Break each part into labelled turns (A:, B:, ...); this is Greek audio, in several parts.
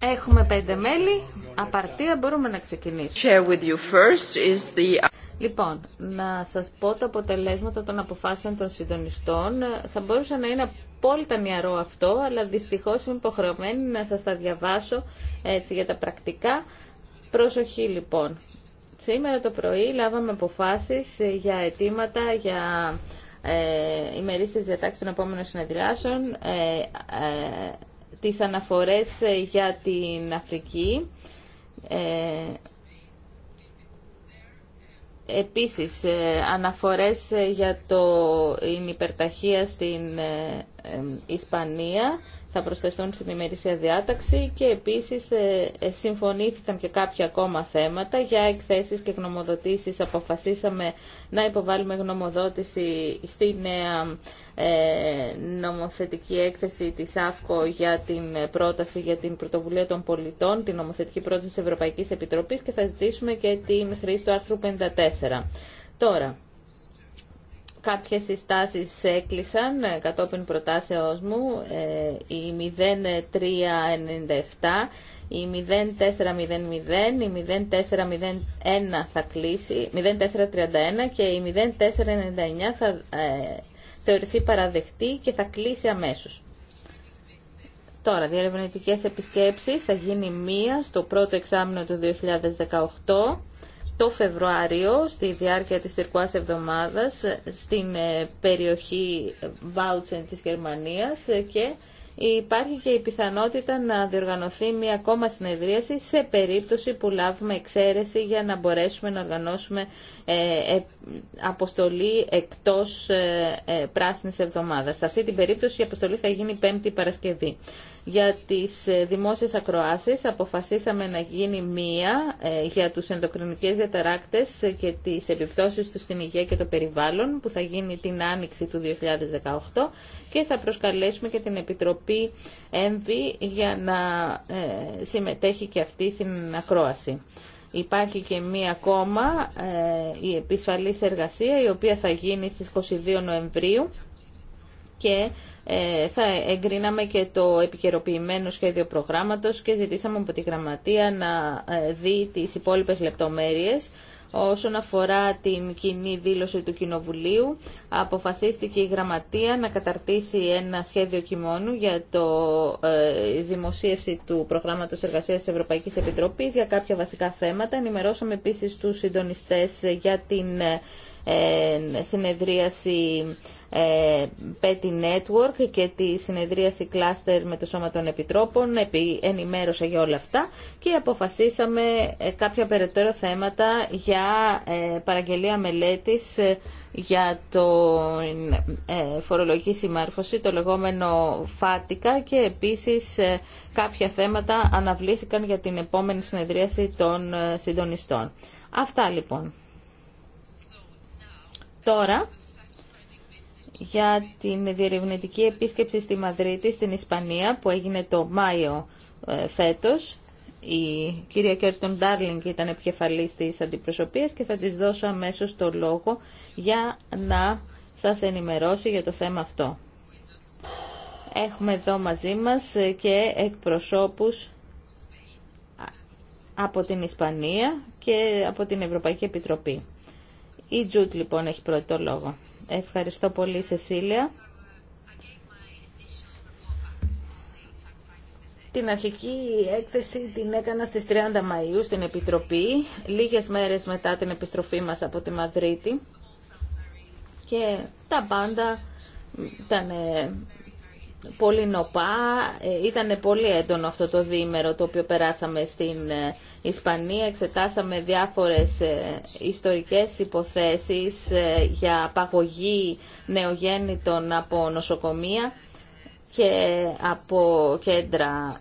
A: Έχουμε πέντε μέλη. Απαρτία μπορούμε να ξεκινήσουμε. Share with you first is the... Λοιπόν, να σας πω τα αποτελέσματα των αποφάσεων των συντονιστών. Θα μπορούσε να είναι απόλυτα νιαρό αυτό, αλλά δυστυχώς είμαι υποχρεωμένη να σας τα διαβάσω έτσι, για τα πρακτικά. Προσοχή λοιπόν. Σήμερα το πρωί λάβαμε αποφάσεις για αιτήματα για ε, ημερήσεις διατάξει των επόμενων συνεδριάσεων, ε, ε, τις αναφορές ε, για την Αφρική. Ε, επίσης, ε, αναφορές ε, για το, την υπερταχεία στην Ισπανία θα προσθεθούν στην ημερήσια διάταξη και επίσης ε, ε, συμφωνήθηκαν και κάποια ακόμα θέματα για εκθέσεις και γνωμοδοτήσεις. Αποφασίσαμε να υποβάλουμε γνωμοδότηση στη νέα ε, νομοθετική έκθεση της ΑΦΚΟ για την πρόταση για την πρωτοβουλία των πολιτών, την νομοθετική πρόταση της Ευρωπαϊκής Επιτροπής και θα ζητήσουμε και την χρήση του άρθρου 54. Τώρα, Κάποιες συστάσεις έκλεισαν ε, κατόπιν προτάσεώς μου, ε, η 0397, η 0400, η 0401 θα κλείσει, 0431 και η 0499 θα ε, θεωρηθεί παραδεκτή και θα κλείσει αμέσως. Τώρα, διερευνητικές επισκέψεις θα γίνει μία στο πρώτο εξάμεινο του 2018 το Φεβρουάριο, στη διάρκεια της τυρκουάς εβδομάδας, στην ε, περιοχή Βάουτσεν της Γερμανίας ε, και υπάρχει και η πιθανότητα να διοργανωθεί μια ακόμα συνεδρίαση σε περίπτωση που λάβουμε εξαίρεση για να μπορέσουμε να οργανώσουμε ε, αποστολή εκτός ε, ε, πράσινης εβδομάδας. Σε αυτή την περίπτωση η αποστολή θα γίνει Πέμπτη Παρασκευή. Για τις ε, δημόσιες ακροάσεις αποφασίσαμε να γίνει μία για τους ενδοκρινικές διαταράκτες και τις επιπτώσεις του στην υγεία και το περιβάλλον που θα γίνει την άνοιξη του 2018 και θα προσκαλέσουμε και την Επιτροπή ΕΜΒΗ για να συμμετέχει και αυτή στην ακρόαση. Υπάρχει και μία ακόμα, ε, η επισφαλής εργασία, η οποία θα γίνει στις 22 Νοεμβρίου και ε, θα εγκρίναμε και το επικαιροποιημένο σχέδιο προγράμματος και ζητήσαμε από τη Γραμματεία να ε, δει τις υπόλοιπες λεπτομέρειες όσον αφορά την κοινή δήλωση του Κοινοβουλίου. Αποφασίστηκε η Γραμματεία να καταρτήσει ένα σχέδιο κειμένου για το ε, δημοσίευση του προγράμματος εργασίας της Ευρωπαϊκής Επιτροπής για κάποια βασικά θέματα. Ενημερώσαμε επίσης τους συντονιστές για την ε, συνεδρίαση ε, Petty Network και τη συνεδρίαση Cluster με το Σώμα των Επιτρόπων, επί ενημέρωσα για όλα αυτά και αποφασίσαμε ε, κάποια περαιτέρω θέματα για ε, παραγγελία μελέτης για το φορολογική συμμάρφωση το λεγόμενο φάτικα και επίσης κάποια θέματα αναβλήθηκαν για την επόμενη συνεδρίαση των συντονιστών. Αυτά λοιπόν. Τώρα, για την διερευνητική επίσκεψη στη Μαδρίτη, στην Ισπανία, που έγινε το Μάιο ε, φέτος, η κυρία Κέρτον Ντάρλινγκ ήταν επικεφαλής της αντιπροσωπείας και θα της δώσω αμέσως το λόγο για να σας ενημερώσει για το θέμα αυτό. Έχουμε εδώ μαζί μας ε, και εκπροσώπους από την Ισπανία και από την Ευρωπαϊκή Επιτροπή. Η Τζούτ λοιπόν έχει πρώτο το λόγο. Ευχαριστώ πολύ Σεσίλια. Την αρχική έκθεση την έκανα στις 30 Μαΐου στην Επιτροπή, λίγες μέρες μετά την επιστροφή μας από τη Μαδρίτη και τα πάντα ήταν πολύ νοπά. Ε, ήταν πολύ έντονο αυτό το διήμερο το οποίο περάσαμε στην ε, Ισπανία. Εξετάσαμε διάφορες ε, ιστορικές υποθέσεις για απαγωγή νεογέννητων από νοσοκομεία και από κέντρα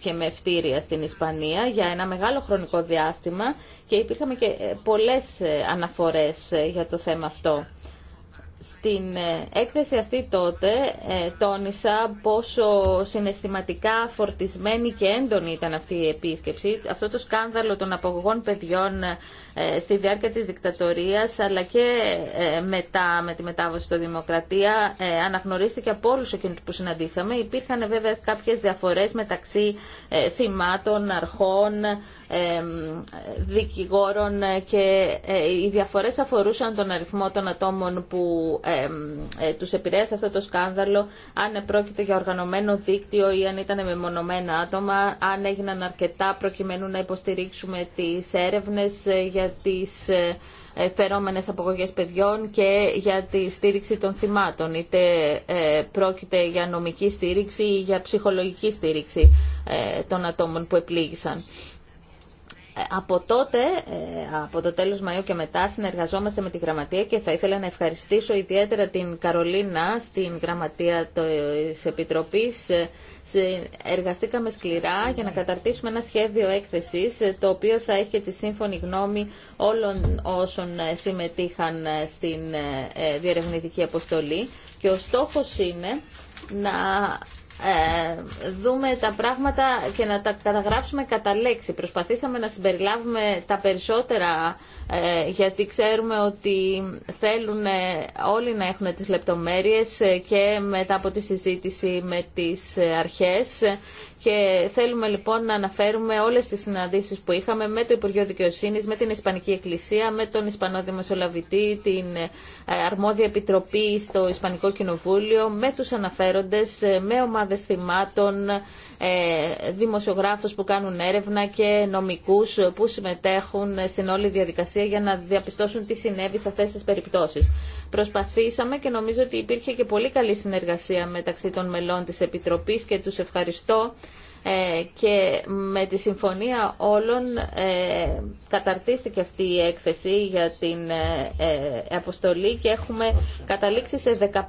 A: και με ευτήρια στην Ισπανία για ένα μεγάλο χρονικό διάστημα και υπήρχαν και πολλές αναφορές για το θέμα αυτό. Στην ε, έκθεση αυτή τότε ε, τόνισα πόσο συναισθηματικά φορτισμένη και έντονη ήταν αυτή η επίσκεψη. Αυτό το σκάνδαλο των απογωγών παιδιών ε, στη διάρκεια της δικτατορίας αλλά και μετά με τη μετάβαση στο Δημοκρατία αναγνωρίστηκε από όλους εκείνους που συναντήσαμε. Υπήρχαν βέβαια κάποιες διαφορές μεταξύ θυμάτων, αρχών, δικηγόρων και ε, οι διαφορές αφορούσαν τον αριθμό των ατόμων που ε, τους επηρέασε αυτό το σκάνδαλο, αν πρόκειται για οργανωμένο δίκτυο ή αν ήταν μεμονωμένα άτομα, αν έγιναν αρκετά προκειμένου να υποστηρίξουμε τις έρευνες ε, για τις φερόμενες απογωγές παιδιών και για τη στήριξη των θυμάτων, είτε πρόκειται για νομική στήριξη ή για ψυχολογική στήριξη των ατόμων που επλήγησαν. Ε, από τότε, ε, από το τέλος Μαΐου και μετά, συνεργαζόμαστε με τη Γραμματεία και θα ήθελα να ευχαριστήσω ιδιαίτερα την Καρολίνα στην Γραμματεία της Επιτροπής. Ε, εργαστήκαμε σκληρά για να καταρτήσουμε ένα σχέδιο έκθεσης, το οποίο θα έχει τη σύμφωνη γνώμη όλων όσων συμμετείχαν στην διερευνητική αποστολή. Και ο στόχος είναι να ε, δούμε τα πράγματα και να τα καταγράψουμε κατά λέξη. Προσπαθήσαμε να συμπεριλάβουμε τα περισσότερα ε, γιατί ξέρουμε ότι θέλουν ε, όλοι να έχουν τις λεπτομέρειες και μετά από τη συζήτηση με τις αρχές και θέλουμε λοιπόν να αναφέρουμε όλες τις συναντήσεις που είχαμε με το Υπουργείο Δικαιοσύνης, με την Ισπανική Εκκλησία, με τον Ισπανό Δημοσιολαβητή, την ε, Αρμόδια Επιτροπή στο Ισπανικό Κοινοβούλιο, με τους αναφέροντες, ε, με ομάδες θυμάτων, ε, δημοσιογράφους που κάνουν έρευνα και νομικούς που συμμετέχουν στην όλη διαδικασία για να διαπιστώσουν τι συνέβη σε αυτές τις περιπτώσεις. Προσπαθήσαμε και νομίζω ότι υπήρχε και πολύ καλή συνεργασία μεταξύ των μελών της Επιτροπής και τους ευχαριστώ ε, και με τη συμφωνία όλων ε, καταρτίστηκε αυτή η έκθεση για την ε, αποστολή και έχουμε καταλήξει σε 15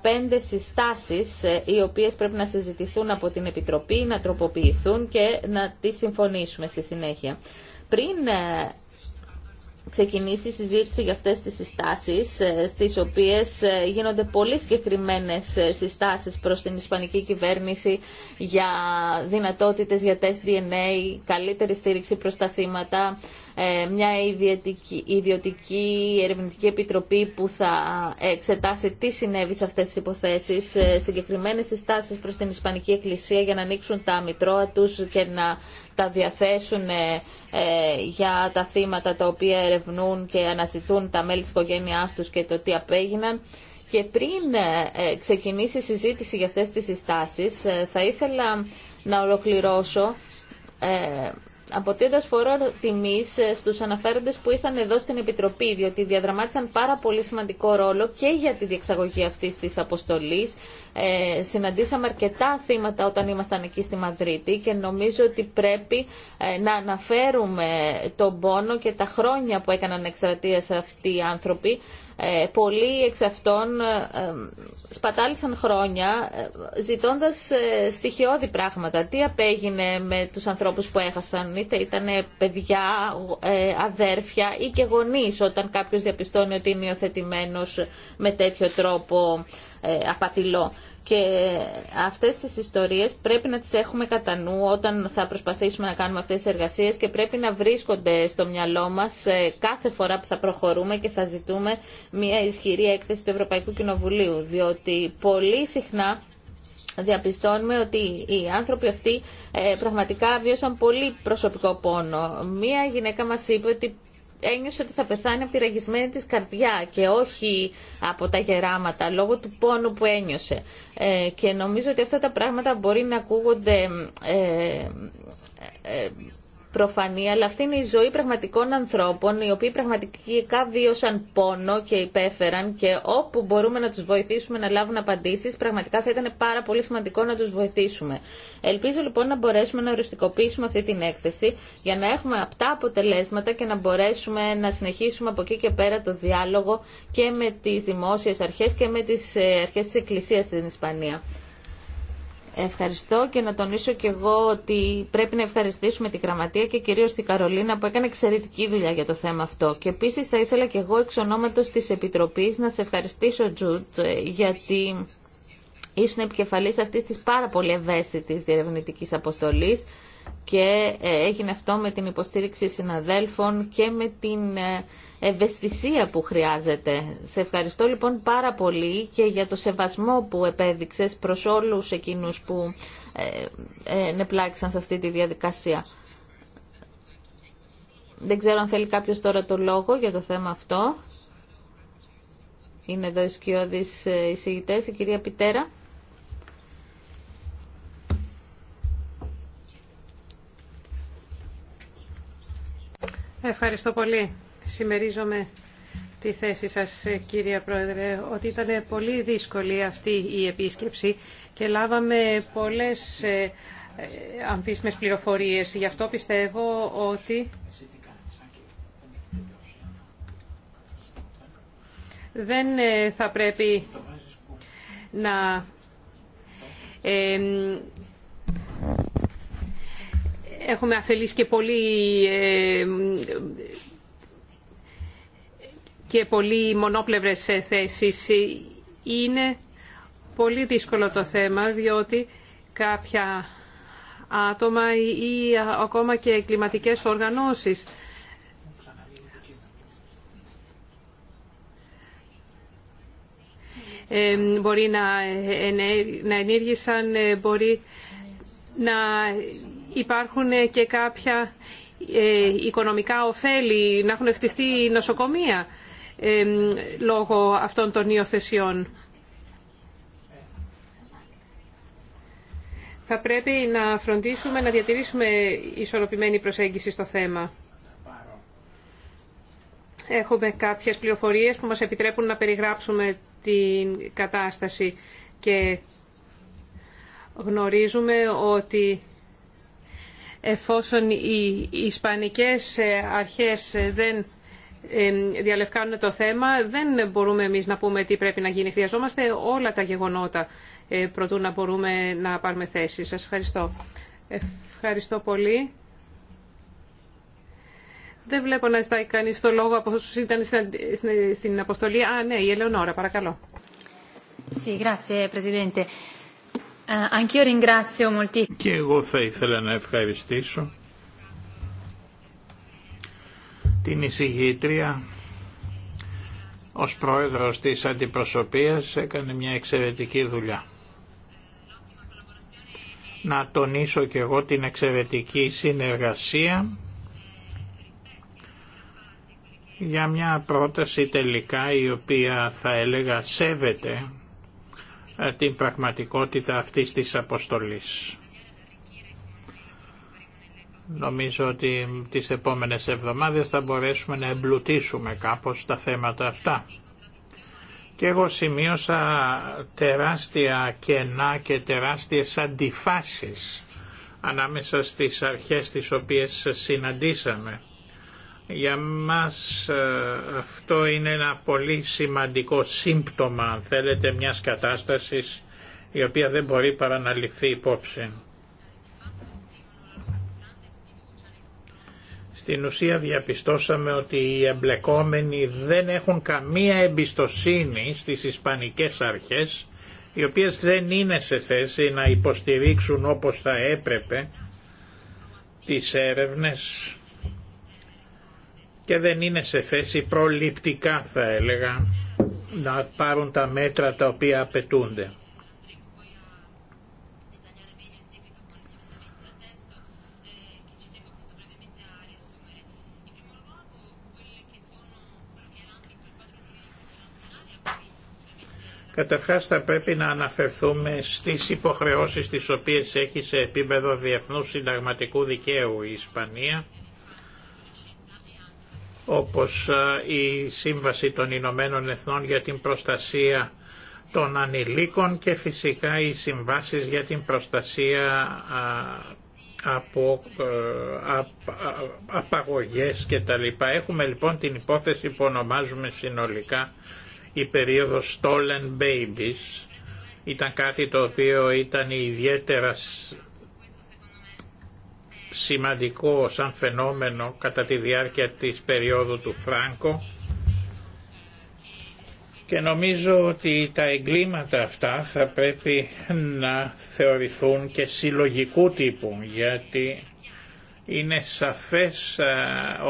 A: συστάσεις οι οποίες πρέπει να συζητηθούν από την Επιτροπή, να τροποποιηθούν και να τις συμφωνήσουμε στη συνέχεια. Πριν ξεκινήσει η συζήτηση για αυτές τις συστάσεις, ε, στις οποίες ε, γίνονται πολύ συγκεκριμένες ε, συστάσεις προς την Ισπανική κυβέρνηση για δυνατότητες για τεστ DNA, καλύτερη στήριξη προς τα θύματα, μια ιδιωτική ερευνητική επιτροπή που θα εξετάσει τι συνέβη σε αυτές τις υποθέσεις, συγκεκριμένες συστάσεις προς την Ισπανική Εκκλησία για να ανοίξουν τα μητρώα τους και να τα διαθέσουν ε, ε, για τα θύματα τα οποία ερευνούν και αναζητούν τα μέλη της οικογένειάς τους και το τι απέγιναν. Και πριν ε, ξεκινήσει η συζήτηση για αυτές τις συστάσεις, θα ήθελα να ολοκληρώσω ε, αποτείοντας φορό τιμής ε, στους αναφέροντες που ήρθαν εδώ στην Επιτροπή, διότι διαδραμάτισαν πάρα πολύ σημαντικό ρόλο και για τη διεξαγωγή αυτής της αποστολής. Ε, συναντήσαμε αρκετά θύματα όταν ήμασταν εκεί στη Μαδρίτη και νομίζω ότι πρέπει ε, να αναφέρουμε τον πόνο και τα χρόνια που έκαναν σε αυτοί οι άνθρωποι ε, πολλοί εξ αυτών ε, ε, σπατάλησαν χρόνια ζητώντας στοιχειώδη πράγματα. Τι απέγινε με τους ανθρώπους που έχασαν, είτε ήταν παιδιά, αδέρφια ή και γονείς όταν κάποιος διαπιστώνει ότι είναι υιοθετημένο με τέτοιο τρόπο ε, απατηλό. Και αυτές τις ιστορίες πρέπει να τις έχουμε κατά νου όταν θα προσπαθήσουμε να κάνουμε αυτές τις εργασίες και πρέπει να βρίσκονται στο μυαλό μας ε, κάθε φορά που θα προχωρούμε και θα ζητούμε μια ισχυρή έκθεση του Ευρωπαϊκού Κοινοβουλίου. Διότι πολύ συχνά διαπιστώνουμε ότι οι άνθρωποι αυτοί ε, πραγματικά βίωσαν πολύ προσωπικό πόνο. Μία γυναίκα μας είπε ότι ένιωσε ότι θα πεθάνει από τη ραγισμένη της καρδιά και όχι από τα γεράματα λόγω του πόνου που ένιωσε. Ε, και νομίζω ότι αυτά τα πράγματα μπορεί να ακούγονται ε, ε, προφανή, αλλά αυτή είναι η ζωή πραγματικών ανθρώπων, οι οποίοι πραγματικά βίωσαν πόνο και υπέφεραν και όπου μπορούμε να τους βοηθήσουμε να λάβουν απαντήσεις, πραγματικά θα ήταν πάρα πολύ σημαντικό να τους βοηθήσουμε. Ελπίζω λοιπόν να μπορέσουμε να οριστικοποιήσουμε αυτή την έκθεση για να έχουμε απτά αποτελέσματα και να μπορέσουμε να συνεχίσουμε από εκεί και πέρα το διάλογο και με τις δημόσιες αρχές και με τις ε, αρχές της Εκκλησίας στην Ισπανία. Ευχαριστώ και να τονίσω και εγώ ότι πρέπει να ευχαριστήσουμε τη Γραμματεία και κυρίως τη Καρολίνα που έκανε εξαιρετική δουλειά για το θέμα αυτό. Και επίση θα ήθελα και εγώ εξ ονόματο της Επιτροπής να σε ευχαριστήσω Τζουτ γιατί ήσουν επικεφαλής αυτή τη πάρα πολύ ευαίσθητη διερευνητική αποστολή και ε, έγινε αυτό με την υποστήριξη συναδέλφων και με την ε, ευαισθησία που χρειάζεται. Σε ευχαριστώ λοιπόν πάρα πολύ και για το σεβασμό που επέδειξες προς όλους εκείνους που ε, ε, νεπλάξαν σε αυτή τη διαδικασία. Δεν ξέρω αν θέλει κάποιος τώρα το λόγο για το θέμα αυτό. Είναι εδώ οι σκιώδεις ε, εισηγητές, η κυρία Πιτέρα.
B: Ευχαριστώ πολύ. Συμμερίζομαι τη θέση σας, κύριε Πρόεδρε, ότι ήταν πολύ δύσκολη αυτή η επίσκεψη και λάβαμε πολλές ε, ε, αμφίσμες πληροφορίες. Γι' αυτό πιστεύω ότι δεν ε, θα πρέπει να έχουμε αφελείς και πολύ και πολύ μονόπλευρες ε, θέσεις. Ε, είναι πολύ δύσκολο το θέμα, διότι κάποια άτομα ή ακόμα και κλιματικές οργανώσεις ε, μπορεί να, να ενήργησαν, μπορεί να υπάρχουν και κάποια οικονομικά ωφέλη, να έχουν χτιστεί νοσοκομεία λόγω αυτών των υιοθεσιών. Θα πρέπει να φροντίσουμε να διατηρήσουμε ισορροπημένη προσέγγιση στο θέμα. Έχουμε κάποιες πληροφορίες που μας επιτρέπουν να περιγράψουμε την κατάσταση και γνωρίζουμε ότι εφόσον οι ισπανικές αρχές δεν διαλευκάνουν το θέμα. Δεν μπορούμε εμείς να πούμε τι πρέπει να γίνει. Χρειαζόμαστε όλα τα γεγονότα ε, προτού να μπορούμε να πάρουμε θέση. Σας ευχαριστώ. Ευχαριστώ πολύ. Δεν βλέπω να ζητάει κανεί το λόγο από όσου ήταν στην αποστολή. Α, ναι, η Ελεονόρα, παρακαλώ. Ε,
A: Και
C: εγώ θα ήθελα να ευχαριστήσω την εισηγήτρια ως πρόεδρος της αντιπροσωπείας έκανε μια εξαιρετική δουλειά. Να τονίσω και εγώ την εξαιρετική συνεργασία για μια πρόταση τελικά η οποία θα έλεγα σέβεται ε, την πραγματικότητα αυτής της αποστολής. Νομίζω ότι τις επόμενες εβδομάδες θα μπορέσουμε να εμπλουτίσουμε κάπως τα θέματα αυτά. Και εγώ σημείωσα τεράστια κενά και τεράστιες αντιφάσεις ανάμεσα στις αρχές τις οποίες συναντήσαμε. Για μας ε, αυτό είναι ένα πολύ σημαντικό σύμπτωμα, αν θέλετε, μιας κατάστασης η οποία δεν μπορεί παρά να ληφθεί υπόψη. Στην ουσία διαπιστώσαμε ότι οι εμπλεκόμενοι δεν έχουν καμία εμπιστοσύνη στις ισπανικές αρχές, οι οποίες δεν είναι σε θέση να υποστηρίξουν όπως θα έπρεπε τις έρευνες και δεν είναι σε θέση προληπτικά θα έλεγα να πάρουν τα μέτρα τα οποία απαιτούνται. Καταρχάς θα πρέπει να αναφερθούμε στις υποχρεώσεις τις οποίες έχει σε επίπεδο διεθνού συνταγματικού δικαίου η Ισπανία όπως η Σύμβαση των Ηνωμένων Εθνών για την προστασία των ανηλίκων και φυσικά οι συμβάσεις για την προστασία από ε, απαγωγές και τα Έχουμε λοιπόν την υπόθεση που ονομάζουμε συνολικά η περίοδος Stolen Babies ήταν κάτι το οποίο ήταν ιδιαίτερα σημαντικό σαν φαινόμενο κατά τη διάρκεια της περίοδου του Φράνκο και νομίζω ότι τα εγκλήματα αυτά θα πρέπει να θεωρηθούν και συλλογικού τύπου γιατί είναι σαφές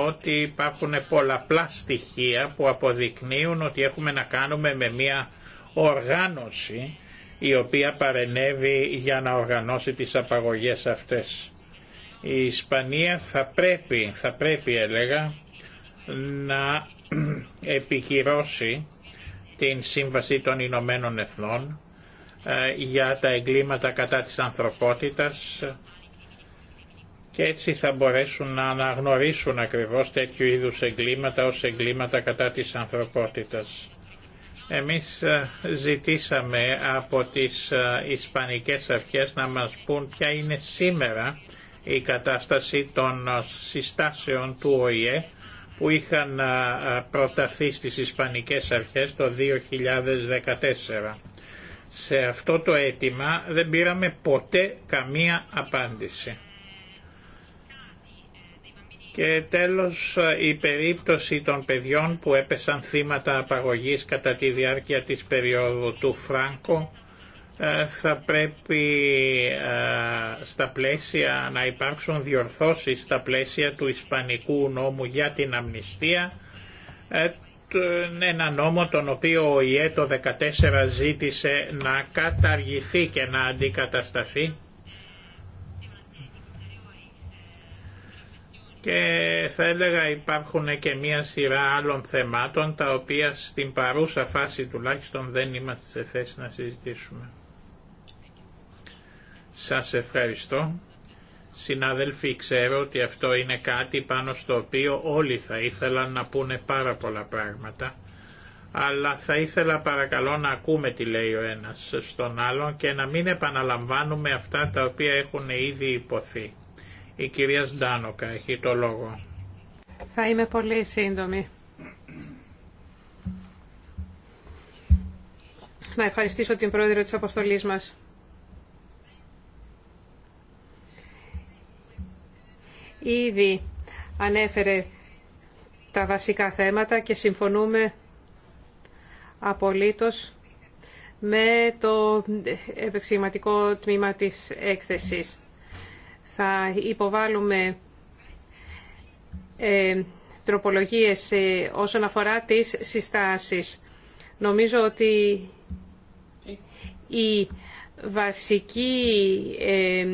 C: ότι υπάρχουν πολλαπλά στοιχεία που αποδεικνύουν ότι έχουμε να κάνουμε με μια οργάνωση η οποία παρενέβη για να οργανώσει τις απαγωγές αυτές. Η Ισπανία θα πρέπει, θα πρέπει έλεγα, να επικυρώσει την Σύμβαση των Ηνωμένων Εθνών για τα εγκλήματα κατά της ανθρωπότητας και έτσι θα μπορέσουν να αναγνωρίσουν ακριβώς τέτοιου είδους εγκλήματα ως εγκλήματα κατά της ανθρωπότητας. Εμείς ε, ζητήσαμε από τις ε, Ισπανικές αρχές να μας πούν ποια είναι σήμερα η κατάσταση των ε, συστάσεων του ΟΗΕ που είχαν προταθεί στις Ισπανικές αρχές το 2014. Σε αυτό το αίτημα δεν πήραμε ποτέ καμία απάντηση. Και τέλος η περίπτωση των παιδιών που έπεσαν θύματα απαγωγής κατά τη διάρκεια της περίοδου του Φράνκο ε, θα πρέπει ε, στα πλαίσια να υπάρξουν διορθώσεις στα πλαίσια του Ισπανικού νόμου για την αμνηστία ε, ένα νόμο τον οποίο ο ΙΕ το 14 ζήτησε να καταργηθεί και να αντικατασταθεί και θα έλεγα υπάρχουν και μία σειρά άλλων θεμάτων τα οποία στην παρούσα φάση τουλάχιστον δεν είμαστε σε θέση να συζητήσουμε. Σας ευχαριστώ. Συνάδελφοι, ξέρω ότι αυτό είναι κάτι πάνω στο οποίο όλοι θα ήθελαν να πούνε πάρα πολλά πράγματα, αλλά θα ήθελα παρακαλώ να ακούμε τι λέει ο ένας στον άλλον και να μην επαναλαμβάνουμε αυτά τα οποία έχουν ήδη υποθεί. Η κυρία Σντάνοκα έχει το λόγο.
B: Θα είμαι πολύ σύντομη. Να ευχαριστήσω την πρόεδρο της αποστολής μας. Ήδη ανέφερε τα βασικά θέματα και συμφωνούμε απολύτως με το επεξηγηματικό τμήμα της έκθεσης θα υποβάλουμε ε, τροπολογίες ε, όσον αφορά τις συστάσεις. Νομίζω ότι η βασική ε,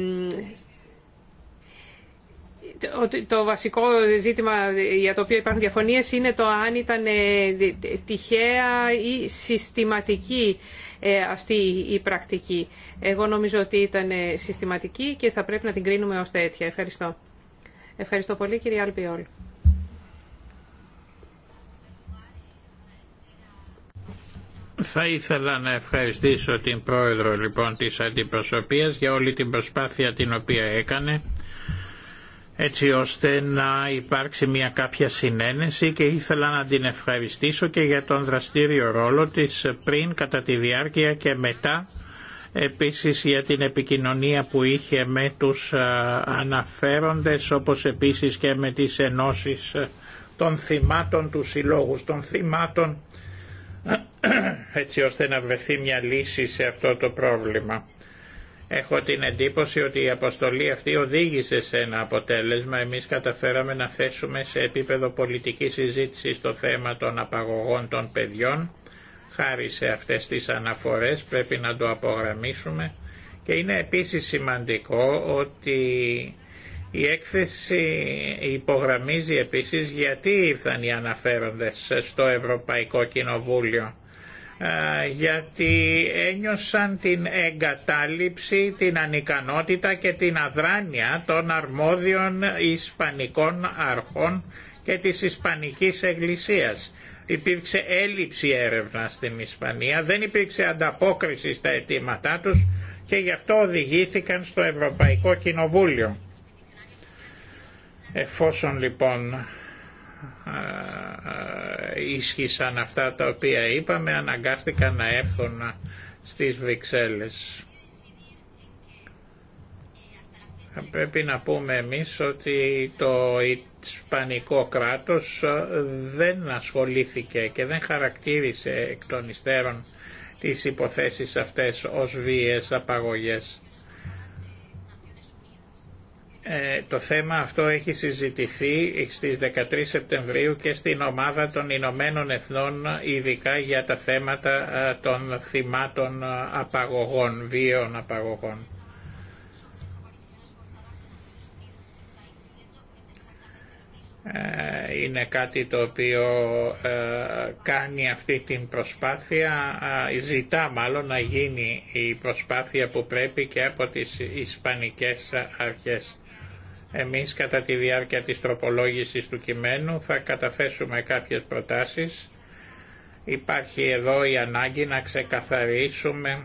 B: το βασικό ζήτημα για το οποίο υπάρχουν διαφωνίες είναι το αν ήταν τυχαία ή συστηματική ε, αυτή η πρακτική. Εγώ νομίζω ότι ήταν ε, συστηματική και θα πρέπει να την κρίνουμε ως τέτοια. Ευχαριστώ. Ευχαριστώ πολύ κύριε Αλπιόλ.
C: Θα ήθελα να ευχαριστήσω την πρόεδρο λοιπόν της αντιπροσωπείας για όλη την προσπάθεια την οποία έκανε έτσι ώστε να υπάρξει μια κάποια συνένεση και ήθελα να την ευχαριστήσω και για τον δραστήριο ρόλο της πριν, κατά τη διάρκεια και μετά επίσης για την επικοινωνία που είχε με τους αναφέροντες όπως επίσης και με τις ενώσεις των θυμάτων του συλλόγου των θυμάτων έτσι ώστε να βρεθεί μια λύση σε αυτό το πρόβλημα. Έχω την εντύπωση ότι η αποστολή αυτή οδήγησε σε ένα αποτέλεσμα. Εμείς καταφέραμε να θέσουμε σε επίπεδο πολιτικής συζήτηση το θέμα των απαγωγών των παιδιών. Χάρη σε αυτές τις αναφορές πρέπει να το απογραμμίσουμε. Και είναι επίσης σημαντικό ότι η έκθεση υπογραμμίζει επίσης γιατί ήρθαν οι αναφέροντες στο Ευρωπαϊκό Κοινοβούλιο γιατί ένιωσαν την εγκατάλειψη, την ανικανότητα και την αδράνεια των αρμόδιων Ισπανικών αρχών και της Ισπανικής Εκκλησίας. Υπήρξε έλλειψη έρευνα στην Ισπανία, δεν υπήρξε ανταπόκριση στα αιτήματά τους και γι' αυτό οδηγήθηκαν στο Ευρωπαϊκό Κοινοβούλιο. Εφόσον λοιπόν ίσχυσαν αυτά τα οποία είπαμε αναγκάστηκαν να έρθουν στις Βρυξέλλες. Πρέπει να πούμε εμείς ότι το Ισπανικό κράτος δεν ασχολήθηκε και δεν χαρακτήρισε εκ των υστέρων τις υποθέσεις αυτές ως βίαιες απαγωγές. Ε, το θέμα αυτό έχει συζητηθεί στις 13 Σεπτεμβρίου και στην ομάδα των Ηνωμένων Εθνών ειδικά για τα θέματα ε, των θυμάτων ε, απαγωγών, βίων απαγωγών. είναι κάτι το οποίο κάνει αυτή την προσπάθεια, ζητά μάλλον να γίνει η προσπάθεια που πρέπει και από τις Ισπανικές αρχές. Εμείς κατά τη διάρκεια της τροπολόγησης του κειμένου θα καταφέσουμε κάποιες προτάσεις. Υπάρχει εδώ η ανάγκη να ξεκαθαρίσουμε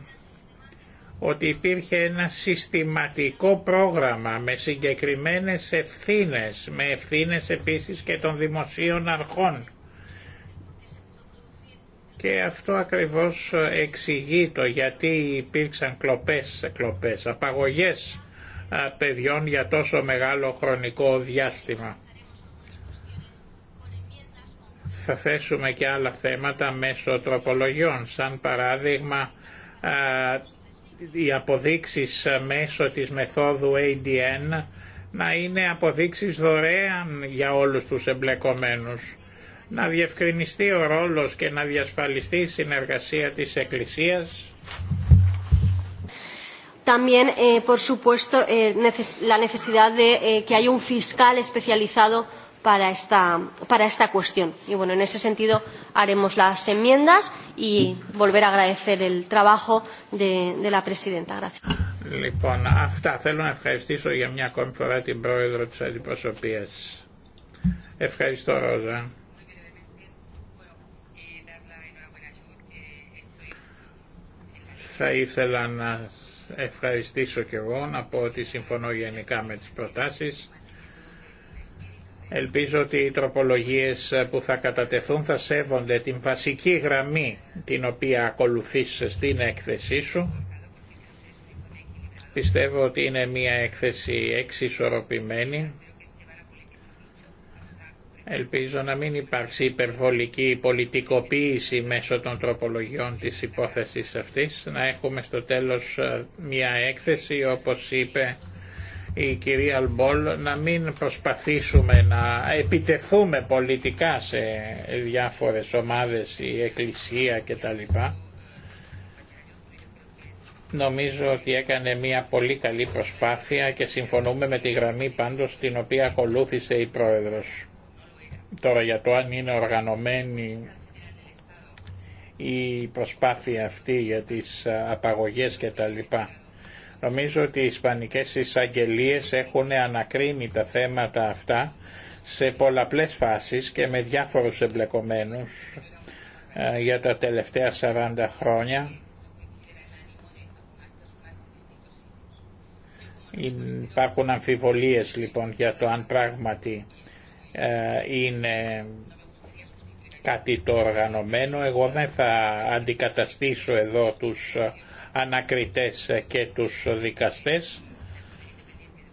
C: ότι υπήρχε ένα συστηματικό πρόγραμμα με συγκεκριμένες ευθύνες, με ευθύνες επίσης και των δημοσίων αρχών. Και αυτό ακριβώς εξηγεί το γιατί υπήρξαν κλοπές, κλοπές, απαγωγές παιδιών για τόσο μεγάλο χρονικό διάστημα. Θα θέσουμε και άλλα θέματα μέσω τροπολογιών, σαν παράδειγμα οι αποδείξεις μέσω της μεθόδου ADN να είναι αποδείξεις δωρεάν για όλους τους εμπλεκομένους. Να διευκρινιστεί ο ρόλος και να διασφαλιστεί η συνεργασία της Εκκλησίας
A: también, eh, por supuesto, la necesidad de que haya un fiscal especializado para esta, para esta cuestión. Y bueno, en ese sentido haremos las enmiendas y volver a agradecer el trabajo de, de la presidenta. Gracias.
C: Λοιπόν, αυτά θέλω να ευχαριστήσω για μια ακόμη φορά την πρόεδρο της αντιπροσωπείας. Ευχαριστώ, Ρόζα. Θα ήθελα να ευχαριστήσω και εγώ να πω ότι συμφωνώ γενικά με τις προτάσεις. Ελπίζω ότι οι τροπολογίες που θα κατατεθούν θα σέβονται την βασική γραμμή την οποία ακολουθείς στην έκθεσή σου. Πιστεύω ότι είναι μια έκθεση εξισορροπημένη Ελπίζω να μην υπάρξει υπερβολική πολιτικοποίηση μέσω των τροπολογιών της υπόθεσης αυτής, να έχουμε στο τέλος ε, μια έκθεση, όπως είπε η κυρία Αλμπόλ, να μην προσπαθήσουμε να επιτεθούμε πολιτικά σε διάφορες ομάδες, η εκκλησία κτλ. Νομίζω ότι έκανε μια πολύ καλή προσπάθεια και συμφωνούμε με τη γραμμή πάντως την οποία ακολούθησε η Πρόεδρος. Τώρα για το αν είναι οργανωμένη η προσπάθεια αυτή για τις απαγωγές και τα λοιπά. Νομίζω ότι οι ισπανικές εισαγγελίε έχουν ανακρίνει τα θέματα αυτά σε πολλαπλές φάσεις και με διάφορους εμπλεκομένους για τα τελευταία 40 χρόνια. Υπάρχουν αμφιβολίες λοιπόν για το αν πράγματι ε, είναι κάτι το οργανωμένο. Εγώ δεν θα αντικαταστήσω εδώ τους ε, ανακριτές και τους δικαστές.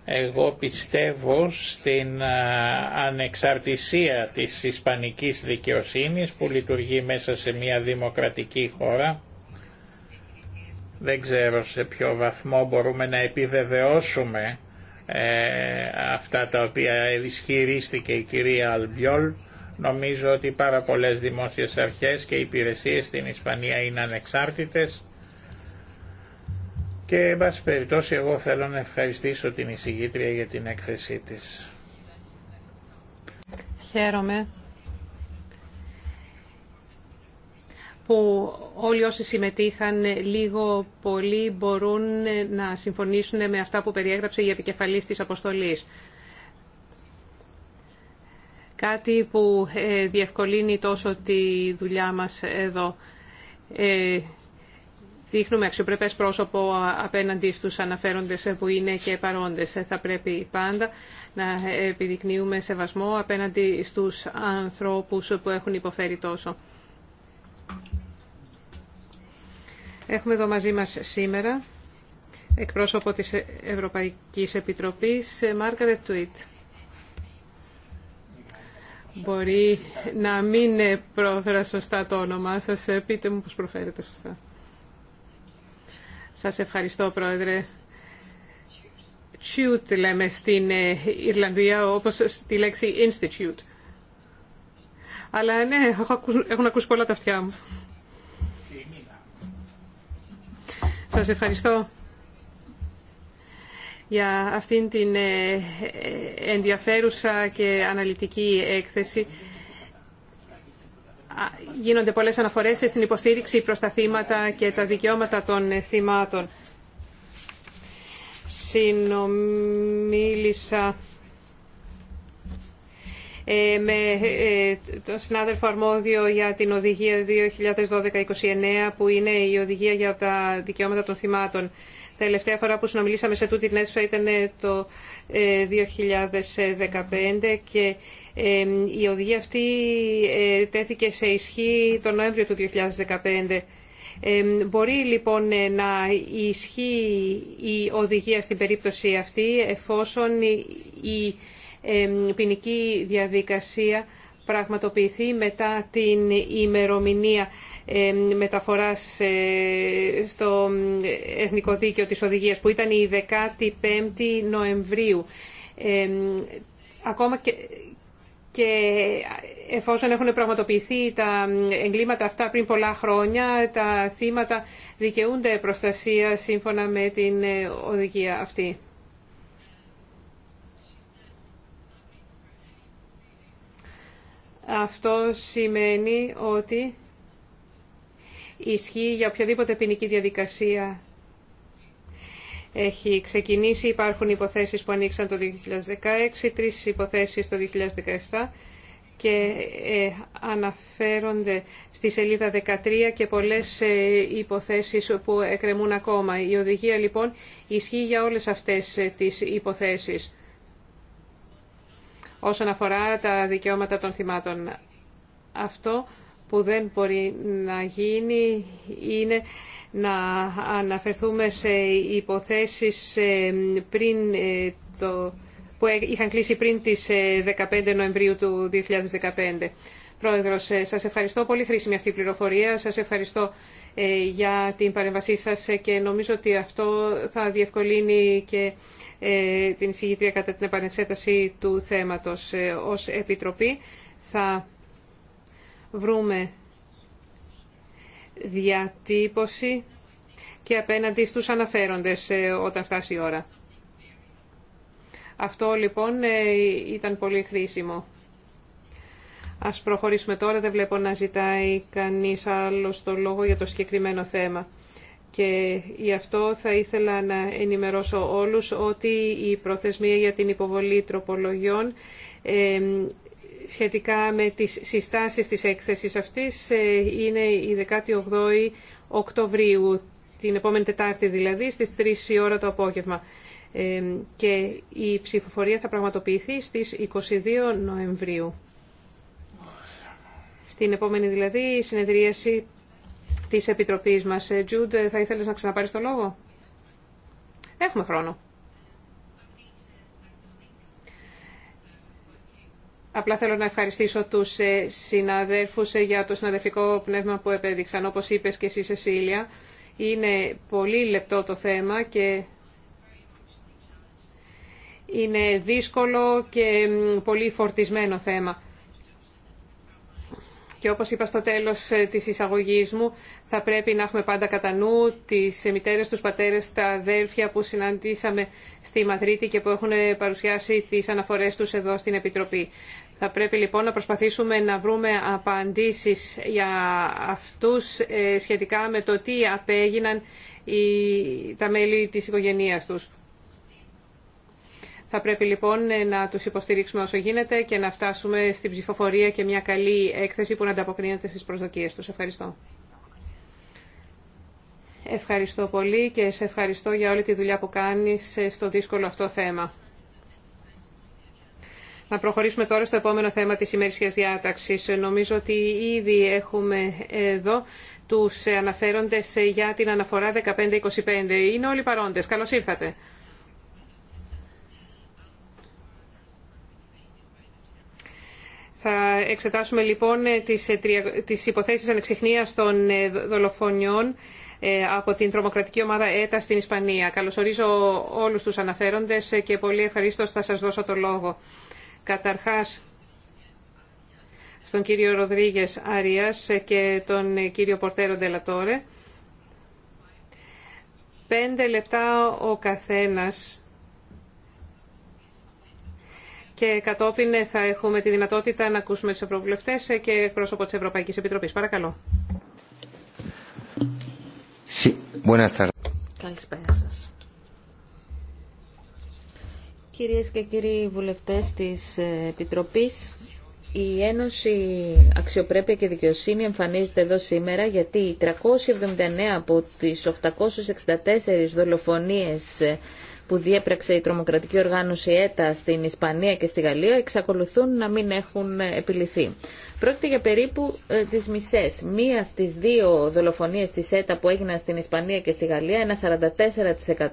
C: Εγώ πιστεύω στην ε, ανεξαρτησία της ισπανικής δικαιοσύνης που λειτουργεί μέσα σε μια δημοκρατική χώρα. Δεν ξέρω σε ποιο βαθμό μπορούμε να επιβεβαιώσουμε ε, αυτά τα οποία ισχυρίστηκε η κυρία Αλμπιόλ. Νομίζω ότι πάρα πολλές δημόσιες αρχές και υπηρεσίες στην Ισπανία είναι ανεξάρτητες και εν πάση περιπτώσει εγώ θέλω να ευχαριστήσω την εισηγήτρια για την έκθεσή της.
B: Χαίρομαι που όλοι όσοι συμμετείχαν λίγο πολύ μπορούν να συμφωνήσουν με αυτά που περιέγραψε η επικεφαλής της αποστολής. Κάτι που ε, διευκολύνει τόσο τη δουλειά μας εδώ. Ε, δείχνουμε αξιοπρεπές πρόσωπο απέναντι στους αναφέροντες που είναι και παρόντες. Θα πρέπει πάντα να επιδεικνύουμε σεβασμό απέναντι στους ανθρώπους που έχουν υποφέρει τόσο. Έχουμε εδώ μαζί μας σήμερα εκπρόσωπο της Ευρωπαϊκής Επιτροπής, Μάργαρετ Τουίτ. Μπορεί να μην πρόφερα σωστά το όνομά σας. Πείτε μου πώς προφέρετε σωστά. Σας ευχαριστώ, Πρόεδρε. Τσιούτ λέμε στην Ιρλανδία, όπως τη λέξη Institute. Αλλά ναι, έχουν ακούσει πολλά τα αυτιά μου. Σας ευχαριστώ για αυτήν την ε, ε, ενδιαφέρουσα και αναλυτική έκθεση. Γίνονται πολλές αναφορές στην υποστήριξη προς τα θύματα και τα δικαιώματα των ε, θυμάτων. Συνομίλησα ε, με ε, τον συνάδελφο αρμόδιο για την οδηγία 2012-29 που είναι η οδηγία για τα δικαιώματα των θυμάτων. Τελευταία φορά που συνομιλήσαμε σε τούτη την αίθουσα ήταν ε, το 2015 και η οδηγία αυτή τέθηκε σε ισχύ τον Νοέμβριο του 2015. Μπορεί λοιπόν να ισχύει η οδηγία στην περίπτωση αυτή εφόσον η ποινική διαδικασία πραγματοποιηθεί μετά την ημερομηνία μεταφοράς ε, στο ε, Εθνικό Δίκαιο της Οδηγίας που ήταν η 15η Νοεμβρίου. Ακόμα και και εφόσον έχουν πραγματοποιηθεί τα εγκλήματα αυτά πριν πολλά χρόνια, τα θύματα δικαιούνται προστασία σύμφωνα με την ε, οδηγία αυτή. Αυτό σημαίνει ότι ισχύει για οποιαδήποτε ποινική διαδικασία έχει ξεκινήσει. Υπάρχουν υποθέσεις που ανοίξαν το 2016, τρεις υποθέσεις το 2017 και ε, αναφέρονται στη σελίδα 13 και πολλές ε, υποθέσεις που εκκρεμούν ακόμα. Η οδηγία λοιπόν ισχύει για όλες αυτές ε, τις υποθέσεις όσον αφορά τα δικαιώματα των θυμάτων. Αυτό που δεν μπορεί να γίνει είναι να αναφερθούμε σε υποθέσεις ε, πριν ε, το, που είχαν κλείσει πριν τις 15 ε, Νοεμβρίου του 2015. Πρόεδρος, ε, σας ευχαριστώ πολύ χρήσιμη αυτή η πληροφορία. Σας ευχαριστώ ε, για την παρέμβασή σας ε, και νομίζω ότι αυτό θα διευκολύνει και την εισηγητρία κατά την επανεξέταση του θέματος ως Επιτροπή. Θα βρούμε διατύπωση και απέναντι στους αναφέροντες όταν φτάσει η ώρα. Αυτό λοιπόν ήταν πολύ χρήσιμο. Ας προχωρήσουμε τώρα, δεν βλέπω να ζητάει κανείς άλλο το λόγο για το συγκεκριμένο θέμα. Και γι' αυτό θα ήθελα να ενημερώσω όλους ότι η προθεσμία για την υποβολή τροπολογιών ε, σχετικά με τις συστάσεις της έκθεσης αυτής ε, είναι η 18η Οκτωβρίου, την επόμενη Τετάρτη δηλαδή, στις 3 η ώρα το απόγευμα. Ε, και η ψηφοφορία θα πραγματοποιηθεί στις 22 Νοεμβρίου στην επόμενη δηλαδή συνεδρίαση της Επιτροπής μας. Ε, Τζούντ, θα ήθελες να ξαναπάρεις το λόγο? Έχουμε χρόνο. Απλά θέλω να ευχαριστήσω τους ε, συναδέρφους ε, για το συναδελφικό πνεύμα που επέδειξαν. Όπως είπες και εσύ, Σεσίλια, είναι πολύ λεπτό το θέμα και είναι δύσκολο και πολύ φορτισμένο θέμα. Και όπως είπα στο τέλος ε, της εισαγωγής μου, θα πρέπει να έχουμε πάντα κατά νου τις μητέρες, τους πατέρες, τα αδέρφια που συναντήσαμε στη Μαδρίτη και που έχουν ε, παρουσιάσει τις αναφορές τους εδώ στην Επιτροπή. Θα πρέπει λοιπόν να προσπαθήσουμε να βρούμε απαντήσεις για αυτούς ε, σχετικά με το τι απέγιναν τα μέλη της οικογένειάς τους. Θα πρέπει λοιπόν ε, να τους υποστηρίξουμε όσο γίνεται και να φτάσουμε στην ψηφοφορία και μια καλή έκθεση που να ανταποκρίνεται στις προσδοκίες τους. Ευχαριστώ. Ευχαριστώ πολύ και σε ευχαριστώ για όλη τη δουλειά που κάνεις ε, στο δύσκολο αυτό θέμα. Να προχωρήσουμε τώρα στο επόμενο θέμα της ημερησίας διάταξης. Νομίζω ότι ήδη έχουμε εδώ τους αναφέροντες ε, για την αναφορά 1525. Είναι όλοι παρόντες. Καλώς ήρθατε. Θα εξετάσουμε λοιπόν τις ε, υποθέσεις ανεξιχνίας των ε, δολοφονιών ε, από την τρομοκρατική ομάδα ΕΤΑ στην Ισπανία. Καλωσορίζω όλους τους αναφέροντες και πολύ ευχαριστώ θα σας δώσω το λόγο. Καταρχάς, στον κύριο Ροδρίγες Αρίας και τον κύριο Πορτέρο Ντελατόρε. Πέντε λεπτά ο καθένας και κατόπιν θα έχουμε τη δυνατότητα να ακούσουμε τις ευρωβουλευτές και πρόσωπο της Ευρωπαϊκής Επιτροπής. Παρακαλώ. Sí. Καλησπέρα σα.
A: Κυρίες και κύριοι βουλευτές της ε, Επιτροπής, η Ένωση Αξιοπρέπεια και Δικαιοσύνη εμφανίζεται εδώ σήμερα γιατί 379 από τις 864 δολοφονίες ε, που διέπραξε η τρομοκρατική οργάνωση ΕΤΑ στην Ισπανία και στη Γαλλία εξακολουθούν να μην έχουν επιληθεί. Πρόκειται για περίπου ε, τις μισές. Μία στις δύο δολοφονίες της ΕΤΑ που έγιναν στην Ισπανία και στη Γαλλία, ένα 44%,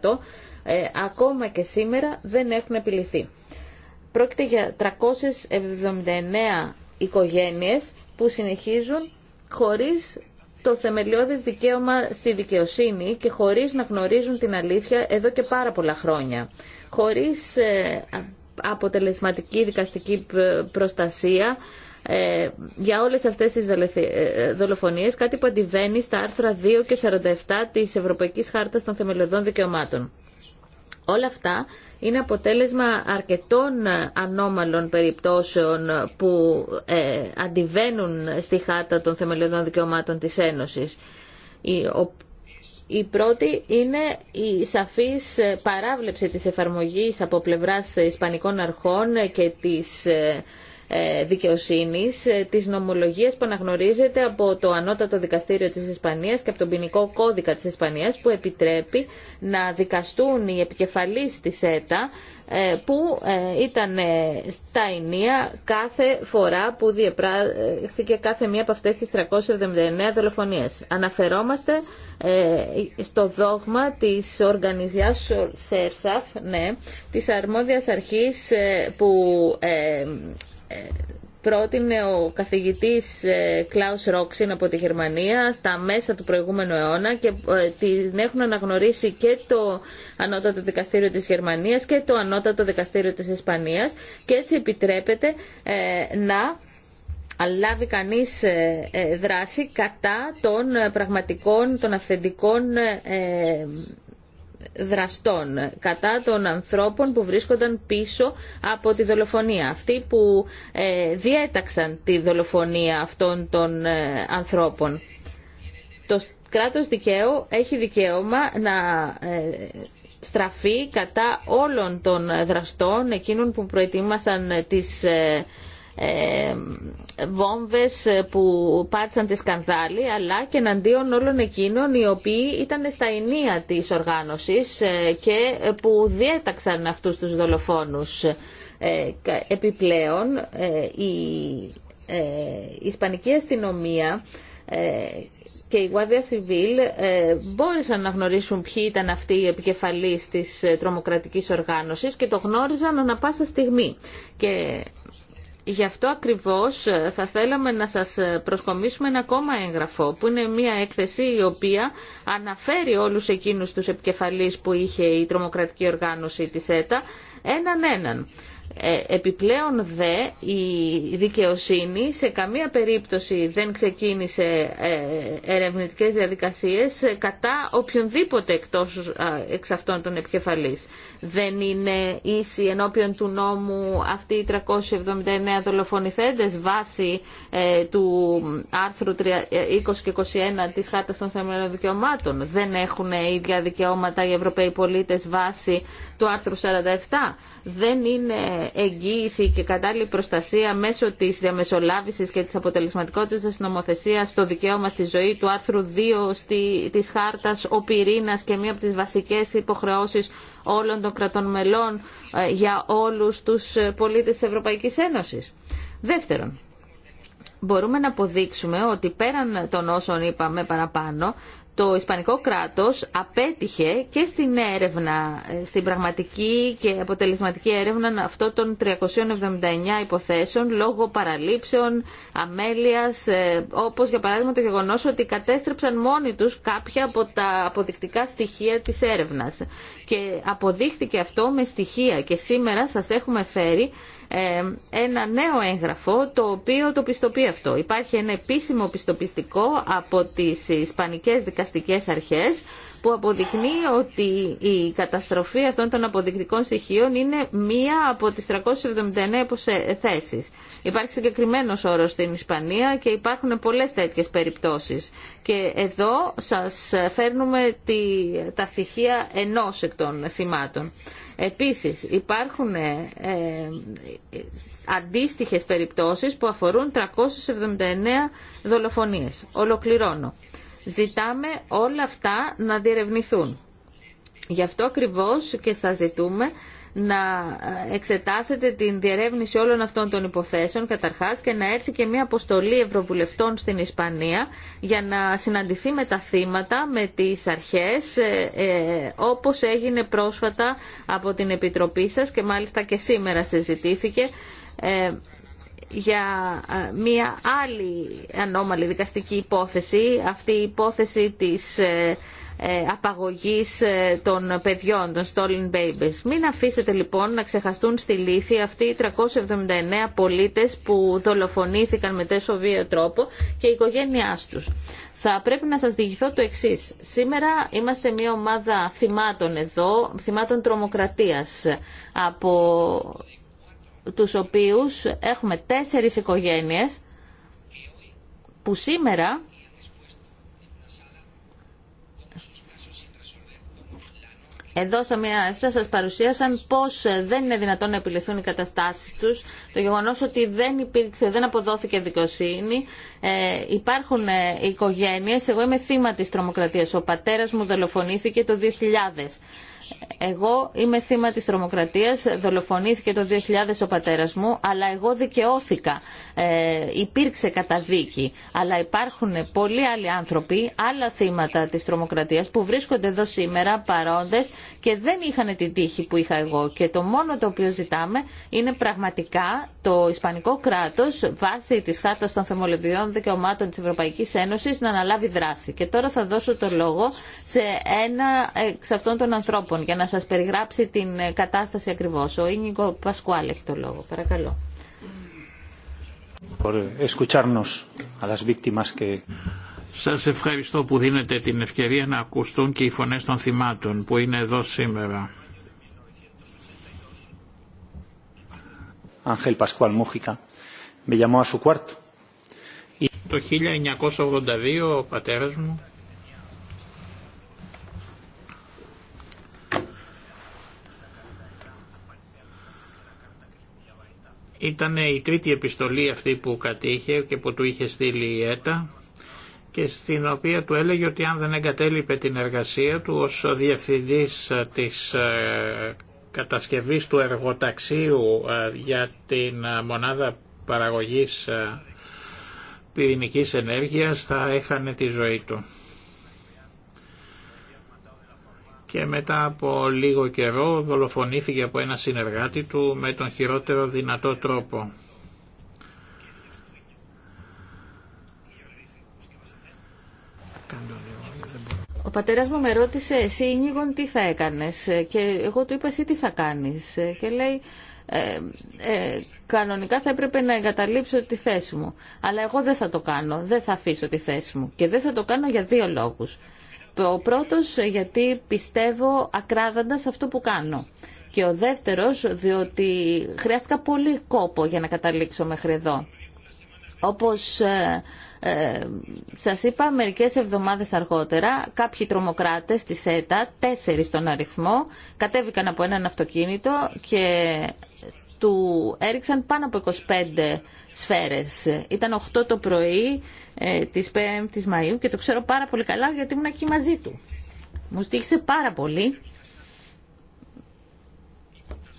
A: ε, ακόμα και σήμερα δεν έχουν επιληθεί. Πρόκειται για 379 οικογένειες που συνεχίζουν χωρίς το θεμελιώδες δικαίωμα στη δικαιοσύνη και χωρίς να γνωρίζουν την αλήθεια εδώ και πάρα πολλά χρόνια. Χωρίς ε, αποτελεσματική δικαστική προστασία ε, για όλες αυτές τις ε, δολοφονίες, κάτι που αντιβαίνει στα άρθρα 2 και 47 της Ευρωπαϊκής Χάρτας των Θεμελιωδών Δικαιωμάτων. Όλα αυτά είναι αποτέλεσμα αρκετών ανώμαλων περιπτώσεων που ε, αντιβαίνουν στη χάρτα των θεμελιωδών δικαιωμάτων της Ένωσης. Η, πρώτη είναι η σαφής παράβλεψη της εφαρμογής από πλευράς ισπανικών αρχών και της ε, ε, δικαιοσύνης ε, τη νομολογία που αναγνωρίζεται από το Ανώτατο Δικαστήριο της Ισπανίας και από τον ποινικό κώδικα της Ισπανίας που επιτρέπει να δικαστούν οι επικεφαλεί της ΕΤΑ ε, που ήταν στα ενία κάθε φορά που διεπράχθηκε κάθε μία από αυτές τις 379 δολοφονίες. Αναφερόμαστε στο δόγμα της οργανιζιάς ΣΕΡΣΑΦ, ναι, της αρμόδιας αρχής που πρότεινε ο καθηγητής ε, Κλάους Ρόξιν από τη Γερμανία στα μέσα του προηγούμενου αιώνα και ε, την έχουν αναγνωρίσει και το Ανώτατο Δικαστήριο της Γερμανίας και το Ανώτατο Δικαστήριο της Ισπανίας και έτσι επιτρέπεται ε, να λάβει κανείς δράση κατά των πραγματικών, των αυθεντικών δραστών, κατά των ανθρώπων που βρίσκονταν πίσω από τη δολοφονία. Αυτοί που ε, διέταξαν τη δολοφονία αυτών των ε, ανθρώπων. Το κράτος δικαίου έχει δικαίωμα να ε, στραφεί κατά όλων των δραστών, εκείνων που προετοίμασαν τις ε, βόμβες ε, που πάτησαν τη σκανδάλη αλλά και εναντίον όλων εκείνων οι οποίοι ήταν στα ενία της οργάνωσης ε, και που διέταξαν αυτούς τους δολοφόνους. Επιπλέον η Ισπανική αστυνομία και η Guardia Civil μπόρεσαν να γνωρίσουν ποιοι ήταν αυτοί οι επικεφαλείς της τρομοκρατικής οργάνωσης και το γνώριζαν ανα πάσα στιγμή. Και Γι' αυτό ακριβώς ε, θα θέλαμε να σας ε, προσκομίσουμε ένα ακόμα έγγραφο που είναι μια έκθεση η οποία αναφέρει όλους εκείνους τους επικεφαλείς που είχε η τρομοκρατική οργάνωση της ΕΤΑ έναν έναν. Ε, επιπλέον δε η δικαιοσύνη σε καμία περίπτωση δεν ξεκίνησε ερευνητικές διαδικασίες κατά οποιονδήποτε εκτός εξ αυτών των επικεφαλής δεν είναι ίση ενώπιον του νόμου αυτοί οι 379 δολοφονηθέντες βάσει ε, του άρθρου 20 ε, και 21 της Χάρτας των Θεμελών Δικαιωμάτων. Δεν έχουν ίδια δικαιώματα οι Ευρωπαίοι πολίτες βάσει του άρθρου 47. Δεν είναι εγγύηση και κατάλληλη προστασία μέσω της διαμεσολάβησης και της αποτελεσματικότητας της νομοθεσίας στο δικαίωμα στη ζωή του άρθρου 2 στη, της Χάρτας, ο πυρήνας και μία από τις βασικές υποχρεώσεις όλων των κρατών μελών ε, για όλους τους ε, πολίτες της Ευρωπαϊκής Ένωσης. Δεύτερον, μπορούμε να αποδείξουμε ότι πέραν των όσων είπαμε παραπάνω, το Ισπανικό κράτος απέτυχε και στην έρευνα, ε, στην πραγματική και αποτελεσματική έρευνα αυτών των 379 υποθέσεων λόγω παραλήψεων, αμέλειας, ε, όπως για παράδειγμα το γεγονός ότι κατέστρεψαν μόνοι τους κάποια από τα αποδεικτικά στοιχεία της έρευνας. Και αποδείχθηκε αυτό με στοιχεία και σήμερα σας έχουμε φέρει ε, ένα νέο έγγραφο το οποίο το πιστοποιεί αυτό. Υπάρχει ένα επίσημο πιστοπιστικό από τις Ισπανικές Δικαστικές Αρχές που αποδεικνύει ότι η καταστροφή αυτών των αποδεικτικών στοιχείων είναι μία από τις 379 ε, θέσεις. Υπάρχει συγκεκριμένος όρος στην Ισπανία και υπάρχουν πολλές τέτοιες περιπτώσεις. Και εδώ σας φέρνουμε τη, τα στοιχεία ενός εκ των θυμάτων. Επίσης υπάρχουν ε, ε, αντίστοιχες περιπτώσεις που αφορούν 379 δολοφονίες. Ολοκληρώνω. Ζητάμε όλα αυτά να διερευνηθούν. Γι' αυτό ακριβώς και σας ζητούμε να εξετάσετε την διερεύνηση όλων αυτών των υποθέσεων καταρχάς και να έρθει και μια αποστολή ευρωβουλευτών στην Ισπανία για να συναντηθεί με τα θύματα, με τις αρχές ε, ε, όπως έγινε πρόσφατα από την Επιτροπή σας και μάλιστα και σήμερα συζητήθηκε ε, για μια άλλη ανώμαλη δικαστική υπόθεση, αυτή η υπόθεση της ε, απαγωγής ε, των παιδιών, των stolen babies. Μην αφήσετε λοιπόν να ξεχαστούν στη λύθη αυτοί οι 379 πολίτες που δολοφονήθηκαν με τέσο βίαιο τρόπο και η οικογένειά τους. Θα πρέπει να σας διηγηθώ το εξής. Σήμερα είμαστε μια ομάδα θυμάτων εδώ, θυμάτων τρομοκρατίας, από τους οποίους έχουμε τέσσερις οικογένειες που σήμερα Εδώ στα μια αίθουσα σας παρουσίασαν πώς ε, δεν είναι δυνατόν να επιληθούν οι καταστάσεις τους, το γεγονός ότι δεν, υπήρξε, δεν αποδόθηκε δικοσύνη, ε, υπάρχουν ε, οικογένειες, εγώ είμαι θύμα της τρομοκρατίας, ο πατέρας μου δολοφονήθηκε το 2000. Εγώ είμαι θύμα της τρομοκρατίας, δολοφονήθηκε το 2000 ο πατέρας μου, αλλά εγώ δικαιώθηκα, ε, υπήρξε καταδίκη. Αλλά υπάρχουν πολλοί άλλοι άνθρωποι, άλλα θύματα της τρομοκρατίας που βρίσκονται εδώ σήμερα παρόντες και δεν είχαν την τύχη που είχα εγώ. Και το μόνο το οποίο ζητάμε είναι πραγματικά το Ισπανικό κράτος βάσει της Χάρτας των Θεμολογιών Δικαιωμάτων της Ευρωπαϊκής Ένωσης να αναλάβει δράση. Και τώρα θα δώσω το λόγο σε ένα εξ αυτών των ανθρώπων Λοιπόν, για να σας περιγράψει την ε, κατάσταση ακριβώς. Ο Ίνικο Πασκουάλ έχει το λόγο. Παρακαλώ.
C: Σας ευχαριστώ που δίνετε την ευκαιρία να ακουστούν και οι φωνές των θυμάτων που είναι εδώ σήμερα. Το 1982 ο πατέρας μου Ήταν η τρίτη επιστολή αυτή που κατήχε και που του είχε στείλει η ΕΤΑ και στην οποία του έλεγε ότι αν δεν εγκατέλειπε την εργασία του ως διευθυντής της ε, κατασκευής του εργοταξίου ε, για την ε, μονάδα παραγωγής πυρηνικής ενέργειας θα έχανε τη ζωή του. και μετά από λίγο καιρό δολοφονήθηκε από ένα συνεργάτη του με τον χειρότερο δυνατό τρόπο.
A: Ο πατέρας μου με ρώτησε «Εσύ Ινίγον τι θα έκανες» και εγώ του είπα «Εσύ τι θα κάνεις» και λέει «Ε, ε, κανονικά θα έπρεπε να εγκαταλείψω τη θέση μου. Αλλά εγώ δεν θα το κάνω, δεν θα αφήσω τη θέση μου. Και δεν θα το κάνω για δύο λόγους. Ο πρώτος γιατί πιστεύω ακράδαντα σε αυτό που κάνω. Και ο δεύτερος διότι χρειάστηκα πολύ κόπο για να καταλήξω μέχρι εδώ. Όπως ε, ε σας είπα μερικές εβδομάδες αργότερα κάποιοι τρομοκράτες της ΕΤΑ, τέσσερις στον αριθμό, κατέβηκαν από έναν αυτοκίνητο και του έριξαν πάνω από 25 σφαίρες. Ήταν 8 το πρωί ε, της 5ης Μαΐου και το ξέρω πάρα πολύ καλά γιατί ήμουν εκεί μαζί του. Μου στήχησε πάρα πολύ.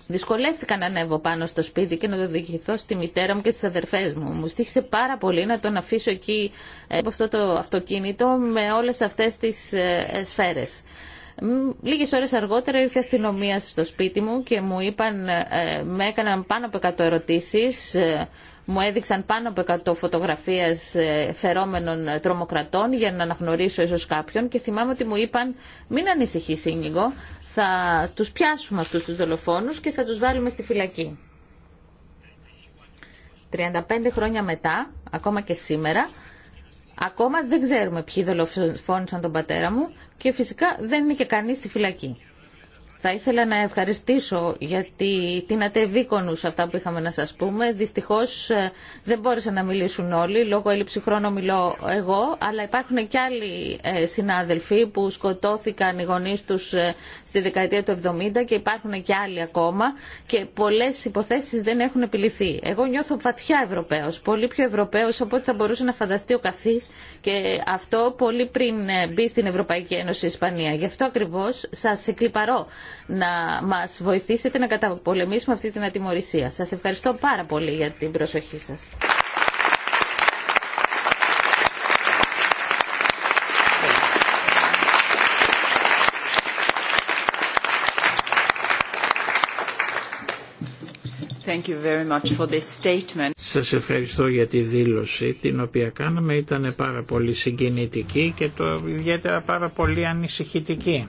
A: Δυσκολεύτηκα να ανέβω πάνω στο σπίτι και να το διοικηθώ στη μητέρα μου και στις αδερφές μου. Μου στήχησε πάρα πολύ να τον αφήσω εκεί ε, από αυτό το αυτοκίνητο με όλες αυτές τις ε, σφαίρες. Λίγες ώρες αργότερα ήρθε αστυνομία στο σπίτι μου και μου είπαν, ε, με έκαναν πάνω από 100 ερωτήσεις, ε, μου έδειξαν πάνω από 100 φωτογραφίες ε, φερόμενων τρομοκρατών για να αναγνωρίσω ίσως κάποιον και θυμάμαι ότι μου είπαν μην ανησυχείς Ίνιγκο, θα τους πιάσουμε αυτούς τους δολοφόνους και θα τους βάλουμε στη φυλακή. 35 χρόνια μετά, ακόμα και σήμερα, Ακόμα δεν ξέρουμε ποιοι δολοφόνησαν τον πατέρα μου και φυσικά δεν είναι και κανείς στη φυλακή. Θα ήθελα να ευχαριστήσω γιατί τίνατε βίκονους αυτά που είχαμε να σας πούμε. Δυστυχώς ε, δεν μπόρεσαν να μιλήσουν όλοι, λόγω έλλειψη χρόνου μιλώ εγώ, αλλά υπάρχουν και άλλοι ε, συνάδελφοι που σκοτώθηκαν οι γονείς τους ε, στη δεκαετία του 70 και υπάρχουν και άλλοι ακόμα και πολλές υποθέσεις δεν έχουν επιληθεί. Εγώ νιώθω βαθιά Ευρωπαίος, πολύ πιο Ευρωπαίος από ό,τι θα μπορούσε να φανταστεί ο καθής και αυτό πολύ πριν μπει στην Ευρωπαϊκή Ένωση η Ισπανία. Γι' αυτό ακριβώς σας εκλυπαρώ να μας βοηθήσετε να καταπολεμήσουμε αυτή την ατιμορρησία. Σας ευχαριστώ πάρα πολύ για την προσοχή σας. Thank
C: Σας ευχαριστώ για τη δήλωση την οποία κάναμε. Ήταν πάρα πολύ συγκινητική και το ιδιαίτερα πάρα πολύ ανησυχητική.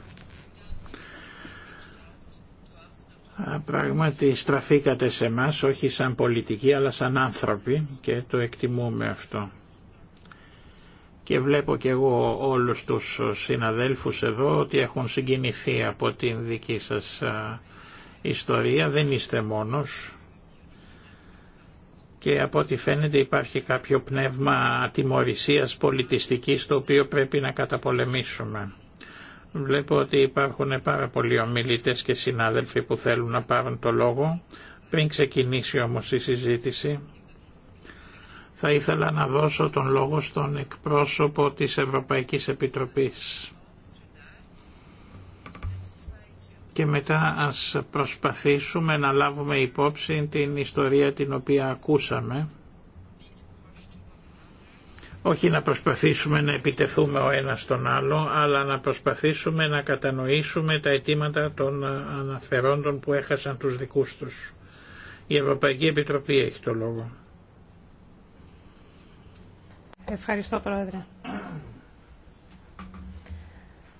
C: Πράγματι στραφήκατε σε εμά όχι σαν πολιτικοί αλλά σαν άνθρωποι και το εκτιμούμε αυτό. Και βλέπω και εγώ όλους τους συναδέλφους εδώ ότι έχουν συγκινηθεί από την δική σας ιστορία. Δεν είστε μόνος και από ό,τι φαίνεται υπάρχει κάποιο πνεύμα ατιμορρησίας πολιτιστικής το οποίο πρέπει να καταπολεμήσουμε. Βλέπω ότι υπάρχουν πάρα πολλοί ομιλητές και συνάδελφοι που θέλουν να πάρουν το λόγο. Πριν ξεκινήσει όμως η συζήτηση, θα ήθελα να δώσω τον λόγο στον εκπρόσωπο της Ευρωπαϊκής Επιτροπής. Και μετά ας προσπαθήσουμε να λάβουμε υπόψη την ιστορία την οποία ακούσαμε όχι να προσπαθήσουμε να επιτεθούμε ο ένας τον άλλο, αλλά να προσπαθήσουμε να κατανοήσουμε τα αιτήματα των αναφερόντων που έχασαν τους δικούς τους. Η Ευρωπαϊκή Επιτροπή έχει το λόγο.
B: Ευχαριστώ, Πρόεδρε.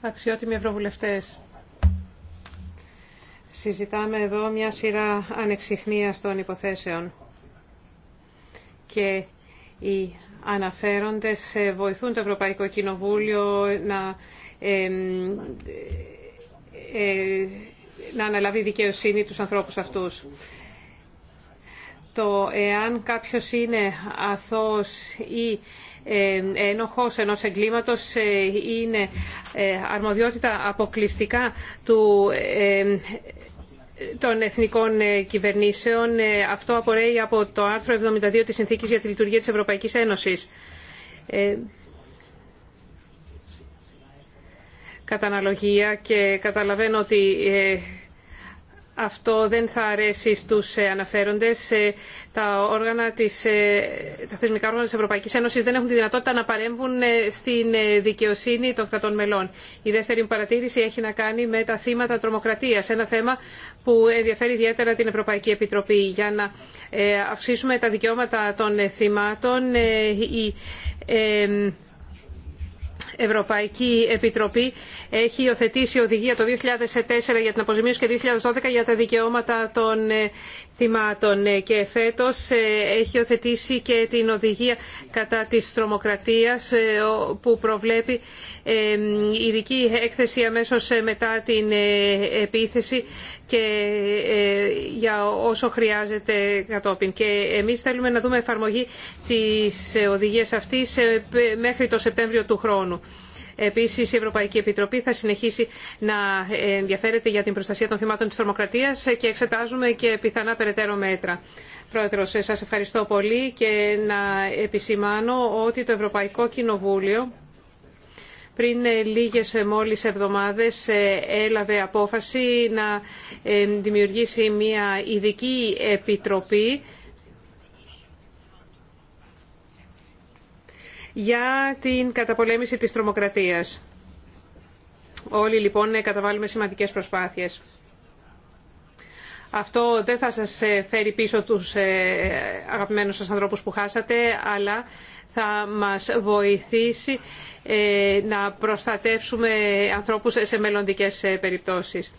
B: Αξιότιμοι Ευρωβουλευτές, συζητάμε εδώ μια σειρά ανεξιχνίας των υποθέσεων και η αναφέροντες βοηθούν το Ευρωπαϊκό Κοινοβούλιο να, ε, να αναλάβει δικαιοσύνη τους ανθρώπους αυτούς. Το εάν κάποιος είναι αθώος ή ένοχος ενός εγκλήματος ε, είναι ε, αρμοδιότητα αποκλειστικά του των εθνικών ε, κυβερνήσεων. Ε, αυτό απορρέει από το άρθρο 72 της Συνθήκης για τη Λειτουργία της Ευρωπαϊκής Ένωσης. Ε, Κατά αναλογία και καταλαβαίνω ότι αυτό δεν θα αρέσει στους ε, αναφέροντες. Ε, τα, όργανα της, ε, θεσμικά όργανα της Ευρωπαϊκής Ένωσης δεν έχουν τη δυνατότητα να παρέμβουν στην δικαιοσύνη των κρατών μελών. Η δεύτερη παρατήρηση έχει να κάνει με τα θύματα τρομοκρατίας. Ένα θέμα που ενδιαφέρει ιδιαίτερα την Ευρωπαϊκή Επιτροπή. Για να αυξήσουμε τα δικαιώματα των θυμάτων, Ευρωπαϊκή Επιτροπή έχει υιοθετήσει οδηγία το 2004 για την αποζημίωση και 2012 για τα δικαιώματα των ε, θυμάτων ε, και φέτος ε, έχει οθετήσει και την οδηγία κατά της τρομοκρατίας ε, που προβλέπει ειδική έκθεση αμέσως μετά την επίθεση και για όσο χρειάζεται κατόπιν. Και εμείς θέλουμε να δούμε εφαρμογή της οδηγίας αυτής μέχρι το Σεπτέμβριο του χρόνου. Επίσης, η Ευρωπαϊκή Επιτροπή θα συνεχίσει να ενδιαφέρεται για την προστασία των θυμάτων της τρομοκρατία και εξετάζουμε και πιθανά περαιτέρω μέτρα. Πρόεδρος, σας ευχαριστώ πολύ και να επισημάνω ότι το Ευρωπαϊκό Κοινοβούλιο πριν λίγες μόλις εβδομάδες έλαβε απόφαση να ε, δημιουργήσει μια ειδική επιτροπή για την καταπολέμηση της τρομοκρατίας. Όλοι λοιπόν καταβάλουμε σημαντικές προσπάθειες. Αυτό δεν θα σας ε, φέρει πίσω τους ε, αγαπημένους σας ανθρώπους που χάσατε, αλλά θα μας βοηθήσει ε, να προστατεύσουμε ανθρώπους σε μελλοντικές περιπτώσεις.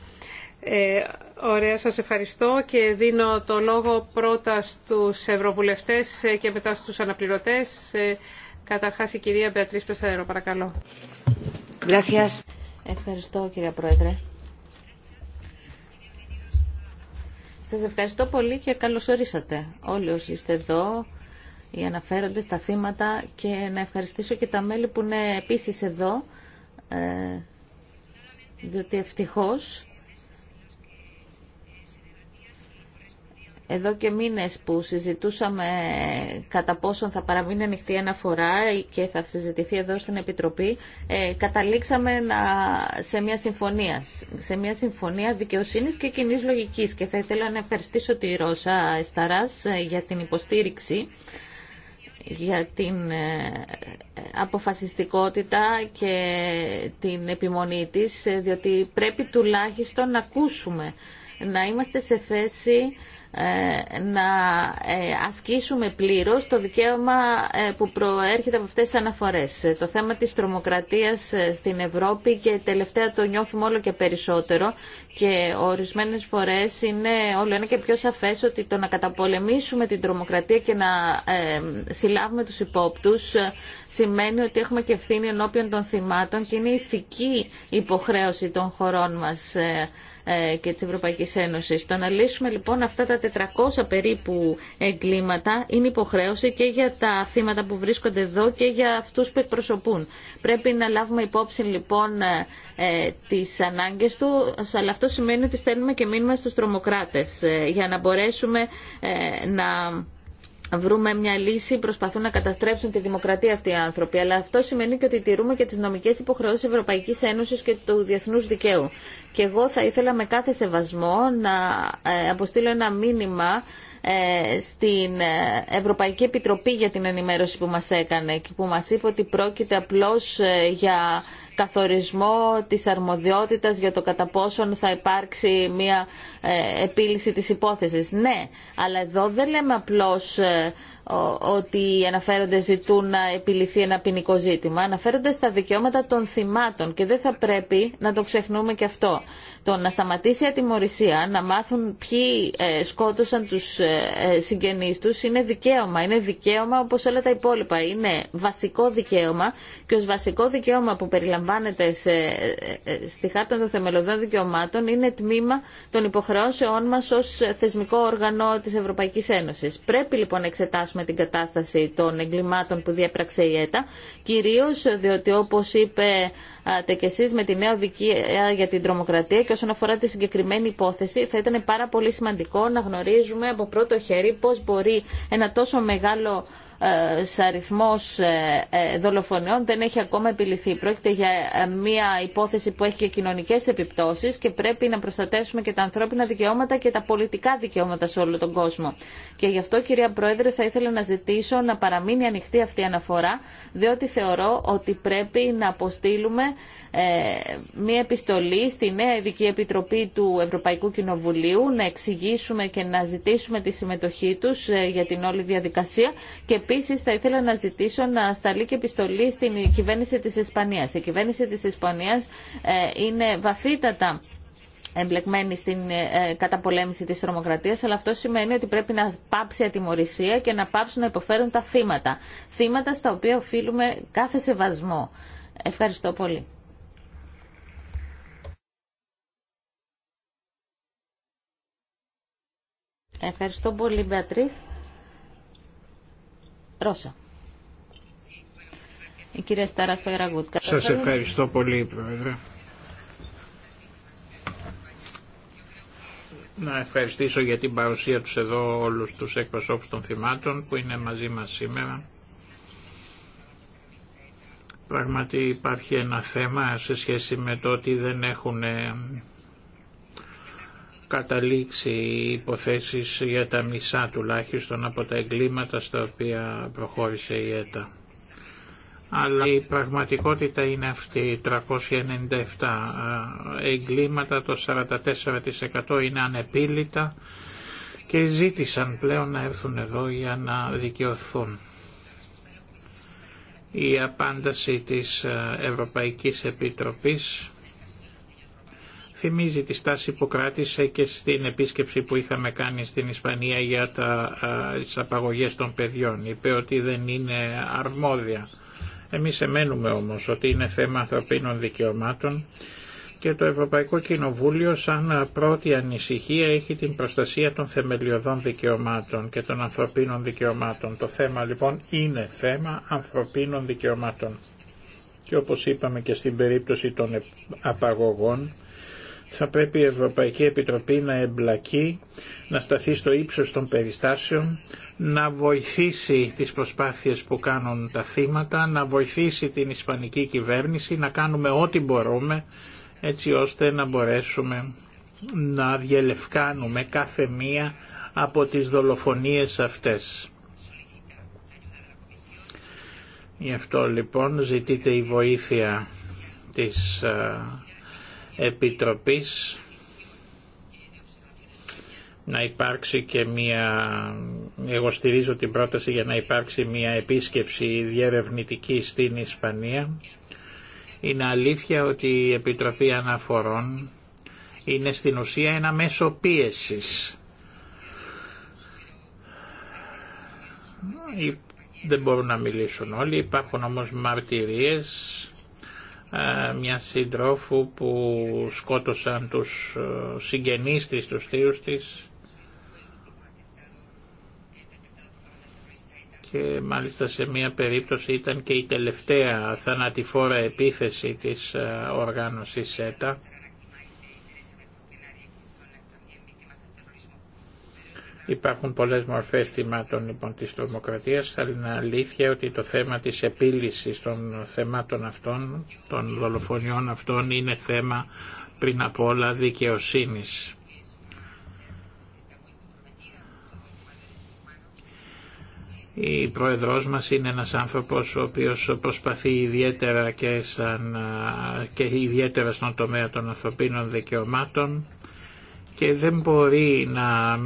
B: Ωραία, σας ευχαριστώ και δίνω το λόγο πρώτα στους ευρωβουλευτές και μετά στους αναπληρωτές. Καταρχάς η κυρία Μπεατρής Πεσταίρο, παρακαλώ.
A: Ευχαριστώ κυρία Πρόεδρε. Σας ευχαριστώ πολύ και καλώς ορίσατε όλοι όσοι είστε εδώ οι αναφέρονται στα θύματα και να ευχαριστήσω και τα μέλη που είναι επίσης εδώ ε, διότι ευτυχώς εδώ και μήνες που συζητούσαμε κατά πόσον θα παραμείνει ανοιχτή αναφορά και θα συζητηθεί εδώ στην Επιτροπή, ε, καταλήξαμε να, σε μια συμφωνία. Σε μια συμφωνία δικαιοσύνης και κοινή λογικής. Και θα ήθελα να ευχαριστήσω τη Ρώσα Εσταράς ε, για την υποστήριξη για την ε, αποφασιστικότητα και την επιμονή της, διότι πρέπει τουλάχιστον να ακούσουμε, να είμαστε σε θέση ε, να ε, ασκήσουμε πλήρως το δικαίωμα ε, που προέρχεται από αυτές τις αναφορές. Το θέμα της τρομοκρατίας στην Ευρώπη και τελευταία το νιώθουμε όλο και περισσότερο και ορισμένες φορές είναι όλο ένα και πιο σαφές ότι το να καταπολεμήσουμε την τρομοκρατία και να συλλάβουμε τους υπόπτους σημαίνει ότι έχουμε και ευθύνη ενώπιον των θυμάτων και είναι ηθική υποχρέωση των χωρών μας ε, και της Ευρωπαϊκής Ένωσης. Το να λύσουμε λοιπόν αυτά τα 400 περίπου εγκλήματα είναι υποχρέωση και για τα θύματα που βρίσκονται εδώ και για αυτούς που εκπροσωπούν. Πρέπει να λάβουμε υπόψη λοιπόν ε, ε, τις ανάγκες του, αλλά αυτό σημαίνει ότι στέλνουμε και μήνυμα στους τρομοκράτες για να μπορέσουμε να βρούμε μια λύση, προσπαθούν να καταστρέψουν τη δημοκρατία αυτοί οι άνθρωποι. Αλλά αυτό σημαίνει και ότι τηρούμε και τι νομικέ υποχρεώσει Ευρωπαϊκή Ένωση και του διεθνού δικαίου. Και εγώ θα ήθελα με κάθε σεβασμό να ε, αποστείλω ένα μήνυμα ε, στην ε, Ευρωπαϊκή Επιτροπή για την ενημέρωση που μας έκανε και που μας είπε ότι πρόκειται απλώς για καθορισμό της αρμοδιότητας για το κατά πόσον θα υπάρξει μια ε, επίλυση της υπόθεσης. Ναι, αλλά εδώ δεν λέμε απλώς ε, ότι αναφέρονται ζητούν να επιληθεί ένα ποινικό ζήτημα. Αναφέρονται στα δικαιώματα των θυμάτων και δεν θα πρέπει να το ξεχνούμε και αυτό το να σταματήσει η ατιμορρησία, να μάθουν ποιοι ε, σκότωσαν τους ε, ε, συγγενείς τους είναι δικαίωμα. Είναι δικαίωμα όπως όλα τα υπόλοιπα. Είναι βασικό δικαίωμα και ως βασικό δικαίωμα που περιλαμβάνεται στη Χάρτα των Θεμελωδών Δικαιωμάτων είναι τμήμα των υποχρεώσεών μας ως θεσμικό όργανο της Ευρωπαϊκής Ένωσης. Πρέπει λοιπόν να εξετάσουμε την κατάσταση των εγκλημάτων που διέπραξε η ΕΤΑ, κυρίως διότι όπως είπε και εσείς με τη νέα οδική για την τρομοκρατία όσον αφορά τη συγκεκριμένη υπόθεση, θα ήταν πάρα πολύ σημαντικό να γνωρίζουμε από πρώτο χέρι πώς μπορεί ένα τόσο μεγάλο αριθμό ε, αριθμός ε, ε, δολοφονιών δεν έχει ακόμα επιληθεί. Πρόκειται για μια υπόθεση που έχει και κοινωνικές επιπτώσεις και πρέπει να προστατεύσουμε και τα ανθρώπινα δικαιώματα και τα πολιτικά δικαιώματα σε όλο τον κόσμο. Και γι' αυτό κυρία Πρόεδρε θα ήθελα να ζητήσω να παραμείνει ανοιχτή αυτή η αναφορά διότι θεωρώ ότι πρέπει να αποστείλουμε ε, μία επιστολή στη Νέα Ειδική Επιτροπή του Ευρωπαϊκού Κοινοβουλίου να εξηγήσουμε και να ζητήσουμε τη συμμετοχή τους ε, για την όλη διαδικασία και επίσης θα ήθελα να ζητήσω να σταλεί και επιστολή στην κυβέρνηση της Ισπανίας. Η κυβέρνηση της Ισπανίας ε, είναι βαθύτατα εμπλεκμένη στην καταπολέμηση της τρομοκρατίας, αλλά αυτό σημαίνει ότι πρέπει να πάψει η ατιμορρησία και να πάψουν να υποφέρουν τα θύματα. Θύματα στα οποία οφείλουμε κάθε σεβασμό. Ευχαριστώ πολύ. Ευχαριστώ πολύ, Μπεατρίθ. Ρώσα. Η κυρία Σταράς παγραγούτ Σας ευχαριστώ
C: πολύ, Πρόεδρε. Να ευχαριστήσω για την παρουσία τους εδώ όλους τους εκπροσώπους των θυμάτων που είναι μαζί μας σήμερα. Πραγματι υπάρχει ένα θέμα σε σχέση με το ότι δεν έχουν καταλήξει οι υποθέσεις για τα μισά τουλάχιστον από τα εγκλήματα στα οποία προχώρησε η ΕΤΑ. Αλλά η πραγματικότητα είναι αυτή, 397 εγκλήματα, το 44% είναι ανεπίλητα και ζήτησαν πλέον να έρθουν εδώ για να δικαιωθούν. Η απάνταση της Ευρωπαϊκής Επιτροπής θυμίζει τη στάση που κράτησε και στην επίσκεψη που είχαμε κάνει στην Ισπανία για τα, τις απαγωγές των παιδιών. Είπε ότι δεν είναι αρμόδια. Εμείς εμένουμε όμως ότι είναι θέμα ανθρωπίνων δικαιωμάτων και το Ευρωπαϊκό Κοινοβούλιο σαν πρώτη ανησυχία έχει την προστασία των θεμελιωδών δικαιωμάτων και των ανθρωπίνων δικαιωμάτων. Το θέμα λοιπόν είναι θέμα ανθρωπίνων δικαιωμάτων. Και όπως είπαμε και στην περίπτωση των απαγωγών, θα πρέπει η Ευρωπαϊκή Επιτροπή να εμπλακεί, να σταθεί στο ύψος των περιστάσεων, να βοηθήσει τις προσπάθειες που κάνουν τα θύματα, να βοηθήσει την Ισπανική κυβέρνηση, να κάνουμε ό,τι μπορούμε έτσι ώστε να μπορέσουμε να διελευκάνουμε κάθε μία από τις δολοφονίες αυτές. Γι' αυτό λοιπόν ζητείτε η βοήθεια της ε, Επιτροπής να υπάρξει και μία, εγώ στηρίζω την πρόταση για να υπάρξει μία επίσκεψη διερευνητική στην Ισπανία. Είναι αλήθεια ότι η Επιτροπή Αναφορών είναι στην ουσία ένα μέσο πίεσης. Δεν μπορούν να μιλήσουν όλοι, υπάρχουν όμως μαρτυρίες ε, μια συντρόφου που σκότωσαν τους ε, συγγενείς της, τους θείους της και μάλιστα σε μια περίπτωση ήταν και η τελευταία θανατηφόρα επίθεση της ε, οργάνωσης ΣΕΤΑ Υπάρχουν πολλές μορφές θυμάτων λοιπόν της τρομοκρατίας. Θα είναι αλήθεια ότι το θέμα της επίλυσης των θεμάτων αυτών, των δολοφονιών αυτών, είναι θέμα πριν από όλα δικαιοσύνης. Η πρόεδρός μας είναι ένας άνθρωπος ο οποίος προσπαθεί ιδιαίτερα και, σαν, και ιδιαίτερα στον τομέα των ανθρωπίνων δικαιωμάτων και δεν μπορεί να,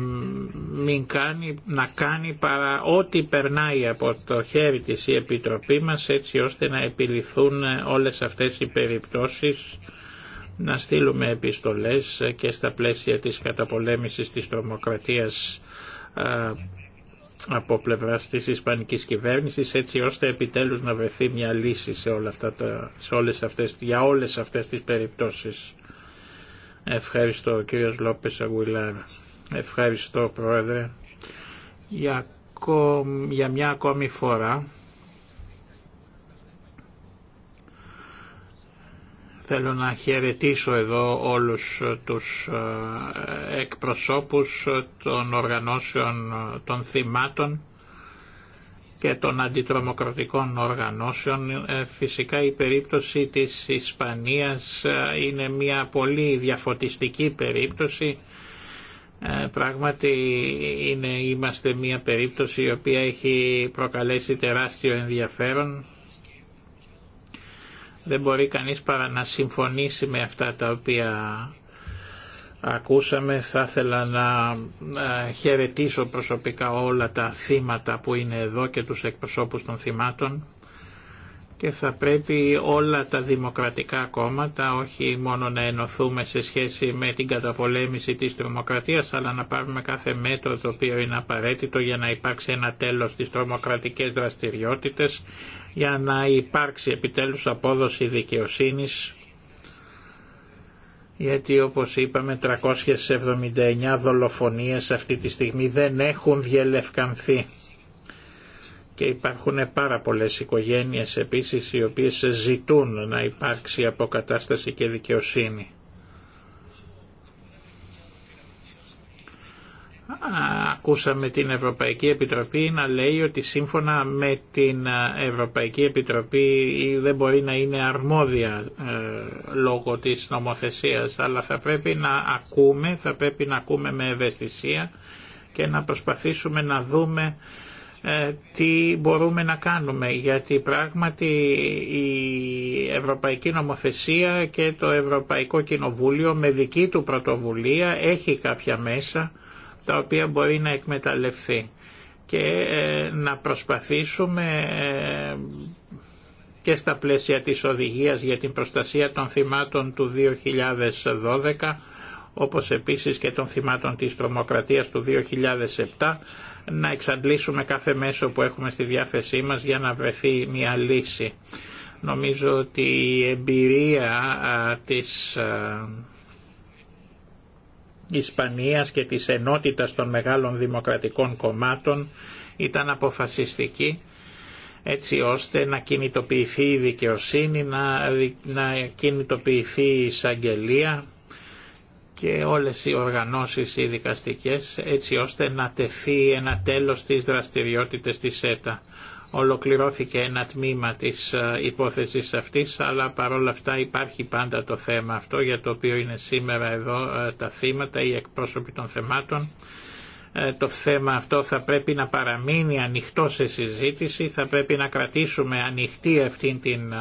C: μην κάνει, να κάνει παρά ό,τι περνάει από το χέρι της η Επιτροπή μας έτσι ώστε να επιληθούν όλες αυτές οι περιπτώσεις να στείλουμε επιστολές και στα πλαίσια της καταπολέμησης της τρομοκρατίας από πλευρά της Ισπανικής κυβέρνησης έτσι ώστε επιτέλους να βρεθεί μια λύση σε, όλα αυτά τα, όλες αυτές, για όλες αυτές τις περιπτώσεις. Ευχαριστώ κύριος Λόπες Αγουιλάρα. Ευχαριστώ πρόεδρε. Για, για μια ακόμη φορά θέλω να χαιρετήσω εδώ όλους τους ε, εκπροσώπους των οργανώσεων των θυμάτων και των αντιτρομοκρατικών οργανώσεων. Ε, φυσικά η περίπτωση της Ισπανίας ε, είναι μια πολύ διαφωτιστική περίπτωση. Ε, πράγματι είναι, είμαστε μια περίπτωση η οποία έχει προκαλέσει τεράστιο ενδιαφέρον. Δεν μπορεί κανείς παρά να συμφωνήσει με αυτά τα οποία ακούσαμε θα ήθελα να χαιρετήσω προσωπικά όλα τα θύματα που είναι εδώ και τους εκπροσώπους των θυμάτων και θα πρέπει όλα τα δημοκρατικά κόμματα όχι μόνο να ενωθούμε σε σχέση με την καταπολέμηση της τρομοκρατίας αλλά να πάρουμε κάθε μέτρο το οποίο είναι απαραίτητο για να υπάρξει ένα τέλος στις τρομοκρατικές δραστηριότητες για να υπάρξει επιτέλους απόδοση δικαιοσύνης γιατί όπως είπαμε 379 δολοφονίες αυτή τη στιγμή δεν έχουν διελευκανθεί και υπάρχουν πάρα πολλές οικογένειες επίσης οι οποίες ζητούν να υπάρξει αποκατάσταση και δικαιοσύνη. ακούσαμε την Ευρωπαϊκή Επιτροπή να λέει ότι σύμφωνα με την Ευρωπαϊκή Επιτροπή δεν μπορεί να είναι αρμόδια ε, λόγω της νομοθεσίας αλλά θα πρέπει να ακούμε, θα πρέπει να ακούμε με ευαισθησία και να προσπαθήσουμε να δούμε ε, τι μπορούμε να κάνουμε γιατί πράγματι η Ευρωπαϊκή Νομοθεσία και το Ευρωπαϊκό Κοινοβούλιο με δική του πρωτοβουλία έχει κάποια μέσα τα οποία μπορεί να εκμεταλλευτεί και ε, να προσπαθήσουμε ε, και στα πλαίσια της οδηγίας για την προστασία των θυμάτων του 2012 όπως επίσης και των θυμάτων της τρομοκρατίας του 2007 να εξαντλήσουμε κάθε μέσο που έχουμε στη διάθεσή μας για να βρεθεί μια λύση. Νομίζω ότι η εμπειρία της Ισπανίας και της ενότητας των μεγάλων δημοκρατικών κομμάτων ήταν αποφασιστική έτσι ώστε να κινητοποιηθεί η δικαιοσύνη, να, να κινητοποιηθεί η εισαγγελία και όλες οι οργανώσεις οι δικαστικές έτσι ώστε να τεθεί ένα τέλος στις δραστηριότητες της ΕΤΑ ολοκληρώθηκε ένα τμήμα της ε, υπόθεσης αυτής, αλλά παρόλα αυτά υπάρχει πάντα το θέμα αυτό για το οποίο είναι σήμερα εδώ ε, τα θύματα, ή εκπρόσωποι των θεμάτων. Ε, το θέμα αυτό θα πρέπει να παραμείνει ανοιχτό σε συζήτηση, θα πρέπει να κρατήσουμε ανοιχτή αυτή την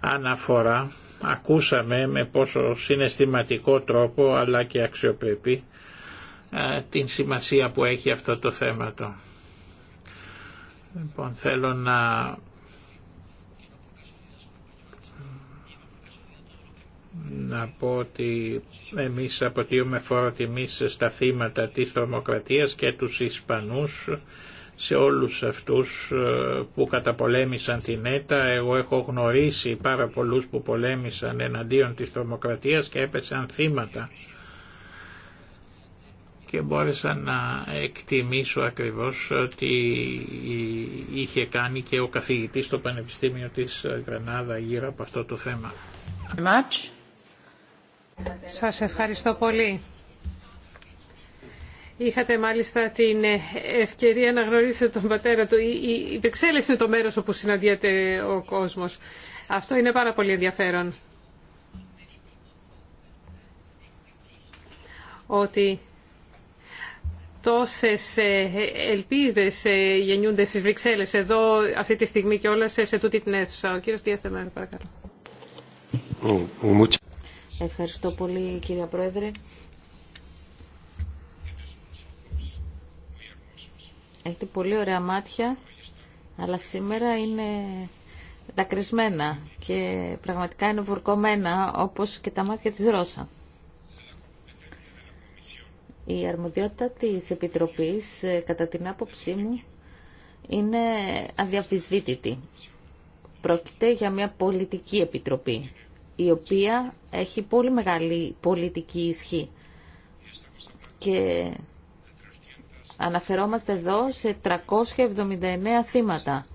C: αναφορά. Ακούσαμε με πόσο συναισθηματικό τρόπο αλλά και αξιοπρέπει την σημασία που έχει αυτό το θέμα. Λοιπόν, θέλω να να πω ότι εμείς αποτείουμε φόρο στα θύματα της θερμοκρατίας και τους Ισπανούς σε όλους αυτούς ε, που καταπολέμησαν την ΕΤΑ. Εγώ έχω γνωρίσει πάρα πολλούς που πολέμησαν εναντίον της τρομοκρατίας και έπεσαν θύματα και μπόρεσα να εκτιμήσω ακριβώς ότι είχε κάνει και ο καθηγητής στο Πανεπιστήμιο της Γρανάδα γύρω από αυτό το θέμα.
B: Σας ευχαριστώ πολύ. Είχατε μάλιστα την ευκαιρία να γνωρίσετε τον πατέρα του. Η Βρυξέλλες είναι το μέρος όπου συναντιέται ο κόσμος. Αυτό είναι πάρα πολύ ενδιαφέρον. Ότι τόσες ε, ελπίδες ε, γεννιούνται στις Βρυξέλλες εδώ αυτή τη στιγμή και όλα σε τούτη την αίθουσα. Ο κύριος Διάστεμερ, παρακαλώ.
A: Ευχαριστώ πολύ κύριε Πρόεδρε. Έχετε πολύ ωραία μάτια, αλλά σήμερα είναι δακρυσμένα και πραγματικά είναι βουρκωμένα όπως και τα μάτια της Ρώσα. Η αρμοδιότητα της Επιτροπής, ε, κατά την άποψή μου, είναι αδιαφυσβήτητη. Πρόκειται για μια πολιτική επιτροπή, η οποία έχει πολύ μεγάλη πολιτική ισχύ. Και αναφερόμαστε εδώ σε 379 θύματα,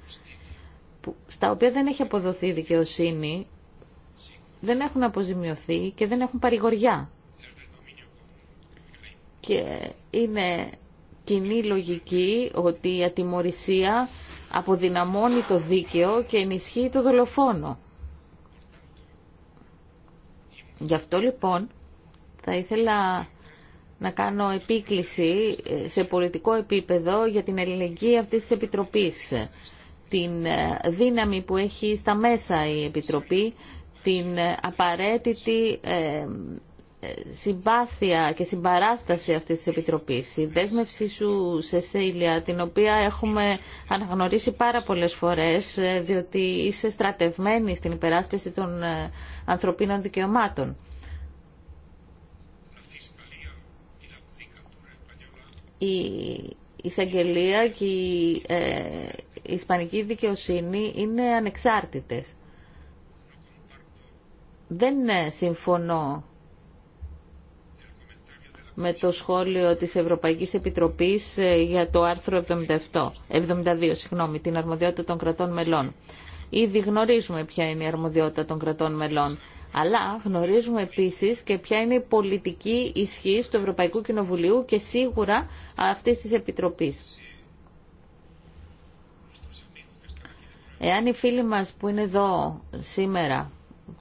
A: στα οποία δεν έχει αποδοθεί δικαιοσύνη, δεν έχουν αποζημιωθεί και δεν έχουν παρηγοριά και είναι κοινή λογική ότι η ατιμορρησία αποδυναμώνει το δίκαιο και ενισχύει το δολοφόνο. Γι' αυτό λοιπόν θα ήθελα να κάνω επίκληση ε, σε πολιτικό επίπεδο για την ελληνική αυτής της Επιτροπής. Την ε, δύναμη που έχει στα μέσα η Επιτροπή, την ε, απαραίτητη συμπάθεια και συμπαράσταση αυτής της Επιτροπής. Η δέσμευσή σου, Σέιλια, την οποία έχουμε αναγνωρίσει πάρα πολλές φορές, ε, διότι είσαι στρατευμένη στην υπεράσπιση των ε, ανθρωπίνων δικαιωμάτων. Η εισαγγελία και η ε, ισπανική δικαιοσύνη είναι ανεξάρτητες. Δεν συμφωνώ με το σχόλιο της Ευρωπαϊκής Επιτροπής ε, για το άρθρο 77, 72, συγγνώμη, την αρμοδιότητα των κρατών μελών. Ήδη γνωρίζουμε ποια είναι η αρμοδιότητα των κρατών μελών. Αλλά γνωρίζουμε επίσης και ποια είναι η πολιτική ισχύ του Ευρωπαϊκού Κοινοβουλίου και σίγουρα αυτή της Επιτροπής. Εάν οι φίλοι μας που είναι εδώ σήμερα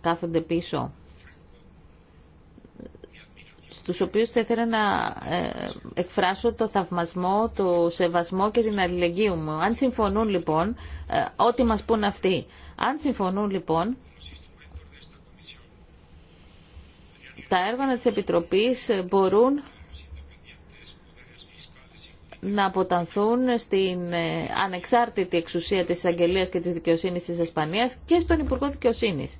A: κάθονται πίσω στους οποίους θα ήθελα να ε, εκφράσω το θαυμασμό, το σεβασμό και την αλληλεγγύη μου. Αν συμφωνούν λοιπόν, ε, ό,τι μας πούν αυτοί, αν συμφωνούν λοιπόν, τα έργανα της Επιτροπής μπορούν να αποτανθούν στην ε, ανεξάρτητη εξουσία της Αγγελίας και της Δικαιοσύνης της Ισπανίας και στον Υπουργό Δικαιοσύνης.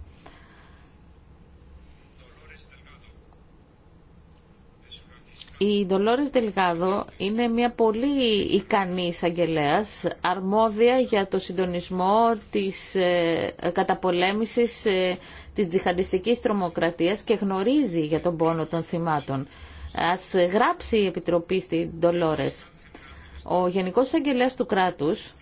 A: Η Ντολόρες Δελγάδο είναι μια πολύ ικανή εισαγγελέα, αρμόδια για το συντονισμό της ε, καταπολέμησης ε, της τζιχαντιστικής τρομοκρατίας και γνωρίζει για τον πόνο των θυμάτων. Ας γράψει η Επιτροπή στην Ντολόρες. Ο Γενικός Εισαγγελέας του κράτους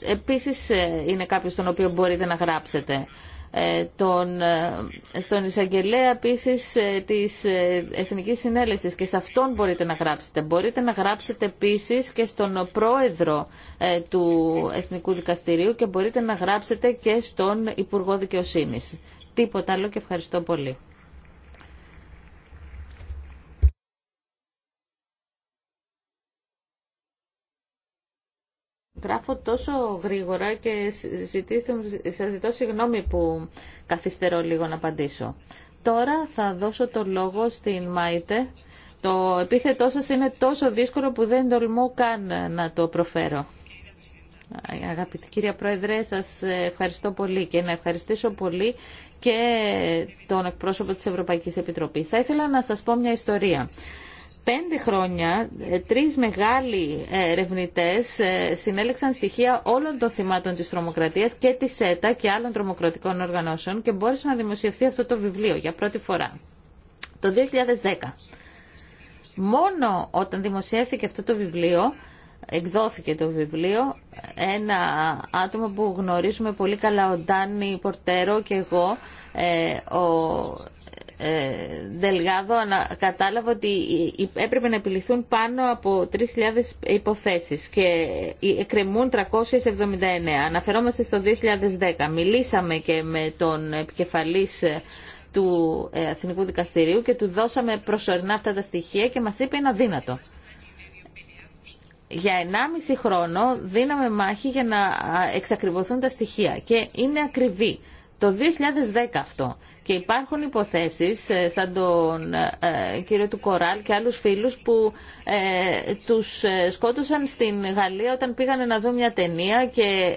A: ε, επίσης είναι κάποιος τον οποίο μπορείτε να γράψετε. Ε, τον, ε, στον εισαγγελέα επίση ε, της Εθνικής Συνέλευσης και σε αυτόν μπορείτε να γράψετε. Μπορείτε να γράψετε επίση και στον πρόεδρο του Εθνικού Δικαστηρίου και μπορείτε να γράψετε και στον Υπουργό Δικαιοσύνης. Τίποτα άλλο και ευχαριστώ πολύ. Γράφω τόσο γρήγορα και ζητήστε, σας ζητώ συγγνώμη που καθυστερώ λίγο να απαντήσω. Τώρα θα δώσω το λόγο στην Μάιτε. Το επίθετό σας είναι τόσο δύσκολο που δεν τολμώ καν να το προφέρω. Αγαπητή κυρία Πρόεδρε, σας ευχαριστώ πολύ και να ευχαριστήσω πολύ και τον εκπρόσωπο της Ευρωπαϊκής Επιτροπής. Θα ήθελα να σας πω μια ιστορία πέντε χρόνια ε, τρεις μεγάλοι ε, ερευνητέ ε, συνέλεξαν στοιχεία όλων των θυμάτων της τρομοκρατίας και της ΕΤΑ και άλλων τρομοκρατικών οργανώσεων και μπόρεσε να δημοσιευθεί αυτό το βιβλίο για πρώτη φορά. Το 2010. Μόνο όταν δημοσιεύθηκε αυτό το βιβλίο, εκδόθηκε το βιβλίο, ένα άτομο που γνωρίζουμε πολύ καλά, ο Ντάνι Πορτέρο και εγώ, ο ε, Δελγάδο κατάλαβα ότι έπρεπε να επιληθούν πάνω από 3.000 υποθέσεις και εκκρεμούν 379. Αναφερόμαστε στο 2010. Μιλήσαμε και με τον επικεφαλής ε, του ε, Αθηνικού Δικαστηρίου και του δώσαμε προσωρινά αυτά τα στοιχεία και μας είπε είναι αδύνατο. Για 1,5 χρόνο δίναμε μάχη για να εξακριβωθούν τα στοιχεία και είναι ακριβή. Το 2010 αυτό. Και υπάρχουν υποθέσεις ε, σαν τον ε, κύριο του Κοράλ και άλλους φίλους που ε, τους ε, σκότωσαν στην Γαλλία όταν πήγανε να δουν μια ταινία και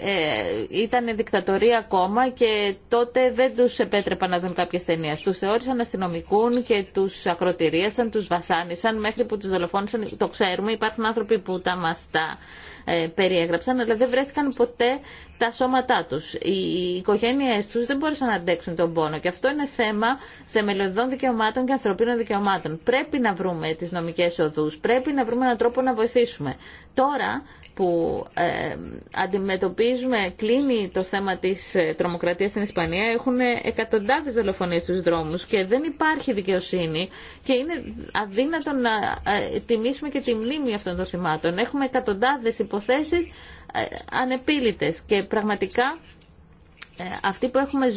A: ήταν δικτατορία ακόμα και τότε δεν τους επέτρεπαν να δουν κάποιες ταινίες. Τους θεώρησαν αστυνομικούν και τους ακροτηρίασαν, τους βασάνισαν μέχρι που τους δολοφόνησαν. Το ξέρουμε, υπάρχουν άνθρωποι που τα μαστά ε, περιέγραψαν, αλλά δεν βρέθηκαν ποτέ τα σώματά τους. Οι οικογένειές τους δεν μπόρεσαν να αντέξουν τον πόνο και αυτό είναι θέμα θεμελιωδών δικαιωμάτων και ανθρωπίνων δικαιωμάτων. Πρέπει να βρούμε τις νομικές οδούς, πρέπει να βρούμε έναν τρόπο να βοηθήσουμε. Τώρα που ε, αντιμετωπίζουμε, κλείνει το θέμα της ε, τρομοκρατίας στην Ισπανία, έχουν εκατοντάδες δολοφονίες στους δρόμους και δεν υπάρχει δικαιοσύνη και είναι αδύνατο να ε, τιμήσουμε και τη μνήμη αυτών των θυμάτων. Έχουμε εκατοντάδες υποθέσεις ανεπίλητες και πραγματικά αυτοί που έχουμε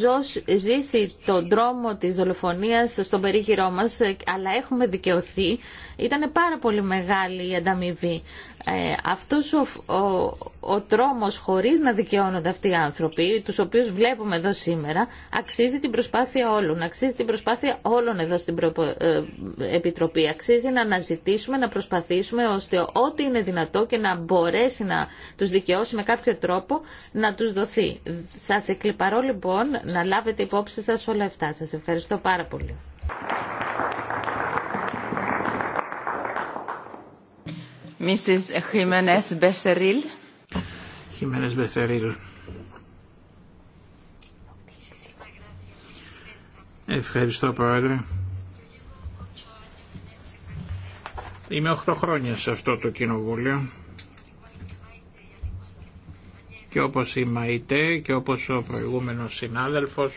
A: ζήσει τον δρόμο της δολοφονίας στον περίγυρό μας αλλά έχουμε δικαιωθεί ήταν πάρα πολύ μεγάλη η ανταμοιβή. Ε, αυτός ο, ο, ο τρόμος χωρίς να δικαιώνονται αυτοί οι άνθρωποι, τους οποίους βλέπουμε εδώ σήμερα, αξίζει την προσπάθεια όλων. Αξίζει την προσπάθεια όλων εδώ στην ε, Επιτροπή. Αξίζει να αναζητήσουμε, να προσπαθήσουμε, ώστε ό,τι είναι δυνατό και να μπορέσει να τους δικαιώσει με κάποιο τρόπο, να τους δοθεί. Σας εκλυπαρώ λοιπόν να λάβετε υπόψη σας όλα αυτά. Σας ευχαριστώ πάρα πολύ.
C: Ευχαριστώ Πρόεδρε. Είμαι 8 χρόνια σε αυτό το κοινοβούλιο και όπως η ΜΑΙΤΕ και όπως ο προηγούμενος συνάδελφος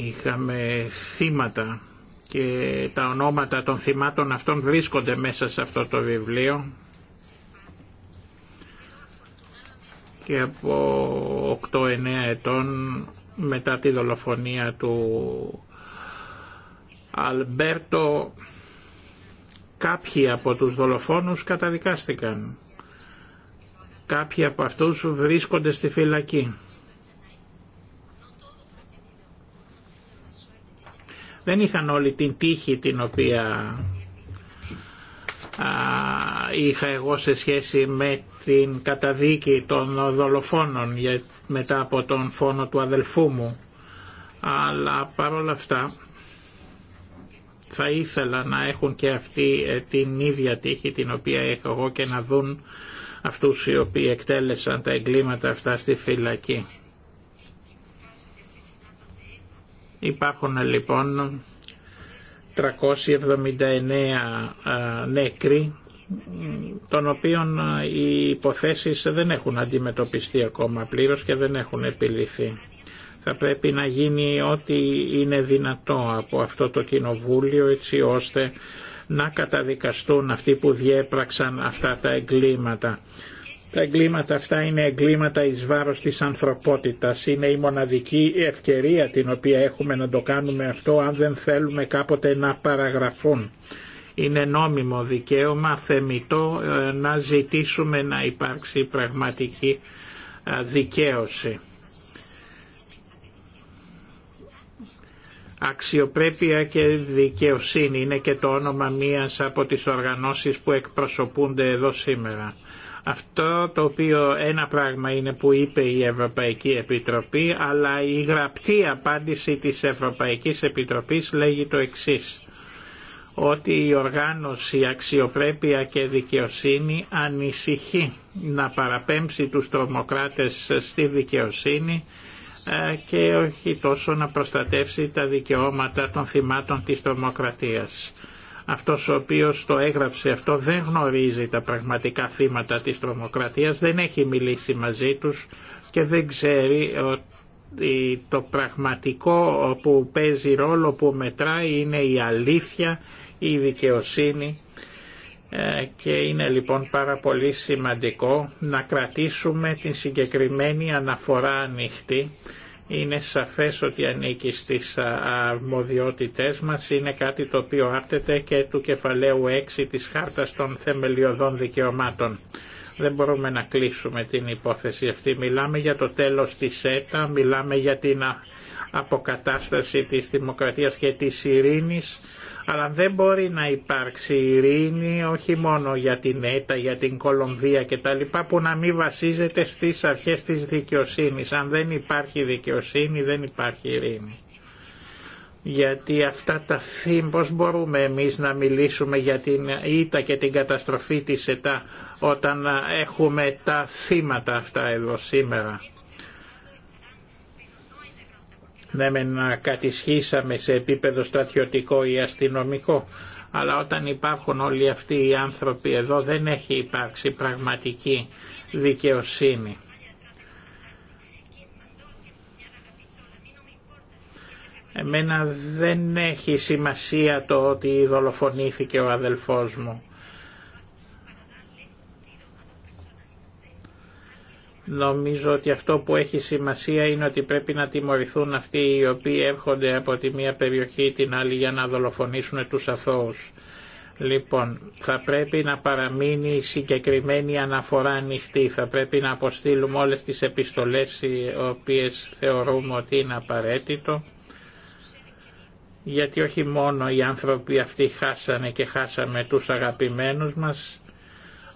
C: Είχαμε θύματα και τα ονόματα των θυμάτων αυτών βρίσκονται μέσα σε αυτό το βιβλίο και από 8-9 ετών μετά τη δολοφονία του Αλμπέρτο κάποιοι από τους δολοφόνους καταδικάστηκαν. Κάποιοι από αυτούς βρίσκονται στη φυλακή. δεν είχαν όλη την τύχη την οποία είχα εγώ σε σχέση με την καταδίκη των δολοφόνων μετά από τον φόνο του αδελφού μου. Αλλά παρόλα αυτά θα ήθελα να έχουν και αυτοί ε, την ίδια τύχη την οποία έχω εγώ και να δουν αυτούς οι οποίοι εκτέλεσαν τα εγκλήματα αυτά στη φυλακή. Υπάρχουν λοιπόν 379 ε, νέκροι των οποίων ε, οι υποθέσεις δεν έχουν αντιμετωπιστεί ακόμα πλήρως και δεν έχουν επιληθεί. Θα πρέπει να γίνει ό,τι είναι δυνατό από αυτό το κοινοβούλιο έτσι ώστε να καταδικαστούν αυτοί που διέπραξαν αυτά τα εγκλήματα. Τα εγκλήματα αυτά είναι εγκλήματα εις βάρος της ανθρωπότητας. Είναι η μοναδική ευκαιρία την οποία έχουμε να το κάνουμε αυτό αν δεν θέλουμε κάποτε να παραγραφούν. Είναι νόμιμο δικαίωμα, θεμητό ε, να ζητήσουμε να υπάρξει πραγματική ε, δικαίωση. Αξιοπρέπεια και δικαιοσύνη είναι και το όνομα μίας από τις οργανώσεις που εκπροσωπούνται εδώ σήμερα αυτό το οποίο ένα πράγμα είναι που είπε η Ευρωπαϊκή Επιτροπή, αλλά η γραπτή απάντηση της Ευρωπαϊκής Επιτροπής λέγει το εξής ότι η οργάνωση αξιοπρέπεια και δικαιοσύνη ανησυχεί να παραπέμψει τους τρομοκράτες στη δικαιοσύνη ε, και όχι τόσο να προστατεύσει τα δικαιώματα των θυμάτων της τρομοκρατίας. Αυτός ο οποίος το έγραψε αυτό δεν γνωρίζει τα πραγματικά θύματα της τρομοκρατίας, δεν έχει μιλήσει μαζί τους και δεν ξέρει ότι το πραγματικό που παίζει ρόλο, που μετράει είναι η αλήθεια, η δικαιοσύνη ε, και είναι λοιπόν πάρα πολύ σημαντικό να κρατήσουμε την συγκεκριμένη αναφορά ανοιχτή είναι σαφές ότι ανήκει στις αρμοδιότητές μας, είναι κάτι το οποίο άπτεται και του κεφαλαίου 6 της Χάρτας των Θεμελιωδών Δικαιωμάτων. Δεν μπορούμε να κλείσουμε την υπόθεση αυτή. Μιλάμε για το τέλος της ΕΤΑ, μιλάμε για την αποκατάσταση της δημοκρατίας και της ειρήνης αλλά δεν μπορεί να υπάρξει ειρήνη όχι μόνο για την ΕΤΑ, για την Κολομβία κτλ. που να μην βασίζεται στις αρχές της δικαιοσύνης. Αν δεν υπάρχει δικαιοσύνη δεν υπάρχει ειρήνη. Γιατί αυτά τα θύμ, πώς μπορούμε εμείς να μιλήσουμε για την ΙΤΑ και την καταστροφή της ΕΤΑ όταν έχουμε τα θύματα αυτά εδώ σήμερα. Ναι με να κατησχίσαμε σε επίπεδο στρατιωτικό ή αστυνομικό, αλλά όταν υπάρχουν όλοι αυτοί οι άνθρωποι εδώ δεν έχει υπάρξει πραγματική δικαιοσύνη. Εμένα δεν έχει σημασία το ότι δολοφονήθηκε ο αδελφός μου. Νομίζω ότι αυτό που έχει σημασία είναι ότι πρέπει να τιμωρηθούν αυτοί οι οποίοι έρχονται από τη μία περιοχή ή την άλλη για να δολοφονήσουν τους αθώους. Λοιπόν, θα πρέπει να παραμείνει η συγκεκριμένη αναφορά ανοιχτή. Θα πρέπει να αποστείλουμε όλες τις επιστολές οι οποίες θεωρούμε ότι είναι απαραίτητο. Γιατί όχι μόνο οι άνθρωποι αυτοί χάσανε και χάσαμε τους αγαπημένους μας,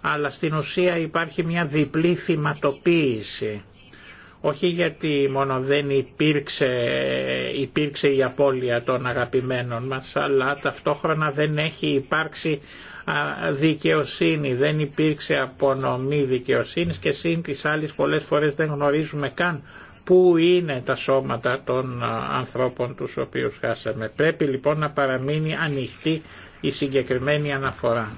C: αλλά στην ουσία υπάρχει μια διπλή θυματοποίηση. Όχι γιατί μόνο δεν υπήρξε, υπήρξε η απώλεια των αγαπημένων μας, αλλά ταυτόχρονα δεν έχει υπάρξει δικαιοσύνη, δεν υπήρξε απονομή δικαιοσύνης και σύν τις άλλες πολλές φορές δεν γνωρίζουμε καν πού είναι τα σώματα των ανθρώπων τους οποίους χάσαμε. Πρέπει λοιπόν να παραμείνει ανοιχτή η συγκεκριμένη αναφορά.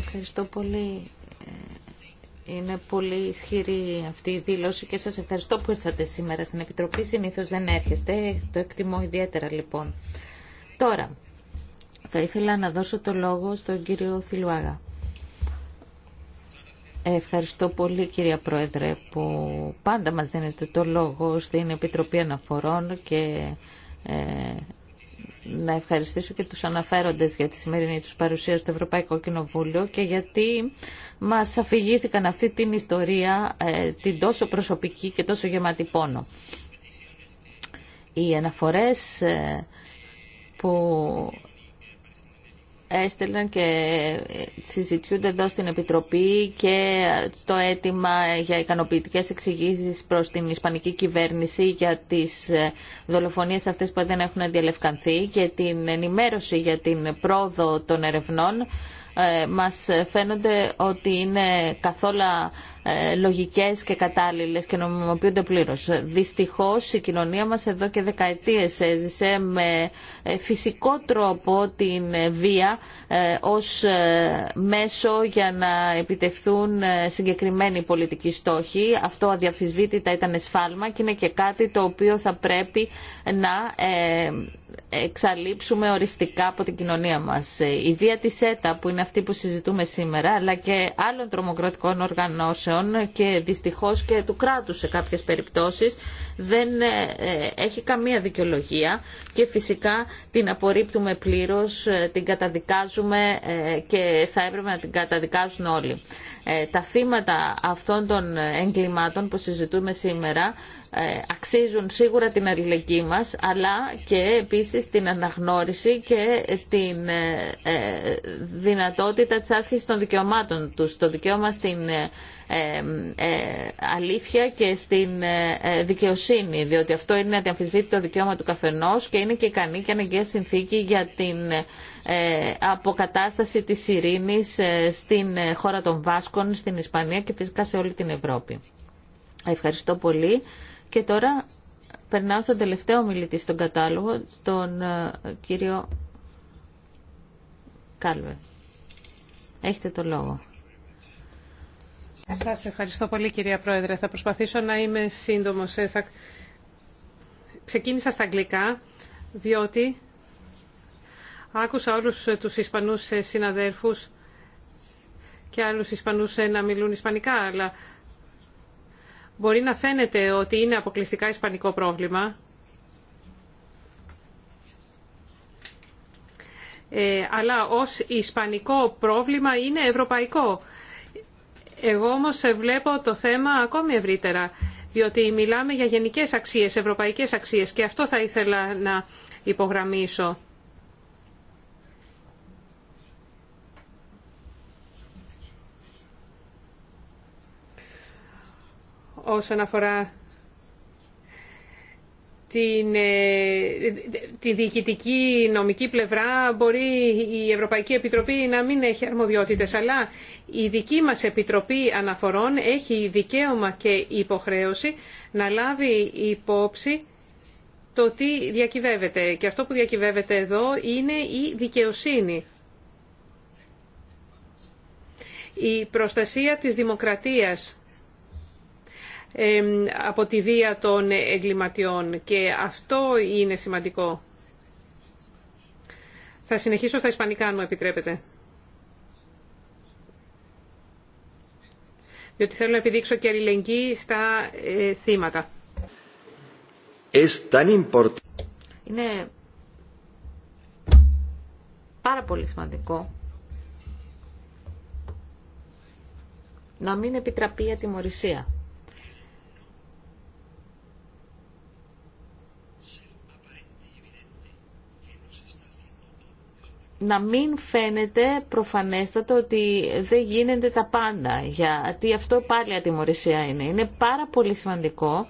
A: Ευχαριστώ πολύ. Ε, είναι πολύ ισχυρή αυτή η δήλωση και σας ευχαριστώ που ήρθατε σήμερα στην Επιτροπή. Συνήθως δεν έρχεστε. Το εκτιμώ ιδιαίτερα λοιπόν. Τώρα, θα ήθελα να δώσω το λόγο στον κύριο Θηλουάγα. Ευχαριστώ πολύ κυρία Πρόεδρε που πάντα μας δίνετε το λόγο στην Επιτροπή Αναφορών και ε, να ευχαριστήσω και τους αναφέροντες για τη σημερινή τους παρουσία στο Ευρωπαϊκό Κοινοβούλιο και γιατί μας αφηγήθηκαν αυτή την ιστορία, ε, την τόσο προσωπική και τόσο γεμάτη πόνο. Οι αναφορές ε, που έστελναν και συζητιούνται εδώ στην Επιτροπή και στο αίτημα για ικανοποιητικές εξηγήσει προς την Ισπανική κυβέρνηση για τις δολοφονίες αυτές που δεν έχουν διαλευκανθεί και την ενημέρωση για την πρόοδο των ερευνών ε, μας φαίνονται ότι είναι καθόλου ε, λογικές και κατάλληλες και νομιμοποιούνται πλήρως. Δυστυχώς η κοινωνία μας εδώ και δεκαετίες έζησε με ε, φυσικό τρόπο την ε, βία ως μέσο για να επιτευθούν συγκεκριμένοι πολιτικοί στόχοι. Αυτό αδιαφυσβήτητα ήταν εσφάλμα και είναι και κάτι το οποίο θα πρέπει να εξαλείψουμε οριστικά από την κοινωνία μας. Ε, η βία της ΕΤΑ που είναι αυτή που συζητούμε σήμερα αλλά και άλλων τρομοκρατικών οργανώσεων και δυστυχώς και του κράτους σε κάποιες περιπτώσεις δεν ε, ε, έχει καμία δικαιολογία και φυσικά την απορρίπτουμε πλήρως, την καταδικάζουμε και θα έπρεπε να την καταδικάζουν όλοι. Ε, τα θύματα αυτών των εγκλημάτων που συζητούμε σήμερα ε, αξίζουν σίγουρα την αλληλεγγύη μας αλλά και επίσης την αναγνώριση και την ε, δυνατότητα της άσκησης των δικαιωμάτων τους. Το δικαίωμα στην ε, αλήθεια και στην ε, ε, δικαιοσύνη, διότι αυτό είναι το δικαίωμα του καθενός και είναι και ικανή και αναγκαία συνθήκη για την αποκατάσταση της ειρήνης στην χώρα των Βάσκων, στην Ισπανία και φυσικά σε όλη την Ευρώπη. Ευχαριστώ πολύ. Και τώρα περνάω στον τελευταίο μιλητή στον κατάλογο, τον κύριο Κάλβε. Έχετε το λόγο.
B: Σας ευχαριστώ πολύ κυρία Πρόεδρε. Θα προσπαθήσω να είμαι σύντομος. Ε, ξεκίνησα στα αγγλικά, διότι άκουσα όλους ε, τους Ισπανούς ε, συναδέρφους και άλλους Ισπανούς να μιλούν Ισπανικά, αλλά μπορεί να φαίνεται ότι είναι αποκλειστικά Ισπανικό πρόβλημα. αλλά ως Ισπανικό πρόβλημα είναι ευρωπαϊκό. Εγώ όμως βλέπω το θέμα ακόμη ευρύτερα, διότι μιλάμε για γενικές αξίες, ευρωπαϊκές αξίες και αυτό θα ήθελα να υπογραμμίσω. όσον αφορά την, ε, τη διοικητική νομική πλευρά μπορεί η Ευρωπαϊκή Επιτροπή να μην έχει αρμοδιότητες, αλλά η δική μας Επιτροπή Αναφορών έχει δικαίωμα και υποχρέωση να λάβει υπόψη το τι διακυβεύεται. Και αυτό που διακυβεύεται εδώ είναι η δικαιοσύνη. Η προστασία της δημοκρατίας από τη βία των εγκληματιών και αυτό είναι σημαντικό. Θα συνεχίσω στα ισπανικά αν μου επιτρέπετε. διότι θέλω να επιδείξω και αλληλεγγύη στα ε, θύματα. Είναι πάρα πολύ σημαντικό
A: να μην επιτραπεί η τιμωρησία. να μην φαίνεται προφανέστατο ότι δεν γίνεται τα πάντα, γιατί αυτό πάλι ατιμορρησία είναι. Είναι πάρα πολύ σημαντικό,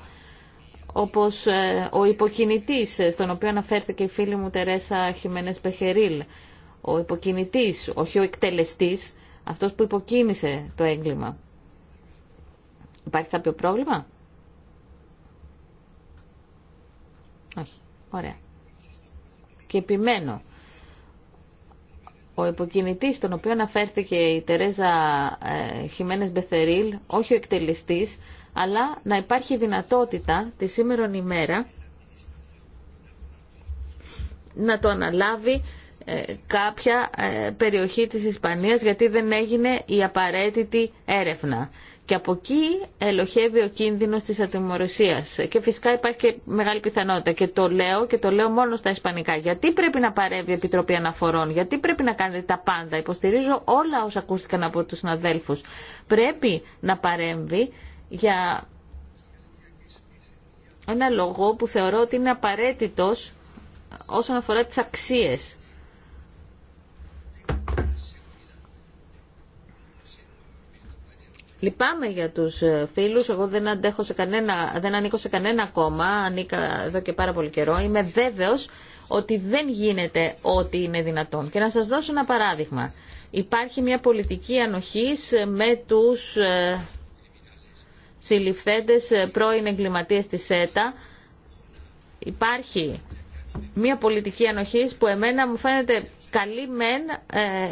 A: όπως ε, ο υποκινητής, ε, στον οποίο αναφέρθηκε η φίλη μου Τερέσα Χιμένες Πεχερίλ, ο υποκινητής, όχι ο εκτελεστής, αυτός που υποκίνησε το έγκλημα. Υπάρχει κάποιο πρόβλημα? Όχι. Ωραία. Και επιμένω ο υποκινητής, τον οποίο αναφέρθηκε η Τερέζα ε, Χιμένες Μπεθερίλ, όχι ο εκτελεστής, αλλά να υπάρχει δυνατότητα τη σήμερον ημέρα να το αναλάβει ε, κάποια ε, περιοχή της Ισπανίας γιατί δεν έγινε η απαραίτητη έρευνα. Και από εκεί ελοχεύει ο κίνδυνος της ατιμορρησίας. Και φυσικά υπάρχει και μεγάλη πιθανότητα. Και το λέω και το λέω μόνο στα ισπανικά. Γιατί πρέπει να παρεύει η Επιτροπή Αναφορών, γιατί πρέπει να κάνετε τα πάντα. Υποστηρίζω όλα όσα ακούστηκαν από τους συναδέλφους. Πρέπει να παρέμβει για ένα λόγο που θεωρώ ότι είναι απαραίτητος όσον αφορά τις αξίες Λυπάμαι για τους ε, φίλους, εγώ δεν, αντέχω σε κανένα, δεν ανήκω σε κανένα κόμμα, ανήκα εδώ και πάρα πολύ καιρό. Είμαι βέβαιο ότι δεν γίνεται ό,τι είναι δυνατόν. Και να σας δώσω ένα παράδειγμα. Υπάρχει μια πολιτική ανοχής ε, με τους ε, συλληφθέντε πρώην εγκληματίε της ΣΕΤΑ. Υπάρχει μια πολιτική ανοχής που εμένα μου φαίνεται καλή μεν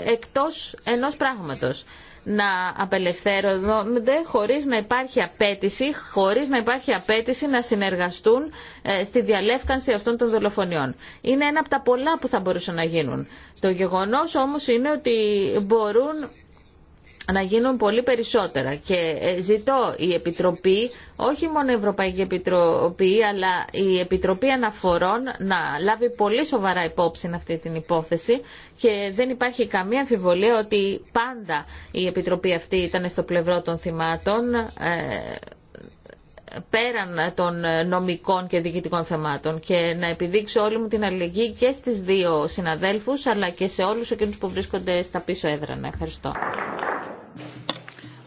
A: εκτός ενός πράγματος να απελευθέρωνονται χωρίς να υπάρχει απέτηση, χωρίς να υπάρχει απέτηση να συνεργαστούν ε, στη διαλεύκανση αυτών των δολοφονιών. Είναι ένα από τα πολλά που θα μπορούσαν να γίνουν. Το γεγονός όμως είναι ότι μπορούν να γίνουν πολύ περισσότερα και ε, ζητώ η Επιτροπή, όχι μόνο η Ευρωπαϊκή Επιτροπή, αλλά η Επιτροπή Αναφορών να λάβει πολύ σοβαρά υπόψη αυτή την υπόθεση και δεν υπάρχει καμία αμφιβολία ότι πάντα η Επιτροπή αυτή ήταν στο πλευρό των θυμάτων ε, πέραν των νομικών και διοικητικών θεμάτων και να επιδείξω όλη μου την αλληλεγγύη και στις δύο συναδέλφους αλλά και σε όλους εκείνους που βρίσκονται στα πίσω έδρανα. Ευχαριστώ.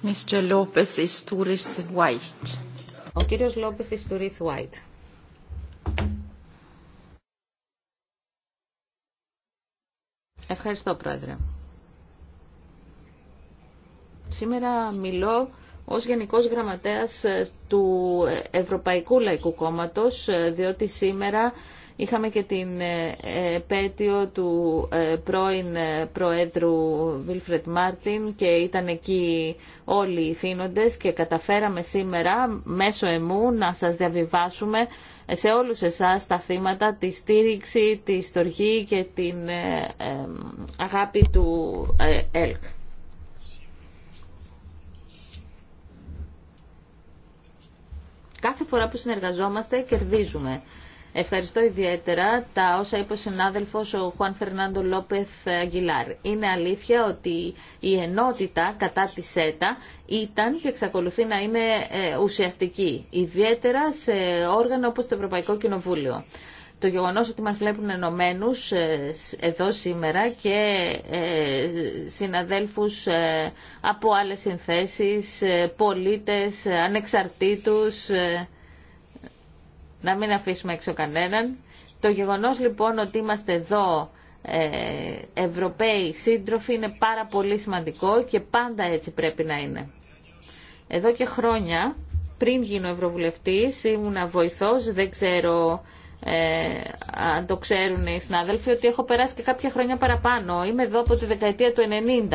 A: Mr. Lopez White. Ο κύριος Λόπες is White. Ευχαριστώ, Πρόεδρε. Σήμερα μιλώ ως Γενικός Γραμματέας του Ευρωπαϊκού Λαϊκού Κόμματος, διότι σήμερα Είχαμε και την ε, επέτειο του ε, πρώην ε, Προέδρου Βίλφρετ Μάρτιν και ήταν εκεί όλοι οι θύνοντες και καταφέραμε σήμερα μέσω εμού να σας διαβιβάσουμε σε όλους εσάς τα θύματα, τη στήριξη, τη στοργή και την αγάπη του ΕΛΚ. Κάθε φορά που συνεργαζόμαστε κερδίζουμε. Ευχαριστώ ιδιαίτερα τα όσα είπε ο συνάδελφος ο Χουάν Φερνάντο Λόπεθ Αγγιλάρ. Είναι αλήθεια ότι η ενότητα κατά τη ΣΕΤΑ ήταν και εξακολουθεί να είναι ε, ουσιαστική, ιδιαίτερα σε όργανα όπω το Ευρωπαϊκό Κοινοβούλιο. Το γεγονός ότι μας βλέπουν ενωμένου ε, εδώ σήμερα και ε, συναδέλφους από άλλες συνθέσεις, πολίτες, ανεξαρτήτους να μην αφήσουμε έξω κανέναν. Το γεγονός λοιπόν ότι είμαστε εδώ ε, Ευρωπαίοι σύντροφοι είναι πάρα πολύ σημαντικό και πάντα έτσι πρέπει να είναι. Εδώ και χρόνια, πριν γίνω Ευρωβουλευτής, ήμουνα βοηθός, δεν ξέρω ε, αν το ξέρουν οι συνάδελφοι, ότι έχω περάσει και κάποια χρόνια παραπάνω. Είμαι εδώ από τη δεκαετία του 90.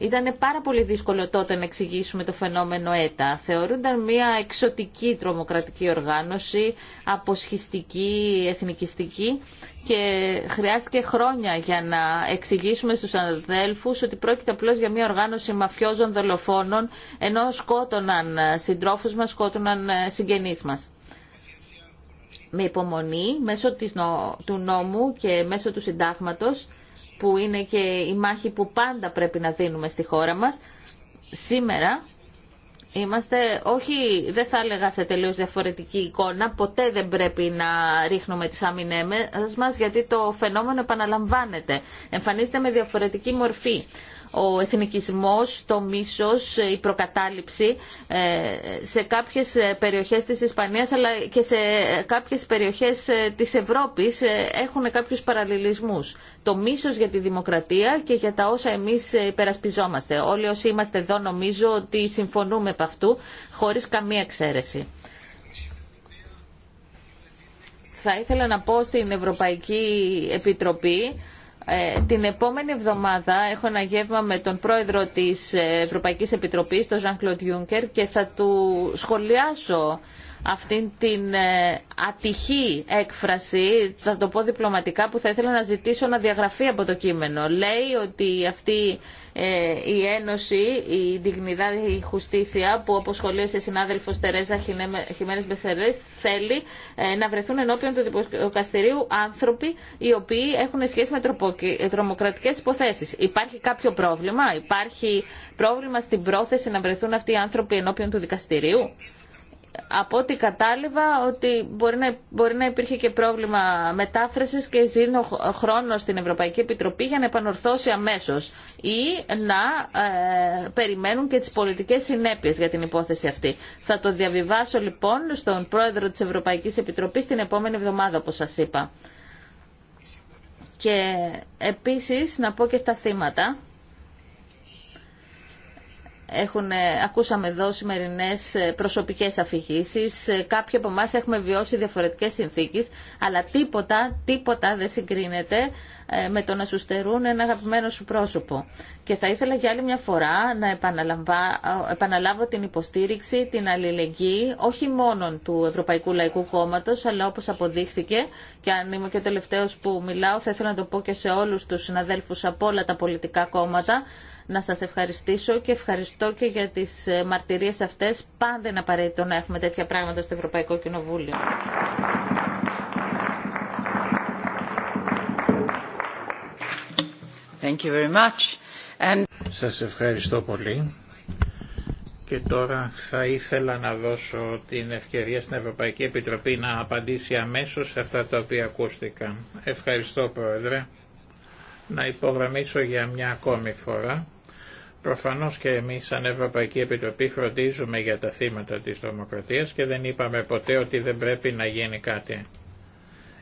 A: Ήταν πάρα πολύ δύσκολο τότε να εξηγήσουμε το φαινόμενο ΕΤΑ. Θεωρούνταν μια εξωτική τρομοκρατική οργάνωση, αποσχιστική, εθνικιστική και χρειάστηκε χρόνια για να εξηγήσουμε στους αδέλφους ότι πρόκειται απλώς για μια οργάνωση μαφιόζων δολοφόνων ενώ σκότωναν συντρόφους μας, σκότωναν ε, συγγενείς μας με υπομονή μέσω της του νόμου και μέσω του συντάγματος που είναι και η μάχη που πάντα πρέπει να δίνουμε στη χώρα μας σήμερα Είμαστε, όχι, δεν θα έλεγα σε τελείως διαφορετική εικόνα, ποτέ δεν πρέπει να ρίχνουμε τις αμυνέμες μας, γιατί το φαινόμενο επαναλαμβάνεται, εμφανίζεται με διαφορετική μορφή ο εθνικισμός, το μίσος, η προκατάληψη ε, σε κάποιες ε, περιοχές της Ισπανίας αλλά και σε ε, κάποιες περιοχές της Ευρώπης έχουν κάποιους παραλληλισμούς. Το μίσος για τη δημοκρατία και για τα όσα εμείς υπερασπιζόμαστε. Όλοι όσοι είμαστε εδώ νομίζω ότι συμφωνούμε από αυτού χωρίς καμία εξαίρεση θα ήθελα να πω στην Ευρωπαϊκή Επιτροπή ε, την επόμενη εβδομάδα έχω ένα γεύμα με τον πρόεδρο της Ευρωπαϊκής Επιτροπής, τον Ζαν claude Juncker, και θα του σχολιάσω αυτήν την ε, ατυχή έκφραση, θα το πω διπλωματικά, που θα ήθελα να ζητήσω να διαγραφεί από το κείμενο. Λέει ότι αυτή ε, η Ένωση, η διγνητά η Χουστήθια, που όπως σχολίασε η συνάδελφος Τερέζα Χιμένες Μπεθερές, θέλει ε, να βρεθούν ενώπιον του δικαστηρίου άνθρωποι οι οποίοι έχουν σχέση με τρομοκρατικέ υποθέσεις. Υπάρχει κάποιο πρόβλημα, υπάρχει πρόβλημα στην πρόθεση να βρεθούν αυτοί οι άνθρωποι ενώπιον του δικαστηρίου από ό,τι κατάλαβα ότι μπορεί να, μπορεί να υπήρχε και πρόβλημα μετάφρασης και ζήνω χρόνο στην Ευρωπαϊκή Επιτροπή για να επανορθώσει αμέσως ή να ε, περιμένουν και τις πολιτικές συνέπειες για την υπόθεση αυτή. Θα το διαβιβάσω λοιπόν στον πρόεδρο της Ευρωπαϊκής Επιτροπής την επόμενη εβδομάδα όπως σας είπα. Και επίσης να πω και στα θύματα έχουν, ε, ακούσαμε εδώ σημερινέ ε, προσωπικέ αφηγήσει. Ε, κάποιοι από εμά έχουμε βιώσει διαφορετικέ συνθήκε, αλλά τίποτα, τίποτα δεν συγκρίνεται με το να σου στερούν ένα αγαπημένο σου πρόσωπο. Και θα ήθελα για άλλη μια φορά να επαναλάβω την υποστήριξη, την αλληλεγγύη, όχι μόνο του Ευρωπαϊκού Λαϊκού Κόμματο, αλλά όπω αποδείχθηκε, και αν είμαι και ο τελευταίο που μιλάω, θα ήθελα να το πω και σε όλου του συναδέλφου από όλα τα πολιτικά κόμματα, να σας ευχαριστήσω και ευχαριστώ και για τις ε, μαρτυρίες αυτές. Πάντα είναι απαραίτητο να έχουμε τέτοια πράγματα στο Ευρωπαϊκό Κοινοβούλιο.
C: Thank you very much. And... Σας ευχαριστώ πολύ. Και τώρα θα ήθελα να δώσω την ευκαιρία στην Ευρωπαϊκή Επιτροπή να απαντήσει αμέσως σε αυτά τα οποία ακούστηκαν. Ευχαριστώ Πρόεδρε να υπογραμμίσω για μια ακόμη φορά. Προφανώς και εμείς σαν Ευρωπαϊκή Επιτροπή φροντίζουμε για τα θύματα της δημοκρατίας και δεν είπαμε ποτέ ότι δεν πρέπει να γίνει κάτι.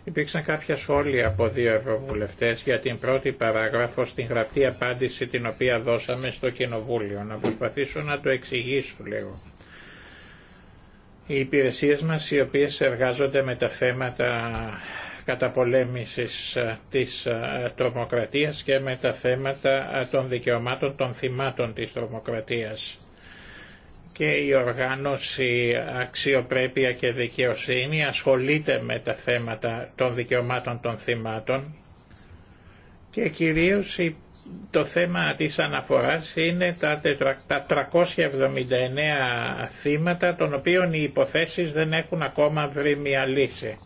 C: Υπήρξαν κάποια σχόλια από δύο ευρωβουλευτές για την πρώτη παράγραφο στην γραπτή απάντηση την οποία δώσαμε στο Κοινοβούλιο. Να προσπαθήσω να το εξηγήσω λίγο. Οι υπηρεσίες μας οι οποίες εργάζονται με τα θέματα καταπολέμησης ε, της ε, τρομοκρατίας και με τα θέματα ε, των δικαιωμάτων των θυμάτων της τρομοκρατίας και η οργάνωση αξιοπρέπεια και δικαιοσύνη ασχολείται με τα θέματα των δικαιωμάτων των θυμάτων και κυρίως το θέμα της αναφοράς είναι τα 379 θύματα των οποίων οι υποθέσεις δεν έχουν ακόμα βρει μια λύση.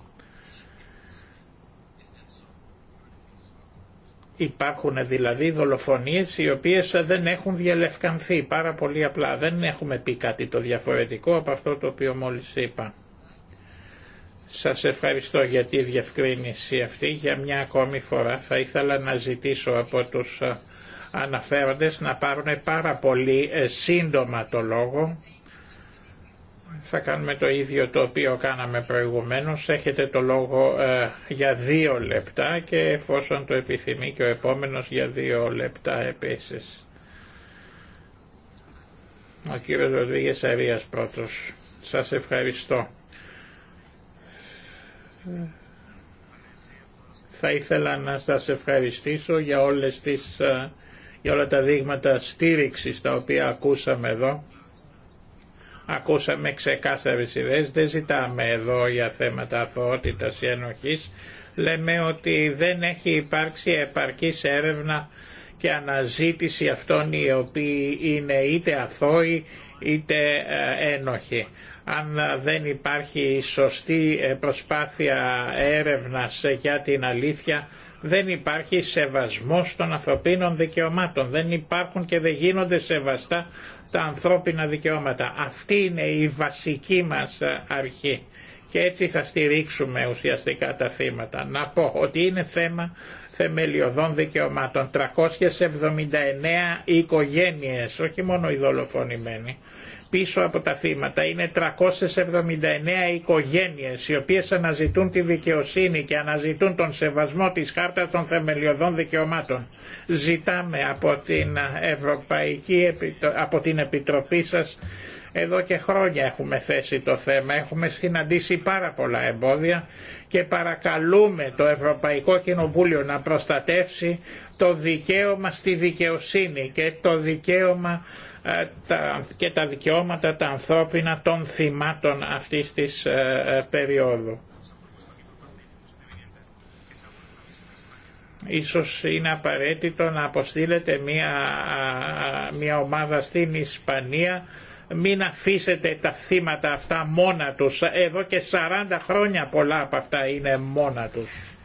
C: Υπάρχουν δηλαδή δολοφονίες οι οποίες δεν έχουν διαλευκανθεί πάρα πολύ απλά. Δεν έχουμε πει κάτι το διαφορετικό από αυτό το οποίο μόλις είπα. Σας ευχαριστώ για τη διευκρίνηση αυτή. Για μια ακόμη φορά θα ήθελα να ζητήσω από τους ε, αναφέροντες να πάρουν πάρα πολύ ε, σύντομα το λόγο θα κάνουμε το ίδιο το οποίο κάναμε προηγουμένως. Έχετε το λόγο ε, για δύο λεπτά και εφόσον το επιθυμεί και ο επόμενος για δύο λεπτά επίσης. Ο κύριος Ροδίγες Αρίας πρώτος. Σας ευχαριστώ. Θα ήθελα να σας ευχαριστήσω για, όλες τις, ε, για όλα τα δείγματα στήριξης τα οποία ακούσαμε εδώ Ακούσαμε ξεκάθαρες ιδέες, δεν ζητάμε εδώ για θέματα αθωότητας ή ενοχής. Λέμε ότι δεν έχει υπάρξει επαρκής έρευνα και αναζήτηση αυτών οι οποίοι είναι είτε αθώοι είτε ε, ένοχοι. Αν δεν υπάρχει σωστή ε, προσπάθεια έρευνας για την αλήθεια, δεν υπάρχει σεβασμός των ανθρωπίνων δικαιωμάτων. Δεν υπάρχουν και δεν γίνονται σεβαστά τα ανθρώπινα δικαιώματα. Αυτή είναι η βασική μας αρχή και έτσι θα στηρίξουμε ουσιαστικά τα θύματα. Να πω ότι είναι θέμα θεμελιωδών δικαιωμάτων. 379 οικογένειες, όχι μόνο οι δολοφονημένοι, πίσω από τα θύματα. Είναι 379 οικογένειες οι οποίες αναζητούν τη δικαιοσύνη και αναζητούν τον σεβασμό της Χάρτας των Θεμελιωδών Δικαιωμάτων. Ζητάμε από την, Ευρωπαϊκή, από την Επιτροπή σας εδώ και χρόνια έχουμε θέσει το θέμα, έχουμε συναντήσει πάρα πολλά εμπόδια και παρακαλούμε το Ευρωπαϊκό Κοινοβούλιο να προστατεύσει το δικαίωμα στη δικαιοσύνη και το δικαίωμα ε, και τα δικαιώματα τα ανθρώπινα των θυμάτων αυτής της ε, ε, περίοδου. Ίσως είναι απαραίτητο να αποστείλετε μια, μια ομάδα στην Ισπανία μην αφήσετε τα θύματα αυτά μόνα τους. Εδώ και 40 χρόνια πολλά από αυτά είναι μόνα τους.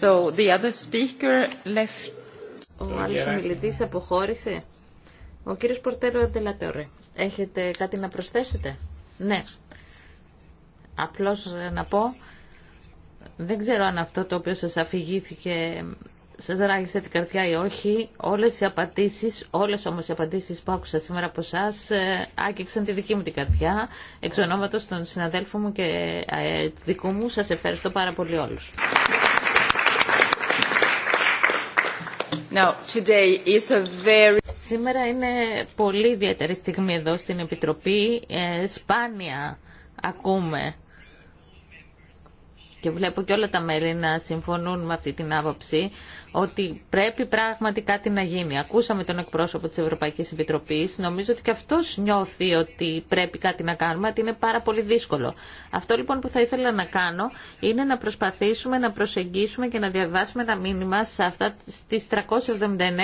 A: So the other speaker left. Ο άλλος ομιλητή, αποχώρησε. Ο κύριος Πορτέρο Ντελατόρε. Έχετε κάτι να προσθέσετε. Ναι. Απλώς να πω, δεν ξέρω αν αυτό το οποίο σας αφηγήθηκε σας ράγισε την καρδιά ή όχι. Όλες οι απαντήσεις, όλες όμως οι απαντήσεις που άκουσα σήμερα από εσά ε, άγγιξαν τη δική μου την καρδιά. Εξ ονόματος των συναδέλφων μου και ε, δικού μου σας ευχαριστώ πάρα πολύ όλους. Σήμερα είναι πολύ ιδιαίτερη στιγμή εδώ στην Επιτροπή. Ε, σπάνια ακούμε και βλέπω και όλα τα μέλη να συμφωνούν με αυτή την άποψη ότι πρέπει πράγματι κάτι να γίνει. Ακούσαμε τον εκπρόσωπο της Ευρωπαϊκής Επιτροπής. Νομίζω ότι και αυτός νιώθει ότι πρέπει κάτι να κάνουμε, ότι είναι πάρα πολύ δύσκολο. Αυτό λοιπόν που θα ήθελα να κάνω είναι να προσπαθήσουμε να προσεγγίσουμε και να διαβάσουμε ένα μήνυμα σε αυτά τις 379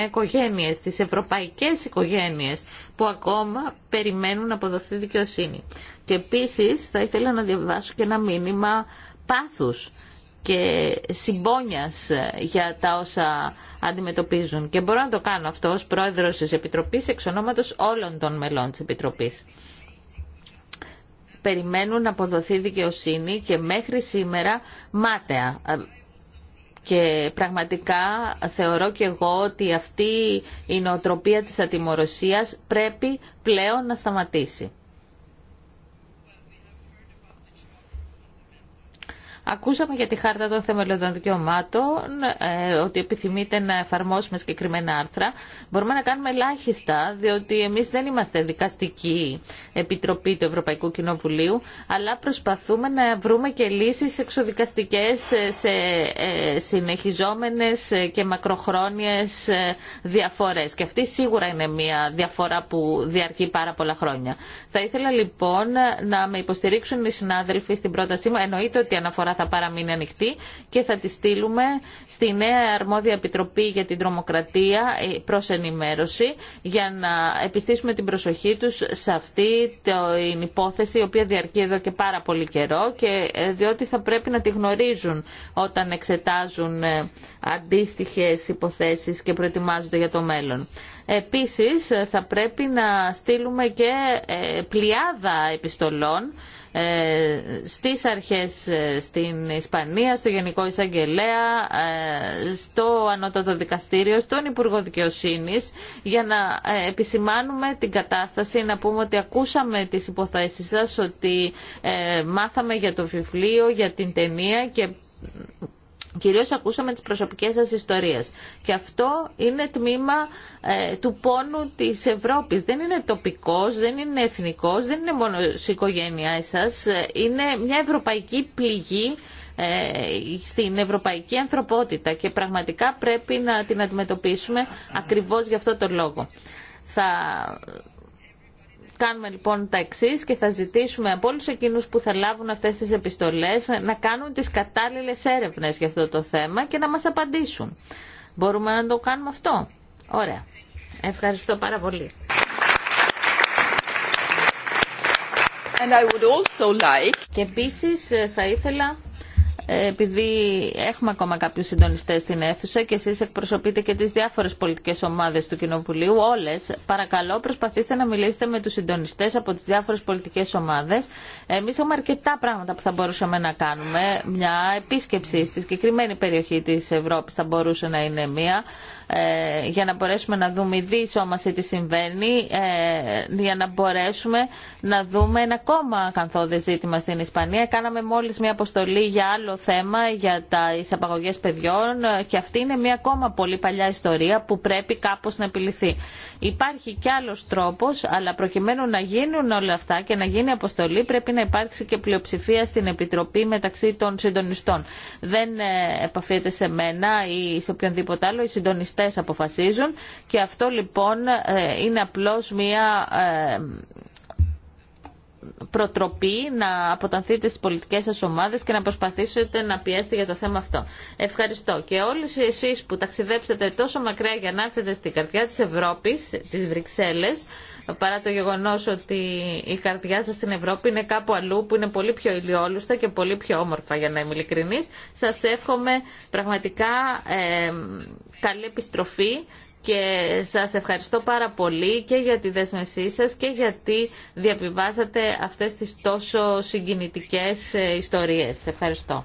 A: οικογένειες, τις ευρωπαϊκές οικογένειες που ακόμα περιμένουν να αποδοθεί δικαιοσύνη. Και επίσης θα ήθελα να διαβάσω και ένα μήνυμα πάθους και συμπόνιας για τα όσα αντιμετωπίζουν. Και μπορώ να το κάνω αυτό ως πρόεδρος της Επιτροπής εξ ονόματος όλων των μελών της Επιτροπής. Περιμένουν να αποδοθεί δικαιοσύνη και μέχρι σήμερα μάταια. Και πραγματικά θεωρώ και εγώ ότι αυτή η νοοτροπία της ατιμορροσίας πρέπει πλέον να σταματήσει. Ακούσαμε για τη Χάρτα των Θεμελιωδών Δικαιωμάτων ε, ότι επιθυμείτε να εφαρμόσουμε συγκεκριμένα άρθρα. Μπορούμε να κάνουμε ελάχιστα, διότι εμείς δεν είμαστε δικαστική επιτροπή του Ευρωπαϊκού Κοινοβουλίου, αλλά προσπαθούμε να βρούμε και λύσεις εξοδικαστικές σε ε, συνεχιζόμενες και μακροχρόνιες ε, διαφορές. Και αυτή σίγουρα είναι μια διαφορά που διαρκεί πάρα πολλά χρόνια. Θα ήθελα λοιπόν να με υποστηρίξουν οι συνάδελφοι στην πρότασή μου. Εννοείται ότι η αναφορά θα παραμείνει ανοιχτή και θα τη στείλουμε στη νέα αρμόδια επιτροπή για την τρομοκρατία ε, προ ενημέρωση για να επιστήσουμε την προσοχή τους σε αυτή την υπόθεση η οποία διαρκεί εδώ και πάρα πολύ καιρό και ε, διότι θα πρέπει να τη γνωρίζουν όταν εξετάζουν ε, αντίστοιχε υποθέσει και προετοιμάζονται για το μέλλον. Επίσης θα πρέπει να στείλουμε και ε, πλειάδα επιστολών ε, στις αρχές ε, στην Ισπανία, στο Γενικό Εισαγγελέα, στο Ανώτατο Δικαστήριο, στον Υπουργό Δικαιοσύνη, για να επισημάνουμε την κατάσταση, να πούμε ότι ακούσαμε τις υποθέσεις σας, ότι μάθαμε για το βιβλίο, για την ταινία και Κυρίως ακούσαμε τις προσωπικές σας ιστορίες και αυτό είναι τμήμα ε, του πόνου της Ευρώπης. Δεν είναι τοπικός, δεν είναι εθνικός, δεν είναι μόνο η οικογένειά σας. Ε, είναι μια ευρωπαϊκή πληγή ε, στην ευρωπαϊκή ανθρωπότητα και πραγματικά πρέπει να την αντιμετωπίσουμε ακριβώς γι' αυτό το λόγο. Θα κάνουμε λοιπόν τα εξή και θα ζητήσουμε από όλου εκείνου που θα λάβουν αυτέ τι επιστολέ να κάνουν τι κατάλληλε έρευνε για αυτό το θέμα και να μα απαντήσουν. Μπορούμε να το κάνουμε αυτό. Ωραία. Ευχαριστώ πάρα πολύ. Και επίση θα ήθελα επειδή έχουμε ακόμα κάποιους συντονιστές στην αίθουσα και εσείς εκπροσωπείτε και τις διάφορες πολιτικές ομάδες του Κοινοβουλίου, όλες, παρακαλώ προσπαθήστε να μιλήσετε με τους συντονιστές από τις διάφορες πολιτικές ομάδες. Εμείς έχουμε αρκετά πράγματα που θα μπορούσαμε να κάνουμε. Μια επίσκεψη στη συγκεκριμένη περιοχή της Ευρώπης θα μπορούσε να είναι μία ε, για να μπορέσουμε να δούμε μας τι συμβαίνει, ε, για να μπορέσουμε να δούμε ένα ακόμα ακαθόδε ζήτημα στην Ισπανία. Κάναμε μόλις μια αποστολή για άλλο θέμα για τα απαγωγέ παιδιών και αυτή είναι μια ακόμα πολύ παλιά ιστορία που πρέπει κάπως να επιληθεί. Υπάρχει κι άλλος τρόπος, αλλά προκειμένου να γίνουν όλα αυτά και να γίνει αποστολή πρέπει να υπάρξει και πλειοψηφία στην Επιτροπή μεταξύ των συντονιστών. Δεν ε, επαφείται σε μένα ή σε οποιονδήποτε άλλο, οι συντονιστέ αποφασίζουν και αυτό λοιπόν ε, είναι απλώ μια ε, προτροπή να αποτανθείτε στις πολιτικές σας ομάδες και να προσπαθήσετε να πιέσετε για το θέμα αυτό. Ευχαριστώ. Και όλες εσείς που ταξιδέψατε τόσο μακριά για να έρθετε στην καρδιά της Ευρώπης, της Βρυξέλλες, παρά το γεγονός ότι η καρδιά σας στην Ευρώπη είναι κάπου αλλού που είναι πολύ πιο ηλιόλουστα και πολύ πιο όμορφα για να είμαι ειλικρινής. Σας εύχομαι πραγματικά ε, καλή επιστροφή και σας ευχαριστώ πάρα πολύ και για τη δέσμευσή σας και γιατί διαβιβάσατε αυτές τις τόσο συγκινητικές ε, ιστορίες. Ευχαριστώ.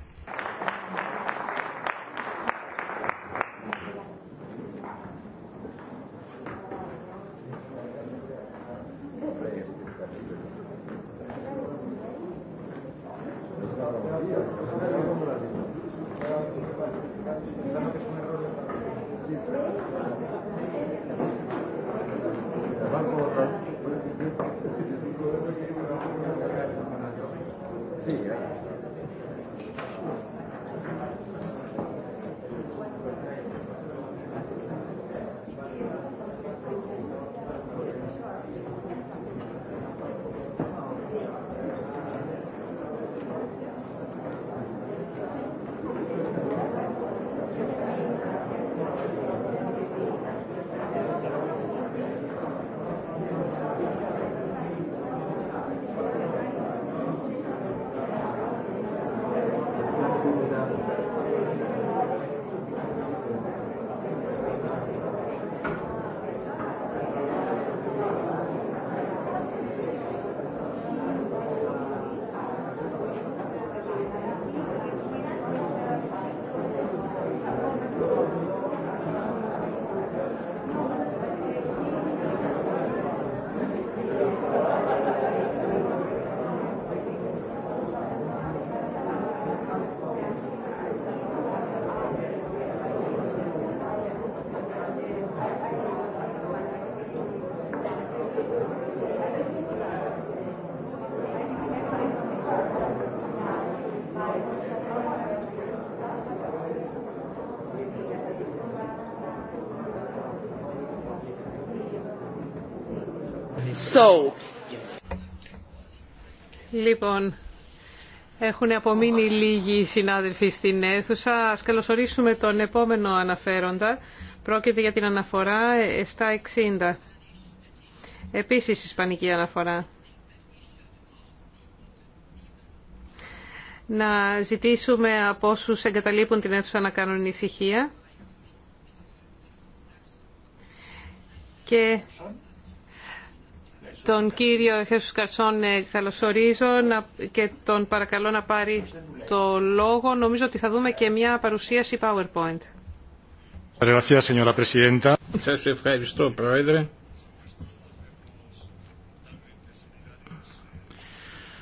B: Λοιπόν, έχουν απομείνει λίγοι συνάδελφοι στην αίθουσα. Ας καλωσορίσουμε τον επόμενο αναφέροντα. Πρόκειται για την αναφορά 760. Επίσης ισπανική αναφορά. Να ζητήσουμε από όσους εγκαταλείπουν την αίθουσα να κάνουν ησυχία. Και τον κύριο Χέσου Καρσόν ε, καλωσορίζω και τον παρακαλώ να πάρει το λόγο. Νομίζω ότι θα δούμε και μια παρουσίαση PowerPoint.
C: Σας ευχαριστώ, Πρόεδρε.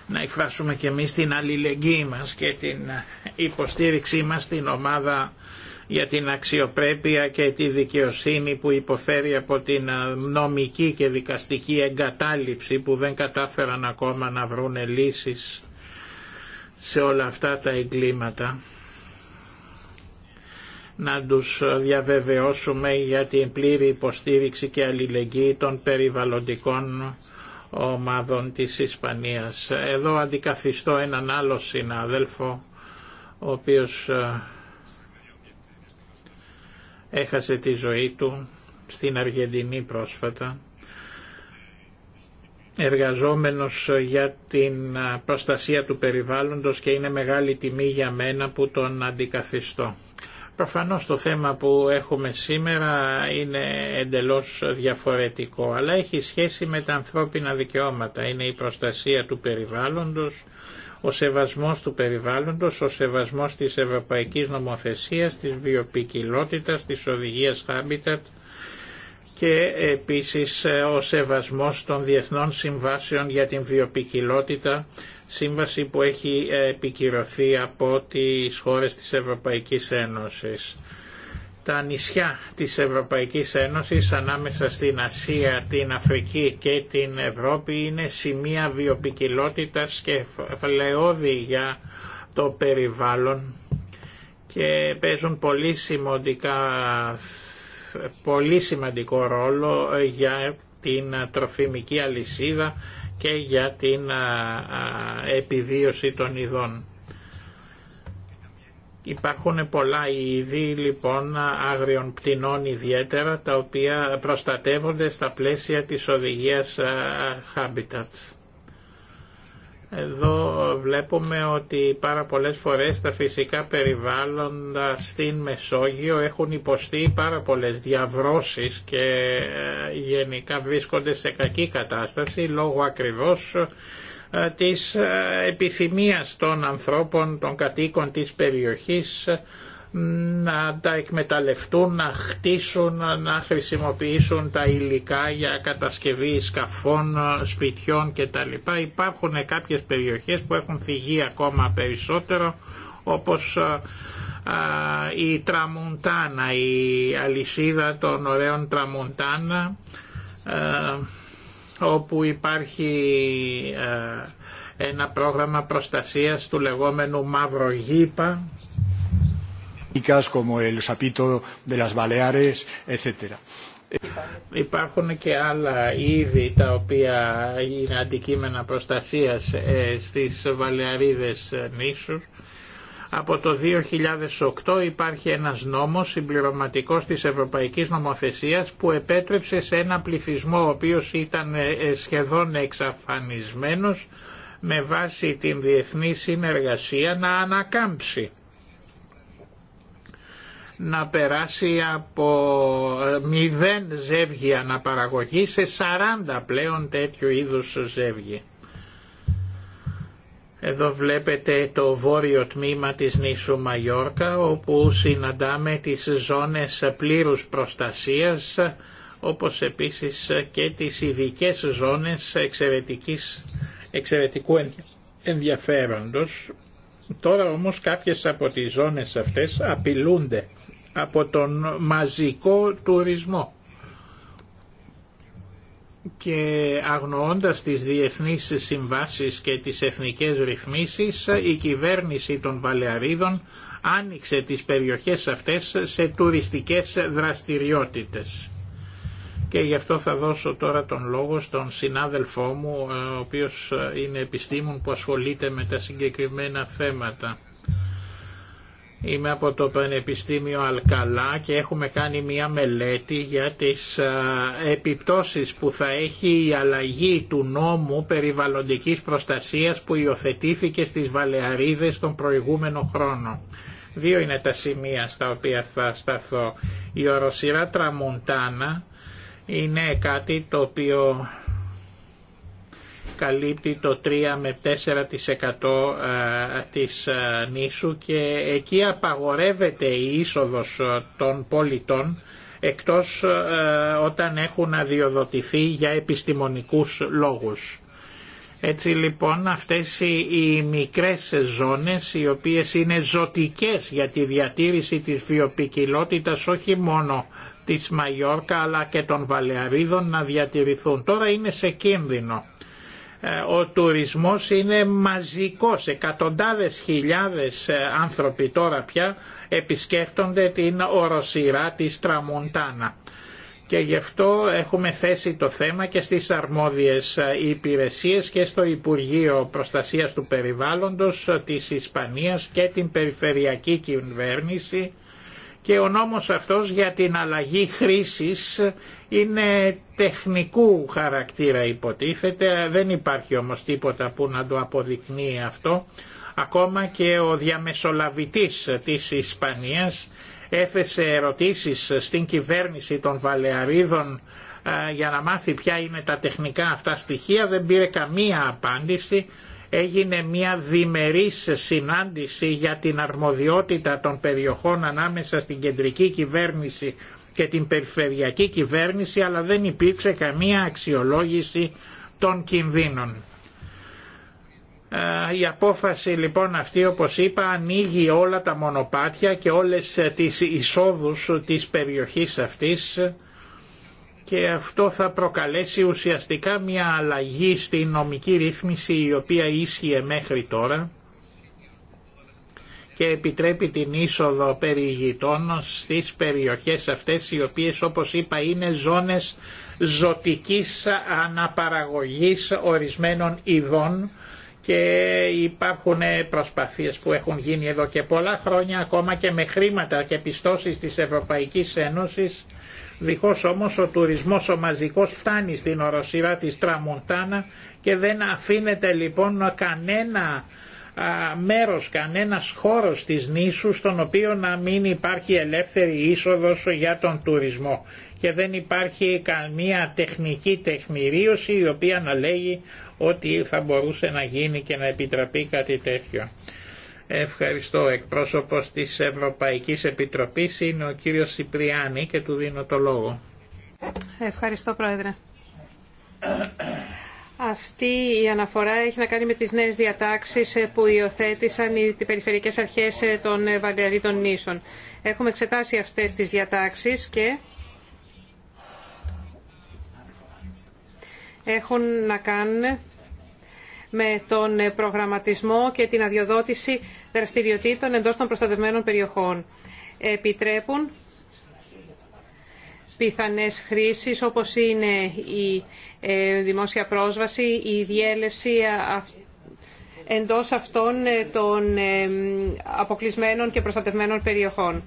C: να εκφράσουμε και εμείς την αλληλεγγύη μας και την υποστήριξή μας στην ομάδα για την αξιοπρέπεια και τη δικαιοσύνη που υποφέρει από την ε, νομική και δικαστική εγκατάλειψη που δεν κατάφεραν ακόμα να βρουν λύσεις σε όλα αυτά τα εγκλήματα να τους διαβεβαιώσουμε για την πλήρη υποστήριξη και αλληλεγγύη των περιβαλλοντικών ομάδων της Ισπανίας. Εδώ αντικαθιστώ έναν άλλο συνάδελφο, ο οποίος ε, έχασε τη ζωή του στην Αργεντινή πρόσφατα εργαζόμενος για την προστασία του περιβάλλοντος και είναι μεγάλη τιμή για μένα που τον αντικαθιστώ. Προφανώς το θέμα που έχουμε σήμερα είναι εντελώς διαφορετικό, αλλά έχει σχέση με τα ανθρώπινα δικαιώματα. Είναι η προστασία του περιβάλλοντος, ο σεβασμός του περιβάλλοντος, ο σεβασμός της ευρωπαϊκής νομοθεσίας, της βιοπικιλότητας, της οδηγίας Habitat και επίσης ε, ο σεβασμός των διεθνών συμβάσεων για την βιοπικιλότητα, σύμβαση που έχει ε, επικυρωθεί από τις χώρες της Ευρωπαϊκής Ένωσης τα νησιά της Ευρωπαϊκής Ένωσης ανάμεσα στην Ασία, την Αφρική και την Ευρώπη είναι σημεία βιοπικιλότητας και φλεώδη για το περιβάλλον και παίζουν πολύ πολύ σημαντικό ρόλο για την τροφιμική αλυσίδα και για την επιβίωση των ειδών. Υπάρχουν πολλά είδη λοιπόν άγριων πτηνών ιδιαίτερα τα οποία προστατεύονται στα πλαίσια της οδηγίας Habitat. Εδώ βλέπουμε ότι πάρα πολλές φορές τα φυσικά περιβάλλοντα στην Μεσόγειο έχουν υποστεί πάρα πολλές διαβρώσεις και ε, γενικά βρίσκονται σε κακή κατάσταση λόγω ακριβώς ε, της ε, επιθυμίας των ανθρώπων, των κατοίκων της περιοχής ε, να τα εκμεταλλευτούν, να χτίσουν, να χρησιμοποιήσουν τα υλικά για κατασκευή σκαφών, σπιτιών κτλ. Υπάρχουν κάποιες περιοχές που έχουν φυγεί ακόμα περισσότερο όπως η Τραμουντάνα, η αλυσίδα των ωραίων Τραμουντάνα όπου υπάρχει ε, ένα πρόγραμμα προστασίας του λεγόμενου μαύρο γήπα Υπάρχουν και άλλα είδη τα οποία είναι αντικείμενα προστασίας ε, στις Βαλεαρίδες νήσους από το 2008 υπάρχει ένας νόμος συμπληρωματικός της Ευρωπαϊκής Νομοθεσίας που επέτρεψε σε ένα πληθυσμό ο οποίος ήταν ε, ε, σχεδόν εξαφανισμένος με βάση την διεθνή συνεργασία να ανακάμψει να περάσει από ε, μηδέν ζεύγια αναπαραγωγή σε 40 πλέον τέτοιου είδους ζεύγια. Εδώ βλέπετε το βόρειο τμήμα της νήσου Μαγιόρκα όπου συναντάμε τις ζώνες πλήρους προστασίας όπως επίσης και τις ειδικέ ζώνες εξαιρετικής, εξαιρετικού ενδιαφέροντος. Τώρα όμως κάποιες από τις ζώνες αυτές απειλούνται από τον μαζικό τουρισμό και αγνοώντας τις διεθνείς συμβάσεις και τις εθνικές ρυθμίσεις η κυβέρνηση των Βαλεαρίδων άνοιξε τις περιοχές αυτές σε τουριστικές δραστηριότητες. Και γι' αυτό θα δώσω τώρα τον λόγο στον συνάδελφό μου, ο οποίος είναι επιστήμων που ασχολείται με τα συγκεκριμένα θέματα. Είμαι από το Πανεπιστήμιο Αλκαλά και έχουμε κάνει μια μελέτη για τις ε, επιπτώσεις που θα έχει η αλλαγή του νόμου περιβαλλοντικής προστασίας που υιοθετήθηκε στις Βαλεαρίδες τον προηγούμενο χρόνο. Δύο είναι τα σημεία στα οποία θα σταθώ. Η οροσυρά Τραμουντάνα είναι κάτι το οποίο καλύπτει το 3 με 4% της ε, ε, νήσου και εκεί απαγορεύεται η είσοδος ε, των πολιτών εκτός όταν έχουν αδειοδοτηθεί για επιστημονικούς λόγους. Έτσι λοιπόν αυτές οι μικρές ζώνες οι οποίες είναι ζωτικές για τη διατήρηση της βιοπικιλότητας όχι μόνο της Μαγιόρκα αλλά και των Βαλεαρίδων να διατηρηθούν. Τώρα είναι σε κίνδυνο. Ε, ο τουρισμός είναι μαζικός. Εκατοντάδες χιλιάδες ε, άνθρωποι τώρα πια επισκέφτονται την οροσυρά της Τραμοντάνα. Και γι' αυτό έχουμε θέσει το θέμα και στις αρμόδιες ε, υπηρεσίες και στο Υπουργείο Προστασίας του Περιβάλλοντος της Ισπανίας και την Περιφερειακή Κυβέρνηση και ο νόμος αυτός για την αλλαγή χρήσης είναι τεχνικού χαρακτήρα υποτίθεται, δεν υπάρχει όμως τίποτα που να το αποδεικνύει αυτό. Ακόμα και ο διαμεσολαβητής της Ισπανίας έθεσε ερωτήσεις στην κυβέρνηση των Βαλεαρίδων ε, για να μάθει ποια είναι τα τεχνικά αυτά στοιχεία, δεν πήρε καμία απάντηση έγινε μια διμερής συνάντηση για την αρμοδιότητα των περιοχών ανάμεσα στην κεντρική κυβέρνηση και την περιφερειακή κυβέρνηση αλλά δεν υπήρξε καμία αξιολόγηση των κινδύνων. Ε, η απόφαση λοιπόν αυτή όπως είπα ανοίγει όλα τα μονοπάτια και όλες τις εισόδους της περιοχής αυτής και αυτό θα προκαλέσει ουσιαστικά μια αλλαγή στη νομική ρύθμιση η οποία ίσχυε μέχρι τώρα και επιτρέπει την είσοδο περιηγητών στις περιοχές αυτές οι οποίες όπως είπα είναι ζώνες ζωτικής αναπαραγωγής ορισμένων ειδών και υπάρχουν προσπαθίες που έχουν γίνει εδώ και πολλά χρόνια ακόμα και με χρήματα και πιστώσεις της Ευρωπαϊκής Ένωσης Δυστυχώ όμως ο τουρισμός ο μαζικός φτάνει στην οροσυρά της Τραμοντάνα και δεν αφήνεται λοιπόν κανένα μέρος, κανένα χώρος της νήσου στον οποίο να μην υπάρχει ελεύθερη είσοδος για τον τουρισμό και δεν υπάρχει καμία τεχνική τεχνηρίωση η οποία να λέγει ότι θα μπορούσε να γίνει και να επιτραπεί κάτι τέτοιο. Ευχαριστώ. Εκπρόσωπος της Ευρωπαϊκής Επιτροπής είναι ο κύριος Σιπριάνη και του δίνω το λόγο.
B: Ευχαριστώ Πρόεδρε. Αυτή η αναφορά έχει να κάνει με τις νέες διατάξεις που υιοθέτησαν οι περιφερειακές αρχές των Βαλαιαρίδων νήσων. Έχουμε εξετάσει αυτές τις διατάξεις και έχουν να κάνουν με τον ε, προγραμματισμό και την αδειοδότηση δραστηριοτήτων εντός των προστατευμένων περιοχών. Επιτρέπουν πιθανές χρήσεις όπως είναι η ε, δημόσια πρόσβαση, η διέλευση εντός αυτών ε, των αποκλεισμένων και προστατευμένων περιοχών.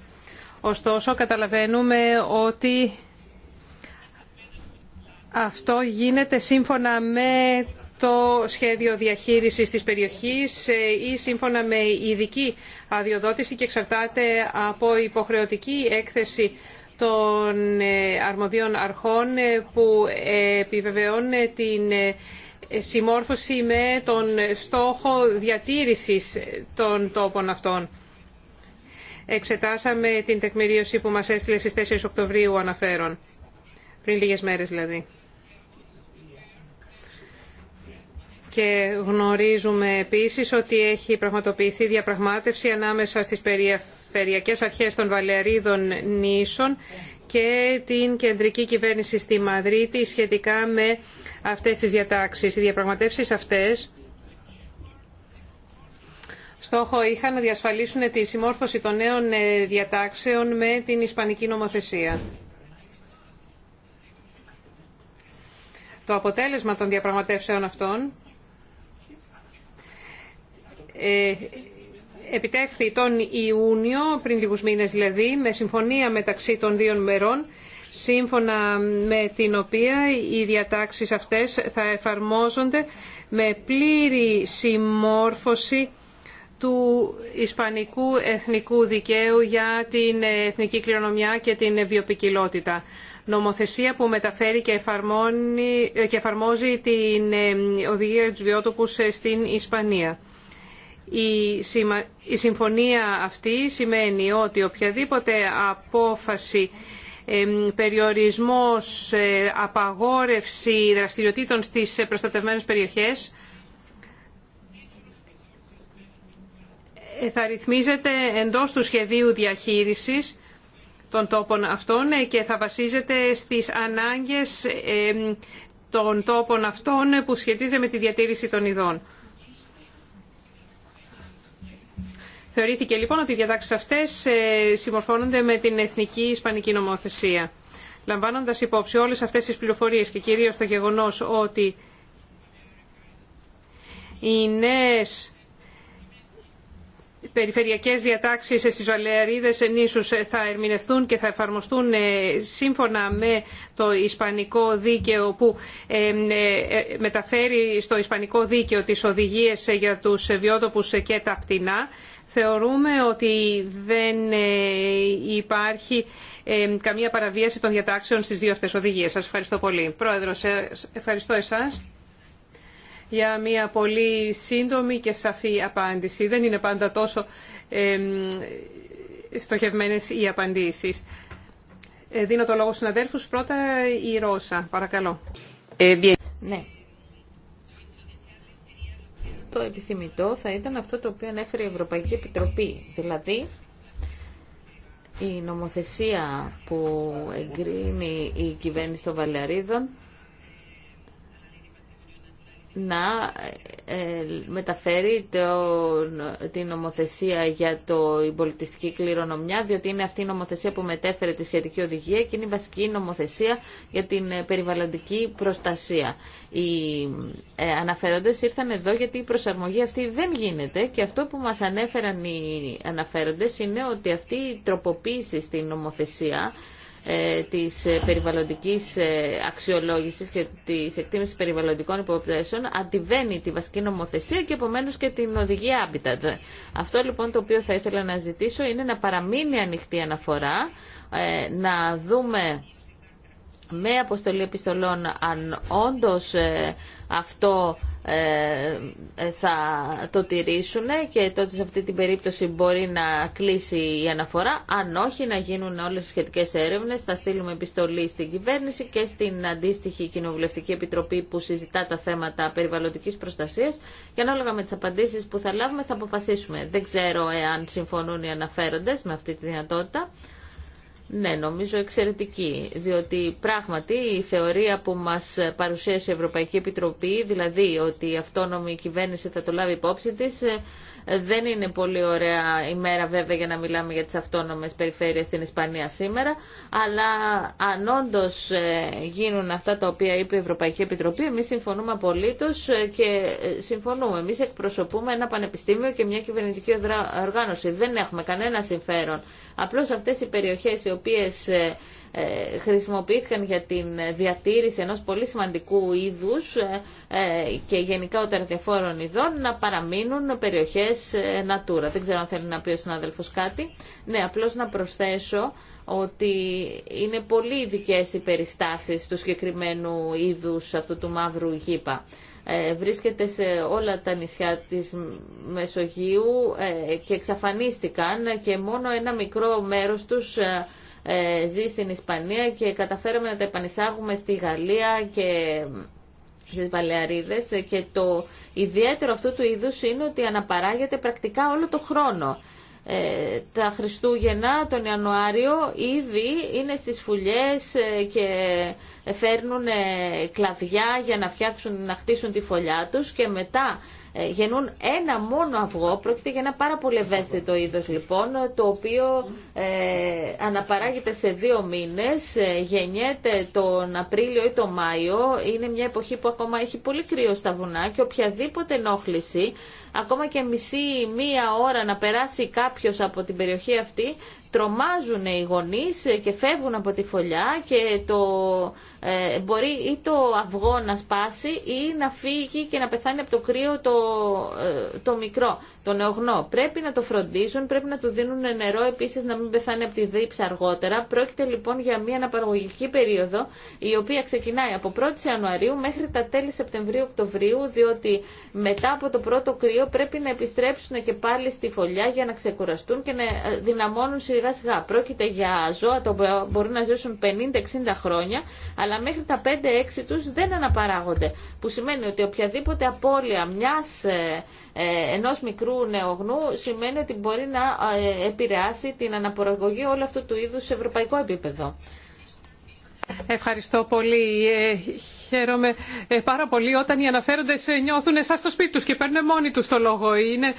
B: Ωστόσο, καταλαβαίνουμε ότι αυτό γίνεται σύμφωνα με το σχέδιο διαχείρισης της περιοχής ε, ή σύμφωνα με ειδική αδειοδότηση και εξαρτάται από υποχρεωτική έκθεση των ε, αρμοδίων αρχών ε, που επιβεβαιώνει την συμμόρφωση με τον στόχο διατήρησης των τόπων αυτών. Εξετάσαμε την τεκμηρίωση που μας έστειλε στις 4 Οκτωβρίου αναφέρον, πριν λίγες μέρες δηλαδή. και γνωρίζουμε επίσης ότι έχει πραγματοποιηθεί διαπραγμάτευση ανάμεσα στις περιφερειακές αρχές των Βαλεαρίδων, νήσων και την κεντρική κυβέρνηση στη Μαδρίτη σχετικά με αυτές τις διατάξεις. Οι διαπραγματεύσεις αυτές στόχο είχαν να διασφαλίσουν τη συμμόρφωση των νέων ε, διατάξεων με την Ισπανική νομοθεσία. Το αποτέλεσμα των διαπραγματεύσεων αυτών ε, επιτεύχθη τον Ιούνιο, πριν λίγους μήνες δηλαδή, με συμφωνία μεταξύ των δύο μερών, σύμφωνα με την οποία οι διατάξεις αυτές θα εφαρμόζονται με πλήρη συμμόρφωση του Ισπανικού Εθνικού Δικαίου για την εθνική κληρονομιά και την βιοπικιλότητα. Νομοθεσία που μεταφέρει και, εφαρμόζει την ε, οδηγία του βιότοπους ε, στην Ισπανία. Η συμφωνία αυτή σημαίνει ότι οποιαδήποτε απόφαση περιορισμός, ε, απαγόρευση δραστηριοτήτων στις προστατευμένες περιοχές ε, θα ρυθμίζεται εντός του σχεδίου διαχείρισης των τόπων αυτών ε, και θα βασίζεται στις ανάγκες των τόπων αυτών που σχετίζονται με τη διατήρηση των ειδών. Θεωρήθηκε λοιπόν ότι οι διατάξεις αυτές ε, συμμορφώνονται με την εθνική ισπανική νομοθεσία. Λαμβάνοντας υπόψη όλες αυτές τις πληροφορίες και κυρίως το γεγονός ότι οι νέε περιφερειακές διατάξεις στι Βαλεαρίδες νήσου θα ερμηνευτούν και θα εφαρμοστούν ε, σύμφωνα με το Ισπανικό Δίκαιο που ε, μεταφέρει στο Ισπανικό Δίκαιο τι οδηγίε για του βιότοπους και τα πτηνά. Θεωρούμε ότι δεν ε, υπάρχει ε, καμία παραβίαση των διατάξεων στις δύο αυτές οδηγίες. Σας ευχαριστώ πολύ. Πρόεδρος, ευχαριστώ εσάς για μια πολύ σύντομη και σαφή απάντηση. Δεν είναι πάντα τόσο ε, στοχευμένες οι απαντήσεις. Δίνω το λόγο στους αδέρφους. Πρώτα η Ρώσα. Παρακαλώ. Ναι το επιθυμητό
A: θα ήταν αυτό το οποίο ανέφερε η Ευρωπαϊκή Επιτροπή, δηλαδή η νομοθεσία που εγκρίνει η κυβέρνηση των Βαλεαρίδων να ε, μεταφέρει την νομοθεσία για το, η πολιτιστική κληρονομιά, διότι είναι αυτή η νομοθεσία που μετέφερε τη σχετική οδηγία και είναι η βασική νομοθεσία για την ε, περιβαλλοντική προστασία. Οι ε, αναφέροντες ήρθαν εδώ γιατί η προσαρμογή αυτή δεν γίνεται και αυτό που μας ανέφεραν οι αναφέροντες είναι ότι αυτή η τροποποίηση στην νομοθεσία ε, της ε, περιβαλλοντικής ε, αξιολόγησης και της εκτίμησης περιβαλλοντικών υποπτώσεων αντιβαίνει τη βασική νομοθεσία και επομένως και την οδηγία Habitat. Αυτό λοιπόν το οποίο θα ήθελα να ζητήσω είναι να παραμείνει ανοιχτή αναφορά, να δούμε με αποστολή επιστολών αν όντως αυτό ε, ε, θα το τηρήσουν και τότε σε αυτή την περίπτωση μπορεί να κλείσει η αναφορά. Αν όχι, να γίνουν όλες οι σχετικές έρευνες. Θα στείλουμε επιστολή στην κυβέρνηση και στην αντίστοιχη Κοινοβουλευτική Επιτροπή που συζητά τα θέματα περιβαλλοντικής προστασίας και ανάλογα με τις απαντήσεις που θα λάβουμε θα αποφασίσουμε. Δεν ξέρω εάν συμφωνούν οι αναφέροντες με αυτή τη δυνατότητα. Ναι, νομίζω εξαιρετική, διότι πράγματι η θεωρία που μας παρουσίασε η Ευρωπαϊκή Επιτροπή, δηλαδή ότι η αυτόνομη κυβέρνηση θα το λάβει υπόψη της, δεν είναι πολύ ωραία ημέρα βέβαια για να μιλάμε για τις αυτόνομες περιφέρειες στην Ισπανία σήμερα, αλλά αν όντω ε, γίνουν αυτά τα οποία είπε η Ευρωπαϊκή Επιτροπή, εμείς συμφωνούμε απολύτως ε, και ε, συμφωνούμε. Εμείς εκπροσωπούμε ένα πανεπιστήμιο και μια κυβερνητική οργάνωση. Δεν έχουμε κανένα συμφέρον. Απλώς αυτές οι περιοχές οι οποίες ε, χρησιμοποιήθηκαν για την διατήρηση ενός πολύ σημαντικού είδους ε, ε, και γενικά των διαφόρων ειδών να παραμείνουν περιοχές Natura. Δεν ξέρω αν θέλει να πει ο συνάδελφος κάτι. Ναι, απλώς να προσθέσω ότι είναι πολύ ειδικέ οι περιστάσεις του συγκεκριμένου είδους αυτού του μαύρου γήπα. Βρίσκεται σε όλα τα νησιά της Μεσογείου και εξαφανίστηκαν και μόνο ένα μικρό μέρος τους ε, ζει στην Ισπανία και καταφέραμε να τα επανεισάγουμε στη Γαλλία και στι Βαλεαρίδες και το ιδιαίτερο αυτού του είδους είναι ότι αναπαράγεται πρακτικά όλο το χρόνο. Ε, τα Χριστούγεννα τον Ιανουάριο ήδη είναι στις φουλιές ε, και φέρνουν κλαδιά για να φτιάξουν, να χτίσουν τη φωλιά τους και μετά ε, γεννούν ένα μόνο αυγό. Πρόκειται για ένα πάρα πολύ ευαίσθητο είδος λοιπόν, το οποίο ε, αναπαράγεται σε δύο μήνες, ε, γεννιέται τον Απρίλιο ή τον Μάιο, είναι μια εποχή που ακόμα έχει πολύ κρύο στα βουνά και οποιαδήποτε ενόχληση, ακόμα και μισή ή μία ώρα να περάσει κάποιος από την περιοχή αυτή, τρομάζουν οι γονείς και φεύγουν από τη φωλιά και το ε, μπορεί ή το αυγό να σπάσει ή να φύγει και να πεθάνει από το κρύο το, ε, το μικρό, το νεογνώ. Πρέπει να το φροντίζουν, πρέπει να του δίνουν νερό επίσης να μην πεθάνει από τη δίψα αργότερα. Πρόκειται λοιπόν για μια αναπαραγωγική περίοδο η οποία ξεκινάει από 1η Ιανουαρίου μέχρι τα τέλη Σεπτεμβρίου-Οκτωβρίου διότι μετά από το πρώτο κρύο πρέπει να επιστρέψουν και πάλι στη φωλιά για να ξεκουραστούν και να ε, δυναμώνουν σιγά σιγά. Πρόκειται για ζώα που μπορούν να ζήσουν 50-60 χρόνια αλλά μέχρι τα 5-6 τους δεν αναπαράγονται. Που σημαίνει ότι οποιαδήποτε απώλεια μιας, ε, ε, ενός μικρού νεογνού σημαίνει ότι μπορεί να ε, επηρεάσει την αναπαραγωγή όλου αυτού του είδους σε ευρωπαϊκό επίπεδο.
B: Ευχαριστώ πολύ. Χαίρομαι πάρα πολύ όταν οι αναφέροντες νιώθουν εσά στο σπίτι τους και παίρνουν μόνοι τους το λόγο. Είναι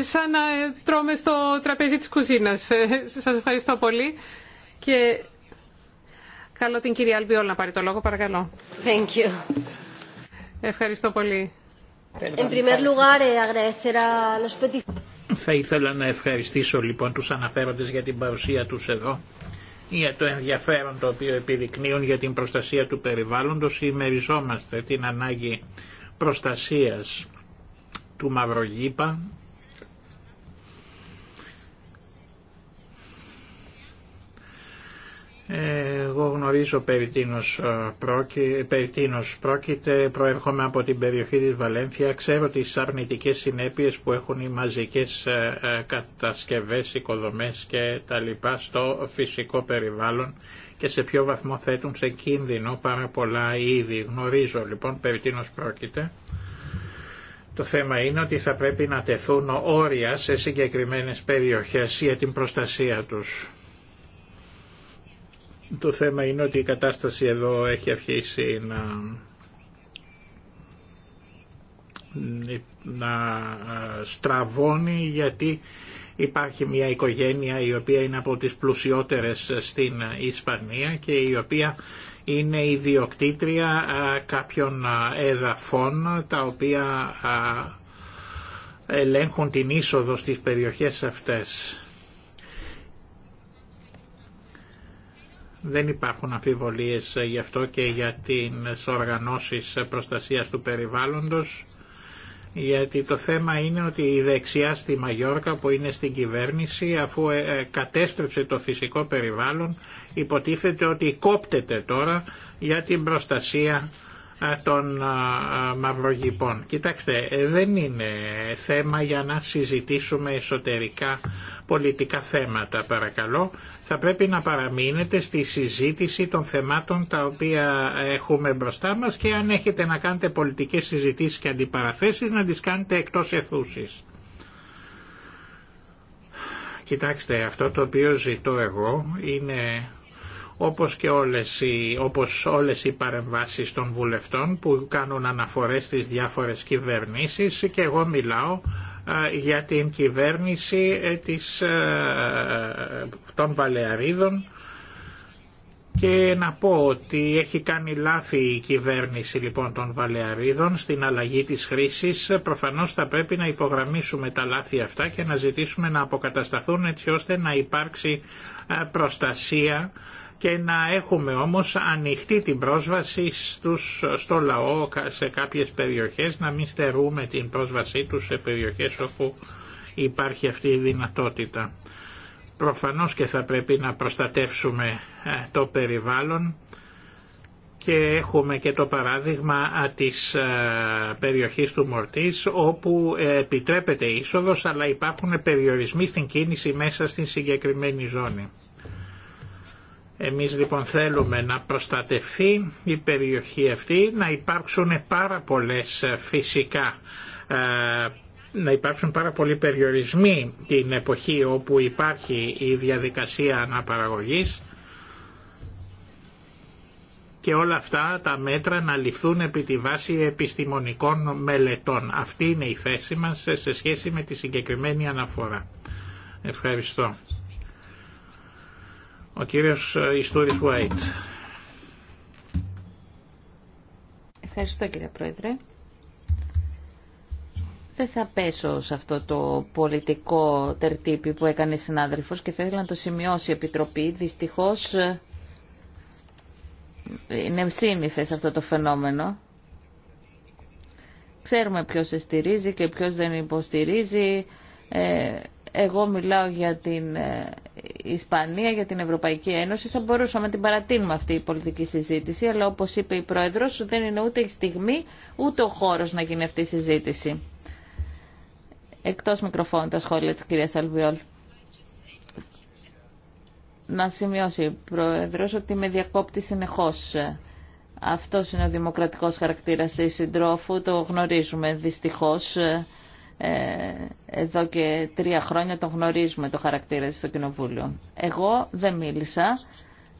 B: σαν να τρώμε στο τραπέζι της κουζίνας. Σας ευχαριστώ πολύ. Και Καλώ την κυρία Αλμπιόλ να πάρει το λόγο, παρακαλώ. Thank you. Ευχαριστώ πολύ.
C: Ε, Θα ήθελα να ευχαριστήσω λοιπόν τους αναφέροντες για την παρουσία τους εδώ για το ενδιαφέρον το οποίο επιδεικνύουν για την προστασία του περιβάλλοντος ημεριζόμαστε την ανάγκη προστασίας του Μαυρογήπα Εγώ γνωρίζω περί ε, πρόκει, πρόκειται, προέρχομαι από την περιοχή της Βαλένθια, ξέρω τις αρνητικές συνέπειες που έχουν οι μαζικές ε, ε, κατασκευές, οικοδομές και τα λοιπά στο φυσικό περιβάλλον και σε ποιο βαθμό θέτουν σε κίνδυνο πάρα πολλά είδη. Γνωρίζω λοιπόν περί πρόκειται. Το θέμα είναι ότι θα πρέπει να τεθούν όρια σε συγκεκριμένες περιοχές για την προστασία τους. Το θέμα είναι ότι η κατάσταση εδώ έχει αρχίσει να, να στραβώνει γιατί υπάρχει μια οικογένεια η οποία είναι από τις πλουσιότερες στην Ισπανία και η οποία είναι ιδιοκτήτρια κάποιων εδαφών τα οποία ελέγχουν την είσοδο στις περιοχές αυτές. Δεν υπάρχουν αμφιβολίες γι' αυτό και για τις οργανώσεις προστασίας του περιβάλλοντος γιατί το θέμα είναι ότι η δεξιά στη Μαγιόρκα που είναι στην κυβέρνηση αφού ε, ε, κατέστρεψε το φυσικό περιβάλλον υποτίθεται ότι κόπτεται τώρα για την προστασία των μαυρογυπών. Κοιτάξτε, ε, δεν είναι θέμα για να συζητήσουμε εσωτερικά πολιτικά θέματα, παρακαλώ. Θα πρέπει να παραμείνετε στη συζήτηση των θεμάτων τα οποία έχουμε μπροστά μας και αν έχετε να κάνετε πολιτικές συζητήσεις και αντιπαραθέσεις να τις κάνετε εκτός εθούσης. Κοιτάξτε, αυτό το οποίο ζητώ εγώ είναι όπως και όλες οι, όπως όλες οι παρεμβάσεις των βουλευτών που κάνουν αναφορές στις διάφορες κυβερνήσεις και εγώ μιλάω ε, για την κυβέρνηση ε, της, ε, των Βαλεαρίδων και να πω ότι έχει κάνει λάθη η κυβέρνηση λοιπόν των Βαλεαρίδων στην αλλαγή της χρήσης. Προφανώς θα πρέπει να υπογραμμίσουμε τα λάθη αυτά και να ζητήσουμε να αποκατασταθούν έτσι ώστε να υπάρξει προστασία και να έχουμε όμως ανοιχτή την πρόσβαση στους, στο λαό σε κάποιες περιοχές, να μην στερούμε την πρόσβασή τους σε περιοχές όπου υπάρχει αυτή η δυνατότητα. Προφανώς και θα πρέπει να προστατεύσουμε ε, το περιβάλλον και έχουμε και το παράδειγμα ε, της ε, περιοχής του Μορτής όπου επιτρέπεται είσοδος αλλά υπάρχουν περιορισμοί στην κίνηση μέσα στην συγκεκριμένη ζώνη. Εμείς λοιπόν θέλουμε να προστατευθεί η περιοχή αυτή, να υπάρξουν πάρα πολλές ε, φυσικά ε, να υπάρξουν πάρα πολλοί περιορισμοί την εποχή όπου υπάρχει η διαδικασία αναπαραγωγής και όλα αυτά τα μέτρα να ληφθούν επί τη βάση επιστημονικών μελετών. Αυτή είναι η θέση μας σε σχέση με τη συγκεκριμένη αναφορά. Ευχαριστώ. Ο κύριος ε, Ιστούρης Βουάιτ.
A: Ευχαριστώ κύριε Πρόεδρε. Δεν θα πέσω σε αυτό το πολιτικό τερτύπι που έκανε η συνάδελφος και θα ήθελα να το σημειώσει η Επιτροπή. Δυστυχώς ε, είναι σύνηθες αυτό το φαινόμενο. Ξέρουμε ποιος στηρίζει και ποιος δεν υποστηρίζει. Ε, εγώ μιλάω για την ε, Ισπανία, για την Ευρωπαϊκή Ένωση, θα μπορούσαμε να την παρατείνουμε αυτή η πολιτική συζήτηση, αλλά όπως είπε η Πρόεδρος, δεν είναι ούτε η στιγμή, ούτε ο χώρος να γίνει αυτή η συζήτηση. Εκτός μικροφώνου τα σχόλια της κυρίας Αλβιόλ. Να σημειώσει η Πρόεδρος ότι με διακόπτει συνεχώς. Αυτό είναι ο δημοκρατικός χαρακτήρας της συντρόφου, το γνωρίζουμε δυστυχώς. Ε, εδώ και τρία χρόνια το γνωρίζουμε το χαρακτήρα στο Κοινοβούλιο. Εγώ δεν μίλησα.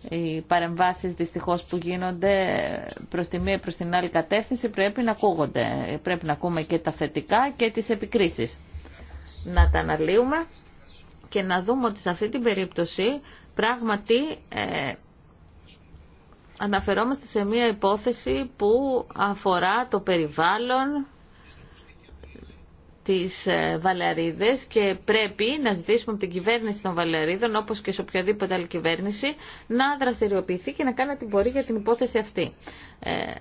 A: Οι παρεμβάσεις δυστυχώς που γίνονται προς τη μία προς την άλλη κατεύθυνση πρέπει να ακούγονται. Πρέπει να ακούμε και τα θετικά και τις επικρίσεις. Να τα αναλύουμε και να δούμε ότι σε αυτή την περίπτωση πράγματι ε, αναφερόμαστε σε μία υπόθεση που αφορά το περιβάλλον τις ε, Βαλαρίδες και πρέπει να ζητήσουμε από την κυβέρνηση των Βαλαρίδων όπως και σε οποιαδήποτε άλλη κυβέρνηση να δραστηριοποιηθεί και να κάνει την πορεία για την υπόθεση αυτή. Ε,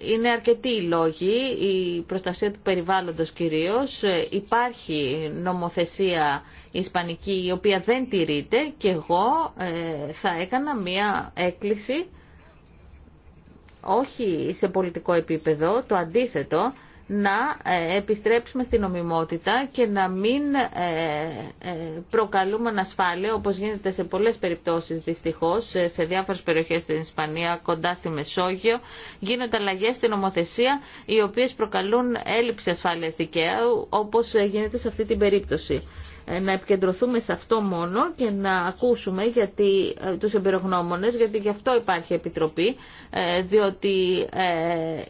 A: είναι αρκετοί οι λόγοι, η προστασία του περιβάλλοντος κυρίως, ε, υπάρχει νομοθεσία ισπανική η οποία δεν τηρείται και εγώ θα έκανα μία έκκληση όχι σε πολιτικό επίπεδο, το αντίθετο, να ε, επιστρέψουμε στην νομιμότητα και να μην ε, ε, προκαλούμε ανασφάλεια όπως γίνεται σε πολλές περιπτώσεις δυστυχώς σε διάφορες περιοχές στην Ισπανία κοντά στη Μεσόγειο γίνονται αλλαγές στην νομοθεσία οι οποίες προκαλούν έλλειψη ασφάλειας δικαίου όπως γίνεται σε αυτή την περίπτωση. Ε, να επικεντρωθούμε σε αυτό μόνο και να ακούσουμε γιατί, ε, τους εμπειρογνώμονες, γιατί γι' αυτό υπάρχει επιτροπή, ε, διότι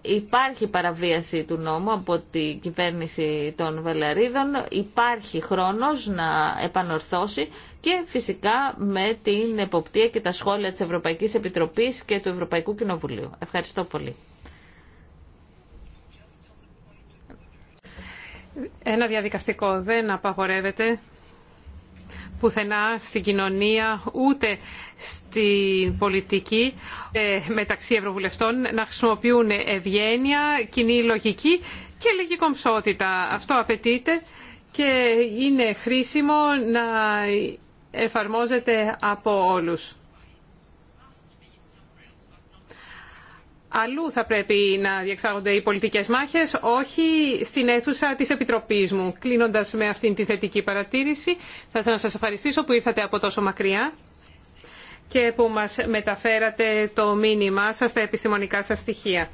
A: υπάρχει παραβίαση του νόμου από την κυβέρνηση των Βελαρίδων, υπάρχει χρόνος να επανορθώσει και φυσικά με την εποπτεία και τα σχόλια της Ευρωπαϊκής Επιτροπής και του Ευρωπαϊκού Κοινοβουλίου. Ευχαριστώ πολύ.
B: Ένα διαδικαστικό δεν απαγορεύεται πουθενά στην κοινωνία ούτε στην πολιτική ε, μεταξύ ευρωβουλευτών να χρησιμοποιούν ευγένεια, κοινή λογική και λίγη κομψότητα. Αυτό απαιτείται και είναι χρήσιμο να εφαρμόζεται από όλους. αλλού θα πρέπει να διεξάγονται οι πολιτικές μάχες, όχι στην αίθουσα της Επιτροπής μου. Κλείνοντας με αυτήν τη θετική παρατήρηση, θα ήθελα να σας ευχαριστήσω που ήρθατε από τόσο μακριά και που μας μεταφέρατε το μήνυμά σας, τα επιστημονικά σας στοιχεία.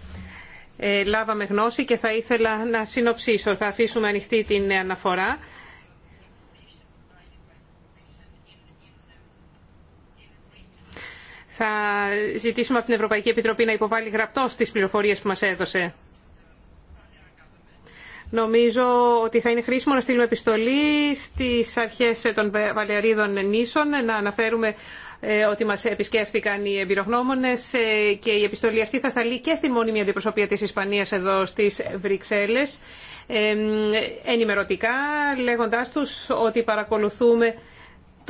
B: Ε, λάβαμε γνώση και θα ήθελα να συνοψίσω. Θα αφήσουμε ανοιχτή την αναφορά. Θα ζητήσουμε από την Ευρωπαϊκή Επιτροπή να υποβάλει γραπτό τις πληροφορίες που μας έδωσε. Νομίζω ότι θα είναι χρήσιμο να στείλουμε επιστολή στις αρχές των Βαλεαρίδων νήσων, να αναφέρουμε ε, ότι μας επισκέφθηκαν οι εμπειρογνώμονες ε, και η επιστολή αυτή θα σταλεί και στη μόνιμη αντιπροσωπεία της Ισπανίας εδώ στις Βρυξέλλες, ε, ενημερωτικά λέγοντάς τους ότι παρακολουθούμε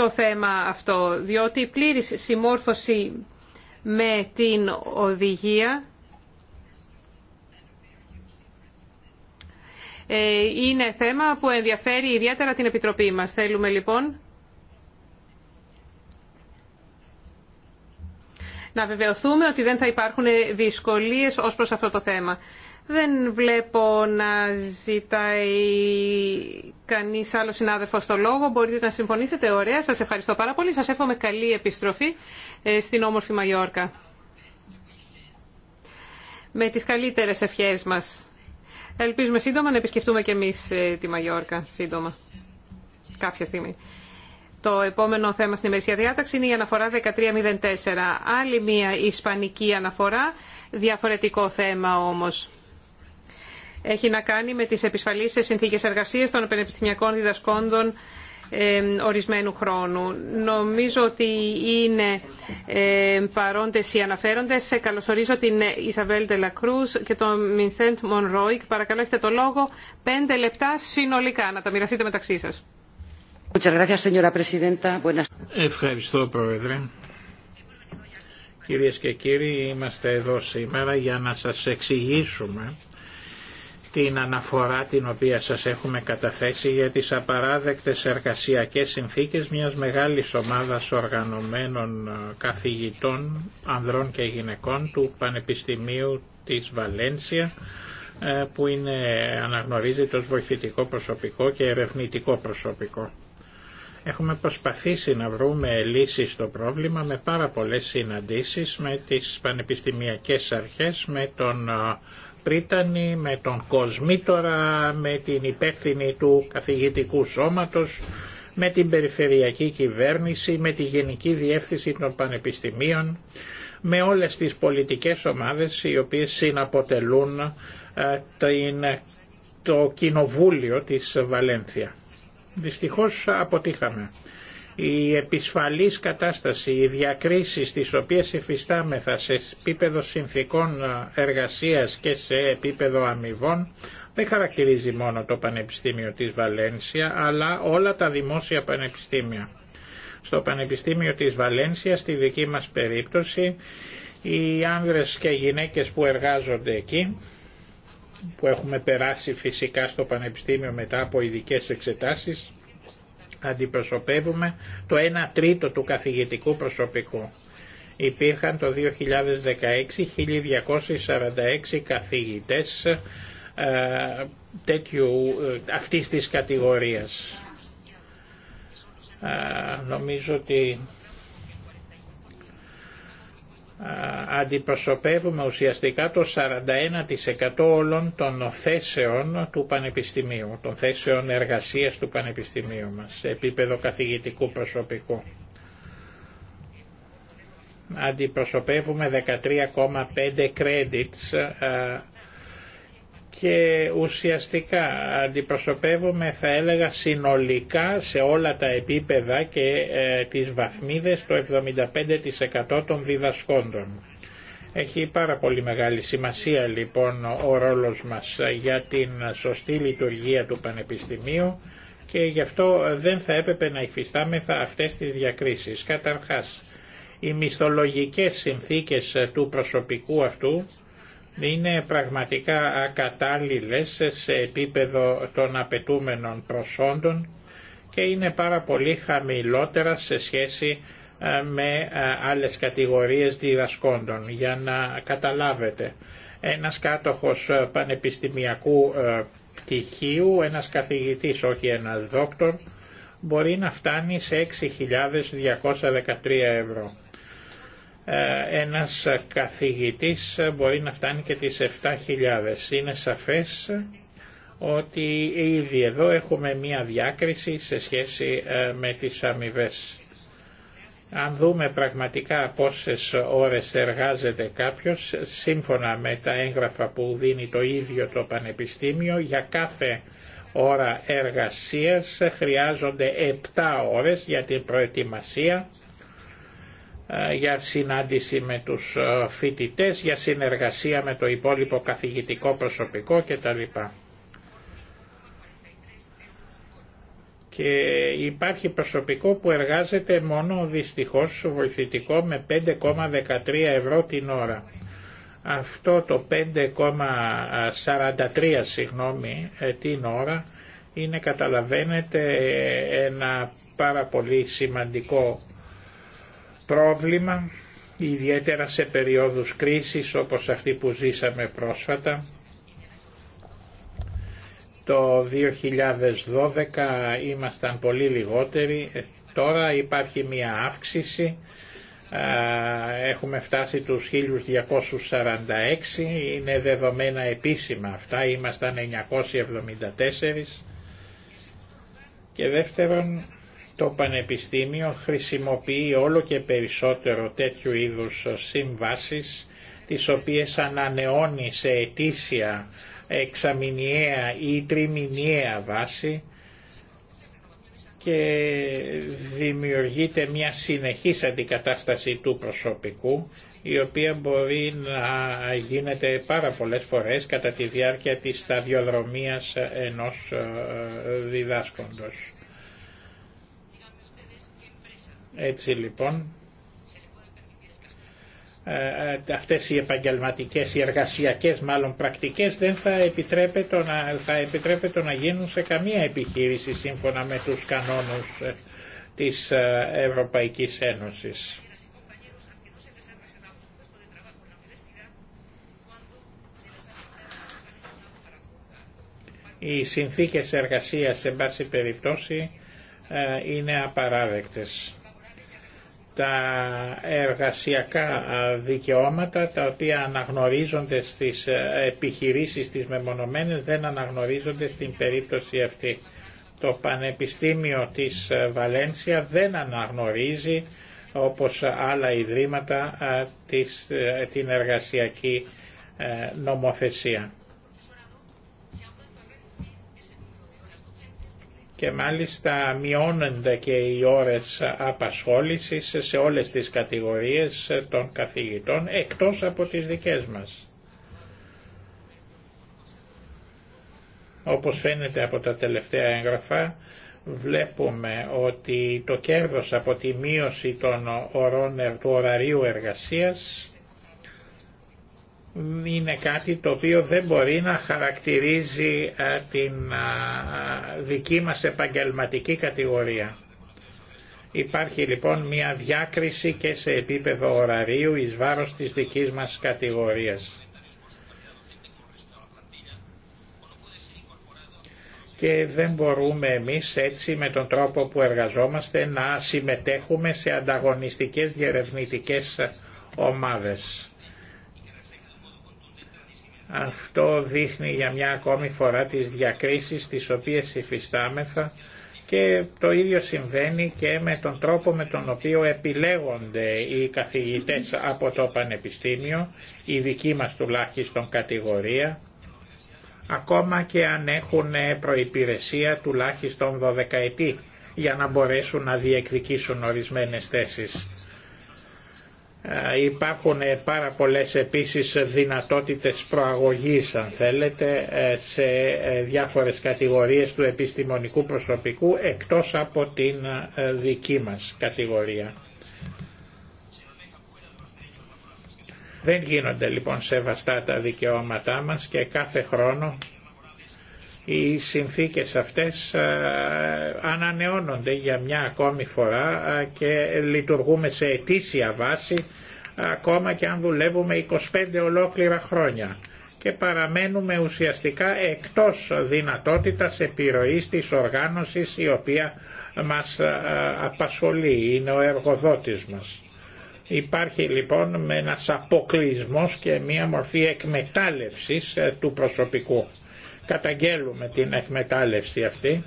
B: το θέμα αυτό, διότι η πλήρης συμμόρφωση με την οδηγία ε, είναι θέμα που ενδιαφέρει ιδιαίτερα την Επιτροπή μας. Θέλουμε λοιπόν να βεβαιωθούμε ότι δεν θα υπάρχουν δυσκολίες ως προς αυτό το θέμα. Δεν βλέπω να ζητάει κανείς άλλο συνάδελφο το λόγο. Μπορείτε να συμφωνήσετε. Ωραία. Σας ευχαριστώ πάρα πολύ. Σας εύχομαι καλή επιστροφή ε, στην όμορφη Μαγιόρκα. Με τις καλύτερες ευχές μας. Ελπίζουμε σύντομα να επισκεφτούμε και εμείς ε, τη Μαγιόρκα σύντομα. Κάποια στιγμή. Το επόμενο θέμα στην ημερησία διάταξη είναι η αναφορά 1304. Άλλη μια ισπανική αναφορά, διαφορετικό θέμα όμως έχει να κάνει με τις επισφαλείς συνθήκες εργασίας των πανεπιστημιακών διδασκόντων ορισμένου χρόνου. Νομίζω ότι είναι παρόντες οι αναφέροντες. Καλωσορίζω την Ισαβέλ Τελακρούς και τον Μινθέντ Μονρόικ. Παρακαλώ, έχετε το λόγο. Πέντε λεπτά συνολικά να τα μοιραστείτε μεταξύ σας.
C: Ευχαριστώ, Πρόεδρε. Κυρίες και κύριοι, είμαστε εδώ σήμερα για να σας εξηγήσουμε την αναφορά την οποία σας έχουμε καταθέσει για τις απαράδεκτες εργασιακές συνθήκες μιας μεγάλης ομάδας οργανωμένων ε, καθηγητών ανδρών και γυναικών του Πανεπιστημίου της Βαλένσια ε, που είναι αναγνωρίζεται ως βοηθητικό προσωπικό και ερευνητικό προσωπικό. Έχουμε προσπαθήσει να βρούμε λύσεις στο πρόβλημα με πάρα πολλές συναντήσεις με τις πανεπιστημιακές αρχές, με τον ε, με τον Κοσμήτορα, με την υπεύθυνη του καθηγητικού σώματος, με την περιφερειακή κυβέρνηση, με τη Γενική Διεύθυνση των Πανεπιστημίων, με όλες τις πολιτικές ομάδες οι οποίες συναποτελούν ε, το Κοινοβούλιο της Βαλένθια. Δυστυχώς αποτύχαμε η επισφαλής κατάσταση, οι διακρίσεις τις οποίες υφιστάμεθα σε επίπεδο συνθήκων εργασίας και σε επίπεδο αμοιβών δεν χαρακτηρίζει μόνο το Πανεπιστήμιο της Βαλένσια αλλά όλα τα δημόσια πανεπιστήμια. Στο Πανεπιστήμιο της Βαλένσια στη δική μας περίπτωση οι άνδρες και γυναίκες που εργάζονται εκεί που έχουμε περάσει φυσικά στο Πανεπιστήμιο μετά από ειδικέ εξετάσεις αντιπροσωπεύουμε το 1 τρίτο του καθηγητικού προσωπικού. Υπήρχαν το 2016 1.246 καθηγητές ε, τέτοιου, ε, αυτής της κατηγορίας. Ε, νομίζω ότι αντιπροσωπεύουμε ουσιαστικά το 41% όλων των θέσεων του Πανεπιστημίου, των θέσεων εργασίας του Πανεπιστημίου μας, σε επίπεδο καθηγητικού προσωπικού. Αντιπροσωπεύουμε 13,5 credits ε, και ουσιαστικά αντιπροσωπεύομαι θα έλεγα συνολικά σε όλα τα επίπεδα και ε, τις βαθμίδες το 75% των διδασκόντων. Έχει πάρα πολύ μεγάλη σημασία λοιπόν ο ρόλος μας για την σωστή λειτουργία του Πανεπιστημίου και γι' αυτό δεν θα έπρεπε να υφιστάμεθα αυτές τις διακρίσεις. Καταρχάς, οι μισθολογικές συνθήκες του προσωπικού αυτού είναι πραγματικά ακατάλληλες σε επίπεδο των απαιτούμενων προσόντων και είναι πάρα πολύ χαμηλότερα σε σχέση με άλλες κατηγορίες διδασκόντων. Για να καταλάβετε, ένας κάτοχος πανεπιστημιακού πτυχίου, ένας καθηγητής, όχι ένας δόκτωρ, μπορεί να φτάνει σε 6.213 ευρώ. Ε, ένας καθηγητής μπορεί να φτάνει και τις 7.000. Είναι σαφές ότι ήδη εδώ έχουμε μία διάκριση σε σχέση ε, με τις αμοιβέ. Αν δούμε πραγματικά πόσες ώρες εργάζεται κάποιος, σύμφωνα με τα έγγραφα που δίνει το ίδιο το Πανεπιστήμιο, για κάθε ώρα εργασίας χρειάζονται 7 ώρες για την προετοιμασία, ε, για συνάντηση με τους ε, φοιτητές, για συνεργασία με το υπόλοιπο καθηγητικό προσωπικό κτλ. Και υπάρχει προσωπικό που εργάζεται μόνο δυστυχώς βοηθητικό με 5,13 ευρώ την ώρα. Αυτό το 5,43 συγγνώμη ε, την ώρα είναι καταλαβαίνετε ένα πάρα πολύ σημαντικό πρόβλημα, ιδιαίτερα σε περιόδους κρίσης όπως αυτή που ζήσαμε πρόσφατα. Το 2012 ήμασταν πολύ λιγότεροι, τώρα υπάρχει μία αύξηση, έχουμε φτάσει τους 1246, είναι δεδομένα επίσημα αυτά, ήμασταν 974 και δεύτερον το Πανεπιστήμιο χρησιμοποιεί όλο και περισσότερο τέτοιου είδους συμβάσεις τις οποίες ανανεώνει σε ετήσια, εξαμηνιαία ή τριμηνιαία βάση και δημιουργείται μια συνεχής αντικατάσταση του προσωπικού η οποία μπορεί να γίνεται πάρα πολλές φορές κατά τη διάρκεια της σταδιοδρομίας ενός ε, διδάσκοντος. Έτσι λοιπόν, ε, ε, αυτές οι επαγγελματικές, οι εργασιακές μάλλον πρακτικές δεν θα επιτρέπεται να, θα να γίνουν σε καμία επιχείρηση σύμφωνα με τους κανόνους ε, της Ευρωπαϊκής Ένωσης. Οι συνθήκες εργασίας, σε πάση περιπτώσει, είναι απαράδεκτες τα εργασιακά δικαιώματα τα οποία αναγνωρίζονται στις επιχειρήσεις τις μεμονωμένες δεν αναγνωρίζονται στην περίπτωση αυτή. Το Πανεπιστήμιο της Βαλένσια δεν αναγνωρίζει όπως άλλα ιδρύματα ε, την εργασιακή ε, νομοθεσία. και μάλιστα μειώνονται και οι ώρες απασχόλησης σε όλες τις κατηγορίες των καθηγητών εκτός από τις δικές μας. Όπως φαίνεται από τα τελευταία έγγραφα βλέπουμε ότι το κέρδος από τη μείωση των ωρών του ωραρίου εργασίας είναι κάτι το οποίο δεν μπορεί να χαρακτηρίζει ε, την δική μας επαγγελματική κατηγορία. Υπάρχει λοιπόν μια διάκριση και σε επίπεδο ωραρίου εις βάρος της δικής μας κατηγορίας. και δεν μπορούμε εμείς έτσι με τον τρόπο που εργαζόμαστε να συμμετέχουμε σε ανταγωνιστικές διερευνητικές ομάδες. Αυτό δείχνει για μια ακόμη φορά τις διακρίσεις τις οποίες υφιστάμεθα και το ίδιο συμβαίνει και με τον τρόπο με τον οποίο επιλέγονται οι καθηγητές από το Πανεπιστήμιο, η δική μας τουλάχιστον κατηγορία, ακόμα και αν έχουν προϋπηρεσία τουλάχιστον 12 ετή για να μπορέσουν να διεκδικήσουν ορισμένες θέσεις. Ε, υπάρχουν ε, πάρα πολλές επίσης δυνατότητες προαγωγής αν θέλετε ε, σε διάφορες κατηγορίες του επιστημονικού προσωπικού εκτός από την δική μας κατηγορία. Δεν γίνονται λοιπόν σεβαστά τα δικαιώματά μας και κάθε χρόνο οι συνθήκες αυτές ε, ανανεώνονται για μια ακόμη φορά ε, και λειτουργούμε σε ετήσια βάση ακόμα και αν δουλεύουμε 25 ολόκληρα χρόνια και παραμένουμε ουσιαστικά εκτός δυνατότητας επιρροής της οργάνωσης η οποία μας ε, απασχολεί, είναι ο εργοδότης μας. Υπάρχει λοιπόν με ένας αποκλεισμός και μία μορφή εκμετάλλευσης του προσωπικού καταγγέλουμε την εκμετάλλευση αυτή.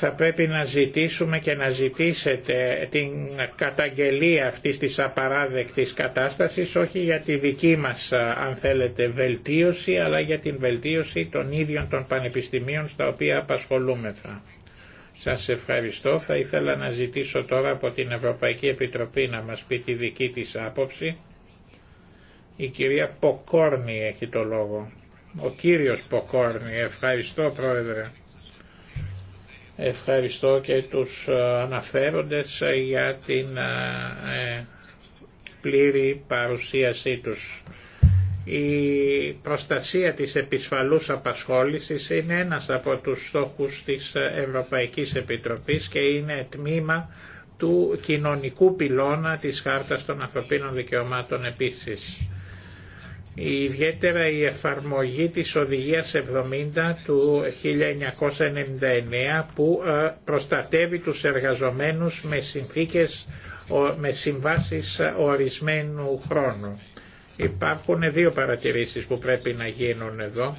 C: Θα πρέπει να ζητήσουμε και να ζητήσετε την καταγγελία αυτής της απαράδεκτης κατάστασης όχι για τη δική μας αν θέλετε βελτίωση αλλά για την βελτίωση των ίδιων των πανεπιστημίων στα οποία απασχολούμεθα. Σας ευχαριστώ. Θα ήθελα να ζητήσω τώρα από την Ευρωπαϊκή Επιτροπή να μας πει τη δική της άποψη η κυρία Ποκόρνη έχει το λόγο. Ο κύριος Ποκόρνη, ευχαριστώ πρόεδρε. Ευχαριστώ και τους ε, αναφέροντες για την ε, ε, πλήρη παρουσίασή τους. Η προστασία της επισφαλούς απασχόλησης είναι ένας από τους στόχους της Ευρωπαϊκής Επιτροπής και είναι τμήμα του κοινωνικού πυλώνα της Χάρτας των Ανθρωπίνων Δικαιωμάτων επίσης ιδιαίτερα η εφαρμογή της οδηγίας 70 του 1999 που ε, προστατεύει τους εργαζομένους με συνθήκες, με συμβάσεις ε, ορισμένου χρόνου. Υπάρχουν δύο παρατηρήσεις που πρέπει να γίνουν εδώ.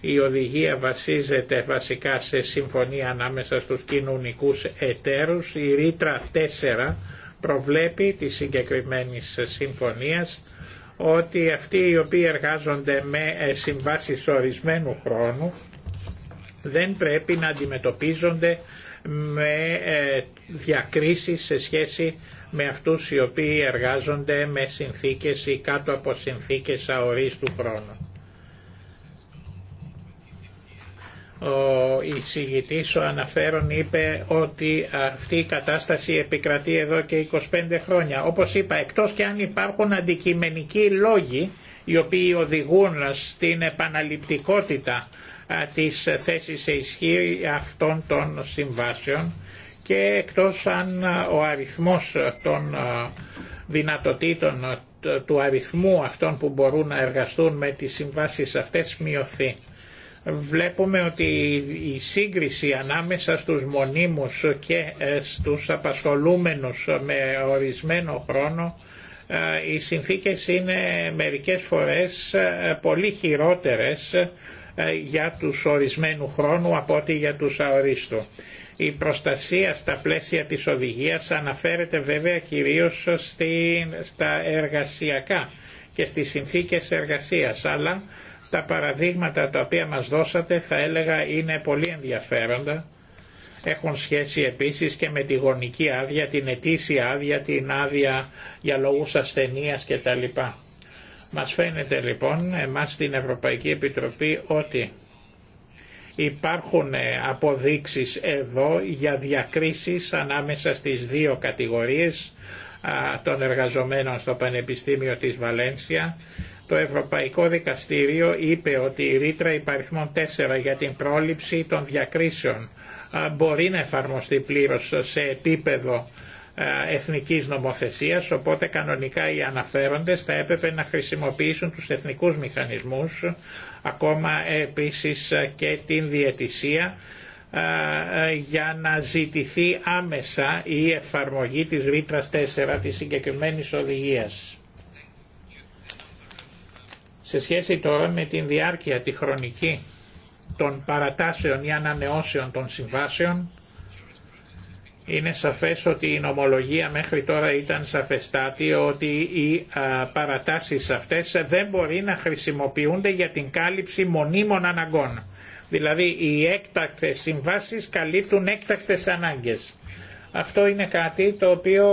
C: Η οδηγία βασίζεται βασικά σε συμφωνία ανάμεσα στους κοινωνικούς εταίρους. Η ρήτρα 4 προβλέπει τη συγκεκριμένη συμφωνίας ότι αυτοί οι οποίοι εργάζονται με ε, συμβάσει ορισμένου χρόνου δεν πρέπει να αντιμετωπίζονται με ε, διακρίσεις σε σχέση με αυτούς οι οποίοι εργάζονται με συνθήκες ή κάτω από συνθήκες αορίστου χρόνου. Ο εισηγητής ο αναφέρον είπε ότι αυτή η κατάσταση επικρατεί εδώ και 25 χρόνια. Όπως είπα, εκτός και αν υπάρχουν αντικειμενικοί λόγοι οι οποίοι οδηγούν στην επαναληπτικότητα της θέσης σε ισχύ αυτών των συμβάσεων και εκτός αν ο αριθμός των δυνατοτήτων του αριθμού αυτών που μπορούν να εργαστούν με τις συμβάσεις αυτές μειωθεί βλέπουμε ότι η σύγκριση ανάμεσα στους μονίμους και ε, στους απασχολούμενους με ορισμένο χρόνο ε, οι συνθήκες είναι μερικές φορές ε, πολύ χειρότερες για τους ορισμένου χρόνου από ό,τι για τους αορίστου. Η προστασία στα πλαίσια της οδηγίας αναφέρεται βέβαια κυρίως στα εργασιακά και στις συνθήκες εργασίας, αλλά τα παραδείγματα τα οποία μας δώσατε θα έλεγα είναι πολύ ενδιαφέροντα. Έχουν σχέση επίσης και με τη γονική άδεια, την ετήσια άδεια, την άδεια για λόγους ασθενείας κτλ. Μας φαίνεται λοιπόν εμάς στην Ευρωπαϊκή Επιτροπή ότι υπάρχουν ε, αποδείξεις εδώ για διακρίσεις ανάμεσα στις δύο κατηγορίες των εργαζομένων στο Πανεπιστήμιο της Βαλένσια το Ευρωπαϊκό Δικαστήριο είπε ότι η ρήτρα υπαριθμών 4 για την πρόληψη των διακρίσεων μπορεί να εφαρμοστεί πλήρως σε επίπεδο εθνικής νομοθεσίας, οπότε κανονικά οι αναφέροντες θα έπρεπε να χρησιμοποιήσουν τους εθνικούς μηχανισμούς, ακόμα επίσης και την διαιτησία, για να ζητηθεί άμεσα η εφαρμογή της ρήτρας 4 της συγκεκριμένης οδηγίας. Σε σχέση τώρα με την διάρκεια, τη χρονική των παρατάσεων ή ανανεώσεων των συμβάσεων, είναι σαφές ότι η νομολογία μέχρι τώρα ήταν σαφεστάτη ότι οι παρατάσεις αυτές δεν μπορεί να χρησιμοποιούνται για την κάλυψη μονίμων αναγκών. Δηλαδή οι έκτακτες συμβάσεις καλύπτουν έκτακτες ανάγκες. Αυτό είναι κάτι το οποίο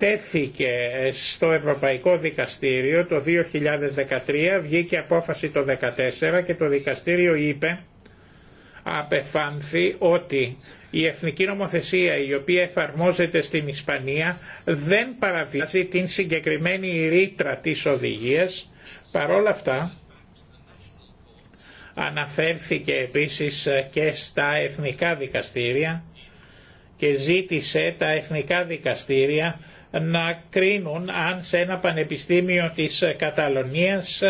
C: τέθηκε στο Ευρωπαϊκό Δικαστήριο το 2013, βγήκε απόφαση το 2014 και το δικαστήριο είπε, απεφάνθη ότι η εθνική νομοθεσία η οποία εφαρμόζεται στην Ισπανία δεν παραβιάζει την συγκεκριμένη ρήτρα της οδηγίας. Παρόλα αυτά αναφέρθηκε επίσης και στα εθνικά δικαστήρια και ζήτησε τα εθνικά δικαστήρια να κρίνουν αν σε ένα πανεπιστήμιο της Καταλωνίας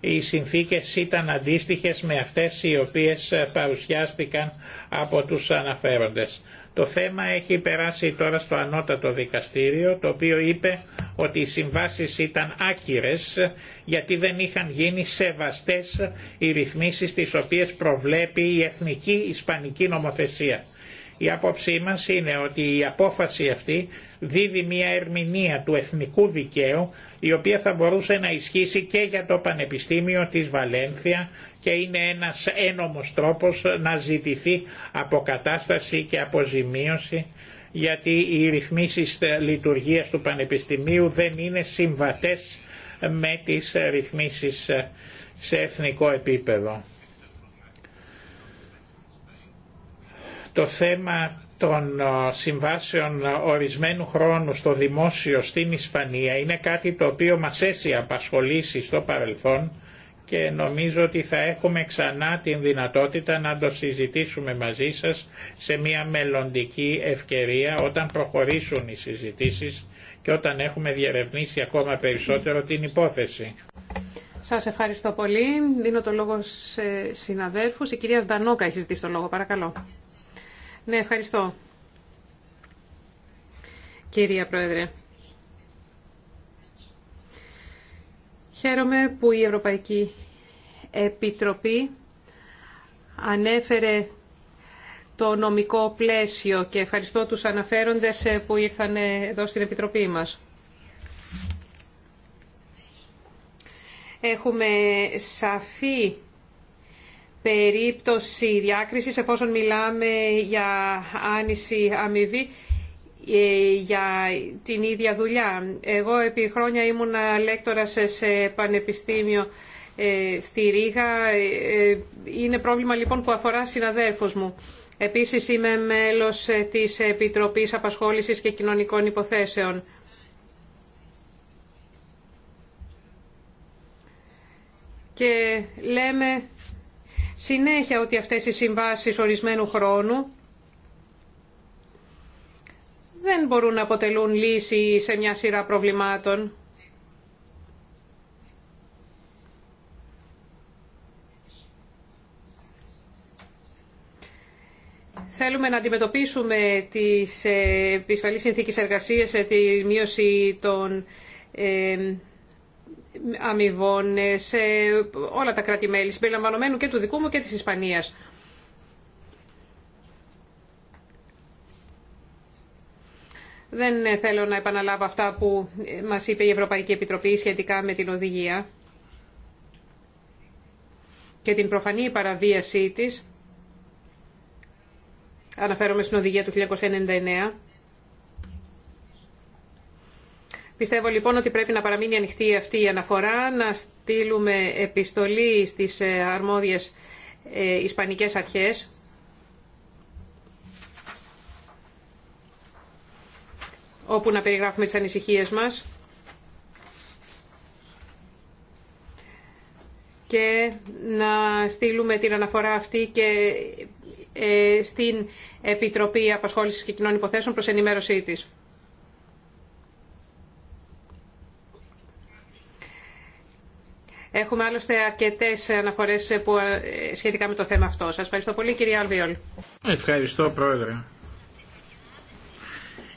C: οι συνθήκες ήταν αντίστοιχες με αυτές οι οποίες παρουσιάστηκαν από τους αναφέροντες. Το θέμα έχει περάσει τώρα στο ανώτατο δικαστήριο, το οποίο είπε ότι οι συμβάσεις ήταν άκυρες γιατί δεν είχαν γίνει σεβαστές οι ρυθμίσεις τις οποίες προβλέπει η εθνική ισπανική νομοθεσία. Η άποψή μας είναι ότι η απόφαση αυτή δίδει μια ερμηνεία του εθνικού δικαίου η οποία θα μπορούσε να ισχύσει και για το Πανεπιστήμιο της Βαλένθια και είναι ένας ένομος τρόπος να ζητηθεί αποκατάσταση και αποζημίωση γιατί οι ρυθμίσεις λειτουργίας του Πανεπιστημίου δεν είναι συμβατές με τις ρυθμίσεις σε εθνικό επίπεδο. Το θέμα των συμβάσεων ορισμένου χρόνου στο δημόσιο στην Ισπανία είναι κάτι το οποίο μας έχει απασχολήσει στο παρελθόν και νομίζω ότι θα έχουμε ξανά την δυνατότητα να το συζητήσουμε μαζί σας σε μια μελλοντική ευκαιρία όταν προχωρήσουν οι συζητήσεις και όταν έχουμε διερευνήσει ακόμα περισσότερο την υπόθεση.
B: Σας ευχαριστώ πολύ. Δίνω το λόγο σε συναδέλφους. Η κυρία Στανόκα έχει ζητήσει το λόγο. Παρακαλώ. Ναι, ευχαριστώ. Κυρία Πρόεδρε. Χαίρομαι που η Ευρωπαϊκή Επιτροπή ανέφερε το νομικό πλαίσιο και ευχαριστώ τους αναφέροντες που ήρθαν εδώ στην Επιτροπή μας. Έχουμε σαφή περίπτωση διάκρισης εφόσον μιλάμε για άνηση αμοιβή ε, για την ίδια δουλειά. Εγώ επί χρόνια ήμουν λέκτορα σε πανεπιστήμιο ε, στη Ρήγα. Ε, είναι πρόβλημα λοιπόν που αφορά συναδέρφους μου. Επίσης είμαι μέλος της Επιτροπής Απασχόλησης και Κοινωνικών Υποθέσεων. Και λέμε συνέχεια ότι αυτές οι συμβάσεις ορισμένου χρόνου δεν μπορούν να αποτελούν λύση σε μια σειρά προβλημάτων. Θέλουμε να αντιμετωπίσουμε τις ε, επισφαλείς συνθήκες εργασίας, ε, τη μείωση των ε, αμοιβών σε όλα τα κράτη-μέλη, συμπεριλαμβανομένου και του δικού μου και της Ισπανίας. Δεν θέλω να επαναλάβω αυτά που μας είπε η Ευρωπαϊκή Επιτροπή σχετικά με την οδηγία και την προφανή παραβίασή της. Αναφέρομαι στην οδηγία του 1999 Πιστεύω λοιπόν ότι πρέπει να παραμείνει ανοιχτή αυτή η αναφορά, να στείλουμε επιστολή στις ε, αρμόδιες ε, ισπανικές αρχές όπου να περιγράφουμε τις ανησυχίες μας και να στείλουμε την αναφορά αυτή και ε, στην Επιτροπή Απασχόλησης και Κοινών Υποθέσεων προς ενημέρωσή της. Έχουμε άλλωστε αρκετέ αναφορές ε, σχετικά με το θέμα αυτό. Σας ευχαριστώ πολύ κυρία Αλβιόλ.
C: Ευχαριστώ πρόεδρε.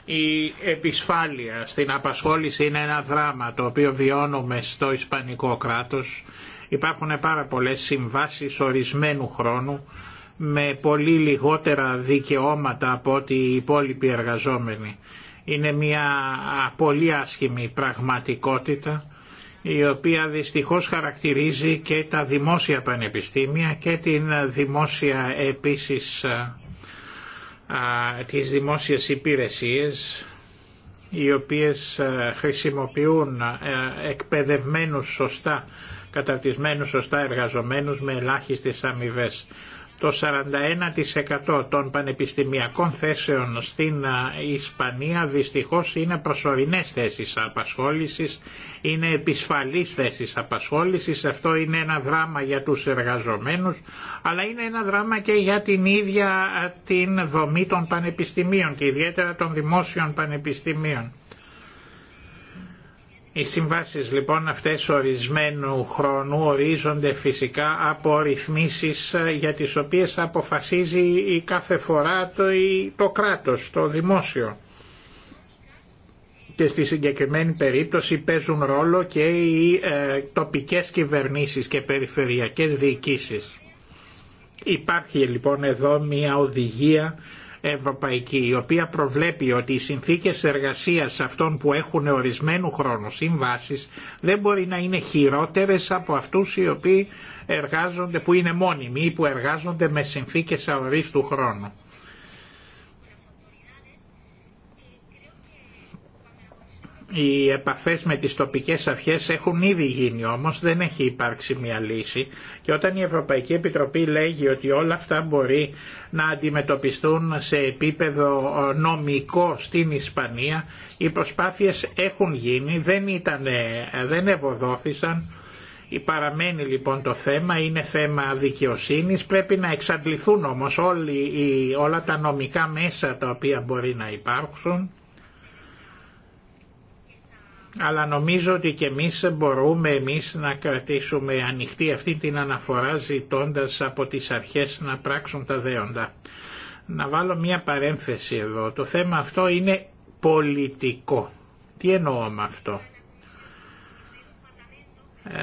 C: Η επισφάλεια στην απασχόληση είναι ένα δράμα το οποίο βιώνουμε στο Ισπανικό κράτος. Υπάρχουν πάρα πολλές συμβάσεις ορισμένου χρόνου με πολύ λιγότερα δικαιώματα από ότι οι υπόλοιποι εργαζόμενοι. Είναι μια πολύ άσχημη πραγματικότητα η οποία δυστυχώς χαρακτηρίζει και τα δημόσια πανεπιστήμια και την δημόσια επίσης τις δημόσιες υπηρεσίες οι οποίες χρησιμοποιούν εκπαιδευμένους σωστά, καταρτισμένους σωστά εργαζομένους με ελάχιστες αμοιβέ. Το 41% των πανεπιστημιακών θέσεων στην Ισπανία δυστυχώς είναι προσωρινές θέσεις απασχόλησης, είναι επισφαλείς θέσεις απασχόλησης, αυτό είναι ένα δράμα για τους εργαζομένους, αλλά είναι ένα δράμα και για την ίδια την δομή των πανεπιστημίων και ιδιαίτερα των δημόσιων πανεπιστημίων. Οι συμβάσεις λοιπόν αυτές ορισμένου χρόνου ορίζονται φυσικά από ρυθμίσεις ε, για τις οποίες αποφασίζει η κάθε φορά το, το κράτος, το δημόσιο. Και στη συγκεκριμένη περίπτωση παίζουν ρόλο και οι ε, τοπικές κυβερνήσεις και περιφερειακές διοικήσεις. Υπάρχει λοιπόν εδώ μια οδηγία Ευρωπαϊκή η οποία προβλέπει ότι οι συνθήκες εργασίας αυτών που έχουν ορισμένου χρόνου συμβάσει, δεν μπορεί να είναι χειρότερες από αυτούς οι οποίοι εργάζονται που είναι μόνιμοι ή που εργάζονται με συνθήκες αορίστου χρόνου. Οι επαφές με τις τοπικές αρχές έχουν ήδη γίνει όμως, δεν έχει υπάρξει μια λύση και όταν η Ευρωπαϊκή Επιτροπή λέγει ότι όλα αυτά μπορεί να αντιμετωπιστούν σε επίπεδο ε, νομικό στην Ισπανία, οι προσπάθειες έχουν γίνει, δεν, ήταν, ε, δεν ευωδόθησαν. Παραμένει λοιπόν το θέμα, είναι θέμα δικαιοσύνης, πρέπει να εξαντληθούν όμως όλοι, όλα τα νομικά μέσα τα οποία μπορεί να υπάρξουν αλλά νομίζω ότι και εμείς μπορούμε εμείς να κρατήσουμε ανοιχτή αυτή την αναφορά ζητώντας από τις αρχές να πράξουν τα δέοντα. Να βάλω μία παρένθεση εδώ. Το θέμα αυτό είναι πολιτικό. Τι εννοώ με αυτό. Ε,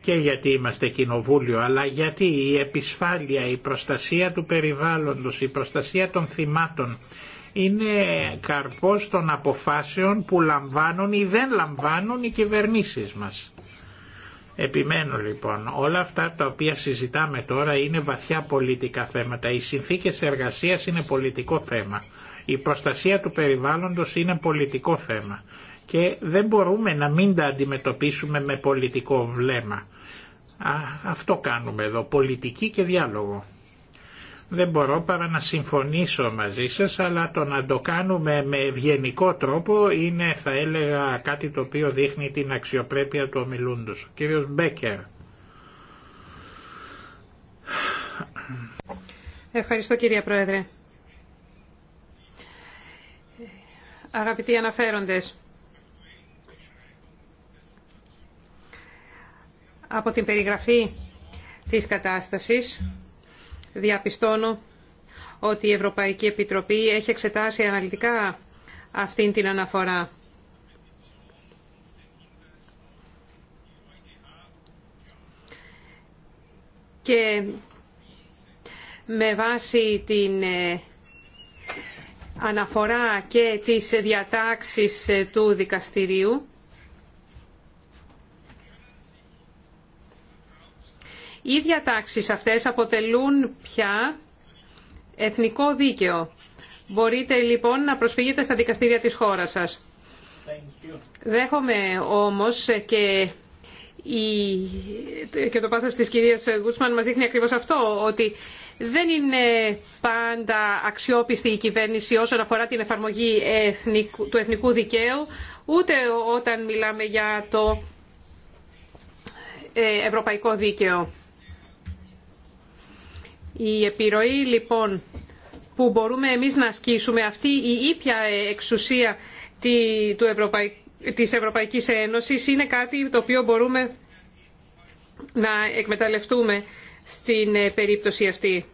C: και γιατί είμαστε κοινοβούλιο, αλλά γιατί η επισφάλεια, η προστασία του περιβάλλοντος, η προστασία των θυμάτων, είναι καρπός των αποφάσεων που λαμβάνουν ή δεν λαμβάνουν οι κυβερνήσεις μας. Επιμένω λοιπόν, όλα αυτά τα οποία συζητάμε τώρα είναι βαθιά πολιτικά θέματα. Οι συνθήκες εργασίας είναι πολιτικό θέμα. Η προστασία του περιβάλλοντος είναι πολιτικό θέμα. Και δεν μπορούμε να μην τα αντιμετωπίσουμε με πολιτικό βλέμμα. αυτό κάνουμε εδώ, πολιτική και διάλογο δεν μπορώ παρά να συμφωνήσω μαζί σας, αλλά το να το κάνουμε με ευγενικό τρόπο είναι, θα έλεγα, κάτι το οποίο δείχνει την αξιοπρέπεια του ομιλούντος. Ο κύριος Μπέκερ.
B: Ευχαριστώ κύριε Πρόεδρε. Αγαπητοί αναφέροντες, από την περιγραφή της κατάστασης διαπιστώνω ότι η Ευρωπαϊκή Επιτροπή έχει εξετάσει αναλυτικά αυτήν την αναφορά. Και με βάση την ε, αναφορά και τις διατάξεις ε, του δικαστηρίου Οι διατάξεις αυτές αποτελούν πια εθνικό δίκαιο. Μπορείτε λοιπόν να προσφύγετε στα δικαστήρια της χώρας σας. Δέχομαι όμως και και το πάθος της κυρίας Γκούτσμαν μας δείχνει ακριβώς αυτό, ότι δεν είναι πάντα αξιόπιστη η κυβέρνηση όσον αφορά την εφαρμογή του εθνικού δικαίου, ούτε όταν μιλάμε για το ε, ευρωπαϊκό δίκαιο. Η επιρροή λοιπόν που μπορούμε εμείς να ασκήσουμε αυτή η ήπια εξουσία του της Ευρωπαϊκής Ένωσης είναι κάτι το οποίο μπορούμε να εκμεταλλευτούμε στην ε, περίπτωση αυτή.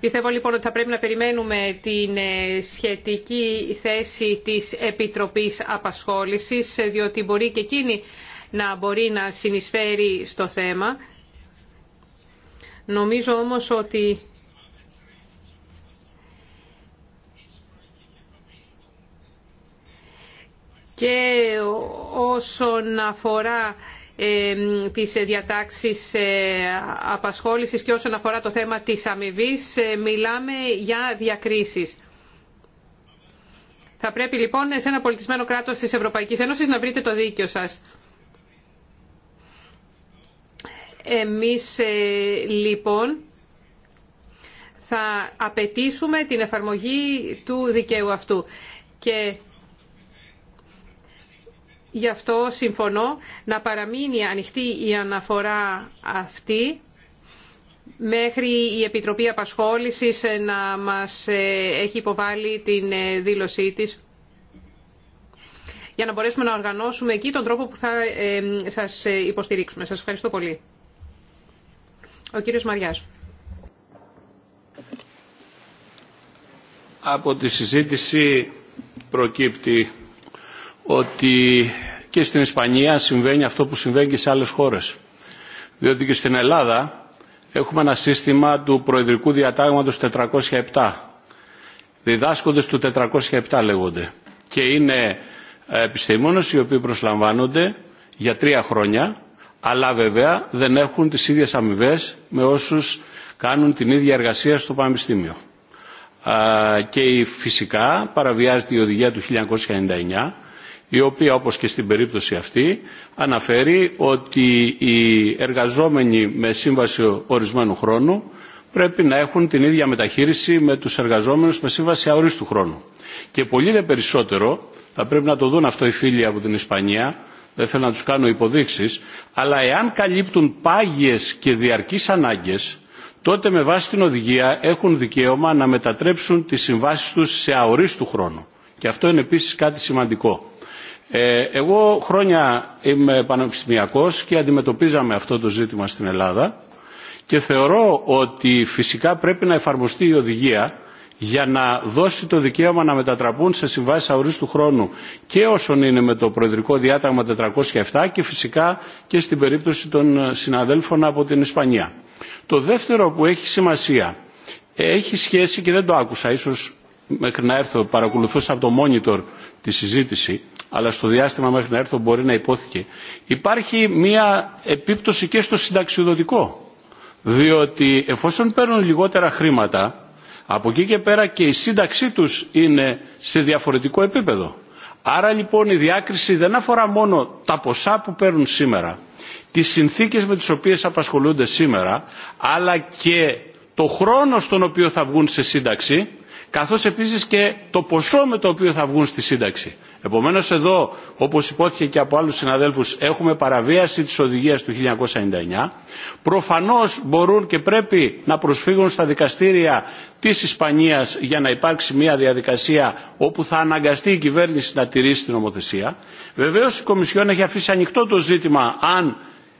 B: Πιστεύω λοιπόν ότι θα πρέπει να περιμένουμε την ε, σχετική θέση της Επιτροπής Απασχόλησης, ε, διότι μπορεί και εκείνη να μπορεί να συνεισφέρει στο θέμα. Νομίζω όμως ότι και όσον αφορά τις διατάξεις ε, απασχόλησης και όσον αφορά το θέμα της αμοιβή, ε, μιλάμε για διακρίσεις. Θα πρέπει λοιπόν σε ένα πολιτισμένο κράτος της Ευρωπαϊκής Ένωσης να βρείτε το δίκιο σας. Εμείς ε, λοιπόν θα απαιτήσουμε την εφαρμογή του δικαίου αυτού. Και γι' αυτό συμφωνώ να παραμείνει ανοιχτή η αναφορά αυτή μέχρι η Επιτροπή Απασχόλησης ε, να μας ε, έχει υποβάλει την δήλωσή της για να μπορέσουμε να οργανώσουμε εκεί τον τρόπο που θα σας υποστηρίξουμε. Σας ευχαριστώ πολύ. Ο κύριος Μαριάς.
D: Από τη συζήτηση προκύπτει ότι και στην Ισπανία συμβαίνει αυτό που συμβαίνει και σε άλλες χώρες. Διότι και στην Ελλάδα έχουμε ένα σύστημα του Προεδρικού Διατάγματος 407. Διδάσκοντες του 407 λέγονται. Και είναι ε, επιστήμονες οι οποίοι προσλαμβάνονται για τρία χρόνια αλλά βέβαια δεν έχουν τις ίδιες αμοιβέ με όσους κάνουν την ίδια εργασία στο Πανεπιστήμιο. Και φυσικά παραβιάζεται η οδηγία του 1999, η οποία όπως και στην περίπτωση αυτή αναφέρει ότι οι εργαζόμενοι με σύμβαση ορισμένου χρόνου πρέπει να έχουν την ίδια μεταχείριση με τους εργαζόμενους με σύμβαση αορίστου χρόνου. Και πολύ περισσότερο, θα πρέπει να το δουν αυτό οι φίλοι από την Ισπανία, δεν θέλω να τους κάνω υποδείξεις, αλλά εάν καλύπτουν πάγιες και διαρκείς ανάγκες, τότε με βάση την οδηγία έχουν δικαίωμα να μετατρέψουν τις συμβάσεις τους σε αορίστου χρόνου. Και αυτό είναι επίσης κάτι σημαντικό. Ε, εγώ χρόνια είμαι πανεπιστημιακός και αντιμετωπίζαμε αυτό το ζήτημα στην Ελλάδα και θεωρώ ότι φυσικά πρέπει να εφαρμοστεί η οδηγία για να δώσει το δικαίωμα να μετατραπούν σε συμβάσει αορίστου χρόνου και όσων είναι με το Προεδρικό Διάταγμα 407 και φυσικά και στην περίπτωση των συναδέλφων από την Ισπανία. Το δεύτερο που έχει σημασία έχει σχέση και δεν το άκουσα, ίσως μέχρι να έρθω παρακολουθούσα από το monitor τη συζήτηση, αλλά στο διάστημα μέχρι να έρθω μπορεί να υπόθηκε. Υπάρχει μία επίπτωση και στο συνταξιοδοτικό, διότι εφόσον παίρνουν λιγότερα χρήματα από εκεί και πέρα και η σύνταξή τους είναι σε διαφορετικό επίπεδο. Άρα λοιπόν η διάκριση δεν αφορά μόνο τα ποσά που παίρνουν σήμερα, τις συνθήκες με τις οποίες απασχολούνται σήμερα, αλλά και το χρόνο στον οποίο θα βγουν σε σύνταξη, καθώς επίσης και το ποσό με το οποίο θα βγουν στη σύνταξη. Επομένως εδώ, όπως υπόθηκε και από άλλους συναδέλφους, έχουμε παραβίαση της οδηγίας του 1999. Προφανώς μπορούν και πρέπει να προσφύγουν στα δικαστήρια της Ισπανίας για να υπάρξει μια διαδικασία όπου θα αναγκαστεί η κυβέρνηση να τηρήσει την νομοθεσία. Βεβαίως η Κομισιόν έχει αφήσει ανοιχτό το ζήτημα αν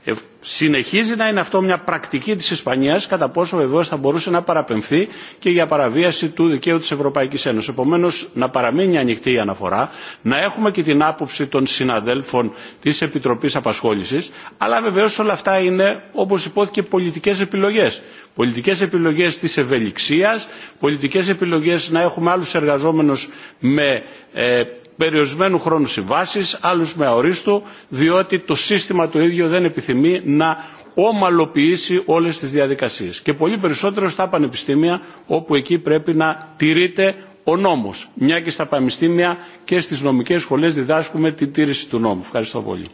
D: ε, συνεχίζει να είναι αυτό μια πρακτική της Ισπανίας κατά πόσο Βεβαίω θα μπορούσε να παραπεμφθεί και για παραβίαση του δικαίου της Ευρωπαϊκής Ένωσης. Επομένως να παραμείνει ανοιχτή η αναφορά, να έχουμε και την άποψη των συναδέλφων της Επιτροπής Απασχόλησης, αλλά βεβαίως όλα αυτά είναι όπως υπόθηκε πολιτικές επιλογές. Πολιτικές επιλογές της ευελιξίας, πολιτικές επιλογές να έχουμε άλλους εργαζόμενους με ε, περιορισμένου χρόνου συμβάσει άλλου με αορίστου, διότι το σύστημα το ίδιο δεν επιθυμεί να ομαλοποιήσει όλες τις διαδικασίες. Και πολύ περισσότερο στα πανεπιστήμια, όπου εκεί πρέπει να τηρείται ο νόμο, Μια και στα πανεπιστήμια και στις νομικές σχολές διδάσκουμε την τήρηση του νόμου. Ευχαριστώ πολύ.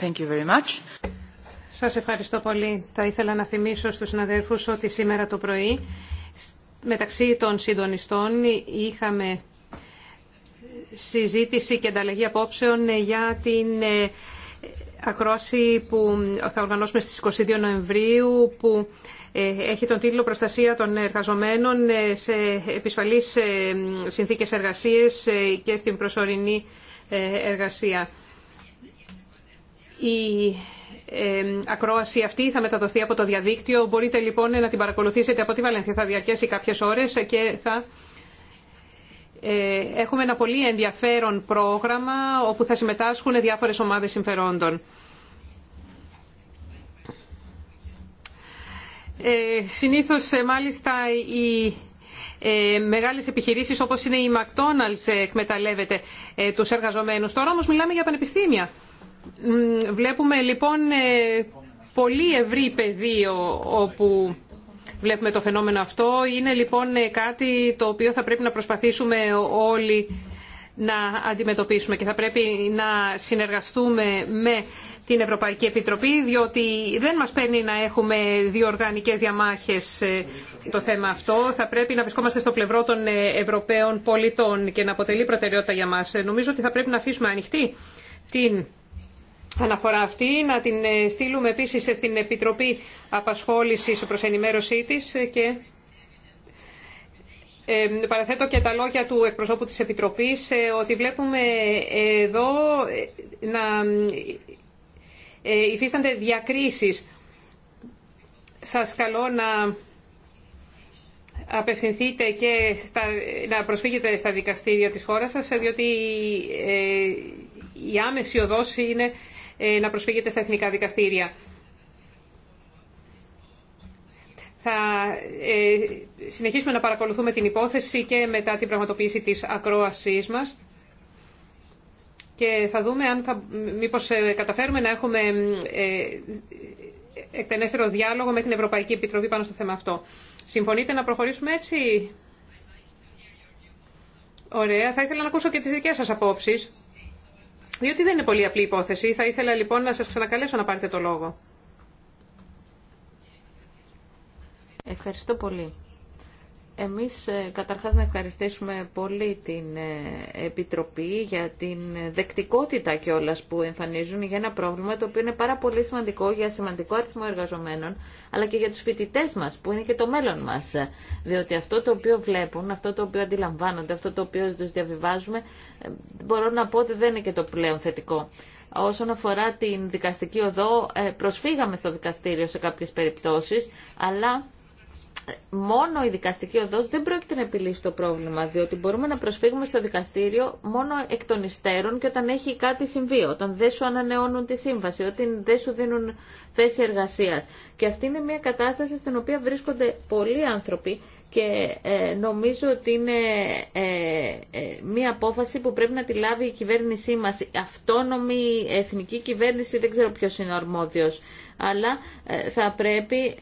B: Thank ευχαριστώ πολύ. Θα ήθελα να θυμίσω στους συναδέλφους ότι σήμερα το πρωί μεταξύ των συντονιστών είχαμε συζήτηση και ανταλλαγή απόψεων για την ε, ακρόση που θα οργανώσουμε στις 22 Νοεμβρίου που ε, έχει τον τίτλο «Προστασία των εργαζομένων σε επισφαλείς ε, συνθήκες εργασίες και στην προσωρινή εργασία» ακρόαση αυτή θα μεταδοθεί από το διαδίκτυο. Μπορείτε λοιπόν να την παρακολουθήσετε από τη Βαλένθια. Θα διαρκέσει κάποιες ώρες και θα ε, έχουμε ένα πολύ ενδιαφέρον πρόγραμμα όπου θα συμμετάσχουν διάφορες ομάδες συμφερόντων. Ε, συνήθως ε, μάλιστα οι ε, μεγάλες επιχειρήσεις όπως είναι η McDonald's ε, εκμεταλλεύεται ε, τους εργαζομένους. Τώρα όμως μιλάμε για πανεπιστήμια. Βλέπουμε λοιπόν ε, πολύ ευρύ πεδίο όπου βλέπουμε το φαινόμενο αυτό. Είναι λοιπόν ε, κάτι το οποίο θα πρέπει να προσπαθήσουμε όλοι να αντιμετωπίσουμε και θα πρέπει να συνεργαστούμε με την Ευρωπαϊκή Επιτροπή, διότι δεν μας παίρνει να έχουμε οργανικές διαμάχες ε, το θέμα αυτό. Θα πρέπει να βρισκόμαστε στο πλευρό των Ευρωπαίων πολιτών και να αποτελεί προτεραιότητα για μας. Νομίζω ότι θα πρέπει να αφήσουμε ανοιχτή την αναφορά αυτή, να την ε, στείλουμε επίσης στην Επιτροπή Απασχόλησης προ ενημέρωσή της και ε, παραθέτω και τα λόγια του εκπροσώπου της Επιτροπής ε, ότι βλέπουμε εδώ να υφίστανται διακρίσεις. Σας καλώ να απευθυνθείτε και στα, να προσφύγετε στα δικαστήρια της χώρας σας, διότι η άμεση οδός είναι ε, να προσφύγετε στα εθνικά δικαστήρια. Θα ε, συνεχίσουμε να παρακολουθούμε την υπόθεση και μετά την πραγματοποίηση της ακρόασής μας και θα δούμε αν θα, μήπως ε, καταφέρουμε να έχουμε εκτενέστερο διάλογο με την Ευρωπαϊκή Επιτροπή πάνω στο θέμα αυτό. Συμφωνείτε να προχωρήσουμε έτσι? Ωραία. Θα ήθελα να ακούσω και τις δικές σας απόψεις. Διότι δεν είναι πολύ απλή υπόθεση. Θα ήθελα λοιπόν να σας ξανακαλέσω να πάρετε το λόγο. Ευχαριστώ πολύ.
A: Εμείς ε, καταρχάς να ευχαριστήσουμε πολύ την ε, Επιτροπή για την δεκτικότητα και κιόλας που εμφανίζουν για ένα πρόβλημα το οποίο είναι πάρα πολύ σημαντικό για σημαντικό αριθμό εργαζομένων αλλά και για τους φοιτητές μας που είναι και το μέλλον μας διότι αυτό το οποίο βλέπουν, αυτό το οποίο αντιλαμβάνονται, αυτό το οποίο τους διαβιβάζουμε ε, μπορώ να πω ότι δεν είναι και το πλέον θετικό. Όσον αφορά την δικαστική οδό, προσφύγαμε στο δικαστήριο σε κάποιες περιπτώσεις, αλλά μόνο η δικαστική οδός δεν πρόκειται να επιλύσει το πρόβλημα, διότι μπορούμε να προσφύγουμε στο δικαστήριο μόνο εκ των υστέρων και όταν έχει κάτι συμβεί, όταν δεν σου ανανεώνουν τη σύμβαση, όταν δεν σου δίνουν θέση εργασίας. Και αυτή είναι μια κατάσταση στην οποία βρίσκονται πολλοί άνθρωποι και ε, νομίζω ότι είναι ε, ε, μία απόφαση που πρέπει να τη λάβει η κυβέρνησή μας. Η αυτόνομη εθνική κυβέρνηση, δεν ξέρω ποιος είναι ο αρμόδιος, αλλά θα πρέπει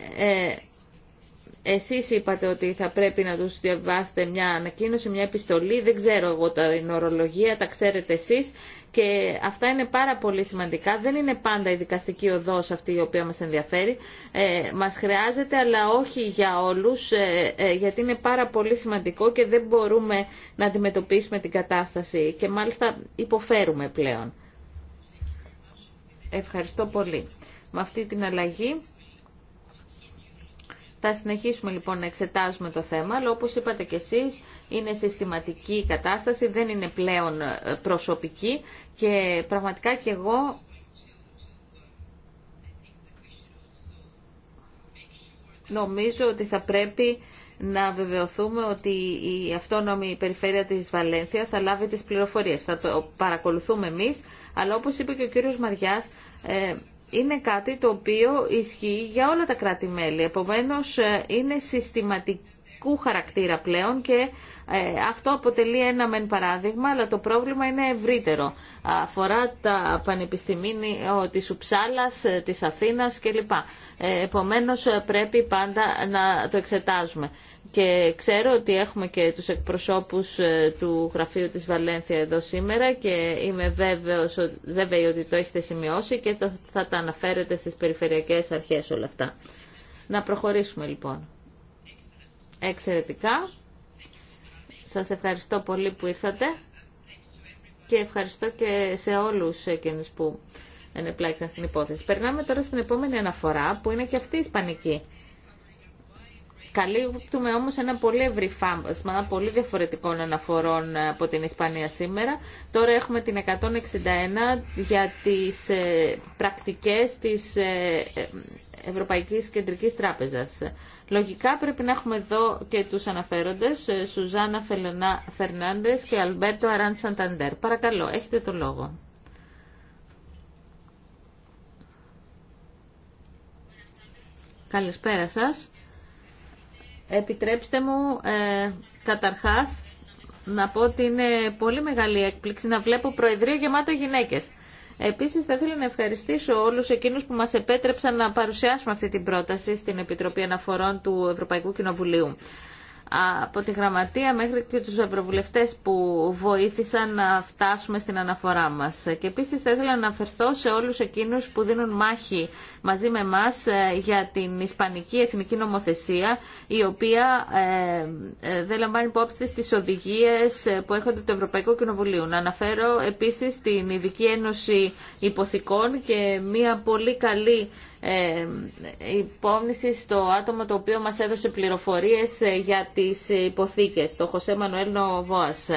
A: εσείς είπατε ότι θα πρέπει να τους διαβάσετε μια ανακοίνωση, μια επιστολή, δεν ξέρω εγώ τα ορολογία, τα ξέρετε εσείς και αυτά είναι πάρα πολύ σημαντικά. Δεν είναι πάντα η δικαστική οδός αυτή η οποία μας ενδιαφέρει. Ε, μας χρειάζεται αλλά όχι για όλους ε, ε, γιατί είναι πάρα πολύ σημαντικό και δεν μπορούμε να αντιμετωπίσουμε την κατάσταση και μάλιστα υποφέρουμε πλέον. Ευχαριστώ πολύ. Με αυτή την αλλαγή θα συνεχίσουμε λοιπόν να εξετάζουμε το θέμα, αλλά όπως είπατε και εσείς, είναι συστηματική η κατάσταση, δεν είναι πλέον ε, προσωπική και πραγματικά και εγώ νομίζω ότι θα πρέπει να βεβαιωθούμε ότι η αυτόνομη περιφέρεια της Βαλένθια θα λάβει τις πληροφορίες. Θα το παρακολουθούμε εμείς, αλλά όπως είπε και ο κύριος Μαριάς, ε, είναι κάτι το οποίο ισχύει για όλα τα κράτη-μέλη. Επομένως, ε, είναι συστηματικού χαρακτήρα πλέον και ε, αυτό αποτελεί ένα μεν παράδειγμα, αλλά το πρόβλημα είναι ευρύτερο. Αφορά τα πανεπιστημίνη της Ουψάλας, ε, της Αθήνας κλπ. Ε, επομένως ε, πρέπει πάντα να το εξετάζουμε. Και ξέρω ότι έχουμε και τους εκπροσώπους ε, του γραφείου της Βαλένθια εδώ σήμερα και είμαι βέβαιος, βέβαιη ότι το έχετε σημειώσει και το, θα τα αναφέρετε στις περιφερειακές αρχές όλα αυτά. Να προχωρήσουμε λοιπόν. Εξαιρετικά. Σας ευχαριστώ πολύ που ήρθατε και ευχαριστώ και σε όλους εκείνους που ενεπλάκησαν στην υπόθεση. Περνάμε τώρα στην επόμενη αναφορά που είναι και αυτή η Ισπανική. Καλύπτουμε όμως ένα πολύ ευρύ φάσμα πολύ διαφορετικών αναφορών ε, από την Ισπανία σήμερα. Τώρα έχουμε την 161 για τις ε, πρακτικές της ε, Ευρωπαϊκής Κεντρικής Τράπεζας. Λογικά πρέπει να έχουμε εδώ και τους αναφέροντες, Σουζάνα Φερνάντες και Αλμπέρτο Αράν Σανταντέρ. Παρακαλώ, έχετε το λόγο. Καλησπέρα σας. Επιτρέψτε μου ε, καταρχάς να πω ότι είναι πολύ μεγάλη έκπληξη να βλέπω Προεδρείο γεμάτο γυναίκες. Επίσης θα ήθελα να ευχαριστήσω όλους εκείνους που μας επέτρεψαν να παρουσιάσουμε αυτή την πρόταση στην Επιτροπή Αναφορών του Ευρωπαϊκού Κοινοβουλίου από τη Γραμματεία μέχρι και τους ευρωβουλευτές που βοήθησαν να φτάσουμε στην αναφορά μας. Και επίσης θα ήθελα να αναφερθώ σε όλους εκείνους που δίνουν μάχη μαζί με μας ε, για την Ισπανική Εθνική Νομοθεσία, η οποία ε, ε, δεν λαμβάνει υπόψη στις οδηγίες που έρχονται του Ευρωπαϊκού Κοινοβουλίου. Να αναφέρω επίσης την Ειδική Ένωση Υποθηκών και μια πολύ καλή υπόμνηση στο άτομο το οποίο μας έδωσε πληροφορίες ε, για τις υποθήκες, το Χωσέ Μανουέλ Νοβόας.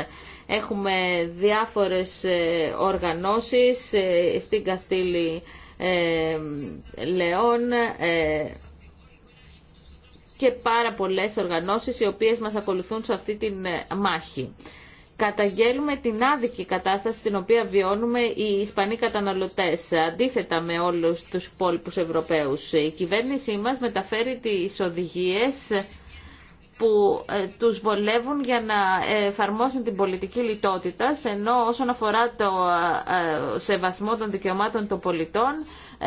A: Έχουμε διάφορες ε, οργανώσεις ε, στην Καστήλη Λεών και πάρα πολλές οργανώσεις οι οποίες μας ακολουθούν σε αυτή τη μάχη καταγγέλουμε την άδικη κατάσταση την οποία βιώνουμε οι Ισπανοί καταναλωτές, αντίθετα με όλους τους υπόλοιπους Ευρωπαίους. Η κυβέρνησή μας μεταφέρει τις οδηγίες που ε, τους βολεύουν για να εφαρμόσουν την πολιτική λιτότητα, ενώ όσον αφορά το ε, ε, σεβασμό των δικαιωμάτων των πολιτών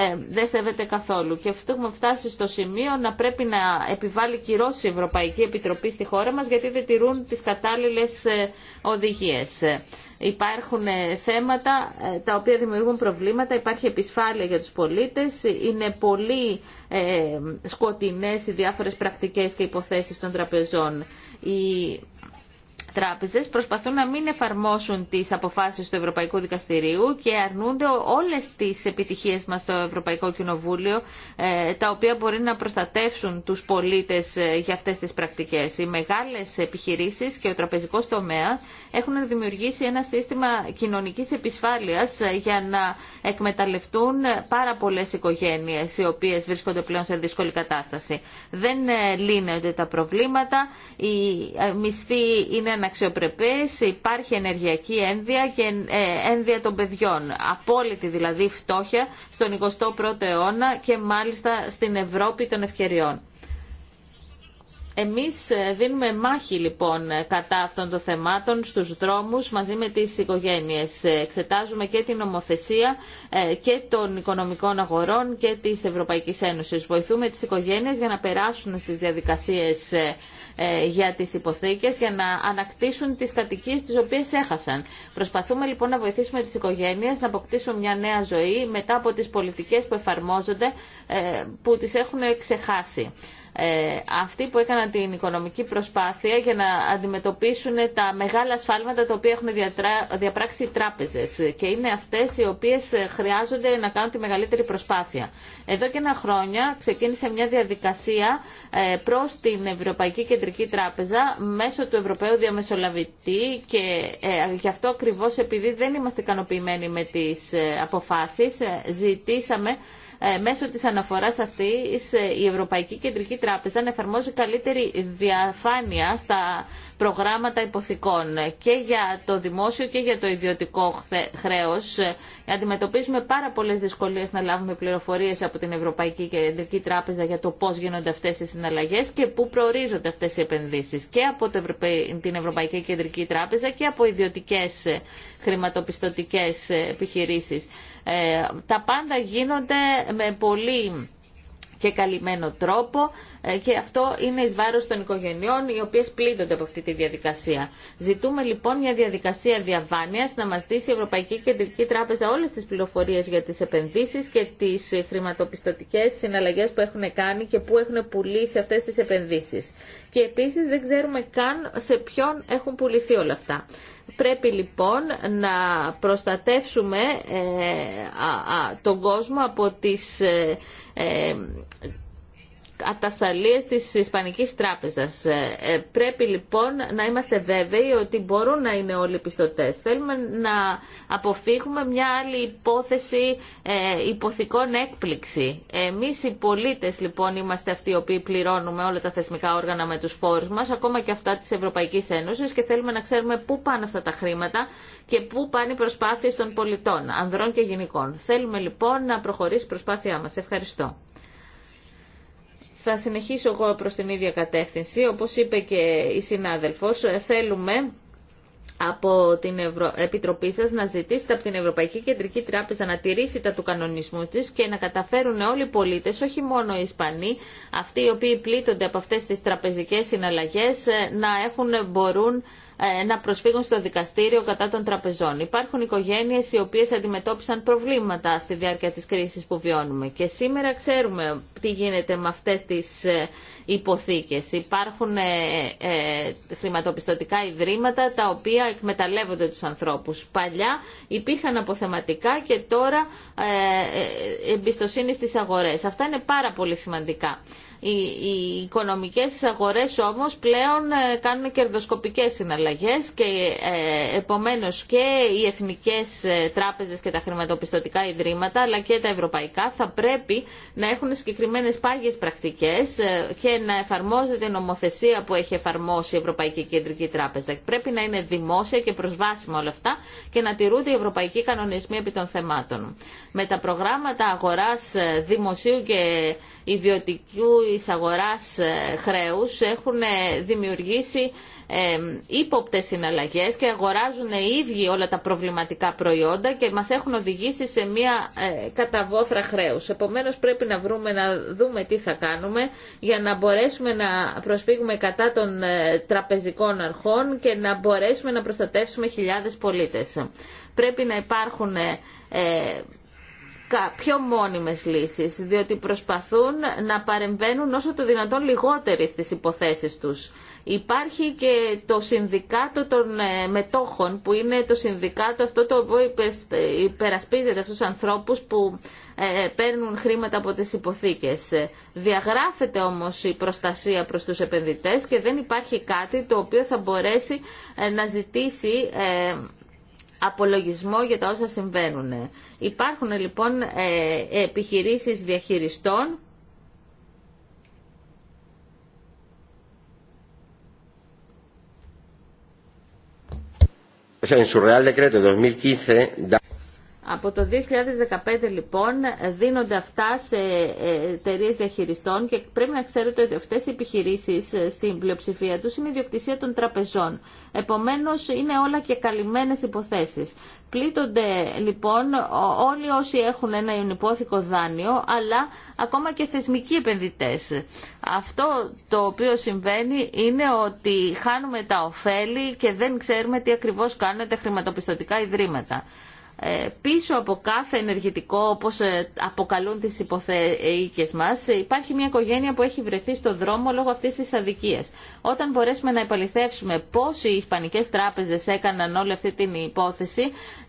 A: ε, δεν σέβεται καθόλου. Και αυτό έχουμε φτάσει στο σημείο να πρέπει να επιβάλλει κυρώσει η Ευρωπαϊκή Επιτροπή στη χώρα μας γιατί δεν τηρούν τις κατάλληλες ε, οδηγίες. Υπάρχουν ε, θέματα ε, τα οποία δημιουργούν προβλήματα, υπάρχει επισφάλεια για τους πολίτες, είναι πολύ σκοτεινές οι διάφορες πρακτικές και υποθέσεις των τραπεζών. Η τράπεζες προσπαθούν να μην εφαρμόσουν τις αποφάσεις του Ευρωπαϊκού Δικαστηρίου και αρνούνται όλες τις επιτυχίες μας στο Ευρωπαϊκό Κοινοβούλιο ε, τα οποία μπορεί να προστατεύσουν τους πολίτες ε, για αυτές τις πρακτικές. Οι μεγάλες επιχειρήσεις και ο τραπεζικός τομέα έχουν δημιουργήσει ένα σύστημα κοινωνικής επισφάλειας ε, για να εκμεταλλευτούν πάρα πολλές οικογένειες οι οποίες βρίσκονται πλέον σε δύσκολη κατάσταση. Δεν ε, λύνονται τα προβλήματα, οι ε, μισθοί είναι αναξιοπρεπείς, υπάρχει ενεργειακή ένδια και ένδια των παιδιών. Απόλυτη δηλαδή φτώχεια στον 21ο αιώνα και μάλιστα στην Ευρώπη των ευκαιριών. Εμείς ε, δίνουμε μάχη λοιπόν ε, κατά αυτών των θεμάτων στους δρόμους μαζί με τις οικογένειες. Ε, εξετάζουμε και την ομοθεσία και των οικονομικών αγορών και της Ευρωπαϊκής Ένωσης. Βοηθούμε τις οικογένειες για να περάσουν στις διαδικασίες για τις υποθήκες για να ανακτήσουν τις κατοικίες τις οποίες έχασαν. Προσπαθούμε λοιπόν να βοηθήσουμε τις οικογένειες να αποκτήσουν μια νέα ζωή μετά από τις πολιτικές που εφαρμόζονται που τις έχουν ξεχάσει ε, αυτοί που έκαναν την οικονομική προσπάθεια για να αντιμετωπίσουν τα μεγάλα ασφάλματα τα οποία έχουν διαπράξει οι τράπεζες και είναι αυτές οι οποίες χρειάζονται να κάνουν τη μεγαλύτερη προσπάθεια. Εδώ και ένα χρόνια ξεκίνησε μια διαδικασία ε, προς την Ευρωπαϊκή Κεντρική Τράπεζα μέσω του Ευρωπαίου Διαμεσολαβητή και ε, γι' αυτό ακριβώς επειδή δεν είμαστε ικανοποιημένοι με τις ε, αποφάσεις ε, ζητήσαμε ε, μέσω της αναφοράς αυτής ε, η Ευρωπαϊκή Κεντρική Τράπεζα να εφαρμόζει καλύτερη διαφάνεια στα προγράμματα υποθηκών ε, και για το δημόσιο και για το ιδιωτικό χρέος. Αντιμετωπίζουμε πάρα πολλές δυσκολίες να λάβουμε πληροφορίες από την Ευρωπαϊκή Κεντρική Τράπεζα για το πώς γίνονται αυτές οι συναλλαγές και πού προορίζονται αυτές οι επενδύσεις και από την Ευρωπαϊκή Κεντρική Τράπεζα και από ιδιωτικές χρηματοπιστωτικές επιχειρήσεις. Ε, τα πάντα γίνονται με πολύ και καλυμμένο τρόπο ε, και αυτό είναι εις βάρος των οικογενειών οι οποίες πλήττονται από αυτή τη διαδικασία. Ζητούμε λοιπόν μια διαδικασία διαβάνειας να μας δείσει η Ευρωπαϊκή Κεντρική Τράπεζα όλες τις πληροφορίες για τις επενδύσεις και τις χρηματοπιστωτικές συναλλαγές που έχουν κάνει και που έχουν πουλήσει αυτές τις επενδύσεις. Και επίσης δεν ξέρουμε καν σε ποιον έχουν πουληθεί όλα αυτά. Πρέπει λοιπόν να προστατεύσουμε ε, τον κόσμο από τις ε, ε, ατασταλίες της Ισπανικής Τράπεζας. Ε, ε, πρέπει λοιπόν να είμαστε βέβαιοι ότι μπορούν να είναι όλοι πιστωτές. Θέλουμε να αποφύγουμε μια άλλη υπόθεση ε, υποθηκών έκπληξη. Εμείς οι πολίτες λοιπόν είμαστε αυτοί οι οποίοι πληρώνουμε όλα τα θεσμικά όργανα με τους φόρους μας, ακόμα και αυτά της Ευρωπαϊκής Ένωσης και θέλουμε να ξέρουμε πού πάνε αυτά τα χρήματα και πού πάνε οι προσπάθειες των πολιτών, ανδρών και γυναικών. Θέλουμε λοιπόν να προχωρήσει η προσπάθειά μας. Ευχαριστώ. Θα συνεχίσω εγώ προς την ίδια κατεύθυνση. Όπως είπε και η συνάδελφος, θέλουμε από την Επιτροπή σας να ζητήσετε από την Ευρωπαϊκή Κεντρική Τράπεζα να τηρήσει τα του κανονισμού της και να καταφέρουν όλοι οι πολίτες, όχι μόνο οι Ισπανοί, αυτοί οι οποίοι πλήττονται από αυτές τις τραπεζικές συναλλαγές, να έχουν, μπορούν ε, να προσφύγουν στο δικαστήριο κατά των τραπεζών. Υπάρχουν οικογένειες οι οποίες αντιμετώπισαν προβλήματα στη διάρκεια της κρίσης που βιώνουμε και σήμερα ξέρουμε τι γίνεται με αυτέ τις ε, υποθήκες. Υπάρχουν ε, χρηματοπιστωτικά ιδρύματα τα οποία εκμεταλλεύονται τους ανθρώπους. Παλιά υπήρχαν αποθεματικά και τώρα εμπιστοσύνη στι αγορέ. Αυτά είναι πάρα πολύ σημαντικά. Οι οικονομικές αγορές όμως πλέον ε, κάνουν κερδοσκοπικές συναλλαγές και ε, επομένως και οι εθνικές ε, τράπεζες και τα χρηματοπιστωτικά ιδρύματα αλλά και τα ευρωπαϊκά θα πρέπει να έχουν συγκεκριμένες πάγιες πρακτικές και να εφαρμόζεται νομοθεσία που έχει εφαρμόσει η Ευρωπαϊκή Κεντρική Τράπεζα. Πρέπει να είναι δημόσια και προσβάσιμα όλα αυτά και να τηρούνται οι ευρωπαϊκοί κανονισμοί επί των θεμάτων. Με τα προγράμματα αγοράς δημοσίου και ιδιωτικού εισαγοράς ε, χρέους έχουν ε, δημιουργήσει ε, ύποπτε συναλλαγέ και αγοράζουν οι ίδιοι όλα τα προβληματικά προϊόντα και μας έχουν οδηγήσει σε μια καταβόθρα χρέου. Επομένως πρέπει να, βρούμε, να δούμε τι θα κάνουμε για να μπορέσουμε να προσφύγουμε κατά των τραπεζικών αρχών και να μπορέσουμε να προστατεύσουμε χιλιάδες πολίτε. Πρέπει να υπάρχουν πιο μόνιμες λύσεις, διότι προσπαθούν να παρεμβαίνουν όσο το δυνατόν λιγότεροι στις υποθέσεις τους. Υπάρχει και το Συνδικάτο των ε, Μετόχων, που είναι το Συνδικάτο αυτό το οποίο ε, υπερασπίζεται αυτούς τους ανθρώπους που ε, παίρνουν χρήματα από τις υποθήκες. Διαγράφεται όμως η προστασία προς τους επενδυτές και δεν υπάρχει κάτι το οποίο θα μπορέσει να ζητήσει απολογισμό για τα όσα συμβαίνουν. Υπάρχουν λοιπόν ε, επιχειρήσεις διαχειριστών
C: Σε su Real Decreto 2015
A: από το 2015 λοιπόν δίνονται αυτά σε ε, εταιρείε διαχειριστών και πρέπει να ξέρετε ότι αυτές οι επιχειρήσεις ε, στην πλειοψηφία τους είναι ιδιοκτησία των τραπεζών. Επομένως είναι όλα και καλυμμένες υποθέσεις. Πλήττονται λοιπόν όλοι όσοι έχουν ένα υπόθηκο δάνειο αλλά ακόμα και θεσμικοί επενδυτές. Αυτό το οποίο συμβαίνει είναι ότι χάνουμε τα ωφέλη και δεν ξέρουμε τι ακριβώς κάνουν τα χρηματοπιστωτικά ιδρύματα. Ε, πίσω από κάθε ενεργητικό, όπως ε, αποκαλούν τις υποθέσεις μας, ε, υπάρχει μια οικογένεια που έχει βρεθεί στο δρόμο λόγω αυτής της αδικίας. Όταν μπορέσουμε να επαληθεύσουμε πώς οι Ισπανικές τράπεζες έκαναν όλη αυτή την υπόθεση,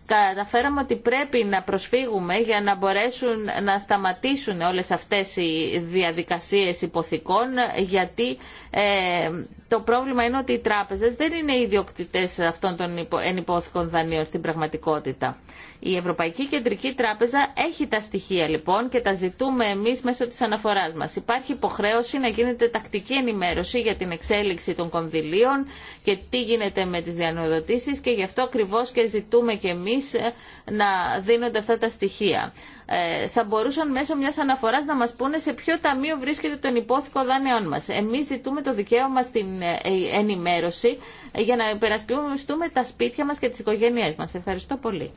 A: καταφέραμε ότι πρέπει να προσφύγουμε για να μπορέσουν να σταματήσουν όλες αυτές οι διαδικασίες υποθηκών γιατί ε, το πρόβλημα είναι ότι οι τράπεζες δεν είναι ιδιοκτητές αυτών των ενυπόθηκων δανείων στην πραγματικότητα. Η Ευρωπαϊκή Κεντρική Τράπεζα έχει τα στοιχεία λοιπόν και τα ζητούμε εμεί μέσω τη αναφορά μα. Υπάρχει υποχρέωση να γίνεται τακτική ενημέρωση για την εξέλιξη των κονδυλίων και τι γίνεται με τι διανοδοτήσει και γι' αυτό ακριβώ και ζητούμε και εμεί ε, να δίνονται αυτά τα στοιχεία. Ε, θα μπορούσαν μέσω μια αναφορά να μα πούνε σε ποιο ταμείο βρίσκεται τον υπόθηκο δάνειών μα. Εμεί ζητούμε το δικαίωμα στην ε, ενημέρωση για να υπερασπιστούμε τα σπίτια μα και τι οικογένειέ μα. Ευχαριστώ πολύ.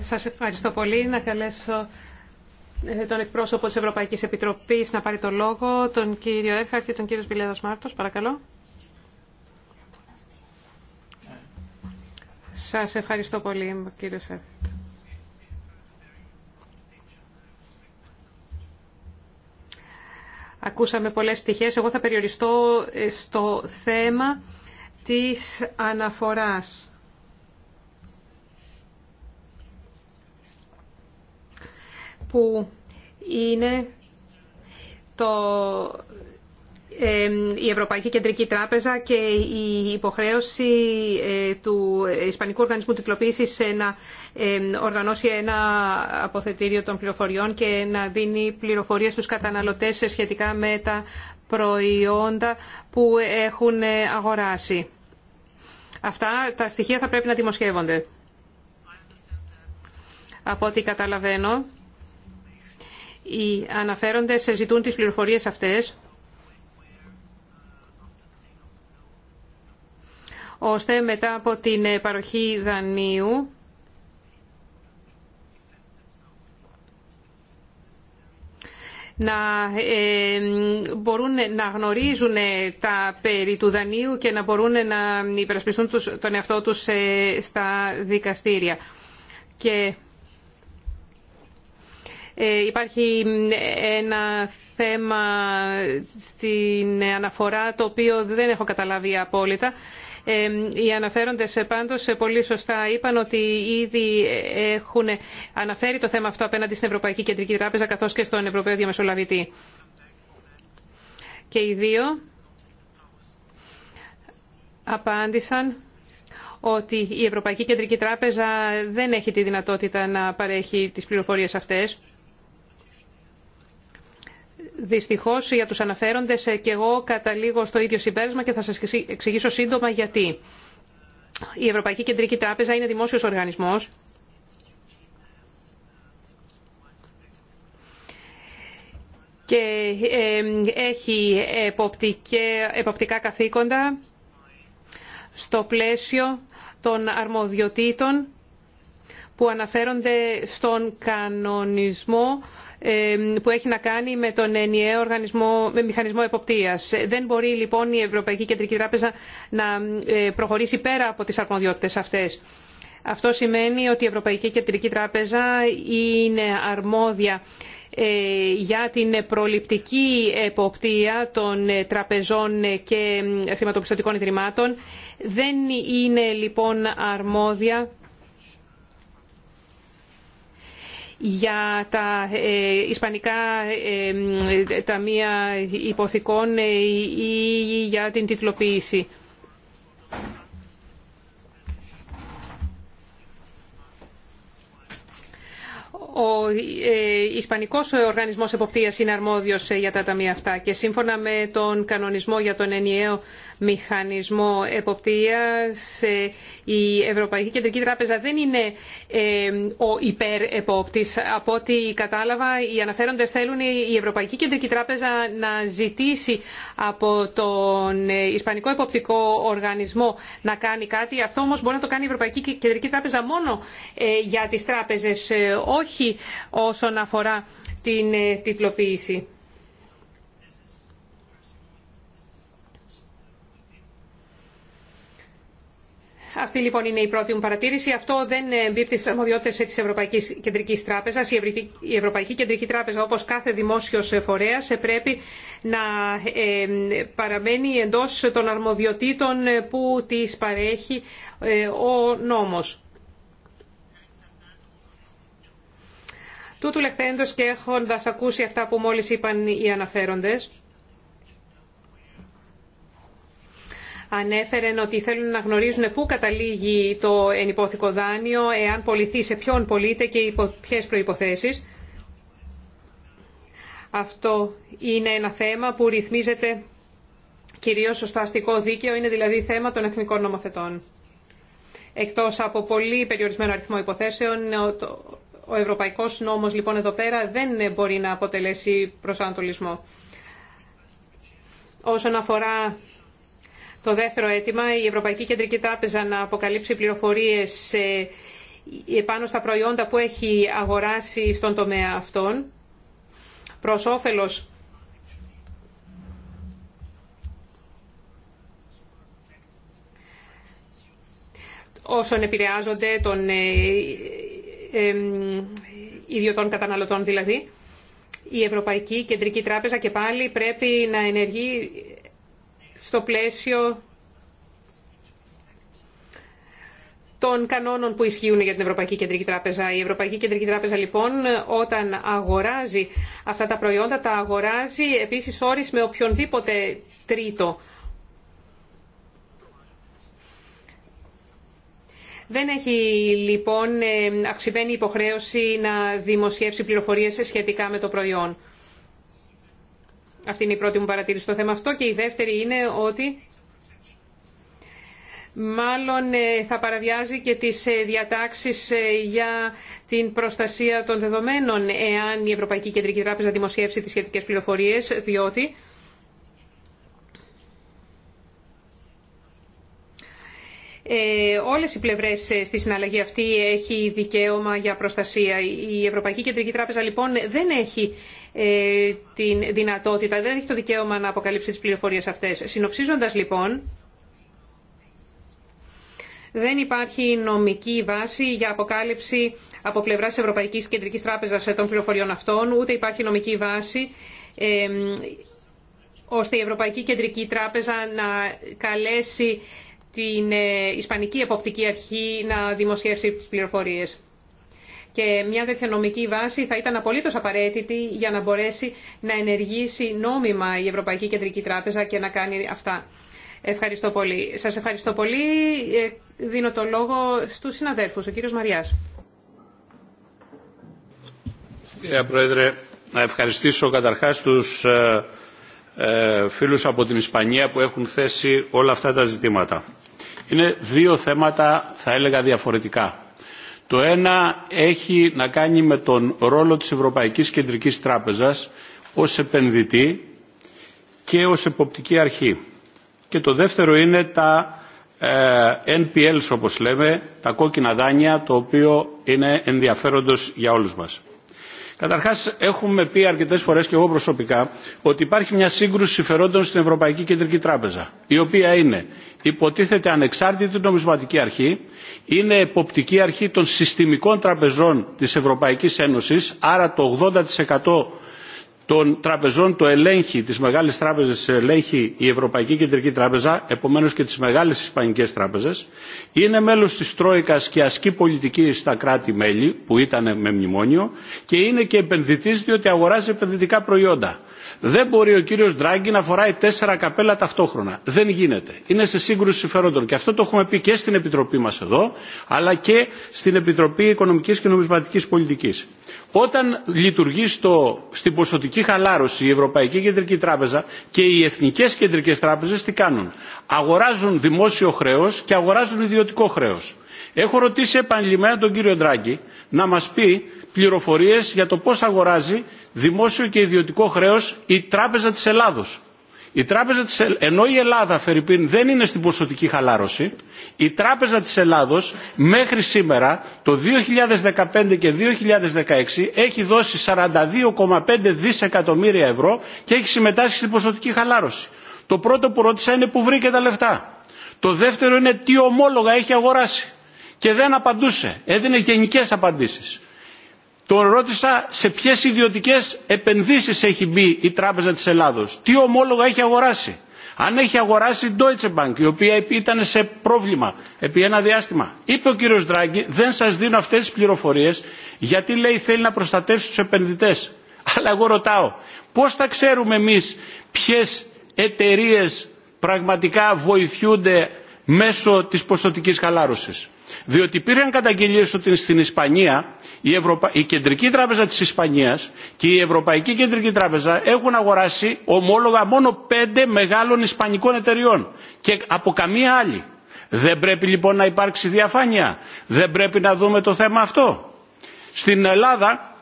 B: Σας ευχαριστώ πολύ. Να καλέσω ε, τον εκπρόσωπο της Ευρωπαϊκής Επιτροπής να πάρει το λόγο, τον κύριο Έρχαρτ και τον κύριο Σπηλέδας Μάρτος. Παρακαλώ. Σας ευχαριστώ πολύ, κύριο Σέρχαρτ. Ακούσαμε πολλές πτυχές. Εγώ θα περιοριστώ ε, στο θέμα της αναφοράς. που είναι το, η Ευρωπαϊκή Κεντρική Τράπεζα και η υποχρέωση ε, του Ισπανικού Οργανισμού Τυπλοποίησης να οργανώσει ένα αποθετήριο των πληροφοριών και να δίνει πληροφορίες στους καταναλωτές σχετικά με τα προϊόντα που έχουν αγοράσει. Αυτά τα στοιχεία θα πρέπει να δημοσιεύονται. Από ό,τι καταλαβαίνω, οι αναφέροντες ζητούν τις πληροφορίες αυτές ώστε μετά από την παροχή δανείου να ε, μπορούν να γνωρίζουν τα περί του δανείου και να μπορούν να υπερασπιστούν τον εαυτό τους ε, στα δικαστήρια. Και ε, υπάρχει ένα θέμα στην αναφορά το οποίο δεν έχω καταλάβει απόλυτα. Ε, οι αναφέροντες ε, πάντως πολύ σωστά είπαν ότι ήδη έχουν αναφέρει το θέμα αυτό απέναντι στην Ευρωπαϊκή Κεντρική Τράπεζα καθώς και στον Ευρωπαίο Διαμεσολαβητή. Και οι δύο απάντησαν ότι η Ευρωπαϊκή Κεντρική Τράπεζα δεν έχει τη δυνατότητα να παρέχει τις πληροφορίες αυτές Δυστυχώ για του αναφέροντες ε, και εγώ καταλήγω στο ίδιο συμπέρασμα και θα σας εξηγήσω σύντομα γιατί. Η Ευρωπαϊκή Κεντρική Τράπεζα είναι δημόσιος οργανισμός. και έχει εποπτικά καθήκοντα στο πλαίσιο των αρμοδιοτήτων που αναφέρονται στον κανονισμό που έχει να κάνει με τον ενιαίο μηχανισμό εποπτείας. Δεν μπορεί λοιπόν η Ευρωπαϊκή Κεντρική Τράπεζα να ε, προχωρήσει πέρα από τις αρμοδιότητες αυτές. Αυτό σημαίνει ότι η Ευρωπαϊκή Κεντρική Τράπεζα είναι αρμόδια ε, για την προληπτική εποπτεία των τραπεζών και χρηματοπιστωτικών ιδρυμάτων. Δεν είναι λοιπόν αρμόδια για τα ε, ισπανικά ε, ταμεία υποθηκών ε, ή για την τιτλοποίηση. ο ισπανικός οργανισμός εποπτείας είναι αρμόδιος για τα ταμεία αυτά και σύμφωνα με τον κανονισμό για τον ενιαίο μηχανισμό εποπτείας. Ε, η Ευρωπαϊκή Κεντρική Τράπεζα δεν είναι ε, ο υπερεπόπτης. Από ό,τι κατάλαβα, οι αναφέροντες θέλουν η Ευρωπαϊκή Κεντρική Τράπεζα να ζητήσει από τον ε, Ισπανικό Εποπτικό Οργανισμό να κάνει κάτι. Αυτό όμως μπορεί να το κάνει η Ευρωπαϊκή Κεντρική Τράπεζα μόνο για τις τράπεζες, όχι όσον αφορά την τιτλοποίηση. Αυτή λοιπόν είναι η πρώτη μου παρατήρηση. Αυτό δεν ε, εμπίπτει στι αρμοδιότητε ε, τη Ευρωπαϊκή Κεντρική Τράπεζα. Η Ευρωπαϊκή Κεντρική Τράπεζα, όπω κάθε δημόσιο ε, φορέα, πρέπει να παραμένει εντό των αρμοδιοτήτων που τη παρέχει ο νόμο. Τούτου λεχθέντος και έχοντας ακούσει αυτά που μόλις είπαν οι αναφέροντες, Ανέφερε ότι θέλουν να γνωρίζουν πού καταλήγει το ενυπόθηκο δάνειο, εάν πολιθεί σε ποιον πωλείται και υπό ποιες προϋποθέσεις. Αυτό είναι ένα θέμα που ρυθμίζεται κυρίως στο αστικό δίκαιο, είναι δηλαδή θέμα των εθνικών νομοθετών. Εκτός από πολύ περιορισμένο αριθμό υποθέσεων, ο ευρωπαϊκός νόμος λοιπόν εδώ πέρα δεν μπορεί να αποτελέσει προσανατολισμό. Όσον αφορά το δεύτερο αίτημα, η Ευρωπαϊκή Κεντρική Τράπεζα να αποκαλύψει πληροφορίες ε, πάνω στα προϊόντα που έχει αγοράσει στον τομέα αυτών, προς όφελος όσων επηρεάζονται των ε, ε, ιδιωτών καταναλωτών δηλαδή. Η Ευρωπαϊκή Κεντρική Τράπεζα και πάλι πρέπει να ενεργεί στο πλαίσιο των κανόνων που ισχύουν για την Ευρωπαϊκή Κεντρική Τράπεζα. Η Ευρωπαϊκή Κεντρική Τράπεζα λοιπόν όταν αγοράζει αυτά τα προϊόντα τα αγοράζει επίσης όρις με οποιονδήποτε τρίτο. Δεν έχει λοιπόν ε, αυξημένη υποχρέωση να δημοσιεύσει πληροφορίες σχετικά με το προϊόν. Αυτή είναι η πρώτη μου παρατήρηση στο θέμα αυτό και η δεύτερη είναι ότι μάλλον ε, θα παραβιάζει και τις ε, διατάξεις ε, για την προστασία των δεδομένων εάν η Ευρωπαϊκή Κεντρική Τράπεζα δημοσιεύσει τις σχετικές πληροφορίες, διότι Ε, όλες οι πλευρές ε, στη συναλλαγή αυτή έχει δικαίωμα για προστασία. Η Ευρωπαϊκή Κεντρική Τράπεζα λοιπόν δεν έχει ε, τη δυνατότητα, δεν έχει το δικαίωμα να αποκαλύψει τις πληροφορίες αυτές. Συνοψίζοντας λοιπόν, δεν υπάρχει νομική βάση για αποκάλυψη από πλευρά πλευράς Ευρωπαϊκής Κεντρικής Τράπεζας των πληροφοριών αυτών, ούτε υπάρχει νομική βάση ώστε η Ευρωπαϊκή Κεντρική Τράπεζα να καλέσει την ε, Ισπανική Εποπτική Αρχή να δημοσιεύσει τις πληροφορίες. Και μια τέτοια νομική βάση θα ήταν απολύτως απαραίτητη για να μπορέσει να ενεργήσει νόμιμα η Ευρωπαϊκή Κεντρική Τράπεζα και να κάνει αυτά. Ευχαριστώ πολύ. Σας ευχαριστώ πολύ. Ε, δίνω το λόγο στους συναδέλφους. Ο κύριος Μαριάς.
D: Κύριε Πρόεδρε, να ευχαριστήσω καταρχάς τους ε, ε, φίλους από την Ισπανία που έχουν θέσει όλα αυτά τα ζητήματα. Είναι δύο θέματα, θα έλεγα, διαφορετικά. Το ένα έχει να κάνει με τον ρόλο της Ευρωπαϊκής Κεντρικής Τράπεζας ως επενδυτή και ως εποπτική αρχή. Και το δεύτερο είναι τα ε, NPLs όπως λέμε, τα κόκκινα δάνεια, το οποίο είναι ενδιαφέροντος για όλους μας. Καταρχάς έχουμε πει αρκετές φορές και εγώ προσωπικά ότι υπάρχει μια σύγκρουση συμφερόντων στην Ευρωπαϊκή Κεντρική Τράπεζα η οποία είναι υποτίθεται ανεξάρτητη νομισματική αρχή είναι εποπτική αρχή των συστημικών τραπεζών της Ευρωπαϊκής Ένωσης άρα το 80% των τραπεζών το ελέγχει, τις μεγάλες τράπεζες ελέγχει η Ευρωπαϊκή Κεντρική Τράπεζα, επομένως και τις μεγάλες ισπανικές τράπεζες, είναι μέλος της Τρόικας και ασκεί πολιτική στα κράτη-μέλη που ήταν με μνημόνιο και είναι και επενδυτής διότι αγοράζει επενδυτικά προϊόντα. Δεν μπορεί ο κύριος Ντράγκη να φοράει τέσσερα καπέλα ταυτόχρονα. Δεν γίνεται. Είναι σε σύγκρουση συμφερόντων. Και αυτό το έχουμε πει και στην Επιτροπή μας εδώ, αλλά και στην Επιτροπή Οικονομικής και Νομισματικής Πολιτικής. Όταν λειτουργεί στο, στην ποσοτική χαλάρωση η Ευρωπαϊκή Κεντρική Τράπεζα και οι εθνικές κεντρικές τράπεζες τι κάνουν. Αγοράζουν δημόσιο χρέος και αγοράζουν ιδιωτικό χρέος. Έχω ρωτήσει επανειλημμένα τον κύριο Ντράγκη να μας πει πληροφορίες για το πώς αγοράζει δημόσιο και ιδιωτικό χρέος η Τράπεζα τη Ελλάδο. Η τράπεζα της, ε- ενώ η Ελλάδα Φερρυπίν δεν είναι στην ποσοτική χαλάρωση, η τράπεζα της Ελλάδος μέχρι σήμερα το 2015 και 2016 έχει δώσει 42,5 δισεκατομμύρια ευρώ και έχει συμμετάσχει στην ποσοτική χαλάρωση. Το πρώτο που ρώτησα είναι που βρήκε τα λεφτά. Το δεύτερο είναι τι ομόλογα έχει αγοράσει. Και δεν απαντούσε. Έδινε γενικές απαντήσεις. Τον ρώτησα σε ποιες ιδιωτικές επενδύσεις έχει μπει η Τράπεζα της Ελλάδος. Τι ομόλογα έχει αγοράσει. Αν έχει αγοράσει η Deutsche Bank, η οποία ήταν σε πρόβλημα επί ένα διάστημα. Είπε ο κύριος Δράγκη, δεν σας δίνω αυτές τις πληροφορίες, γιατί λέει θέλει να προστατεύσει τους επενδυτές. Αλλά εγώ ρωτάω, πώς θα ξέρουμε εμείς ποιες εταιρείε πραγματικά βοηθούνται μέσω της ποσοτικής χαλάρωσης διότι υπήρχαν καταγγελίε ότι στην Ισπανία η, Ευρωπα... η Κεντρική Τράπεζα τη Ισπανία και η Ευρωπαϊκή Κεντρική Τράπεζα έχουν αγοράσει ομόλογα μόνο πέντε μεγάλων ισπανικών εταιριών και από καμία άλλη. Δεν πρέπει λοιπόν να υπάρξει διαφάνεια. Δεν πρέπει να δούμε το θέμα αυτό. Στην Ελλάδα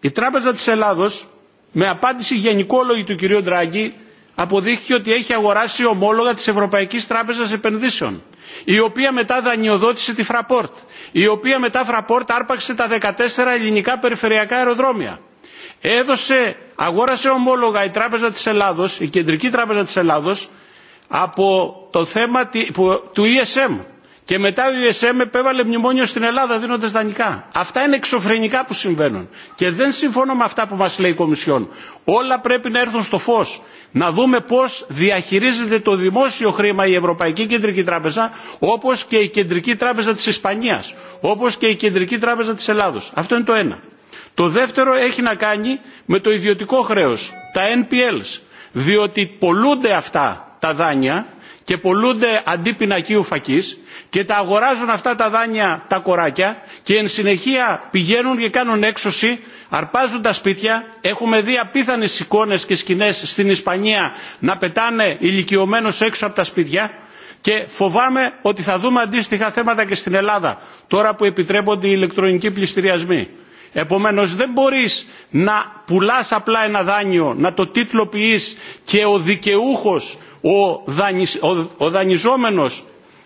D: η Τράπεζα της Ελλάδος με απάντηση γενικόλογη του κυρίου Ντράγκη αποδείχθηκε ότι έχει αγοράσει ομόλογα της Ευρωπαϊκής Τράπεζας Επενδύσεων η οποία μετά δανειοδότησε τη Φραπόρτ, η οποία μετά Φραπόρτ άρπαξε τα 14 ελληνικά περιφερειακά αεροδρόμια. Έδωσε, αγόρασε ομόλογα η Τράπεζα της Ελλάδος, η Κεντρική Τράπεζα της Ελλάδος, από το θέμα του ESM, και μετά ο ESM επέβαλε μνημόνιο στην Ελλάδα δίνοντα δανεικά. Αυτά είναι εξωφρενικά που συμβαίνουν. Και δεν συμφωνώ με αυτά που μα λέει η Κομισιόν. Όλα πρέπει να έρθουν στο φω. Να δούμε πώ διαχειρίζεται το δημόσιο χρήμα η Ευρωπαϊκή Κεντρική Τράπεζα, όπω και η Κεντρική Τράπεζα τη Ισπανία, όπω και η Κεντρική Τράπεζα τη Ελλάδο. Αυτό είναι το ένα. Το δεύτερο έχει να κάνει με το ιδιωτικό χρέο, τα NPLs. Διότι πολλούνται αυτά τα δάνεια και πολλούνται αντί πινακίου φακής και τα αγοράζουν αυτά τα δάνεια τα κοράκια και εν συνεχεία πηγαίνουν και κάνουν έξωση, αρπάζουν τα σπίτια. Έχουμε δει απίθανε εικόνε και σκηνέ στην Ισπανία να πετάνε ηλικιωμένους έξω από τα σπίτια και φοβάμαι ότι θα δούμε αντίστοιχα θέματα και στην Ελλάδα τώρα που επιτρέπονται οι ηλεκτρονικοί πληστηριασμοί. Επομένω, δεν μπορεί να πουλά απλά ένα δάνειο, να το τίτλοποιεί και ο δικαιούχο, ο, δανει, ο,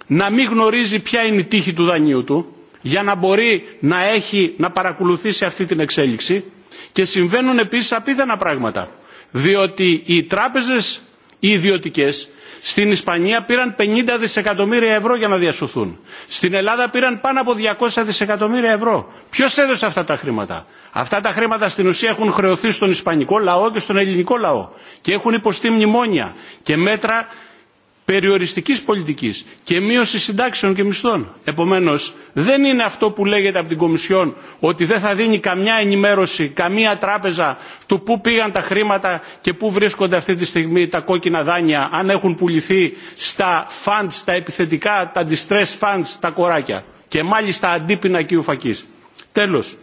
D: να μην γνωρίζει ποια είναι η τύχη του δανείου του για να μπορεί να, έχει, να παρακολουθήσει αυτή την εξέλιξη και συμβαίνουν επίσης απίθανα πράγματα διότι οι τράπεζες οι ιδιωτικές στην Ισπανία πήραν 50 δισεκατομμύρια ευρώ για να διασωθούν. Στην Ελλάδα πήραν πάνω από 200 δισεκατομμύρια ευρώ. Ποιο έδωσε αυτά τα χρήματα. Αυτά τα χρήματα στην ουσία έχουν χρεωθεί στον Ισπανικό λαό και στον ελληνικό λαό. Και έχουν υποστεί μνημόνια και μέτρα περιοριστικής πολιτικής και μείωση συντάξεων και μισθών. Επομένως, δεν είναι αυτό που λέγεται από την Κομισιόν ότι δεν θα δίνει καμιά ενημέρωση, καμία τράπεζα του πού πήγαν τα χρήματα και πού βρίσκονται αυτή τη στιγμή τα κόκκινα δάνεια, αν έχουν πουληθεί στα funds, τα επιθετικά, τα distress funds, τα κοράκια. Και μάλιστα αντίπεινα και ουφακής. Τέλος,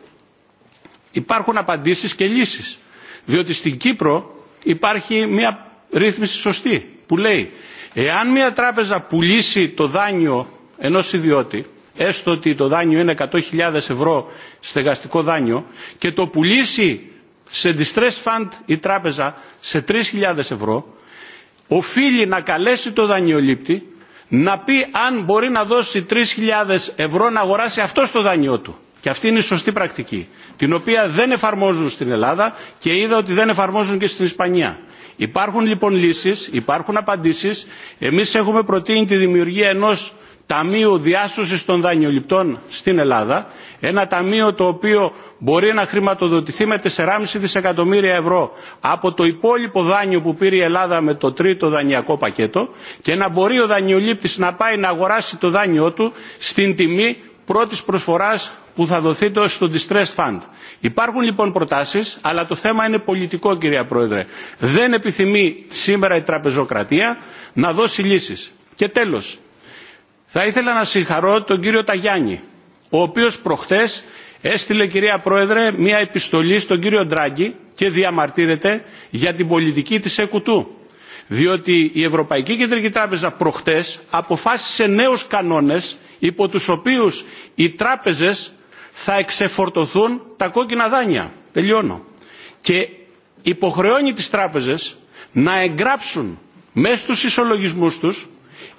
D: υπάρχουν απαντήσεις και λύσεις. Διότι στην Κύπρο υπάρχει μια ρύθμιση σωστή που λέει Εάν μια τράπεζα πουλήσει το δάνειο ενός ιδιώτη, έστω ότι το δάνειο είναι 100.000 ευρώ στεγαστικό δάνειο και το πουλήσει σε distress fund η τράπεζα σε 3.000 ευρώ, οφείλει να καλέσει το δανειολήπτη να πει αν μπορεί να δώσει 3.000 ευρώ να αγοράσει αυτό το δάνειό του. Και αυτή είναι η σωστή πρακτική, την οποία δεν εφαρμόζουν στην Ελλάδα και είδα ότι δεν εφαρμόζουν και στην Ισπανία. Υπάρχουν λοιπόν λύσεις, υπάρχουν απαντήσεις. Εμείς έχουμε προτείνει τη δημιουργία ενός Ταμείου Διάσωσης των Δανειοληπτών στην Ελλάδα, ένα ταμείο το οποίο μπορεί να χρηματοδοτηθεί με 4,5 δισεκατομμύρια ευρώ από το υπόλοιπο δάνειο που πήρε η Ελλάδα με το τρίτο δανειακό πακέτο και να μπορεί ο δανειολήπτης να πάει να αγοράσει το δάνειό του στην τιμή πρώτης προσφοράς που θα δοθεί το, στο Distress Fund. Υπάρχουν λοιπόν προτάσεις, αλλά το θέμα είναι πολιτικό κυρία Πρόεδρε. Δεν επιθυμεί σήμερα η τραπεζοκρατία να δώσει λύσεις. Και τέλος, θα ήθελα να συγχαρώ τον κύριο Ταγιάννη, ο οποίος προχτές έστειλε κυρία Πρόεδρε μία επιστολή στον κύριο Ντράγκη και διαμαρτύρεται για την πολιτική της ΕΚΟΥΤΟΥ διότι η Ευρωπαϊκή Κεντρική Τράπεζα προχτές αποφάσισε νέους κανόνες υπό τους οποίους οι τράπεζες θα εξεφορτωθούν τα κόκκινα δάνεια. Τελειώνω. Και υποχρεώνει τις τράπεζες να εγγράψουν μέσα στους ισολογισμούς τους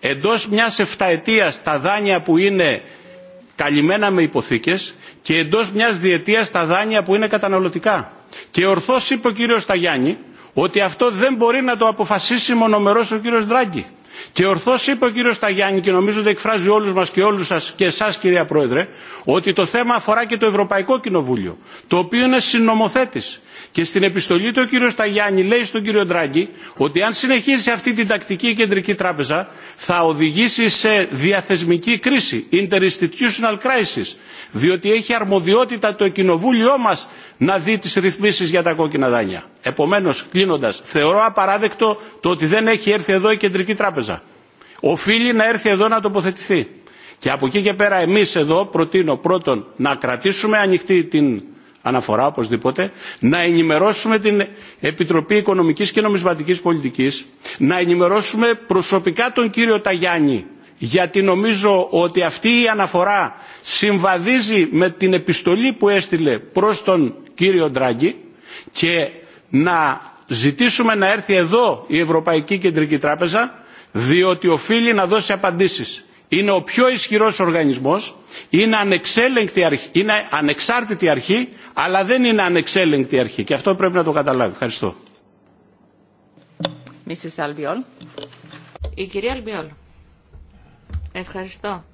D: εντός μιας εφταετίας τα δάνεια που είναι καλυμμένα με υποθήκες και εντός μιας διετίας τα δάνεια που είναι καταναλωτικά. Και ορθώς είπε ο κύριος Σταγιάννη ότι αυτό δεν μπορεί να το αποφασίσει μονομερός ο κύριος Δράγκη. Και ορθώ είπε ο κύριο Σταγιάννη και νομίζω ότι εκφράζει όλου μα και όλου σα και εσά, κυρία Πρόεδρε, ότι το θέμα αφορά και το Ευρωπαϊκό Κοινοβούλιο, το οποίο είναι συνομοθέτης και στην επιστολή του ο κύριος Ταγιάννη λέει στον κύριο Ντράγκη ότι αν συνεχίσει αυτή την τακτική η κεντρική τράπεζα θα οδηγήσει σε διαθεσμική κρίση, interinstitutional crisis, διότι έχει αρμοδιότητα το κοινοβούλιο μας να δει τις ρυθμίσεις για τα κόκκινα δάνεια. Επομένως, κλείνοντας, θεωρώ απαράδεκτο το ότι δεν έχει έρθει εδώ η κεντρική τράπεζα. Οφείλει να έρθει εδώ να τοποθετηθεί. Και από εκεί και πέρα εμείς εδώ προτείνω πρώτον να κρατήσουμε ανοιχτή την αναφορά οπωσδήποτε, να ενημερώσουμε την Επιτροπή Οικονομικής και Νομισματικής Πολιτικής, να ενημερώσουμε προσωπικά τον κύριο Ταγιάννη, γιατί νομίζω ότι αυτή η αναφορά συμβαδίζει με την επιστολή που έστειλε προς τον κύριο Ντράγκη και να ζητήσουμε να έρθει εδώ η Ευρωπαϊκή Κεντρική Τράπεζα, διότι οφείλει να δώσει απαντήσεις είναι ο πιο ισχυρός οργανισμός, είναι, ανεξέλεγκτη αρχή, είναι ανεξάρτητη αρχή, αλλά δεν είναι ανεξέλεγκτη αρχή. Και αυτό πρέπει να το καταλάβει. Ευχαριστώ.
A: κυρία Ευχαριστώ.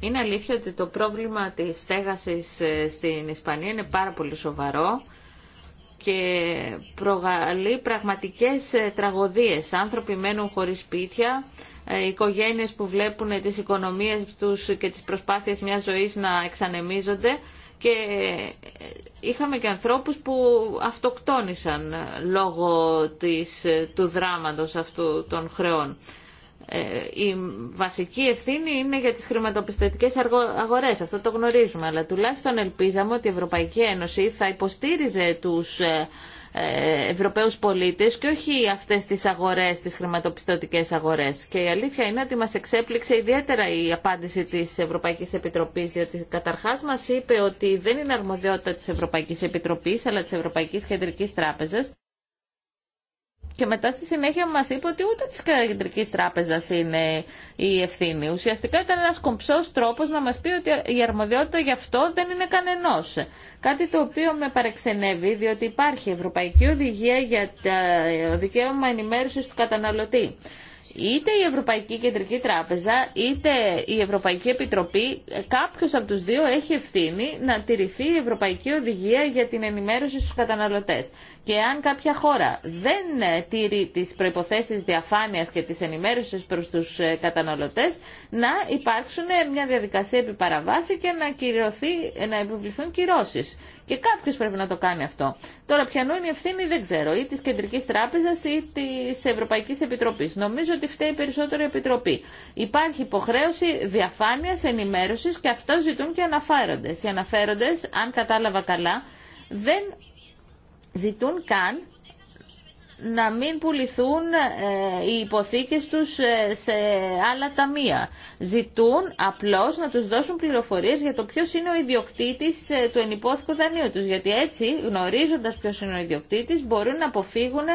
A: Είναι αλήθεια ότι το πρόβλημα της στέγασης ε, στην Ισπανία είναι πάρα πολύ σοβαρό και προγαλεί πραγματικές ε, τραγωδίες. Άνθρωποι μένουν χωρίς σπίτια, ε, οικογένειες που βλέπουν τις οικονομίες τους και τις προσπάθειες μιας ζωής να εξανεμίζονται και ε, είχαμε και ανθρώπους που αυτοκτόνησαν λόγω της, του δράματος αυτού των χρεών. Ε, η βασική ευθύνη είναι για τις χρηματοπιστωτικές αγορές. Αυτό το γνωρίζουμε. Αλλά τουλάχιστον ελπίζαμε ότι η Ευρωπαϊκή Ένωση θα υποστήριζε τους ε, ε, Ευρωπαίους πολίτες και όχι αυτές τις αγορές, τις χρηματοπιστωτικές αγορές. Και η αλήθεια είναι ότι μας εξέπληξε ιδιαίτερα η απάντηση της Ευρωπαϊκής Επιτροπής, διότι καταρχάς μας είπε ότι δεν είναι αρμοδιότητα της Ευρωπαϊκής Επιτροπής, αλλά της Ευρωπαϊκής Κεντρικής Τράπεζας και μετά στη συνέχεια μα είπε ότι ούτε τη Κεντρική τράπεζα είναι η ευθύνη. Ουσιαστικά ήταν ένας κομψός τρόπος να μας πει ότι η αρμοδιότητα γι' αυτό δεν είναι κανενός. Κάτι το οποίο με παρεξενεύει, διότι υπάρχει Ευρωπαϊκή Οδηγία για το δικαίωμα ενημέρωσης του καταναλωτή είτε η Ευρωπαϊκή Κεντρική Τράπεζα είτε η Ευρωπαϊκή Επιτροπή, κάποιος από τους δύο έχει ευθύνη να τηρηθεί η Ευρωπαϊκή Οδηγία για την ενημέρωση στους καταναλωτές. Και αν κάποια χώρα δεν τηρεί τις προϋποθέσεις διαφάνειας και της ενημέρωσης προς τους ε, καταναλωτές, να υπάρξουν μια διαδικασία επιπαραβάση και να, να επιβληθούν κυρώσεις. Και κάποιο πρέπει να το κάνει αυτό. Τώρα, ποιανού είναι η ευθύνη δεν ξέρω, ή τη Κεντρική Τράπεζα ή τη Ευρωπαϊκή Επιτροπή. Νομίζω ότι φταίει περισσότερο η Επιτροπή. Υπάρχει υποχρέωση διαφάνεια ενημέρωση και αυτό ζητούν και αναφέροντε. Οι αναφέροντε, αν κατάλαβα καλά, δεν ζητούν καν να μην πουληθούν ε, οι υποθήκες τους ε, σε άλλα ταμεία. Ζητούν απλώς να τους δώσουν πληροφορίες για το ποιος είναι ο ιδιοκτήτης ε, του ενυπόθηκου δανείου τους, γιατί έτσι γνωρίζοντας ποιος είναι ο ιδιοκτήτης μπορούν να αποφύγουν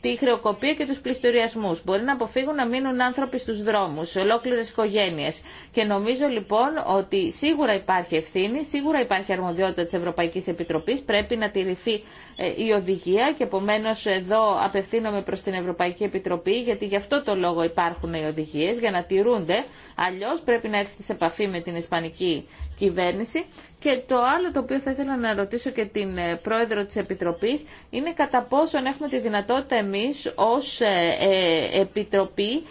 A: τη χρεοκοπία και τους πληστηριασμού. Μπορεί να αποφύγουν να μείνουν άνθρωποι στους δρόμους, σε ολόκληρε οικογένειε. Και νομίζω λοιπόν ότι σίγουρα υπάρχει ευθύνη, σίγουρα υπάρχει αρμοδιότητα της Ευρωπαϊκής Επιτροπής, πρέπει να τηρηθεί ε, η οδηγία και επομένω εδώ απευθύνομαι προς την Ευρωπαϊκή Επιτροπή γιατί γι' αυτό το λόγο υπάρχουν οι οδηγίε για να τηρούνται αλλιώ πρέπει να έρθει σε επαφή με την Ισπανική κυβέρνηση. Και το άλλο το οποίο θα ήθελα να ρωτήσω και την ε, πρόεδρο της Επιτροπής είναι κατά πόσον έχουμε τη δυνατότητα εμείς ως ε, ε, Επιτροπή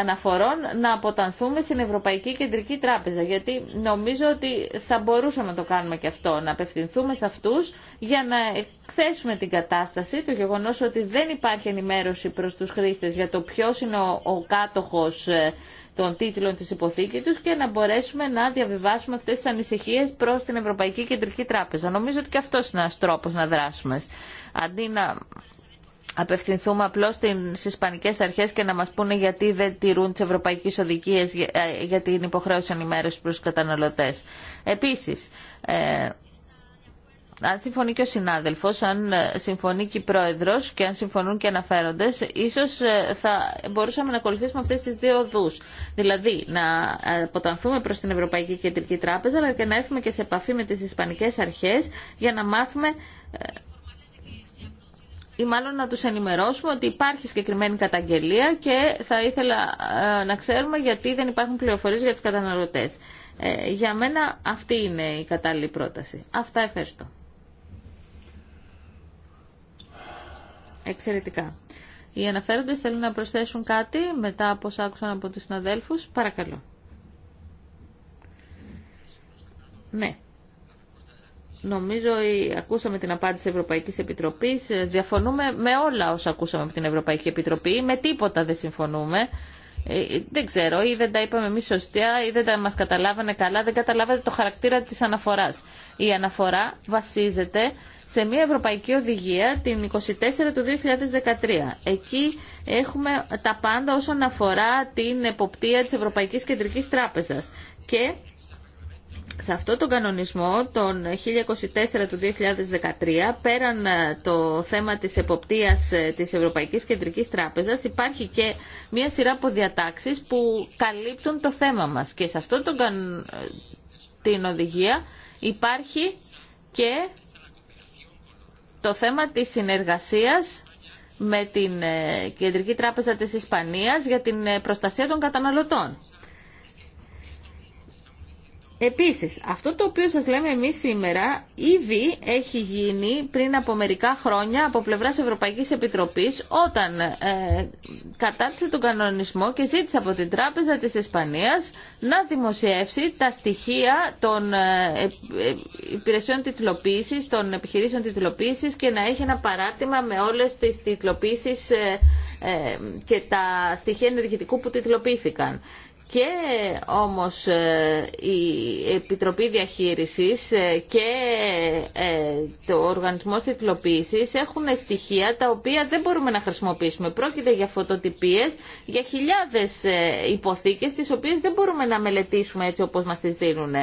A: Αναφορών να αποτανθούμε στην Ευρωπαϊκή Κεντρική Τράπεζα. Γιατί νομίζω ότι θα μπορούσαμε να το κάνουμε και αυτό, να απευθυνθούμε σε αυτούς για να εκθέσουμε την κατάσταση, το γεγονός ότι δεν υπάρχει ενημέρωση προς τους χρήστες για το ποιος είναι ο, ο κάτοχος των τίτλων της υποθήκη τους και να μπορέσουμε να διαβιβάσουμε αυτές τις ανησυχίες προς την Ευρωπαϊκή Κεντρική Τράπεζα. Νομίζω ότι και αυτός είναι ένας τρόπος να δράσουμε. Αντί να απευθυνθούμε απλώς στις Ισπανικές Αρχές και να μας πούνε γιατί δεν τηρούν τις ευρωπαϊκές οδικίες ε, για την υποχρέωση ενημέρωση προς καταναλωτές. Επίσης, ε, αν συμφωνεί και ο συνάδελφο, αν ε, συμφωνεί και η πρόεδρο και αν συμφωνούν και αναφέροντες, ίσω ε, θα μπορούσαμε να ακολουθήσουμε αυτέ τι δύο οδού. Δηλαδή, να αποτανθούμε προ την Ευρωπαϊκή Κεντρική Τράπεζα, αλλά και να έρθουμε και σε επαφή με τι Ισπανικέ αρχέ για να μάθουμε ε, ή μάλλον να τους ενημερώσουμε ότι υπάρχει συγκεκριμένη καταγγελία και θα ήθελα να ξέρουμε γιατί δεν υπάρχουν πληροφορίες για τους καταναλωτές. Ε, για μένα αυτή είναι η κατάλληλη πρόταση. Αυτά ευχαριστώ. Εξαιρετικά. Οι αναφέροντες θέλουν να προσθέσουν κάτι μετά από όσα άκουσαν από τους συναδέλφους. Παρακαλώ. Ναι. Νομίζω ακούσαμε την απάντηση της Ευρωπαϊκής Επιτροπής. Διαφωνούμε με όλα όσα ακούσαμε από την Ευρωπαϊκή Επιτροπή. Με τίποτα δεν συμφωνούμε. Ε, δεν ξέρω, ή δεν τα είπαμε εμεί σωστά, ή δεν τα μα καταλάβανε καλά, δεν καταλάβατε το χαρακτήρα τη αναφορά. Η αναφορά βασίζεται σε μια ευρωπαϊκή οδηγία, την 24 του 2013. Εκεί έχουμε τα πάντα όσον αφορά την εποπτεία της Ευρωπαϊκής Κεντρικής Τράπεζας. Και σε αυτό τον κανονισμό, τον 1024 του 2013, πέραν ε, το θέμα της εποπτείας ε, της Ευρωπαϊκής Κεντρικής Τράπεζας, υπάρχει και μια σειρά από διατάξεις που καλύπτουν το θέμα μας. Και σε αυτό τον, ε, την οδηγία υπάρχει και το θέμα της συνεργασίας με την ε, Κεντρική Τράπεζα της Ισπανίας για την ε, προστασία των καταναλωτών. Επίσης, αυτό το οποίο σας λέμε εμείς σήμερα ήδη έχει γίνει πριν από μερικά χρόνια από πλευράς Ευρωπαϊκής Επιτροπής όταν ε, κατάρτισε τον κανονισμό και ζήτησε από την Τράπεζα της Ισπανίας να δημοσιεύσει τα στοιχεία των ε, ε, υπηρεσιών τιτλοποίησης, των επιχειρήσεων τιτλοποίησης και να έχει ένα παράρτημα με όλες τις τιτλοποίησεις και τα στοιχεία ενεργητικού που τιτλοποιήθηκαν και όμως ε, η Επιτροπή Διαχείρισης ε, και ε, το Οργανισμός Τιτλοποίησης έχουν στοιχεία τα οποία δεν μπορούμε να χρησιμοποιήσουμε. Πρόκειται για φωτοτυπίες, για χιλιάδες υποθήκες τις οποίες δεν μπορούμε να μελετήσουμε έτσι όπως μας τις δίνουν.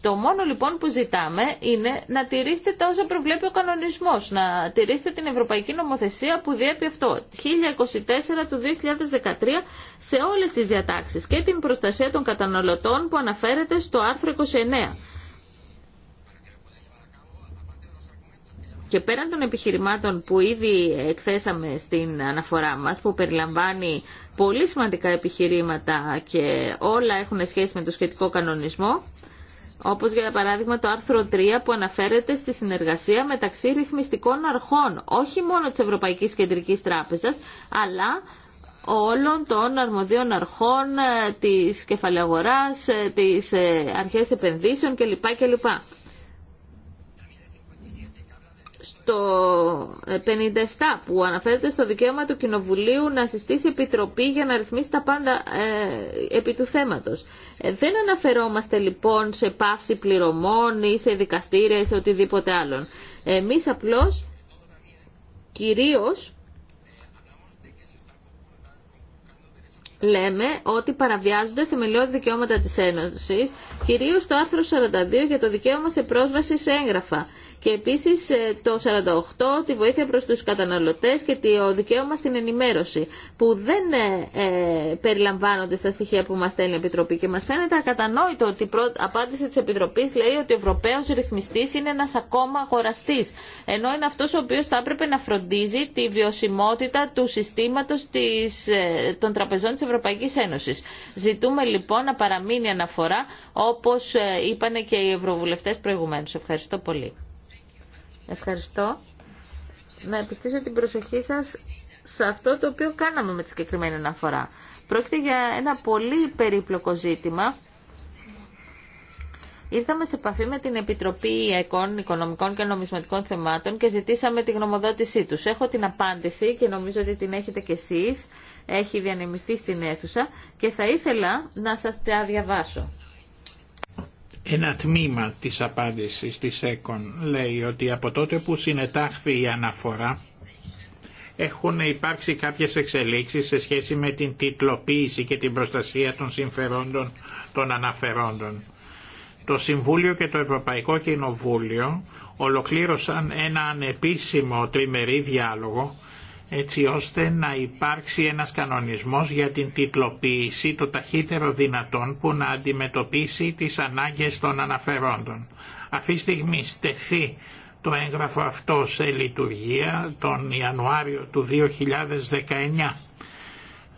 A: Το μόνο λοιπόν που ζητάμε είναι να τηρήσετε τα όσα προβλέπει ο κανονισμός, να τηρήσετε την Ευρωπαϊκή Νομοθεσία που διέπει αυτό. 1024 του 2013 σε όλες τις διατάξεις και την προστασία των καταναλωτών που αναφέρεται στο άρθρο 29. Και πέραν των επιχειρημάτων που ήδη εκθέσαμε στην αναφορά μας, που περιλαμβάνει πολύ σημαντικά επιχειρήματα και όλα έχουν σχέση με το σχετικό κανονισμό, όπως για παράδειγμα το άρθρο 3 που αναφέρεται στη συνεργασία μεταξύ ρυθμιστικών αρχών, όχι μόνο της Ευρωπαϊκής Κεντρικής Τράπεζας, αλλά όλων των αρμοδίων αρχών ε, της κεφαλαιογοράς, ε, της ε, αρχές επενδύσεων κλπ. κλπ. το 57 που αναφέρεται στο δικαίωμα του Κοινοβουλίου να συστήσει επιτροπή για να ρυθμίσει τα πάντα ε, επί του θέματος. Ε, δεν αναφερόμαστε λοιπόν σε πάυση πληρωμών ή σε δικαστήρια ή σε οτιδήποτε άλλον. Εμείς απλώς κυρίως λέμε ότι παραβιάζονται θεμελιώδη δικαιώματα της Ένωσης, κυρίως το άρθρο 42 για το δικαίωμα σε πρόσβαση σε έγγραφα και επίσης ε, το 48 τη βοήθεια προς τους καταναλωτές και το δικαίωμα στην ενημέρωση που δεν ε, ε, περιλαμβάνονται στα στοιχεία που μας στέλνει η Επιτροπή και μας φαίνεται ακατανόητο ότι η πρώτη απάντηση της Επιτροπής λέει ότι ο Ευρωπαίος ρυθμιστής είναι ένας ακόμα αγοραστής ενώ είναι αυτός ο οποίος θα έπρεπε να φροντίζει τη βιωσιμότητα του συστήματος της, ε, των τραπεζών της Ευρωπαϊκής Ένωσης. Ζητούμε λοιπόν να παραμείνει αναφορά όπως είπαν και οι ευρωβουλευτές προηγουμένως. Ευχαριστώ πολύ. Ευχαριστώ. Να επιστήσω την προσοχή σας σε αυτό το οποίο κάναμε με τη συγκεκριμένη αναφορά. Πρόκειται για ένα πολύ περίπλοκο ζήτημα. Ήρθαμε σε επαφή με την Επιτροπή Οικονομικών και Νομισματικών Θεμάτων και ζητήσαμε τη γνωμοδότησή τους. Έχω την απάντηση και νομίζω ότι την έχετε κι εσείς. Έχει διανεμηθεί στην αίθουσα και θα ήθελα να σας τα διαβάσω.
C: Ένα τμήμα της απάντησης της ΕΚΟΝ λέει ότι από τότε που συνετάχθη η αναφορά έχουν υπάρξει κάποιες εξελίξεις σε σχέση με την τιτλοποίηση και την προστασία των συμφερόντων των αναφερόντων. Το Συμβούλιο και το Ευρωπαϊκό Κοινοβούλιο ολοκλήρωσαν ένα ανεπίσημο τριμερή διάλογο έτσι ώστε να υπάρξει ένας κανονισμός για την τυπλοποίηση το ταχύτερο δυνατόν που να αντιμετωπίσει τις ανάγκες των αναφερόντων. Αυτή τη στιγμή στεθεί το έγγραφο αυτό σε λειτουργία τον Ιανουάριο του 2019.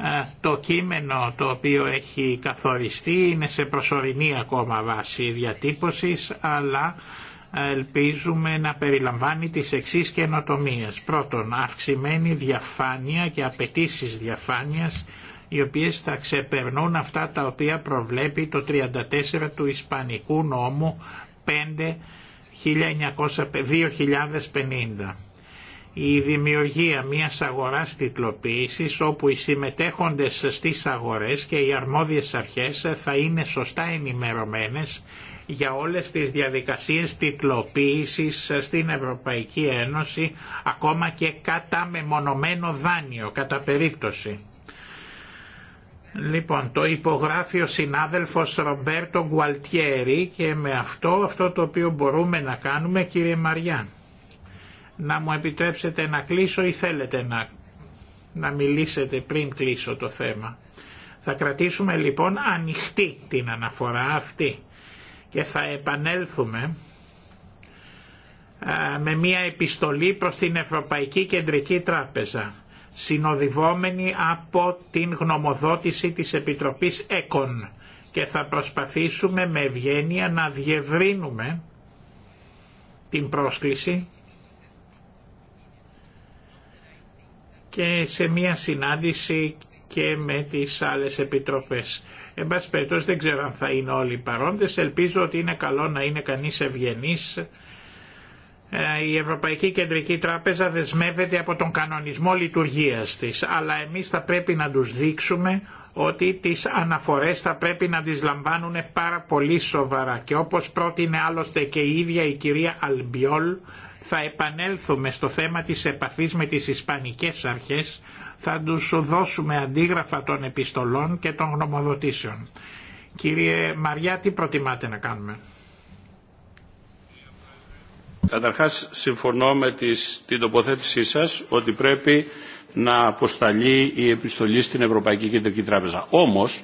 C: Ε, το κείμενο το οποίο έχει καθοριστεί είναι σε προσωρινή ακόμα βάση διατύπωσης, αλλά ελπίζουμε να περιλαμβάνει τις εξής καινοτομίες. Πρώτον, αυξημένη διαφάνεια και απαιτήσει διαφάνειας οι οποίες θα ξεπερνούν αυτά τα οποία προβλέπει το 34 του Ισπανικού νόμου 5 Η δημιουργία μιας αγοράς τιτλοποίησης όπου οι συμμετέχοντες στις αγορές και οι αρμόδιες αρχές θα είναι σωστά ενημερωμένες για όλες τις διαδικασίες τιτλοποίησης στην Ευρωπαϊκή Ένωση ακόμα και κατά μεμονωμένο δάνειο, κατά περίπτωση. Λοιπόν, το υπογράφει ο συνάδελφος Ρομπέρτο Γκουαλτιέρη και με αυτό, αυτό το οποίο μπορούμε να κάνουμε κύριε Μαριά. Να μου επιτρέψετε να κλείσω ή θέλετε να, να μιλήσετε πριν κλείσω το θέμα. Θα κρατήσουμε λοιπόν ανοιχτή την αναφορά αυτή και θα επανέλθουμε με μια επιστολή προς την Ευρωπαϊκή Κεντρική Τράπεζα συνοδευόμενη από την γνωμοδότηση της Επιτροπής ΕΚΟΝ και θα προσπαθήσουμε με ευγένεια να διευρύνουμε την πρόσκληση και σε μια συνάντηση και με τις άλλες επιτροπές. Εν πάση περιπτώσει δεν ξέρω αν θα είναι όλοι παρόντες. Ελπίζω ότι είναι καλό να είναι κανείς ευγενής. Ε, η Ευρωπαϊκή Κεντρική Τράπεζα δεσμεύεται από τον κανονισμό λειτουργίας της, αλλά εμείς θα πρέπει να τους δείξουμε ότι τις αναφορές θα πρέπει να τις λαμβάνουν πάρα πολύ σοβαρά και όπως πρότεινε άλλωστε και η ίδια η κυρία Αλμπιόλ θα επανέλθουμε στο θέμα της επαφής με τις Ισπανικές Αρχές θα τους δώσουμε αντίγραφα των επιστολών και των γνωμοδοτήσεων. Κύριε Μαριά, τι προτιμάτε να κάνουμε.
D: Καταρχάς συμφωνώ με την τοποθέτησή σας ότι πρέπει να αποσταλεί η επιστολή στην Ευρωπαϊκή Κεντρική Τράπεζα. Όμως,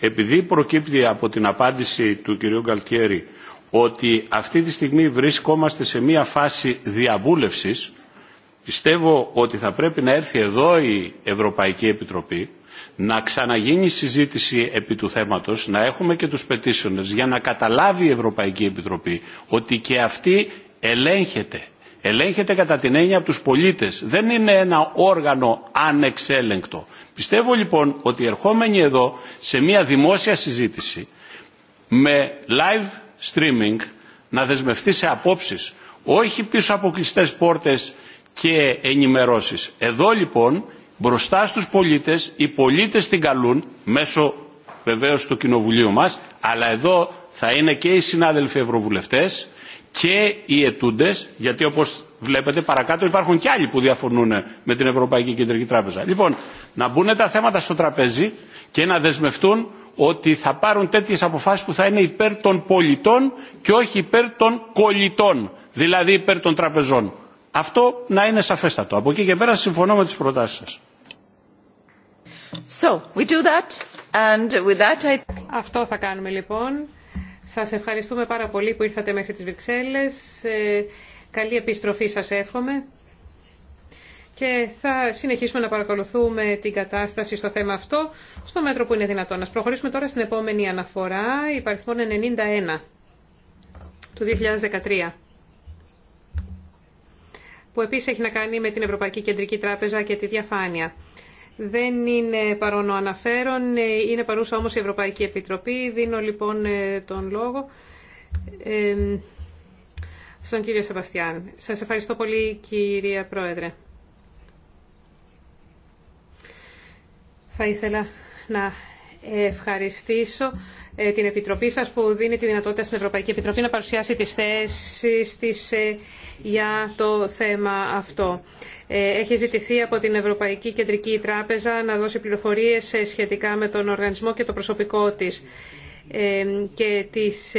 D: επειδή προκύπτει από την απάντηση του κυρίου Γκαλτιέρη ότι αυτή τη στιγμή βρισκόμαστε σε μία φάση διαβούλευσης Πιστεύω ότι θα πρέπει να έρθει εδώ η Ευρωπαϊκή Επιτροπή να ξαναγίνει συζήτηση επί του θέματος, να έχουμε και τους petitioners για να καταλάβει η Ευρωπαϊκή Επιτροπή ότι και αυτή ελέγχεται. Ελέγχεται κατά την έννοια από τους πολίτες. Δεν είναι ένα όργανο ανεξέλεγκτο. Πιστεύω λοιπόν ότι ερχόμενοι εδώ σε μια δημόσια συζήτηση με live streaming να δεσμευτεί σε απόψεις όχι πίσω από κλειστές πόρτες και ενημερώσεις. Εδώ λοιπόν μπροστά στους πολίτες, οι πολίτες την καλούν μέσω βεβαίως του Κοινοβουλίου μας, αλλά εδώ θα είναι και οι συνάδελφοι ευρωβουλευτές και οι ετούντες, γιατί όπως βλέπετε παρακάτω υπάρχουν και άλλοι που διαφωνούν με την Ευρωπαϊκή Κεντρική Τράπεζα. Λοιπόν, να μπουν τα θέματα στο τραπέζι και να δεσμευτούν ότι θα πάρουν τέτοιες αποφάσεις που θα είναι υπέρ των πολιτών και όχι υπέρ των κολλητών, δηλαδή υπέρ των τραπεζών. Αυτό να είναι σαφέστατο. Από εκεί και πέρα συμφωνώ με τις προτάσεις σας.
B: So, we do that. And with that I... Αυτό θα κάνουμε λοιπόν. Σας ευχαριστούμε πάρα πολύ που ήρθατε μέχρι τις Βρυξέλλες. Ε, καλή επιστροφή σας εύχομαι. Και θα συνεχίσουμε να παρακολουθούμε την κατάσταση στο θέμα αυτό, στο μέτρο που είναι δυνατόν. Να προχωρήσουμε τώρα στην επόμενη αναφορά, υπαριθμόν 91 του 2013 που επίση έχει να κάνει με την Ευρωπαϊκή Κεντρική Τράπεζα και τη διαφάνεια. Δεν είναι παρόν ο αναφέρον, είναι παρούσα όμως η Ευρωπαϊκή Επιτροπή. Δίνω λοιπόν ε, τον λόγο ε, στον κύριο Σεβαστιάν. Σας ευχαριστώ πολύ κυρία Πρόεδρε. Θα ήθελα να ευχαριστήσω ε, την Επιτροπή σας που δίνει τη δυνατότητα στην Ευρωπαϊκή Επιτροπή να παρουσιάσει τις θέσεις της ε, για το θέμα αυτό. Ε, έχει ζητηθεί από την Ευρωπαϊκή Κεντρική Τράπεζα να δώσει πληροφορίες σχετικά με τον οργανισμό και το προσωπικό της και τις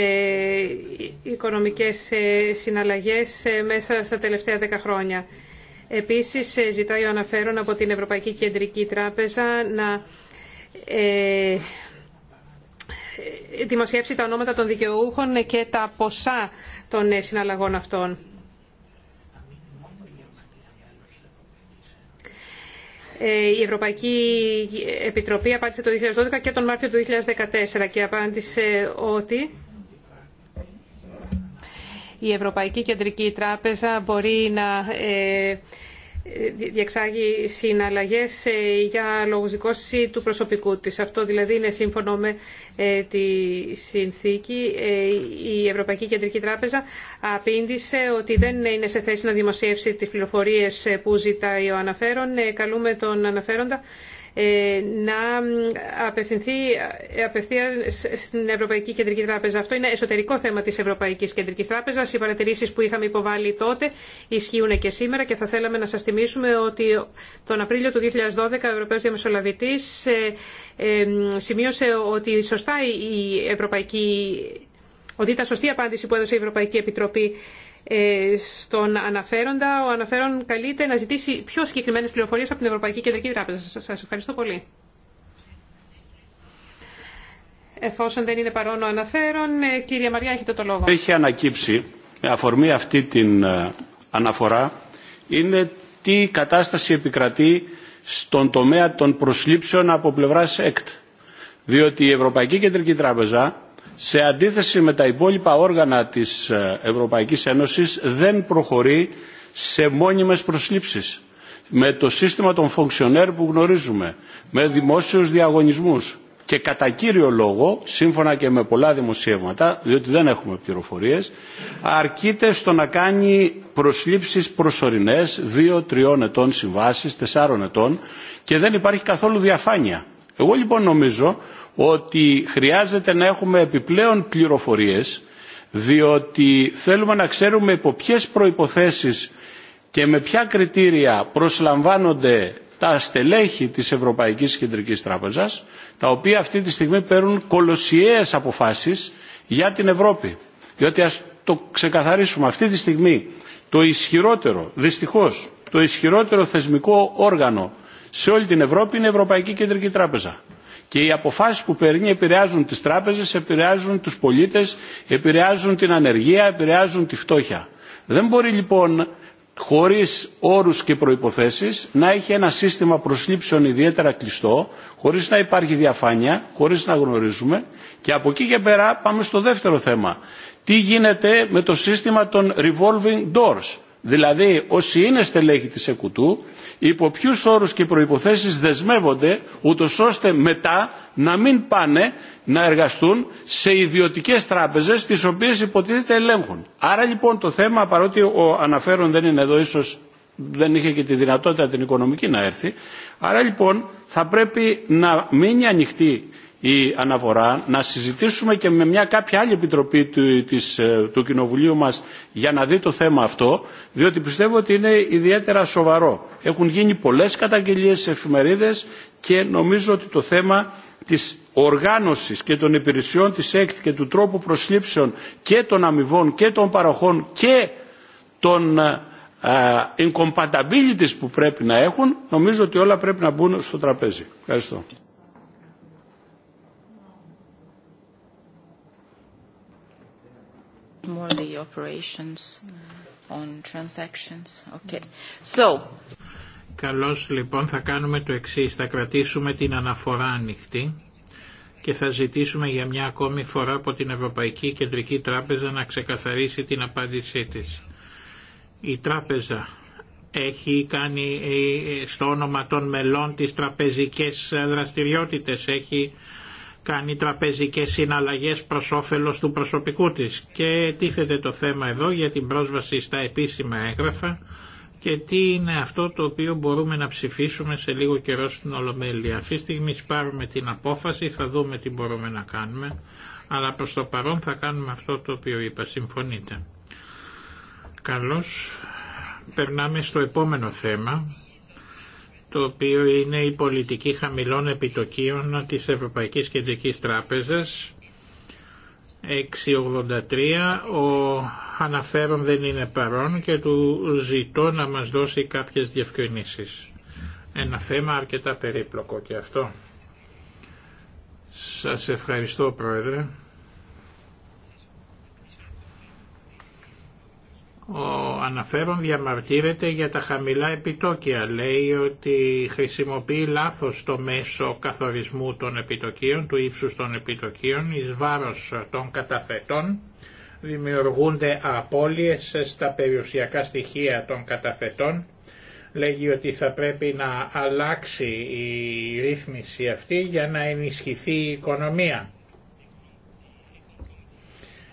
B: οικονομικές συναλλαγές μέσα στα τελευταία δέκα χρόνια. Επίσης, ζητάει ο αναφέρον από την Ευρωπαϊκή Κεντρική Τράπεζα να δημοσιεύσει τα ονόματα των δικαιούχων και τα ποσά των συναλλαγών αυτών. Ε, η Ευρωπαϊκή Επιτροπή απάντησε το 2012 και τον Μάρτιο του 2014 και απάντησε ότι η Ευρωπαϊκή Κεντρική Τράπεζα μπορεί να ε, διεξάγει συναλλαγέ ε, για λόγου του προσωπικού της. Αυτό δηλαδή είναι σύμφωνο με ε, τη συνθήκη. Ε, η Ευρωπαϊκή Κεντρική Τράπεζα απήντησε ότι δεν είναι σε θέση να δημοσιεύσει τις πληροφορίε που ζητάει ο αναφέρον. Καλούμε τον αναφέροντα ε, να απευθυνθεί ε, απευθεία στην Ευρωπαϊκή Κεντρική Τράπεζα. Αυτό είναι εσωτερικό θέμα της Ευρωπαϊκής Κεντρικής Τράπεζας. Οι παρατηρήσεις που είχαμε υποβάλει τότε ισχύουν και σήμερα και θα θέλαμε να σας θυμίσουμε ότι τον Απρίλιο του 2012 ο Ευρωπαίο Διαμεσολαβητής ε, σημείωσε ότι σωστά η Ευρωπαϊκή ότι ήταν σωστή απάντηση που έδωσε η Ευρωπαϊκή Επιτροπή ε, στον αναφέροντα, ο αναφέρον καλείται να ζητήσει πιο συγκεκριμένε πληροφορίε από την Ευρωπαϊκή Κεντρική Τράπεζα. Σας ευχαριστώ πολύ. Εφόσον δεν είναι παρόν ο αναφέρον, κύριε Μαριά, έχετε το λόγο.
D: Έχει ανακύψει, με αφορμή αυτή την ε, αναφορά, είναι τι κατάσταση επικρατεί στον τομέα των προσλήψεων από πλευράς ΕΚΤ. Διότι η Ευρωπαϊκή Κεντρική Τράπεζα σε αντίθεση με τα υπόλοιπα όργανα της ε, Ευρωπαϊκής Ένωσης δεν προχωρεί σε μόνιμες προσλήψεις με το σύστημα των φωνξιονέρ που γνωρίζουμε, με δημόσιους διαγωνισμούς και κατά κύριο λόγο, σύμφωνα και με πολλά δημοσίευματα, διότι δεν έχουμε πληροφορίες, αρκείται στο να κάνει προσλήψεις προσωρινές, δύο-τριών ετών συμβάσεις, τεσσάρων ετών και δεν υπάρχει καθόλου διαφάνεια. Εγώ λοιπόν νομίζω ότι χρειάζεται να έχουμε επιπλέον πληροφορίες διότι θέλουμε να ξέρουμε υπό ποιες προϋποθέσεις και με ποια κριτήρια προσλαμβάνονται τα στελέχη της Ευρωπαϊκής Κεντρικής Τράπεζας τα οποία αυτή τη στιγμή παίρνουν κολοσιαίες αποφάσεις για την Ευρώπη. Διότι ας το ξεκαθαρίσουμε αυτή τη στιγμή το ισχυρότερο, δυστυχώς, το ισχυρότερο θεσμικό όργανο σε όλη την Ευρώπη είναι η Ευρωπαϊκή Κεντρική Τράπεζα και οι αποφάσεις που παίρνει επηρεάζουν τις τράπεζες, επηρεάζουν τους πολίτες, επηρεάζουν την ανεργία, επηρεάζουν τη φτώχεια. Δεν μπορεί λοιπόν χωρίς όρους και προϋποθέσεις να έχει ένα σύστημα προσλήψεων ιδιαίτερα κλειστό, χωρίς να υπάρχει διαφάνεια, χωρίς να γνωρίζουμε και από εκεί και πέρα πάμε στο δεύτερο θέμα. Τι γίνεται με το σύστημα των revolving doors Δηλαδή όσοι είναι στελέχη της ΕΚΟΥΤΟΥ υπό ποιου όρους και προϋποθέσεις δεσμεύονται ούτω ώστε μετά να μην πάνε να εργαστούν σε ιδιωτικές τράπεζες τις οποίες υποτίθεται ελέγχουν. Άρα λοιπόν το θέμα παρότι ο αναφέρον δεν είναι εδώ ίσως δεν είχε και τη δυνατότητα την οικονομική να έρθει. Άρα λοιπόν θα πρέπει να μείνει ανοιχτή η αναφορά, να συζητήσουμε και με μια κάποια άλλη επιτροπή του, ε, του Κοινοβουλίου μας για να δει το θέμα αυτό, διότι πιστεύω ότι είναι ιδιαίτερα σοβαρό. Έχουν γίνει πολλές καταγγελίες σε εφημερίδες και νομίζω ότι το θέμα της οργάνωσης και των υπηρεσιών της ΕΚΤ και του τρόπου προσλήψεων και των αμοιβών και των παροχών και των ε, ε, incompatibilities που πρέπει να έχουν, νομίζω ότι όλα πρέπει να μπουν στο τραπέζι. Ευχαριστώ.
A: more operations mm. on transactions. Okay.
C: Mm. So. Καλώς λοιπόν θα κάνουμε το εξής, θα κρατήσουμε την αναφορά ανοιχτή και θα ζητήσουμε για μια ακόμη φορά από την Ευρωπαϊκή Κεντρική Τράπεζα να ξεκαθαρίσει την απάντησή της. Η τράπεζα έχει κάνει ε, ε, στο όνομα των μελών της τραπεζικές δραστηριότητες, έχει κάνει τραπεζικές συναλλαγές προς όφελος του προσωπικού της και τίθεται το θέμα εδώ για την πρόσβαση στα επίσημα έγγραφα και τι είναι αυτό το οποίο μπορούμε να ψηφίσουμε σε λίγο καιρό στην Ολομέλεια. Αυτή τη στιγμή πάρουμε την απόφαση, θα δούμε τι μπορούμε να κάνουμε, αλλά προς το παρόν θα κάνουμε αυτό το οποίο είπα. Συμφωνείτε. Καλώς. Περνάμε στο επόμενο θέμα το οποίο είναι η πολιτική χαμηλών επιτοκίων της Ευρωπαϊκής Κεντρικής Τράπεζας 683 ο αναφέρον δεν είναι παρόν και του ζητώ να μας δώσει κάποιες διευκρινήσεις ένα θέμα αρκετά περίπλοκο και αυτό σας ευχαριστώ Πρόεδρε Ο αναφέρον διαμαρτύρεται για τα χαμηλά επιτόκια. Λέει ότι χρησιμοποιεί λάθος το μέσο καθορισμού των επιτοκίων, του ύψους των επιτοκίων, εις βάρος των καταθετών. Δημιουργούνται απώλειες στα περιουσιακά στοιχεία των καταθετών. Λέγει ότι θα πρέπει να αλλάξει η ρύθμιση αυτή για να ενισχυθεί η οικονομία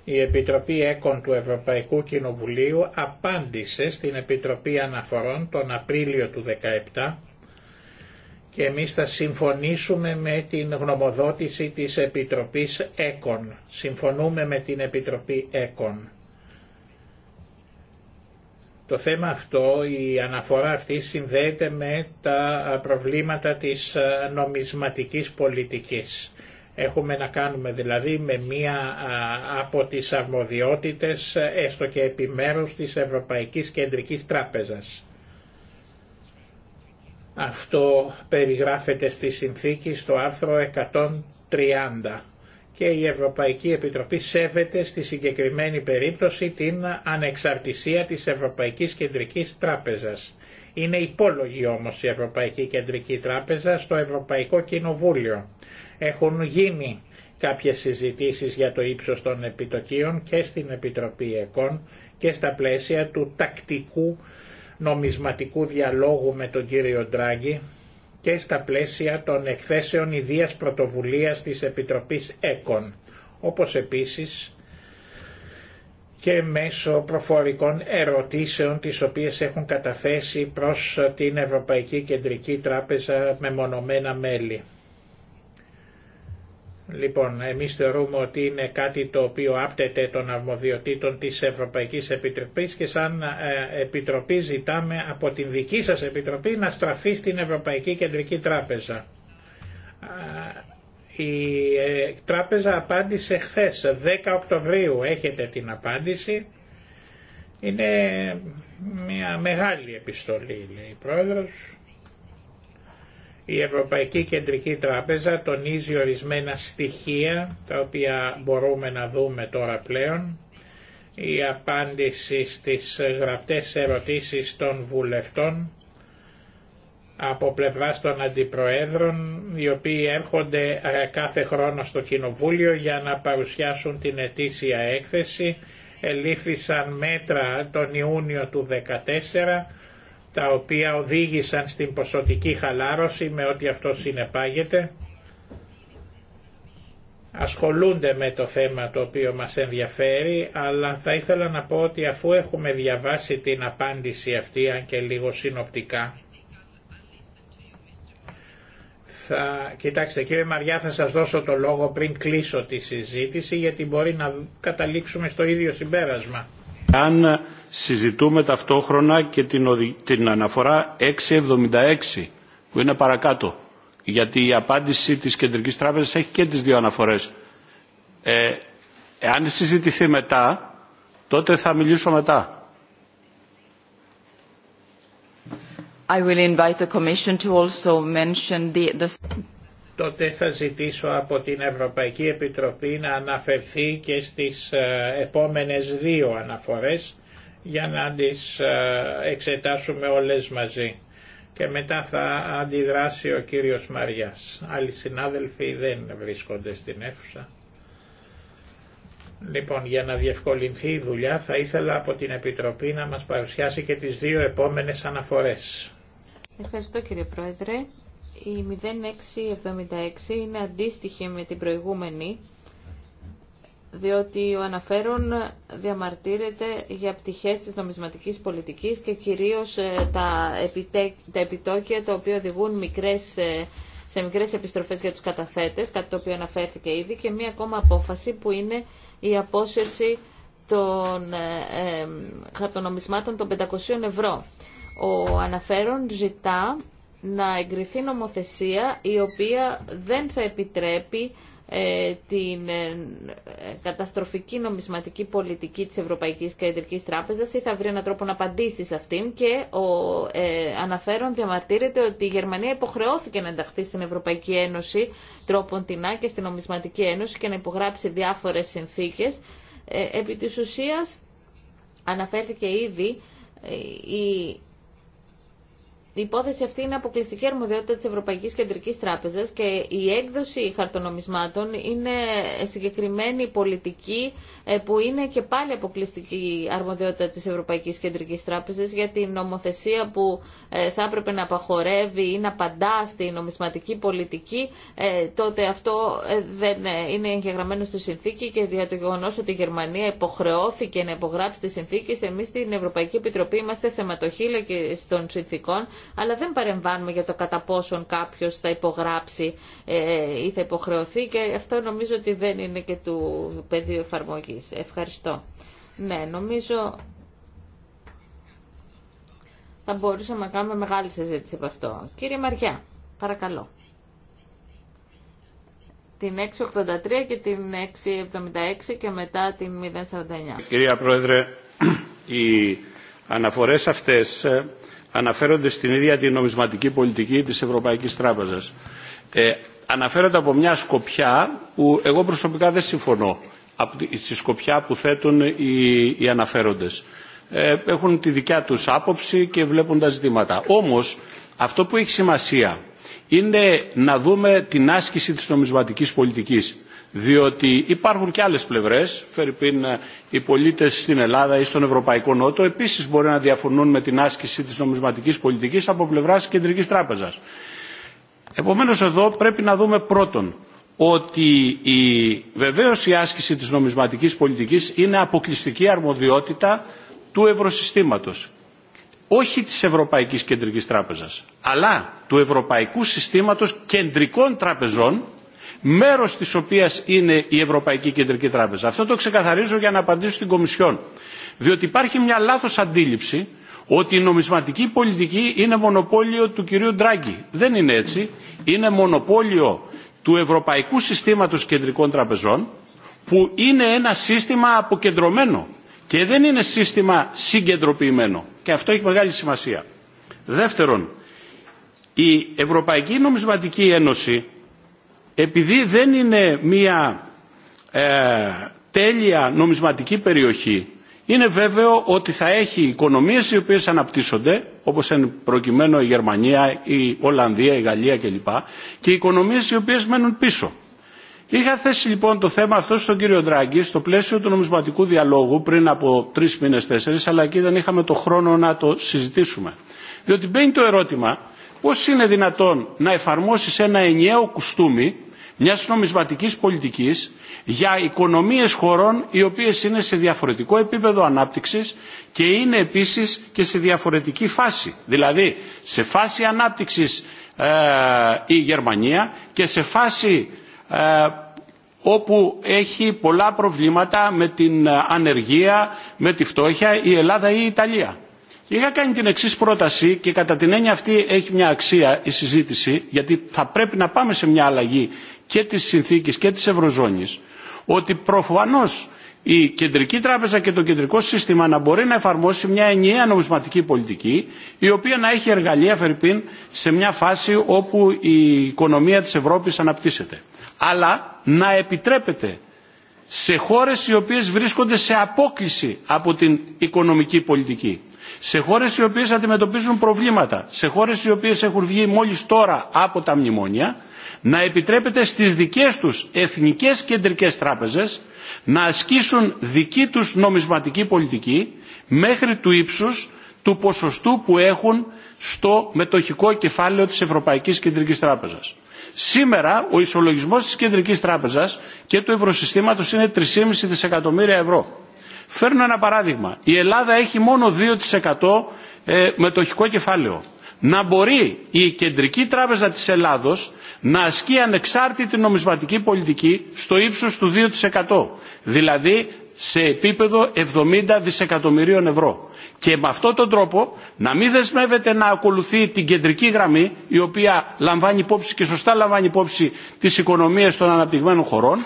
C: η Επιτροπή ΕΚΟΝ του Ευρωπαϊκού Κοινοβουλίου απάντησε στην Επιτροπή Αναφορών τον Απρίλιο του 2017 και εμείς θα συμφωνήσουμε με την γνωμοδότηση της Επιτροπής ΕΚΟΝ. Συμφωνούμε με την Επιτροπή ΕΚΟΝ. Το θέμα αυτό, η αναφορά αυτή συνδέεται με τα προβλήματα της νομισματικής πολιτικής. Έχουμε να κάνουμε δηλαδή με μία από τις αρμοδιότητες έστω και επιμέρους της Ευρωπαϊκής Κεντρικής Τράπεζας. Αυτό περιγράφεται στη συνθήκη στο άρθρο 130 και η Ευρωπαϊκή Επιτροπή σέβεται στη συγκεκριμένη περίπτωση την ανεξαρτησία της Ευρωπαϊκής Κεντρικής Τράπεζας. Είναι υπόλογη όμως η Ευρωπαϊκή Κεντρική Τράπεζα στο Ευρωπαϊκό Κοινοβούλιο έχουν γίνει κάποιες συζητήσεις για το ύψος των επιτοκίων και στην Επιτροπή ΕΚΟΝ και στα πλαίσια του τακτικού νομισματικού διαλόγου με τον κύριο Ντράγκη και στα πλαίσια των εκθέσεων ιδίας πρωτοβουλίας της Επιτροπής ΕΚΟΝ, όπως επίσης και μέσω προφορικών ερωτήσεων τις οποίες έχουν καταθέσει προς την Ευρωπαϊκή Κεντρική Τράπεζα με μονομένα μέλη. Λοιπόν, εμείς θεωρούμε ότι είναι κάτι το οποίο άπτεται των αρμοδιοτήτων της Ευρωπαϊκής Επιτροπής και σαν ε, Επιτροπή ζητάμε από την δική σας Επιτροπή να στραφεί στην Ευρωπαϊκή Κεντρική Τράπεζα. Ε, η ε, τράπεζα απάντησε χθες, 10 Οκτωβρίου έχετε την απάντηση. Είναι μια μεγάλη επιστολή, λέει η Πρόεδρος η Ευρωπαϊκή Κεντρική Τράπεζα τονίζει ορισμένα στοιχεία τα οποία μπορούμε να δούμε τώρα πλέον. Η απάντηση στις γραπτές ερωτήσεις των βουλευτών από πλευράς των αντιπροέδρων οι οποίοι έρχονται ε, κάθε χρόνο στο Κοινοβούλιο για να παρουσιάσουν την ετήσια έκθεση ελήφθησαν μέτρα τον Ιούνιο του 2014 τα οποία οδήγησαν στην ποσοτική χαλάρωση με ό,τι αυτό συνεπάγεται ασχολούνται με το θέμα το οποίο μας ενδιαφέρει αλλά θα ήθελα να πω ότι αφού έχουμε διαβάσει την απάντηση αυτή αν και λίγο συνοπτικά θα... Κοιτάξτε κύριε Μαριά θα σας δώσω το λόγο πριν κλείσω τη συζήτηση γιατί μπορεί να καταλήξουμε στο ίδιο συμπέρασμα.
D: Αν συζητούμε ταυτόχρονα και την, αναφορά 676 που είναι παρακάτω γιατί η απάντηση της Κεντρικής Τράπεζας έχει και τις δύο αναφορές. Ε, εάν συζητηθεί μετά, τότε θα μιλήσω μετά.
A: I
C: τότε θα ζητήσω από την Ευρωπαϊκή Επιτροπή να αναφερθεί και στις ε, επόμενες δύο αναφορές για να τις ε, εξετάσουμε όλες μαζί. Και μετά θα αντιδράσει ο κύριος Μαριάς. Άλλοι συνάδελφοι δεν βρίσκονται στην αίθουσα. Λοιπόν, για να διευκολυνθεί η δουλειά θα ήθελα από την Επιτροπή να μας παρουσιάσει και τις δύο επόμενες αναφορές.
A: Ευχαριστώ κύριε Πρόεδρε. Η 0676 είναι αντίστοιχη με την προηγούμενη, διότι ο αναφέρον διαμαρτύρεται για πτυχές της νομισματικής πολιτικής και κυρίως ε, τα, επιτόκια τα οποία οδηγούν μικρές ε, σε μικρές επιστροφές για τους καταθέτες, κάτι το οποίο αναφέρθηκε ήδη, και μία ακόμα απόφαση που είναι η απόσυρση των ε, χαρτονομισμάτων των 500 ευρώ. Ο αναφέρον ζητά να εγκριθεί νομοθεσία η οποία δεν θα επιτρέπει ε, την ε, καταστροφική νομισματική πολιτική της Ευρωπαϊκής Κεντρικής Τράπεζας ή θα βρει έναν τρόπο να απαντήσει σε αυτήν και ο ε, αναφέρον διαμαρτύρεται ότι η Γερμανία υποχρεώθηκε να ενταχθεί στην Ευρωπαϊκή Ένωση τρόπον την Α και στην Νομισματική Ένωση και να υπογράψει διάφορες συνθήκες. Ε, επί της ουσίας αναφέρθηκε ήδη ε, η η υπόθεση αυτή είναι αποκλειστική αρμοδιότητα τη Ευρωπαϊκή Κεντρική Τράπεζα και η έκδοση χαρτονομισμάτων είναι συγκεκριμένη πολιτική ε, που είναι και πάλι αποκλειστική αρμοδιότητα τη Ευρωπαϊκή Κεντρική Τράπεζα, για την νομοθεσία που ε, θα έπρεπε να απαγορεύει ή να απαντά στη νομισματική πολιτική ε, τότε αυτό δεν είναι εγγεγραμμένο στη συνθήκη και για το γεγονό ότι η Γερμανία υποχρεώθηκε να υπογράψει τη συνθήκη. εμει στην Ευρωπαϊκή Επιτροπή είμαστε θεματοχύλακες των συνθήκων αλλά δεν παρεμβάνουμε για το κατά πόσον κάποιος θα υπογράψει ε, ε, ή θα υποχρεωθεί και αυτό νομίζω ότι δεν είναι και του πεδίου εφαρμογή. Ευχαριστώ. Ναι, νομίζω θα μπορούσαμε να κάνουμε μεγάλη συζήτηση από αυτό. Κύριε Μαριά, παρακαλώ. Την 683 και την 676 και μετά την 049.
D: Κυρία Πρόεδρε, οι αναφορές αυτές ε, αναφέρονται στην ίδια την νομισματική πολιτική της Ευρωπαϊκής Τράπεζας. Ε, αναφέρονται από μια σκοπιά που εγώ προσωπικά δεν συμφωνώ από τη, στη σκοπιά που θέτουν οι, οι αναφέροντες. Ε, έχουν τη δικιά τους άποψη και βλέπουν τα ζητήματα. Όμως αυτό που έχει σημασία είναι να δούμε την άσκηση της νομισματικής πολιτικής διότι υπάρχουν και άλλες πλευρές, φερειπίν ε, οι πολίτες στην Ελλάδα ή στον Ευρωπαϊκό Νότο επίσης μπορεί να διαφωνούν με την άσκηση της νομισματικής πολιτικής από πλευράς Κεντρικής Τράπεζας. Επομένως εδώ πρέπει να δούμε πρώτον ότι η, βεβαίως η άσκηση της νομισματικής πολιτικής είναι αποκλειστική αρμοδιότητα του ευρωσυστήματος όχι της Ευρωπαϊκής Κεντρικής Τράπεζας αλλά του Ευρωπαϊκού Συστήματος Κεντρικών Τραπεζών μέρος της οποίας είναι η Ευρωπαϊκή Κεντρική Τράπεζα. Αυτό το ξεκαθαρίζω για να απαντήσω στην Κομισιόν. Διότι υπάρχει μια λάθος αντίληψη ότι η νομισματική πολιτική είναι μονοπόλιο του κυρίου Ντράγκη. Δεν είναι έτσι. Είναι μονοπόλιο του Ευρωπαϊκού Συστήματος Κεντρικών Τραπεζών που είναι ένα σύστημα αποκεντρωμένο και δεν είναι σύστημα συγκεντροποιημένο. Και αυτό έχει μεγάλη σημασία. Δεύτερον, η Ευρωπαϊκή Νομισματική Ένωση επειδή δεν είναι μια ε, τέλεια νομισματική περιοχή, είναι βέβαιο ότι θα έχει οικονομίες οι οποίες αναπτύσσονται, όπως εν προκειμένου η Γερμανία, η Ολλανδία, η Γαλλία κλπ. και οικονομίες οι οποίες μένουν πίσω. Είχα θέσει λοιπόν το θέμα αυτό στον κύριο Ντράγκη στο πλαίσιο του νομισματικού διαλόγου πριν από τρει μήνε, τέσσερι, αλλά εκεί δεν είχαμε το χρόνο να το συζητήσουμε. Διότι μπαίνει το ερώτημα πώς είναι δυνατόν να εφαρμόσεις ένα ενιαίο κουστούμι μια νομισματικής πολιτικής για οικονομίες χωρών οι οποίες είναι σε διαφορετικό επίπεδο ανάπτυξης και είναι επίσης και σε διαφορετική φάση. Δηλαδή σε φάση ανάπτυξης ε, η Γερμανία και σε φάση ε, όπου έχει πολλά προβλήματα με την ε, ανεργία, με τη φτώχεια η Ελλάδα ή η Ιταλία είχα κάνει την εξή πρόταση και κατά την έννοια αυτή έχει μια αξία η συζήτηση, γιατί θα πρέπει να πάμε σε μια αλλαγή και τη συνθήκη και τη Ευρωζώνη, ότι προφανώ η Κεντρική Τράπεζα και το Κεντρικό Σύστημα να μπορεί να εφαρμόσει μια ενιαία νομισματική πολιτική, η οποία να έχει εργαλεία, φερπίν σε μια φάση όπου η οικονομία της Ευρώπης αναπτύσσεται. Αλλά να επιτρέπεται σε χώρες οι οποίες βρίσκονται σε απόκληση από την οικονομική πολιτική σε χώρες οι οποίες αντιμετωπίζουν προβλήματα, σε χώρες οι οποίες έχουν βγει μόλις τώρα από τα μνημόνια, να επιτρέπεται στις δικές τους εθνικές κεντρικές τράπεζες να ασκήσουν δική τους νομισματική πολιτική μέχρι του ύψους του ποσοστού που έχουν στο μετοχικό κεφάλαιο της Ευρωπαϊκής Κεντρικής Τράπεζας. Σήμερα ο ισολογισμός της Κεντρικής Τράπεζας και του Ευρωσυστήματος είναι 3,5 δισεκατομμύρια ευρώ. Φέρνω ένα παράδειγμα. Η Ελλάδα έχει μόνο 2% ε, μετοχικό κεφάλαιο. Να μπορεί η Κεντρική Τράπεζα της Ελλάδος να ασκεί ανεξάρτητη νομισματική πολιτική στο ύψος του 2%. Δηλαδή σε επίπεδο 70 δισεκατομμυρίων ευρώ. Και με αυτόν τον τρόπο να μην δεσμεύεται να ακολουθεί την κεντρική γραμμή η οποία λαμβάνει υπόψη και σωστά λαμβάνει υπόψη τις οικονομίες των αναπτυγμένων χωρών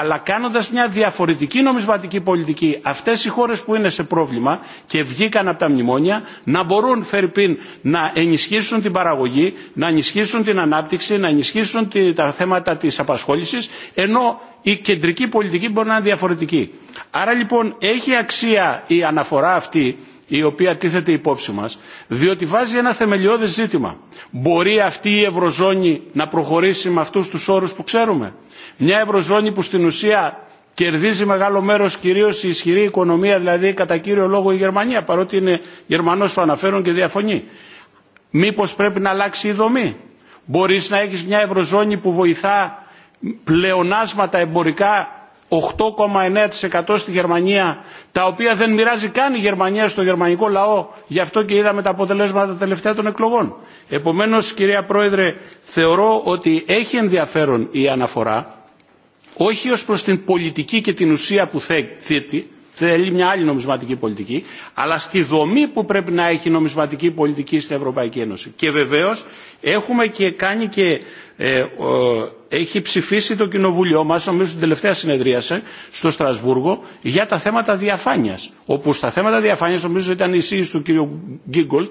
D: αλλά κάνοντας μια διαφορετική νομισματική πολιτική αυτές οι χώρες που είναι σε πρόβλημα και βγήκαν από τα μνημόνια να μπορούν φερπίν να ενισχύσουν την παραγωγή, να ενισχύσουν την ανάπτυξη, να ενισχύσουν τα θέματα της απασχόλησης ενώ η κεντρική πολιτική μπορεί να είναι διαφορετική. Άρα λοιπόν έχει αξία η αναφορά αυτή η οποία τίθεται υπόψη μας, διότι βάζει ένα θεμελιώδες ζήτημα. Μπορεί αυτή η Ευρωζώνη να προχωρήσει με αυτούς τους όρους που ξέρουμε. Μια Ευρωζώνη που στην ουσία κερδίζει μεγάλο μέρος κυρίως η ισχυρή οικονομία, δηλαδή κατά κύριο λόγο η Γερμανία, παρότι είναι Γερμανός ο αναφέρον και διαφωνεί. Μήπως πρέπει να αλλάξει η δομή. Μπορείς να έχεις μια Ευρωζώνη που βοηθά πλεονάσματα εμπορικά 8,9% στη Γερμανία, τα οποία δεν μοιράζει καν η Γερμανία στο γερμανικό λαό. Γι' αυτό και είδαμε τα αποτελέσματα τα τελευταία των εκλογών. Επομένως, κυρία Πρόεδρε, θεωρώ ότι έχει ενδιαφέρον η αναφορά, όχι ως προς την πολιτική και την ουσία που θέτει, θέλει μια άλλη νομισματική πολιτική, αλλά στη δομή που πρέπει να έχει η νομισματική πολιτική στην Ευρωπαϊκή Ένωση. Και βεβαίως έχουμε και κάνει και ε, έχει ψηφίσει το κοινοβούλιο μας, νομίζω την τελευταία συνεδρίασε στο Στρασβούργο, για τα θέματα διαφάνειας. Όπου στα θέματα διαφάνειας, νομίζω ήταν η εισήγηση του κ. Γκίγκολτ,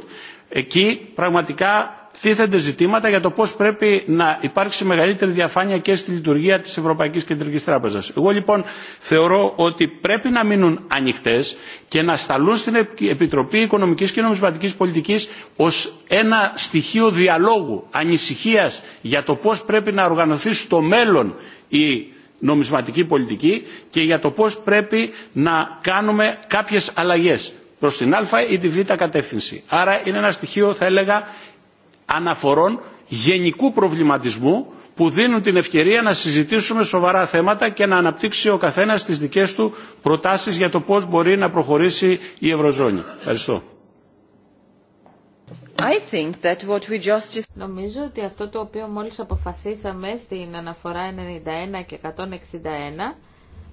D: εκεί πραγματικά τίθενται ζητήματα για το πώ πρέπει να υπάρξει μεγαλύτερη διαφάνεια και στη λειτουργία τη Ευρωπαϊκή Κεντρική Τράπεζα. Εγώ λοιπόν θεωρώ ότι πρέπει να μείνουν ανοιχτέ και να σταλούν στην Επιτροπή οικονομική και νομισματική πολιτική ω ένα στοιχείο διαλόγου, ανησυχία για το πώ πρέπει να οργανωθεί στο μέλλον η νομισματική πολιτική και για το πώ πρέπει να κάνουμε κάποιε αλλαγές προς την α ή τη β κατεύθυνση. Άρα είναι ένα στοιχείο, θα έλεγα, αναφορών γενικού προβληματισμού που δίνουν την ευκαιρία να συζητήσουμε σοβαρά θέματα και να αναπτύξει ο καθένας τις δικές του προτάσεις για το πώς μπορεί να προχωρήσει η Ευρωζώνη. Ευχαριστώ.
A: I think that what we just... Νομίζω ότι αυτό το οποίο μόλις αποφασίσαμε στην αναφορά 91 και 161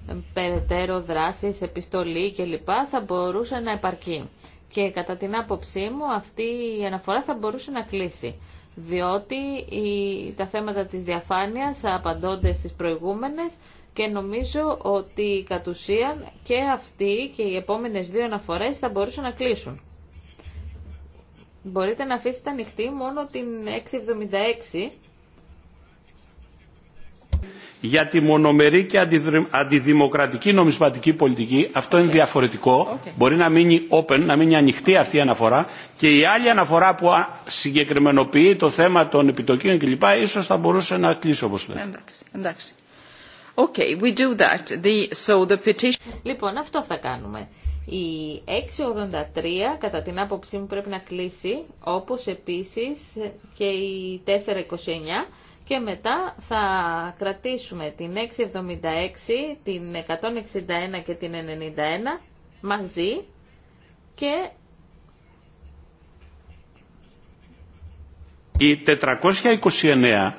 A: ε, περαιτέρω δράσεις, επιστολή κλπ. θα μπορούσε να επαρκεί. Και κατά την άποψή μου αυτή η αναφορά θα μπορούσε να κλείσει διότι η, τα θέματα της διαφάνειας απαντώνται στις προηγούμενες και νομίζω ότι κατ' ουσίαν και αυτή και οι επόμενες δύο αναφορές θα μπορούσαν να κλείσουν. Μπορείτε να αφήσετε ανοιχτή μόνο την 676
D: για τη μονομερή και αντιδημοκρατική νομισματική πολιτική. Αυτό είναι διαφορετικό. Μπορεί να μείνει open, να μείνει ανοιχτή αυτή η αναφορά. Και η άλλη αναφορά που συγκεκριμενοποιεί το θέμα των επιτοκίων κλπ. ίσως θα μπορούσε να κλείσει όπως λέτε.
A: Εντάξει, εντάξει. Okay, we do that. The, so the petition... Λοιπόν, αυτό θα κάνουμε. Η 683 κατά την άποψή μου πρέπει να κλείσει, όπως επίσης και η 429 και μετά θα κρατήσουμε την 676, την 161 και την 91 μαζί και
D: Η 429,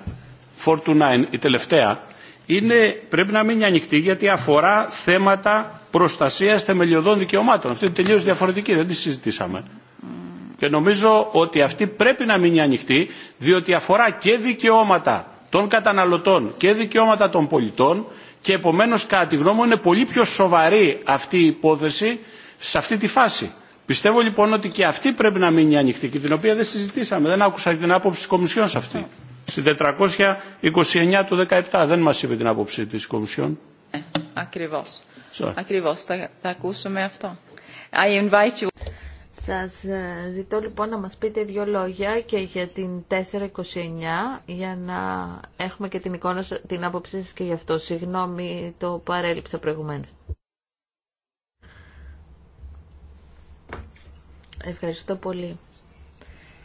D: 9, η τελευταία, είναι, πρέπει να μείνει ανοιχτή γιατί αφορά θέματα προστασίας θεμελιωδών δικαιωμάτων. Αυτή είναι τελείως διαφορετική, δεν τη συζητήσαμε. Και νομίζω ότι αυτή πρέπει να μείνει ανοιχτή, διότι αφορά και δικαιώματα των καταναλωτών και δικαιώματα των πολιτών και επομένως κατά τη γνώμη μου είναι πολύ πιο σοβαρή αυτή η υπόθεση σε αυτή τη φάση. Πιστεύω λοιπόν ότι και αυτή πρέπει να μείνει ανοιχτή και την οποία δεν συζητήσαμε. Δεν άκουσα την άποψη της Κομισιόν σε αυτή. Στην 429 του 17 δεν μας είπε την άποψη της Κομισιόν. Ε,
A: ακριβώς. Ακριβώς. Θα, θα ακούσουμε αυτό. I invite you. Σας ε, ζητώ λοιπόν να μας πείτε δύο λόγια και για την 429 για να έχουμε και την εικόνα, την άποψή σας και γι' αυτό. Συγγνώμη, το παρέλειψα προηγουμένως. Ευχαριστώ πολύ.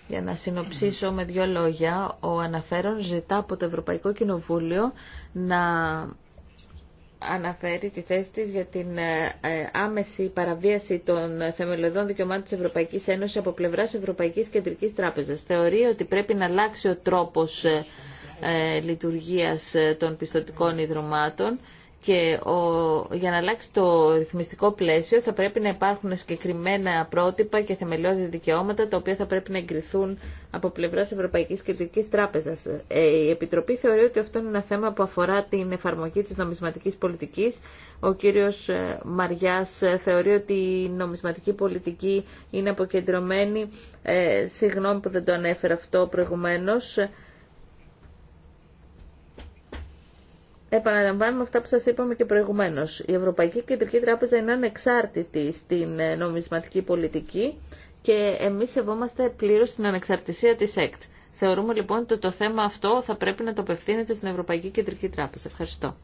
A: Για να συνοψίσω με δύο λόγια, ο αναφέρον ζητά από το Ευρωπαϊκό Κοινοβούλιο να αναφέρει τη θέση της για την ε, ε, άμεση παραβίαση των θεμελιωδών δικαιωμάτων της Ευρωπαϊκής Ένωσης από πλευράς Ευρωπαϊκής Κεντρικής Τράπεζας. Θεωρεί ότι πρέπει να αλλάξει ο τρόπος ε, λειτουργίας των πιστοτικών ιδρυμάτων και ο, για να αλλάξει το ρυθμιστικό πλαίσιο θα πρέπει να υπάρχουν συγκεκριμένα πρότυπα και θεμελιώδη δικαιώματα τα οποία θα πρέπει να εγκριθούν από πλευρά Ευρωπαϊκή Κεντρική Τράπεζα. Ε, η Επιτροπή θεωρεί ότι αυτό είναι ένα θέμα που αφορά την εφαρμογή τη νομισματική πολιτική. Ο κύριο ε, Μαριά ε, θεωρεί ότι η νομισματική πολιτική είναι αποκεντρωμένη. συγγνώμη που δεν το ανέφερα αυτό προηγουμένω. Επαναλαμβάνουμε αυτά που σας είπαμε και προηγουμένως. Η Ευρωπαϊκή Κεντρική Τράπεζα είναι ανεξάρτητη στην ε, νομισματική πολιτική και εμείς σεβόμαστε πλήρως την ανεξαρτησία της ΕΚΤ. Θεωρούμε λοιπόν ότι το θέμα αυτό θα πρέπει να το απευθύνεται στην Ευρωπαϊκή Κεντρική Τράπεζα. Ευχαριστώ.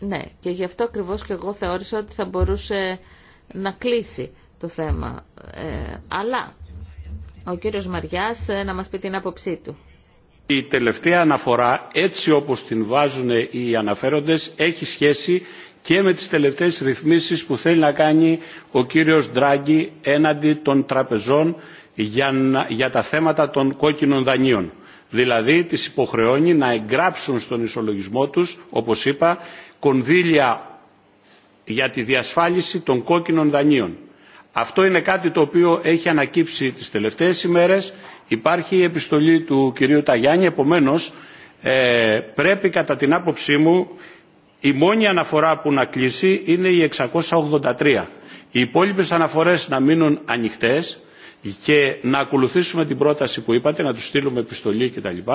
A: Ναι, και γι' αυτό ακριβώς και εγώ θεώρησα ότι θα μπορούσε να κλείσει το θέμα. Ε, αλλά ο κύριος Μαριάς ε, να μας πει την άποψή του.
D: Η τελευταία αναφορά, έτσι όπως την βάζουν οι αναφέροντες, έχει σχέση και με τις τελευταίες ρυθμίσεις που θέλει να κάνει ο κύριος Ντράγκη έναντι των τραπεζών για, για τα θέματα των κόκκινων δανείων. Δηλαδή τις υποχρεώνει να εγγράψουν στον ισολογισμό τους, όπως είπα, κονδύλια για τη διασφάλιση των κόκκινων δανείων. Αυτό είναι κάτι το οποίο έχει ανακύψει τις τελευταίες ημέρες Υπάρχει η επιστολή του κυρίου Ταγιάννη, επομένως ε, πρέπει κατά την άποψή μου η μόνη αναφορά που να κλείσει είναι η 683. Οι υπόλοιπε αναφορές να μείνουν ανοιχτέ και να ακολουθήσουμε την πρόταση που είπατε, να του στείλουμε επιστολή κτλ. Και,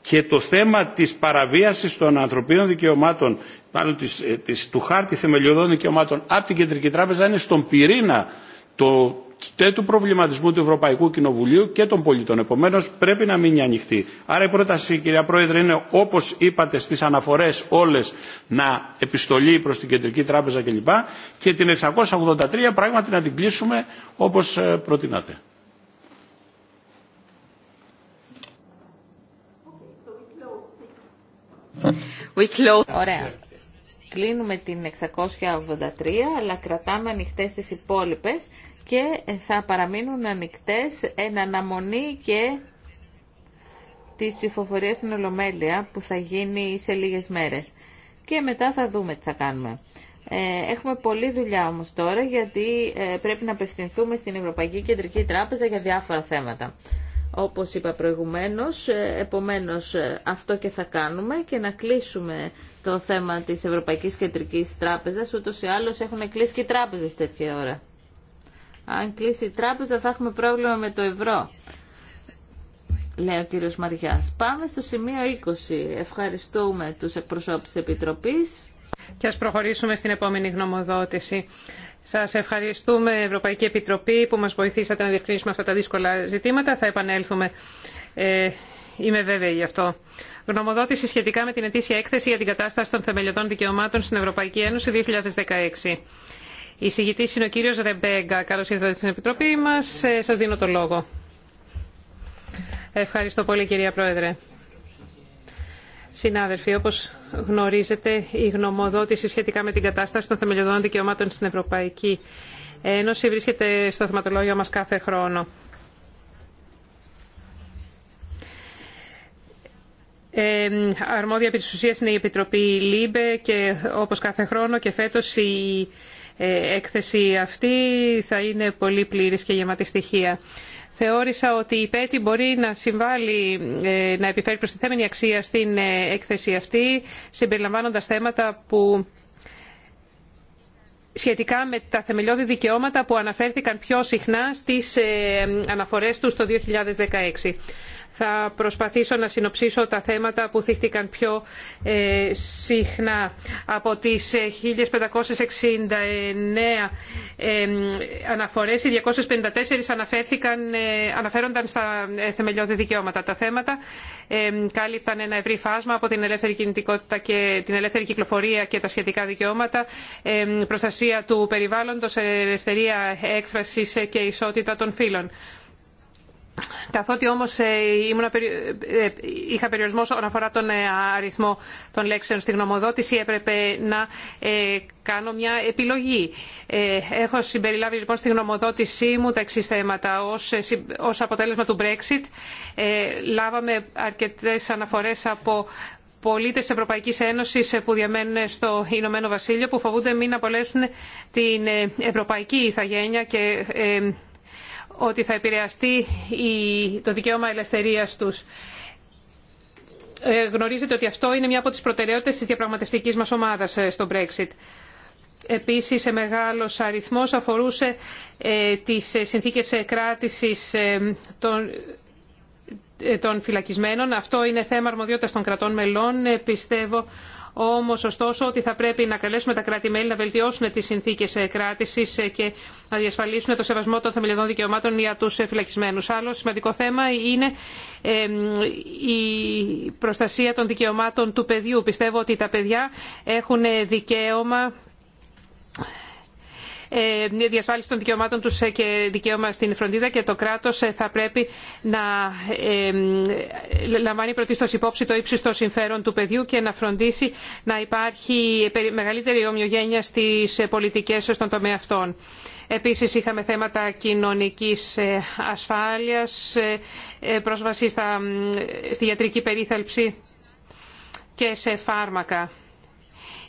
D: και το θέμα της παραβίασης των ανθρωπίνων δικαιωμάτων, μάλλον ε, της, του χάρτη θεμελιωδών δικαιωμάτων από την Κεντρική Τράπεζα είναι στον πυρήνα το, και του προβληματισμού του Ευρωπαϊκού Κοινοβουλίου και των πολιτών. Επομένω, πρέπει να μείνει ανοιχτή. Άρα, η πρόταση, κυρία Πρόεδρε, είναι όπω είπατε στι αναφορέ όλε να επιστολεί προ την Κεντρική Τράπεζα κλπ. Και, την 683 πράγματι να την κλείσουμε όπω ε, προτείνατε.
A: Ωραία. Κλείνουμε την 683, αλλά κρατάμε ανοιχτές τις υπόλοιπες και θα παραμείνουν ανοιχτές εν αναμονή και της ψηφοφορία στην Ολομέλεια που θα γίνει σε λίγες μέρες. Και μετά θα δούμε τι θα κάνουμε. Ε, έχουμε πολλή δουλειά όμως τώρα γιατί ε, πρέπει να απευθυνθούμε στην Ευρωπαϊκή Κεντρική Τράπεζα για διάφορα θέματα. Όπως είπα προηγουμένως, ε, επομένως αυτό και θα κάνουμε και να κλείσουμε το θέμα της Ευρωπαϊκής Κεντρικής Τράπεζας, ούτως ή άλλως έχουν κλείσει και οι τράπεζες τέτοια ώρα. Αν κλείσει η τράπεζα θα έχουμε πρόβλημα με το ευρώ. Λέει ο κύριος Μαριάς. Πάμε στο σημείο 20.
B: Ευχαριστούμε τους εκπροσώπους της Επιτροπής. Και ας προχωρήσουμε στην επόμενη γνωμοδότηση. Σας ευχαριστούμε Ευρωπαϊκή Επιτροπή που μας βοηθήσατε να διευκρινίσουμε αυτά τα δύσκολα ζητήματα. Θα επανέλθουμε. Ε, είμαι βέβαιη γι' αυτό. Γνωμοδότηση σχετικά με την ετήσια έκθεση για την κατάσταση των θεμελιωτών δικαιωμάτων στην Ευρωπαϊκή Ένωση 2016. Η συγητής είναι ο κύριος Ρεμπέγκα. Καλώς ήρθατε στην Επιτροπή μας. Ε, σας δίνω το λόγο. Ευχαριστώ πολύ κυρία Πρόεδρε. Συνάδελφοι, όπως γνωρίζετε, η γνωμοδότηση σχετικά με την κατάσταση των θεμελιωδών δικαιωμάτων στην Ευρωπαϊκή Ένωση βρίσκεται στο θεματολόγιο μας κάθε χρόνο. Ε, αρμόδια επί της ουσίας είναι η Επιτροπή ΛΥΜΠΕ και όπως κάθε χρόνο και φέτος η ε, έκθεση αυτή θα είναι πολύ πλήρης και γεμάτη στοιχεία. Θεώρησα ότι η ΠΕΤΗ μπορεί να συμβάλλει, ε, να επιφέρει προστιθέμενη αξία στην ε, έκθεση αυτή, συμπεριλαμβάνοντας θέματα που σχετικά με τα θεμελιώδη δικαιώματα που αναφέρθηκαν πιο συχνά στις αναφορές του το 2016. Θα προσπαθήσω να συνοψίσω τα θέματα που θύχτηκαν πιο ε, συχνά. Από τις 1569 ε, αναφορέ, αναφορές, οι 254 ε, αναφέρονταν στα θεμελιώδη δικαιώματα. Τα θέματα κάλυπταν ένα ευρύ φάσμα από την ελεύθερη κινητικότητα και την ελεύθερη κυκλοφορία και τα σχετικά δικαιώματα, προστασία του περιβάλλοντος, ελευθερία έκφρασης και ισότητα των φύλων. Καθότι όμως ε, ε, είχα περιορισμό όσον αφορά τον ε, αριθμό των λέξεων στη γνωμοδότηση, έπρεπε να κάνω μια επιλογή. Έχω συμπεριλάβει λοιπόν στη γνωμοδότησή μου τα εξή θέματα. Ως αποτέλεσμα του Brexit λάβαμε αρκετές αναφορές από πολίτες της Ευρωπαϊκής Ένωσης που διαμένουν στο Ηνωμένο Βασίλειο που φοβούνται μην απολέσουν την ευρωπαϊκή ηθαγένεια και ότι θα επηρεαστεί το δικαίωμα ελευθερίας τους. Ε, γνωρίζετε ότι αυτό είναι μια από τις προτεραιότητες της διαπραγματευτικής μας ομάδας ε, στο Brexit. Επίσης, σε μεγάλος αριθμός αφορούσε ε, τις συνθήκες κράτησης των των φυλακισμένων. Αυτό είναι θέμα αρμοδιότητας των κρατών μελών. Πιστεύω όμως ωστόσο ότι θα πρέπει να καλέσουμε τα κράτη-μέλη να βελτιώσουν τις συνθήκες ε, κράτησης ε, και να διασφαλίσουν το σεβασμό των θεμελιωδών δικαιωμάτων για τους φυλακισμένους. Άλλο σημαντικό θέμα είναι ε, η προστασία των δικαιωμάτων του παιδιού. Πιστεύω ότι τα παιδιά έχουν δικαίωμα ε, διασφάλιση των δικαιωμάτων τους ε, και δικαίωμα στην φροντίδα και το κράτος ε, θα πρέπει να λαμβάνει πρωτίστως υπόψη το ύψιστο συμφέρον του παιδιού και να φροντίσει να υπάρχει μεγαλύτερη ομοιογένεια στις πολιτικές στον τομέα αυτών. Επίσης είχαμε θέματα κοινωνικής ασφάλειας, πρόσβαση στη ιατρική περίθαλψη και σε φάρμακα.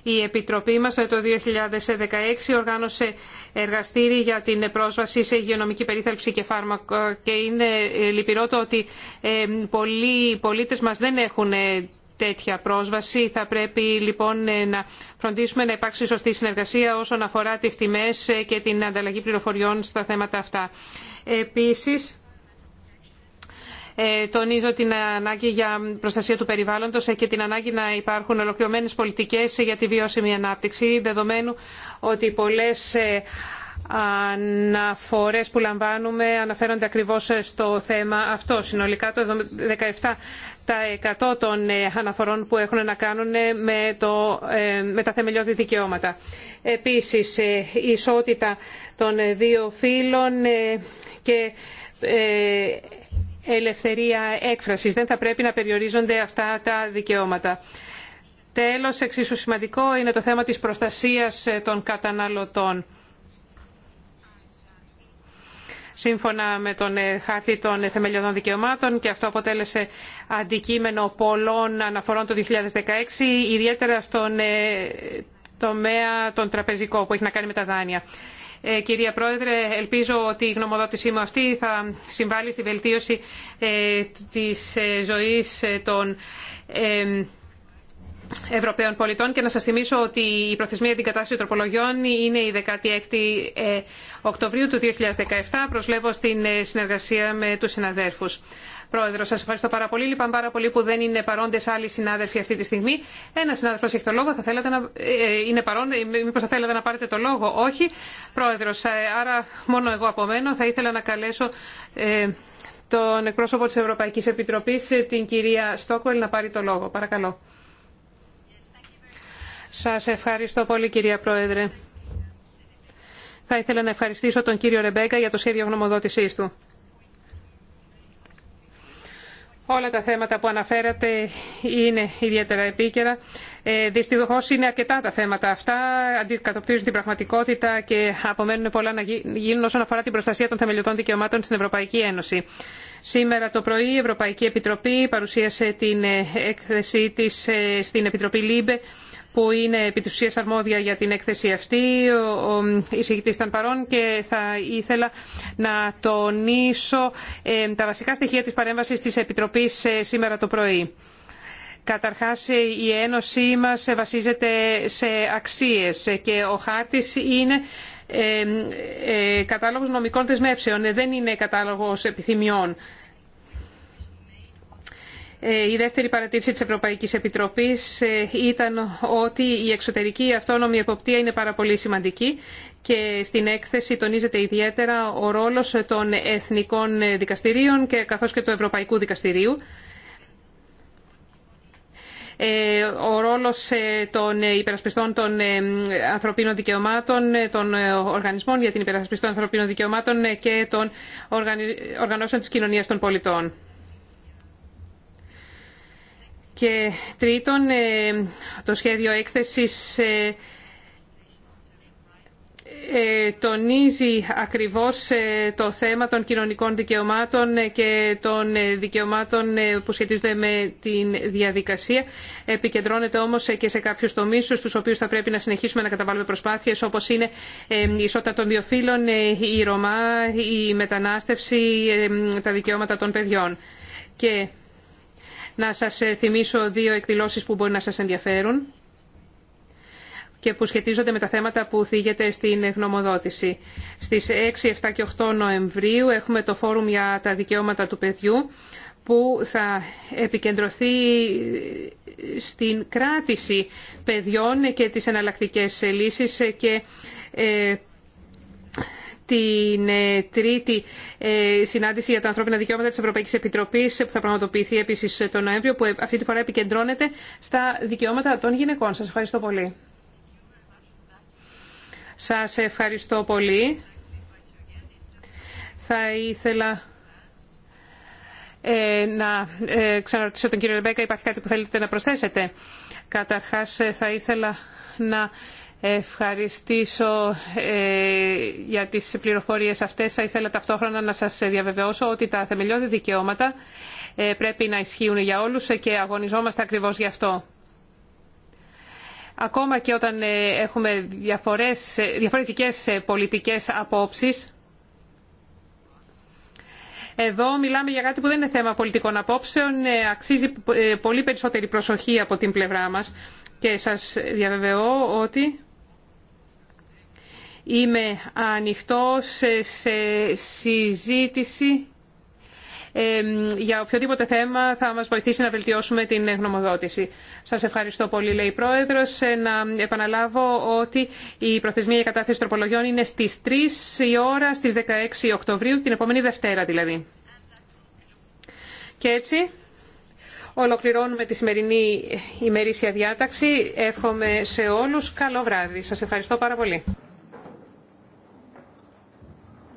B: Η Επιτροπή μας ε, το 2016 οργάνωσε εργαστήρι για την πρόσβαση σε υγειονομική περίθαλψη και φάρμακα και είναι ε, λυπηρό το ότι ε, πολλοί πολίτες μας δεν έχουν τέτοια πρόσβαση. Θα πρέπει λοιπόν να φροντίσουμε να υπάρξει σωστή συνεργασία όσον αφορά τις τιμές και την ανταλλαγή πληροφοριών στα θέματα αυτά. Επίσης, ε, τονίζω την ανάγκη για προστασία του περιβάλλοντος ε, και την ανάγκη να υπάρχουν ολοκληρωμένες πολιτικές για τη βιώσιμη ανάπτυξη, δεδομένου ότι πολλές ε, αναφορές που λαμβάνουμε αναφέρονται ακριβώς στο θέμα αυτό. Συνολικά το 17% των αναφορών που έχουν να κάνουν με, το, με τα θεμελιώδη δικαιώματα. Επίσης, η ισότητα των δύο φύλων και ελευθερία έκφρασης. Δεν θα πρέπει να περιορίζονται αυτά τα δικαιώματα. Τέλος, εξίσου σημαντικό είναι το θέμα της προστασίας ε, των καταναλωτών. Σύμφωνα με τον ε, χάρτη των ε, θεμελιωδών δικαιωμάτων και αυτό αποτέλεσε αντικείμενο πολλών αναφορών το 2016, ιδιαίτερα στον τομέα τον τραπεζικό που έχει να κάνει με τα δάνεια. Ε, κυρία Πρόεδρε, ελπίζω ότι η γνωμοδότησή μου αυτή θα συμβάλλει στη βελτίωση ε, της ε, ζωής των Ευρωπαίων πολιτών και να σας θυμίσω ότι η προθεσμία την κατάσταση τροπολογιών είναι η 16η Οκτωβρίου του 2017. Προσλέβω στην συνεργασία με τους συναδέρφους. Πρόεδρο, σα ευχαριστώ πάρα πολύ. Λυπάμαι πάρα πολύ που δεν είναι παρόντε άλλοι συνάδελφοι αυτή τη στιγμή. Ένα συνάδελφο έχει το λόγο. Θα θέλατε να... Ε, είναι παρόν. Ε, Μήπω θα θέλατε να πάρετε το λόγο. Όχι. Πρόεδρο, ε, άρα μόνο εγώ απομένω. Θα ήθελα να καλέσω τον εκπρόσωπο της Ευρωπαϊκής Επιτροπής, την κυρία Στόκολ, να πάρει το λόγο. Παρακαλώ. Σας ευχαριστώ πολύ κυρία Πρόεδρε. Θα ήθελα να ευχαριστήσω τον κύριο Ρεμπέκα για το σχέδιο γνωμοδότησή του. Όλα τα θέματα που αναφέρατε είναι ιδιαίτερα επίκαιρα. Ε, Δυστυχώ είναι αρκετά τα θέματα αυτά, αντικατοπτρίζουν την πραγματικότητα και απομένουν πολλά να γίνουν όσον αφορά την προστασία των θεμελιωτών δικαιωμάτων στην Ευρωπαϊκή Ένωση. Σήμερα το πρωί η Ευρωπαϊκή Επιτροπή παρουσίασε την ε, έκθεσή τη ε, στην Επιτροπή ΛΥΜΠΕ που είναι επί αρμόδια για την έκθεση αυτή. Ο εισηγητής ήταν παρόν και θα ήθελα να τονίσω ε, τα βασικά στοιχεία της παρέμβασης της Επιτροπής ε, σήμερα το πρωί. Καταρχάς ε, η Ένωσή μας βασίζεται σε αξίες και ο χάρτης είναι κατάλογος νομικών δεσμεύσεων, δεν είναι κατάλογος επιθυμιών. Ε, η δεύτερη παρατήρηση της Ευρωπαϊκής Επιτροπής ε, ήταν ότι η εξωτερική αυτόνομη εποπτεία είναι πάρα πολύ σημαντική και στην έκθεση τονίζεται ιδιαίτερα ο ρόλος των εθνικών δικαστηρίων και καθώς και του Ευρωπαϊκού Δικαστηρίου ε, ο ρόλος των υπερασπιστών των ανθρωπίνων δικαιωμάτων των οργανισμών για την υπερασπιστή των ανθρωπίνων δικαιωμάτων και των οργανώσεων της κοινωνίας των πολιτών. Και τρίτον, ε, το σχέδιο έκθεσης ε, ε, τονίζει ακριβώς το θέμα των κοινωνικών δικαιωμάτων και των δικαιωμάτων που σχετίζονται με την διαδικασία. Επικεντρώνεται όμως και σε κάποιους τομείς στους οποίους θα πρέπει να συνεχίσουμε να καταβάλουμε προσπάθειες όπως είναι η ισότητα των δύο φύλων, η Ρωμά, η μετανάστευση, τα δικαιώματα των παιδιών. Και να σας ε, θυμίσω δύο εκδηλώσεις που μπορεί να σας ενδιαφέρουν και που σχετίζονται με τα θέματα που θίγεται στην γνωμοδότηση. Στις 6, 7 και 8 Νοεμβρίου έχουμε το Φόρουμ για τα Δικαιώματα του Παιδιού που θα επικεντρωθεί ε, στην κράτηση παιδιών και τις εναλλακτικές λύσεις και ε, την ε, τρίτη ε, συνάντηση για τα ανθρώπινα δικαιώματα της Ευρωπαϊκής Επιτροπής ε, που θα πραγματοποιηθεί επίσης τον Νοέμβριο που αυτή τη φορά επικεντρώνεται στα δικαιώματα των γυναικών. Σας ευχαριστώ πολύ. Σας ευχαριστώ πολύ. Θα ήθελα να ξαναρωτήσω τον κύριο Ρεμπέκα, υπάρχει κάτι που θέλετε να προσθέσετε. Καταρχάς θα ήθελα να ευχαριστήσω ε, για τις πληροφορίες αυτές. Θα ήθελα ταυτόχρονα να σας διαβεβαιώσω ότι τα θεμελιώδη δικαιώματα ε, πρέπει να ισχύουν για όλους και αγωνιζόμαστε ακριβώς γι' αυτό. Ακόμα και όταν ε, έχουμε διαφορές, διαφορετικές πολιτικές απόψεις, εδώ μιλάμε για κάτι που δεν είναι θέμα πολιτικών απόψεων, αξίζει πολύ περισσότερη προσοχή από την πλευρά μας και σας διαβεβαιώ ότι Είμαι ανοιχτός σε συζήτηση για οποιοδήποτε θέμα θα μας βοηθήσει να βελτιώσουμε την γνωμοδότηση. Σας ευχαριστώ πολύ, λέει η Πρόεδρος. Ε, να επαναλάβω ότι η προθεσμία για κατάθεση τροπολογιών είναι στις 3 η ώρα, στις 16 Οκτωβρίου, την επόμενη Δευτέρα δηλαδή. Και έτσι... Ολοκληρώνουμε τη σημερινή ημερήσια διάταξη. Εύχομαι σε όλους καλό βράδυ. Σας ευχαριστώ πάρα πολύ.